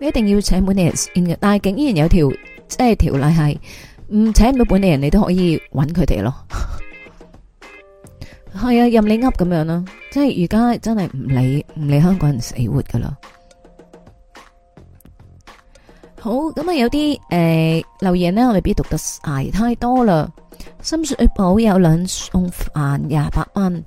你一定要請本地人先嘅。但係竟然有條即係條例係唔請到本地人，你都可以揾佢哋咯。係啊，任你噏咁樣咯，即係而家真係唔理唔理香港人死活噶啦。好咁啊！有啲誒、呃、留言呢，我未必讀得挨太多啦。深水埗有兩餸飯廿八蚊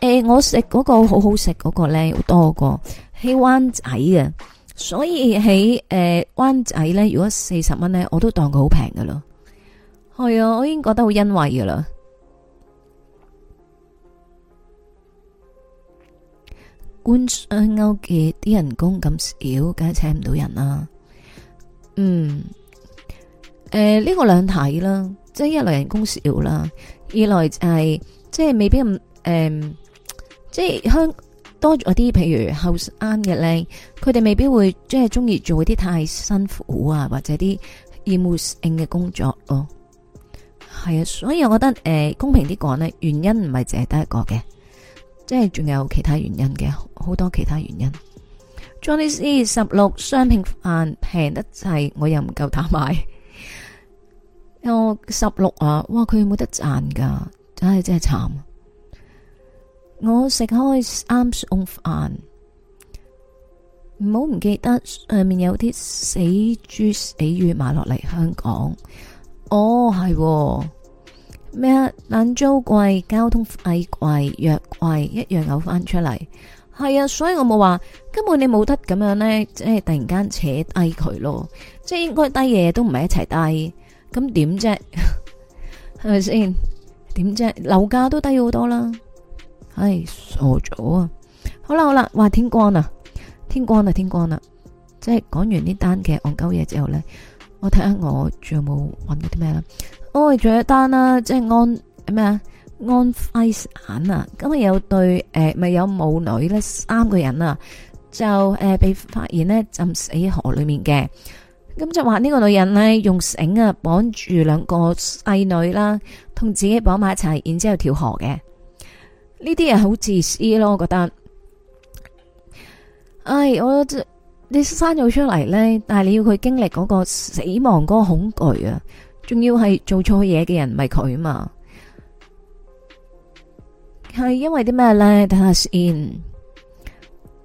誒，我食嗰、嗰個好好食嗰個好多過喺灣仔嘅，所以喺誒、呃、灣仔呢，如果四十蚊呢，我都當佢好平噶咯。係啊，我已經覺得好欣慰噶啦。官商勾結，啲人工咁少，梗係請唔到人啦。嗯，誒、呃，呢、這個兩睇啦，即係一來人工少啦，二來就係、是、即係未必咁，誒、嗯，即係香多咗啲，譬如後生嘅咧，佢哋未必會即係中意做啲太辛苦啊，或者啲厭惡性嘅工作咯。係啊，所以我覺得誒、呃，公平啲講咧，原因唔係淨係得一個嘅，即係仲有其他原因嘅，好多其他原因。Johnny C 十六雙拼飯平得滯，我又唔夠膽買。我十六啊，哇，佢冇得賺噶，真係真係慘。我食開啱送飯，唔好唔記得下面有啲死豬死魚買落嚟香港。 哦，係咩、啊？冷租貴，交通費貴，藥貴，一樣嘔翻出嚟。係啊，所以我冇話根本你冇得咁樣咧，即係突然間扯低佢咯，即係應該低嘢，都唔係一齊低，咁點啫？係咪先？點啫？樓價都低好多啦，唉，傻咗啊！好啦好啦，哇，天光啦，天光啦，天光啦，即係講完呢單嘅戇鳩嘢之後咧，我睇下我仲有冇揾到啲咩啦？我、哦、仲有一單啦，即係安咩啊？是安徽省啊，咁啊有對誒，咪、呃、有母女咧，三個人啊，就誒、呃、被發現呢浸死河裏面嘅，咁就話呢個女人呢，用繩啊綁住兩個細女啦，同自己綁埋一齊，然之後跳河嘅，呢啲人好自私咯，我覺得，唉，我你生咗出嚟呢，但係你要佢經歷嗰個死亡嗰個恐懼啊，仲要係做錯嘢嘅人，咪佢嘛。係因為啲咩咧？等下先，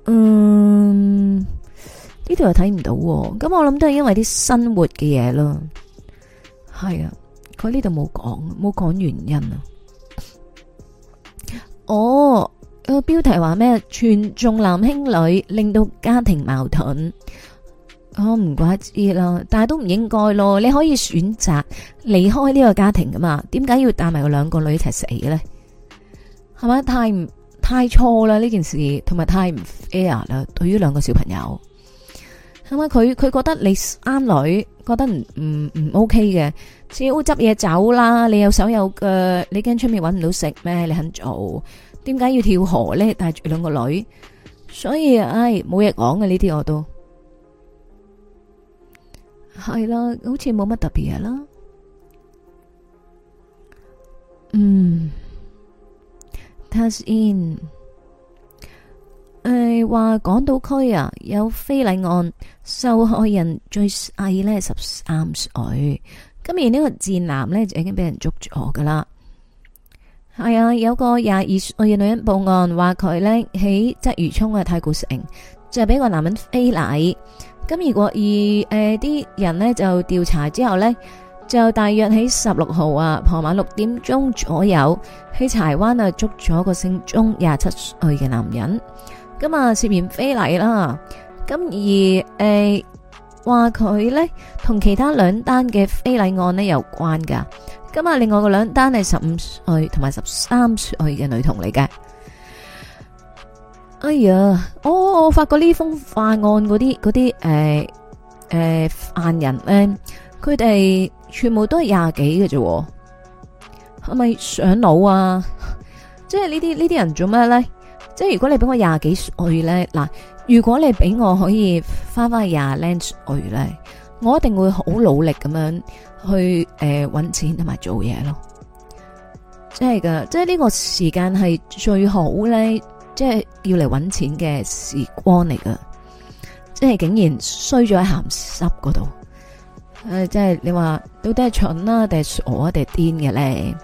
嗯，呢度又睇唔到，啊，咁我諗都係因為啲生活嘅嘢咯。係啊，佢呢度冇講，冇講原因啊。哦，個標題話咩？串重男輕女，令到家庭矛盾。我、哦、唔怪之咯，但係都唔應該咯。你可以選擇離開呢個家庭噶嘛？點解要帶埋個兩個女一齊死嘅咧？係咪太唔太錯啦？呢件事同埋太唔 fair 啦！對於兩個小朋友，係咪佢佢覺得你啱女覺得唔唔唔 OK 嘅，似烏執嘢走啦！你有手有腳，你驚出面揾唔到食咩？你肯做？點解要跳河呢？帶住兩個女，所以唉冇嘢講嘅呢啲我都係啦，好似冇乜特別嘢啦，嗯。c 誒話港島區啊有非禮案，受害人最細呢十三歲，咁而呢個賤男呢，就已經俾人捉住我噶啦。係、哎、啊，有個廿二歲嘅女人報案，話佢呢喺鰂魚涌嘅太古城就俾個男人非禮，咁如果而誒啲、呃、人呢，就調查之後呢。就大約喺十六號啊，傍晚六點鐘左右，喺柴灣啊捉咗個姓鍾廿七歲嘅男人，咁啊涉嫌非禮啦。咁而誒話佢呢，同其他兩單嘅非禮案呢有關噶。咁啊，另外個兩單係十五歲同埋十三歲嘅女童嚟嘅。哎呀，我、哦、我發覺呢封犯案嗰啲嗰啲誒誒犯人呢，佢哋。全部都係廿幾嘅啫，係咪上腦啊？即係呢啲呢啲人做咩咧？即係如果你俾我廿幾歲咧，嗱，如果你俾我可以翻翻去廿零歲咧，我一定會好努力咁樣去誒、呃、搵錢同埋做嘢咯。即係噶，即係呢個時間係最好咧，即係要嚟搵錢嘅時光嚟噶，即係竟然衰咗喺鹹濕嗰度。誒、呃，即係你話到底係蠢啦，定係傻，定係癲嘅咧？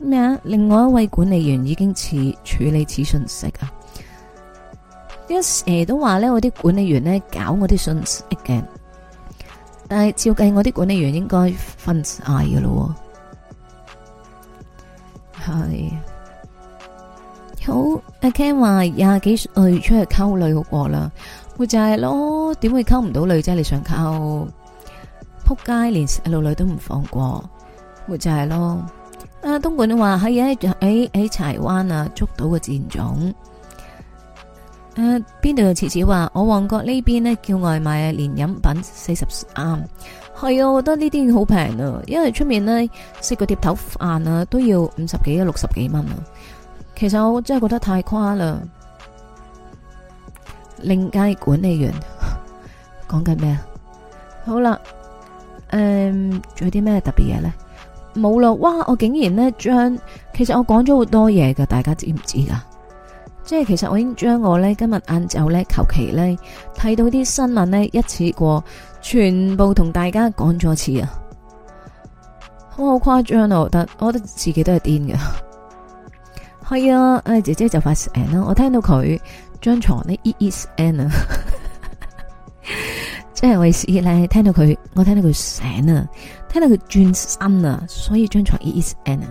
咩啊？另外一位管理員已經處處理此信息啊！一成都話咧，我啲管理員咧搞我啲信息嘅，但係照計我啲管理員應該分晒噶咯。係好，阿 Ken 話廿幾歲出去溝女好過啦。會就係咯，點會溝唔到女啫？你想溝撲街連細路女都唔放過，會就係咯。啊，東莞話喺喺喺柴灣啊捉到個賤種。誒、啊，有啊、邊度嘅次次話我旺角呢邊呢叫外賣啊，連飲品四十啱。係、哎、啊，我覺得呢啲好平啊，因為出面呢，食個碟頭飯啊都要五十幾啊六十幾蚊啊，其實我真係覺得太誇張、啊。另街管理員講緊咩啊？好啦，誒、嗯，仲有啲咩特別嘢咧？冇啦！哇，我竟然咧將，其實我講咗好多嘢嘅，大家知唔知㗎？即係其實我已經將我咧今日晏晝咧求其咧睇到啲新聞咧一次過，全部同大家講咗一次啊！好好誇張咯，但我覺得自己都係癲嘅。係 啊，誒，姐姐就發聲啦，我聽到佢。張床呢 It is Anna，即係我意思咧。聽到佢，我聽到佢醒啊，聽到佢轉身啊，所以張床 It is Anna。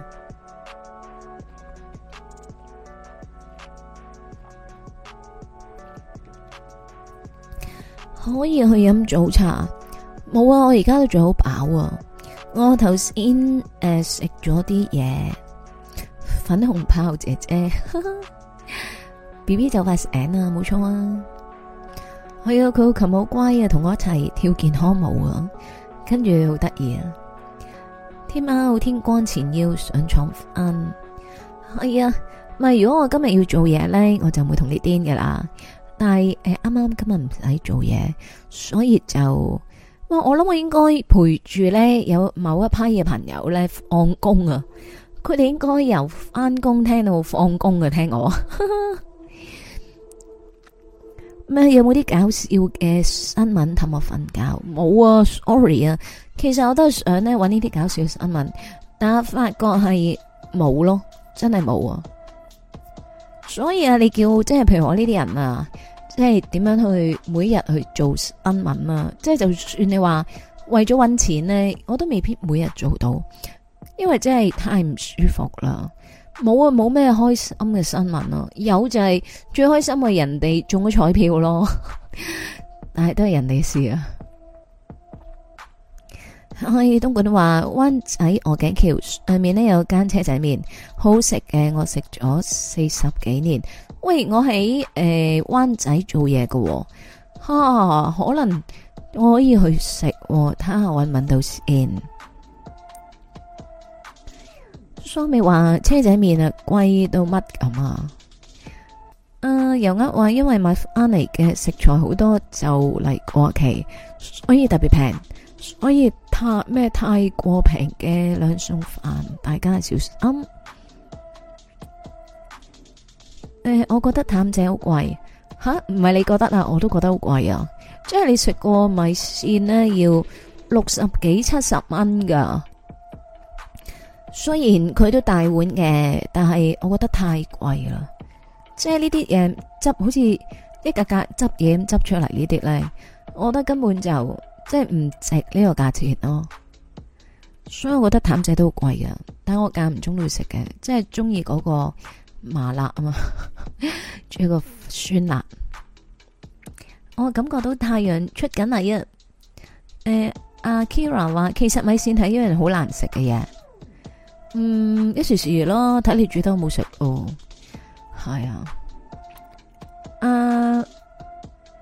可以去飲早茶？冇啊，我而家都仲好飽啊。我頭先誒食咗啲嘢，粉紅豹姐姐。 B B 就快醒錯啊，冇錯啊。係啊，佢個琴好乖啊，同我一齊跳健康舞啊。跟住好得意啊。天晚、啊、天光前要上床瞓，係、哎、啊。唔係，如果我今日要做嘢咧，我就唔會同你癲噶啦。但係誒，啱、欸、啱今日唔使做嘢，所以就哇，我諗我應該陪住咧有某一批嘅朋友咧放工啊。佢哋應該由翻工聽到放工嘅、啊、聽我。 咩、嗯、有冇啲搞笑嘅新聞氹我瞓覺？冇啊，sorry 啊。其實我都係想呢揾呢啲搞笑嘅新聞，但係發覺係冇咯，真係冇啊。所以啊，你叫即係譬如我呢啲人啊，即係點樣去每日去做新聞啊？即係就算你話為咗揾錢呢，我都未必每日做到，因為真係太唔舒服啦。冇啊，冇咩開心嘅新聞咯、啊，有就係最開心係人哋中咗彩票咯， 但係都係人哋事啊。喺、哎、東莞話灣仔鵝頸橋上面呢，有間車仔麵，好食嘅，我食咗四十幾年。喂，我喺誒灣仔做嘢嘅，哈，可能我可以去食喎。睇下搵唔搵到先。當你話車仔麵啊貴到乜咁啊？誒、啊，有啲話因為買翻嚟嘅食材好多就嚟過期，所以特別平，所以太咩太過平嘅兩餸飯，大家小心。誒、嗯呃，我覺得譚仔好貴，吓唔係你覺得，也覺得啊？我都覺得好貴啊！即係你食過米線呢，要六十幾七十蚊噶。雖然佢都大碗嘅，但係我覺得太貴啦。即係呢啲誒，執好似一格格執嘢咁執出嚟呢啲呢，我覺得根本就即係唔值呢個價錢咯。所以我覺得譚仔都好貴嘅，但我間唔中都會食嘅，即係中意嗰個麻辣啊嘛，仲 有個酸辣。我感覺到太陽出緊嚟啊！阿、欸、Kira 話其實米線係一樣好難食嘅嘢。嗯，一時時咯，睇你煮得好唔好食哦。係啊，阿、uh,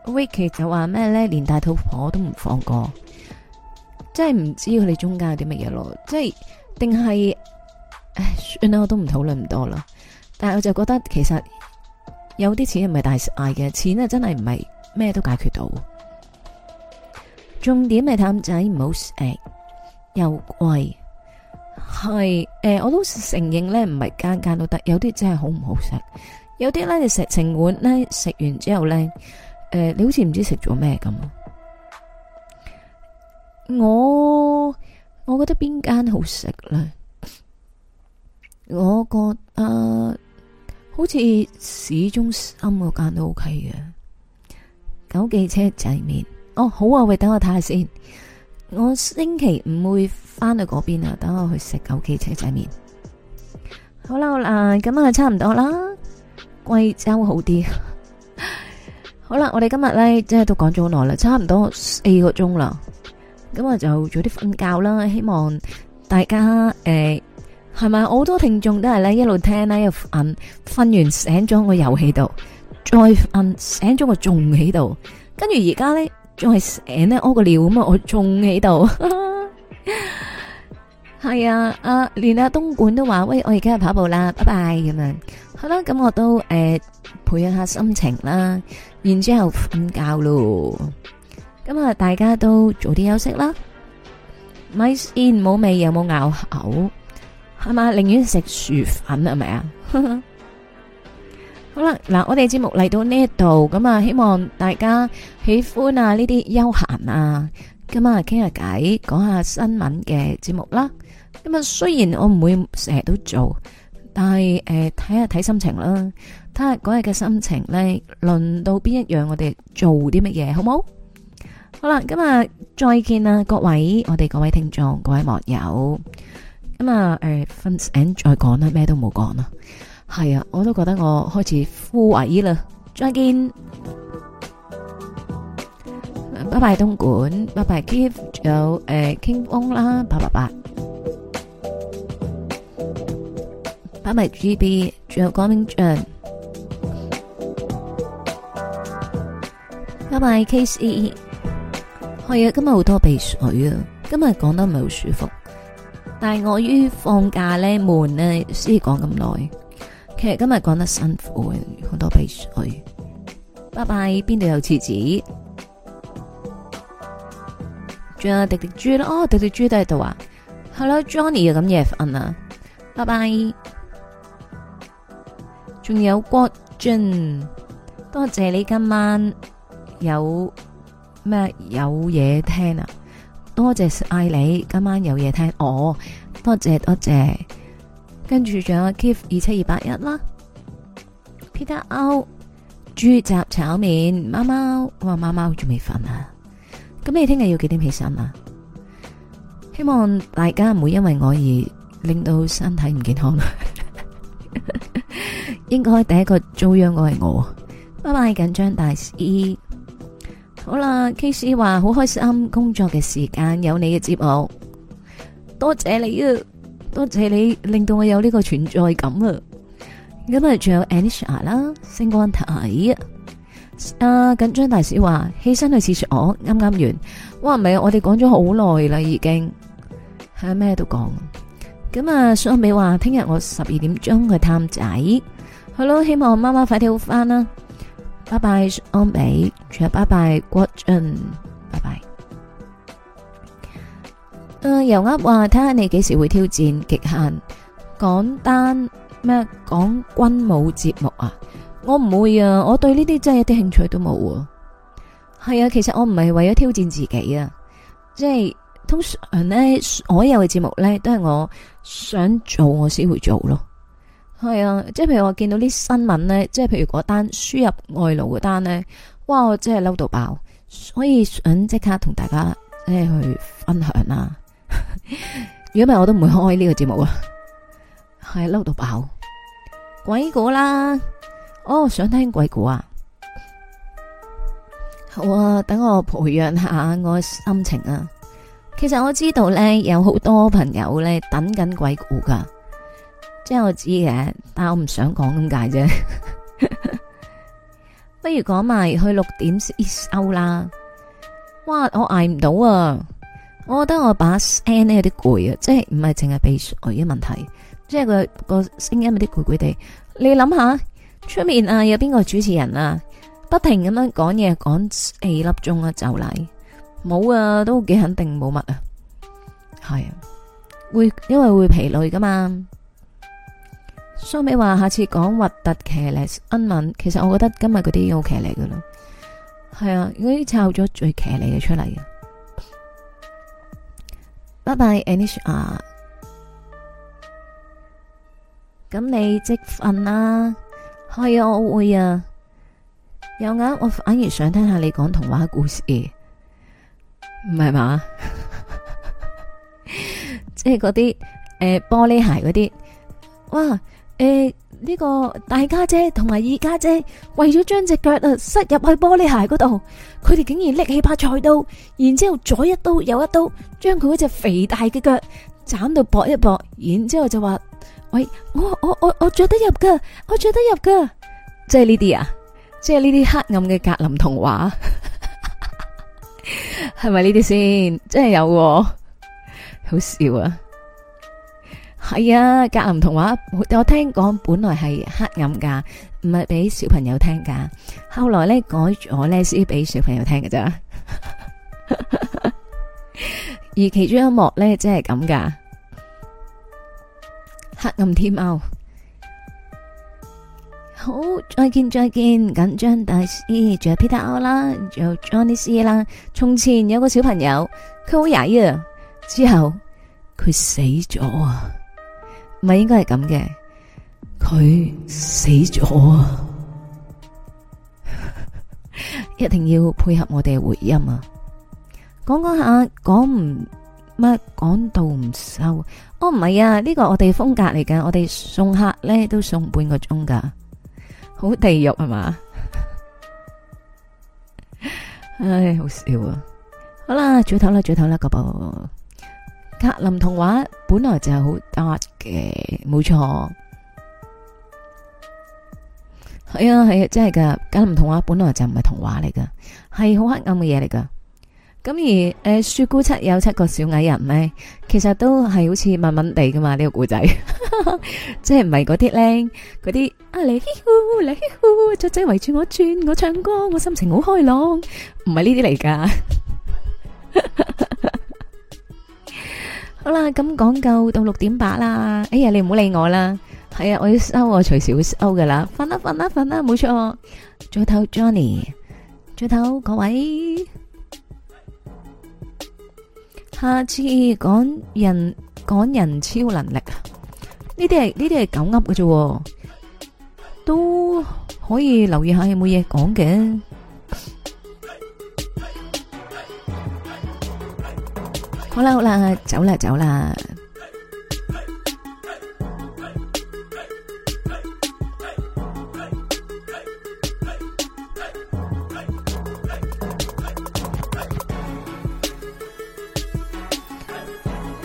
Vicky 就話咩咧？連大肚婆都唔放過，即係唔知佢哋中間有啲乜嘢咯。即係定係，唉，算啦，我都唔討論唔多啦。但係我就覺得其實有啲錢唔係大嗌嘅，錢啊真係唔係咩都解決到。重點係探仔唔好食，又貴。係，誒、呃，我都承認咧，唔係間間都得，有啲真係好唔好食，有啲咧食成碗咧食完之後咧，誒、呃，你好似唔知食咗咩咁。我我覺得邊間好食咧？我覺得好似市中心嗰間都 OK 嘅，九記車仔麵。哦，好啊，喂，等我睇下先。我星期五會翻到嗰邊啊！等我去食狗氣車仔麵。好啦，嗱，咁啊差唔多啦，乖，招呼好啲。好啦，我哋今日咧即係都講咗好耐啦，差唔多四個鐘啦。咁啊就早啲瞓覺啦。希望大家誒係咪？好多聽眾都係咧一路聽咧，又瞓瞓完醒咗我又喺度，再瞓醒咗我仲喺度，跟住而家咧。仲係成日屙個尿咁啊！我仲喺度，係啊！阿連阿東莞都話：喂，我而家跑步啦，拜拜咁樣。好啦，咁我都誒、呃、培養下心情啦，然之後瞓覺咯。咁啊，大家都早啲休息啦。米線冇味，有冇咬口？係嘛，寧願食薯粉係咪啊？是 好啦，嗱，我哋節目嚟到呢一度，咁啊，希望大家喜歡啊，呢啲休閒啊，今晚嚟傾下偈，講下新聞嘅節目啦。咁啊，雖然我唔會成日都做，但係誒，睇下睇心情啦，睇下嗰日嘅心情咧，輪到邊一樣我哋做啲乜嘢，好冇？好啦，今日再見啦，各位，我哋各位聽眾，各位網友，咁啊，誒，瞓醒再講啦，咩都冇講啦。係啊，我都覺得我開始枯萎啦。再見，拜拜，東莞，拜拜，Keith 仲有誒，King、呃、Kong 啦，八八八，拜拜，G B，仲有光明俊，拜拜，K C E，係啊，今日好多鼻水啊，今日講得唔係好舒服，但係我於放假咧悶咧，先、啊、講咁耐。其實今日講得辛苦，好多鼻水。拜拜，邊度有廁紙？仲有迪迪豬囉，哦，迪迪豬都喺度啊。Hello，Johnny 又咁夜瞓啊。拜拜。仲有郭俊。多謝你今晚有咩有嘢聽啊！多謝晒你今晚有嘢聽，我多謝多謝。多謝。跟住仲有 Keith 二七二八一啦，Peter O，豬雜炒麵，貓貓，哇，貓貓仲未瞓啊！咁你聽日要幾點起身啊？希望大家唔會因為我而令到身體唔健康。 應該第一個遭殃嘅係我。拜拜，緊張大師。好啦，K C 話好開心工作嘅時間有你嘅節目，多謝你啊！多謝你令到我有呢個存在感啊！咁啊，仲有 Anisha 啦，Singhanta 呀，啊緊張大使話起身去廁所，啱啱完，哇唔係，我哋講咗好耐啦已經，係咩都講，咁啊，安美話聽日我十二點鐘去探仔，好咯，希望媽媽快啲好翻啦，拜拜，安美，仲有拜拜，郭俊，拜拜。誒、呃，又呃話睇下你幾時會挑戰極限？講單咩？講軍武節目啊？我唔會啊！我對呢啲真係一啲興趣都冇啊。係啊，其實我唔係為咗挑戰自己啊。即係通常咧，所有嘅節目咧，都係我想做，我先會做咯。係啊，即係譬如我見到啲新聞咧，即係譬如嗰單輸入外勞嘅單咧，哇！我真係嬲到爆，所以想即刻同大家咧、呃、去分享啦、啊。如果唔係，我都唔會開呢個節目啊！係嬲到爆鬼故啦！哦，想聽鬼故啊？好啊，等我培養下我嘅心情啊！其實我知道呢，有好多朋友呢等緊鬼故噶，即係我知嘅，但我唔想講咁解啫。不如講埋去六點收啦！哇，我捱唔到啊！我覺得我把聲咧有啲攰啊，即係唔係淨係鼻水嘅問題，即係個個聲音有啲攰攰地。你諗下，出面啊有邊個主持人啊，不停咁樣講嘢，講四粒鐘啊就嚟，冇啊，都幾肯定冇乜啊，係啊，會因為會疲累噶嘛收尾話下次講核突騎呢恩文。其實我覺得今日嗰啲好騎呢噶啦係啊，嗰啲抄咗最騎呢嘅出嚟拜拜，Anisha。咁你即瞓啦，係啊，我會啊。有眼我反而想聽下你講童話故事，唔係嘛？即係嗰啲誒玻璃鞋嗰啲，哇誒。欸呢個大家姐同埋二家姐為咗將隻腳啊塞入去玻璃鞋嗰度，佢哋竟然拎起把菜刀，然之後左一刀右一刀，將佢嗰隻肥大嘅腳斬到薄一薄，然之後就話，喂，我我我我著得入噶，我着得入噶，即係呢啲啊，即係呢啲黑暗嘅格林童話，係咪呢啲先？真係有喎，好笑啊！係啊，格林童話我聽講本來係黑暗噶，唔係俾小朋友聽噶。後來咧改咗咧，先俾小朋友聽噶咋。 而其中一幕咧，即係咁噶，黑暗天貓。好，再見再見，緊張大師，仲有 Peter Owl 啦，仲有 Johnny C 啦。從前有個小朋友，佢好曳啊，之後佢死咗啊。唔係應該係咁嘅，佢死咗啊！ 一定要配合我哋回音啊！講講下，講唔乜，講到唔收。哦，唔係啊，呢、這個是我哋風格嚟嘅，我哋送客咧都送半個鐘噶，好地獄係嘛？唉、 哎，好笑啊！好啦，轉頭啦，轉頭啦，嗰格林童話本來就係好 dark 嘅，冇錯。係啊係啊，真係噶！格林童話本來就唔係童話嚟噶，係好黑暗嘅嘢嚟噶。咁而誒，雪姑七有七個小矮人咩？其實都係好似慢慢哋噶嘛呢個故仔，即係唔係嗰啲咧，嗰啲啊嚟嘻嚟嘻，雀仔圍住我轉，我唱歌，我心情好開朗，唔係呢啲嚟噶。好啦，咁講夠到六點八啦，哎呀，你唔好理我啦，係啊，我要收我隨時會收噶啦，瞓啦，瞓啦，瞓啦，冇錯，早唞 Johnny，早唞各位，下次講人講人超能力，呢啲係呢啲係九噏嘅啫，都可以留意下有冇嘢講嘅。好啦好啦，走啦走啦。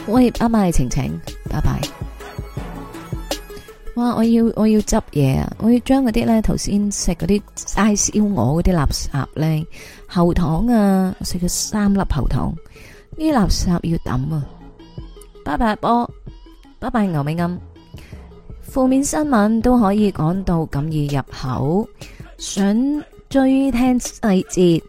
喂，阿媽，係晴晴，拜拜。哇，我要我要執嘢啊！我要將嗰啲咧，頭先食嗰啲嗌燒鵝嗰啲垃圾咧，喉糖啊，食咗三粒喉糖。啲垃圾要抌啊！拜拜波，拜拜牛尾金。負面新聞都可以講到咁易入口，想追聽細節。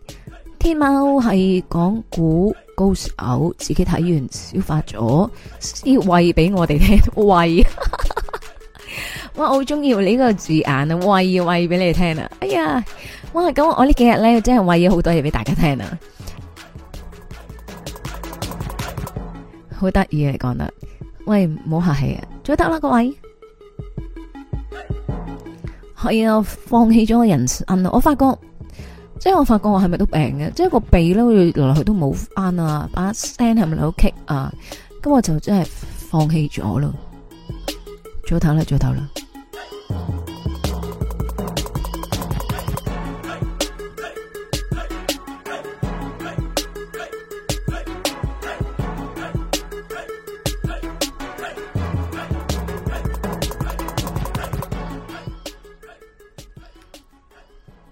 天貓係講古高手，自己睇完消化咗，先餵俾我哋聽喂。 哇，我好中意呢個字眼啊！喂，餵俾你哋聽啊！哎呀，哇，咁我這幾天呢幾日咧真係餵咗好多嘢俾大家聽啊！好得意啊！講得，喂，唔好客氣啊！早唞啦，各位，係啊，我放棄咗個人我發覺，即係我發覺，我係咪都病嘅？即係個鼻咧，落落去都冇翻啊！把聲係咪嚟到棘啊？咁我就真係放棄咗咯，早唞啦，早唞啦。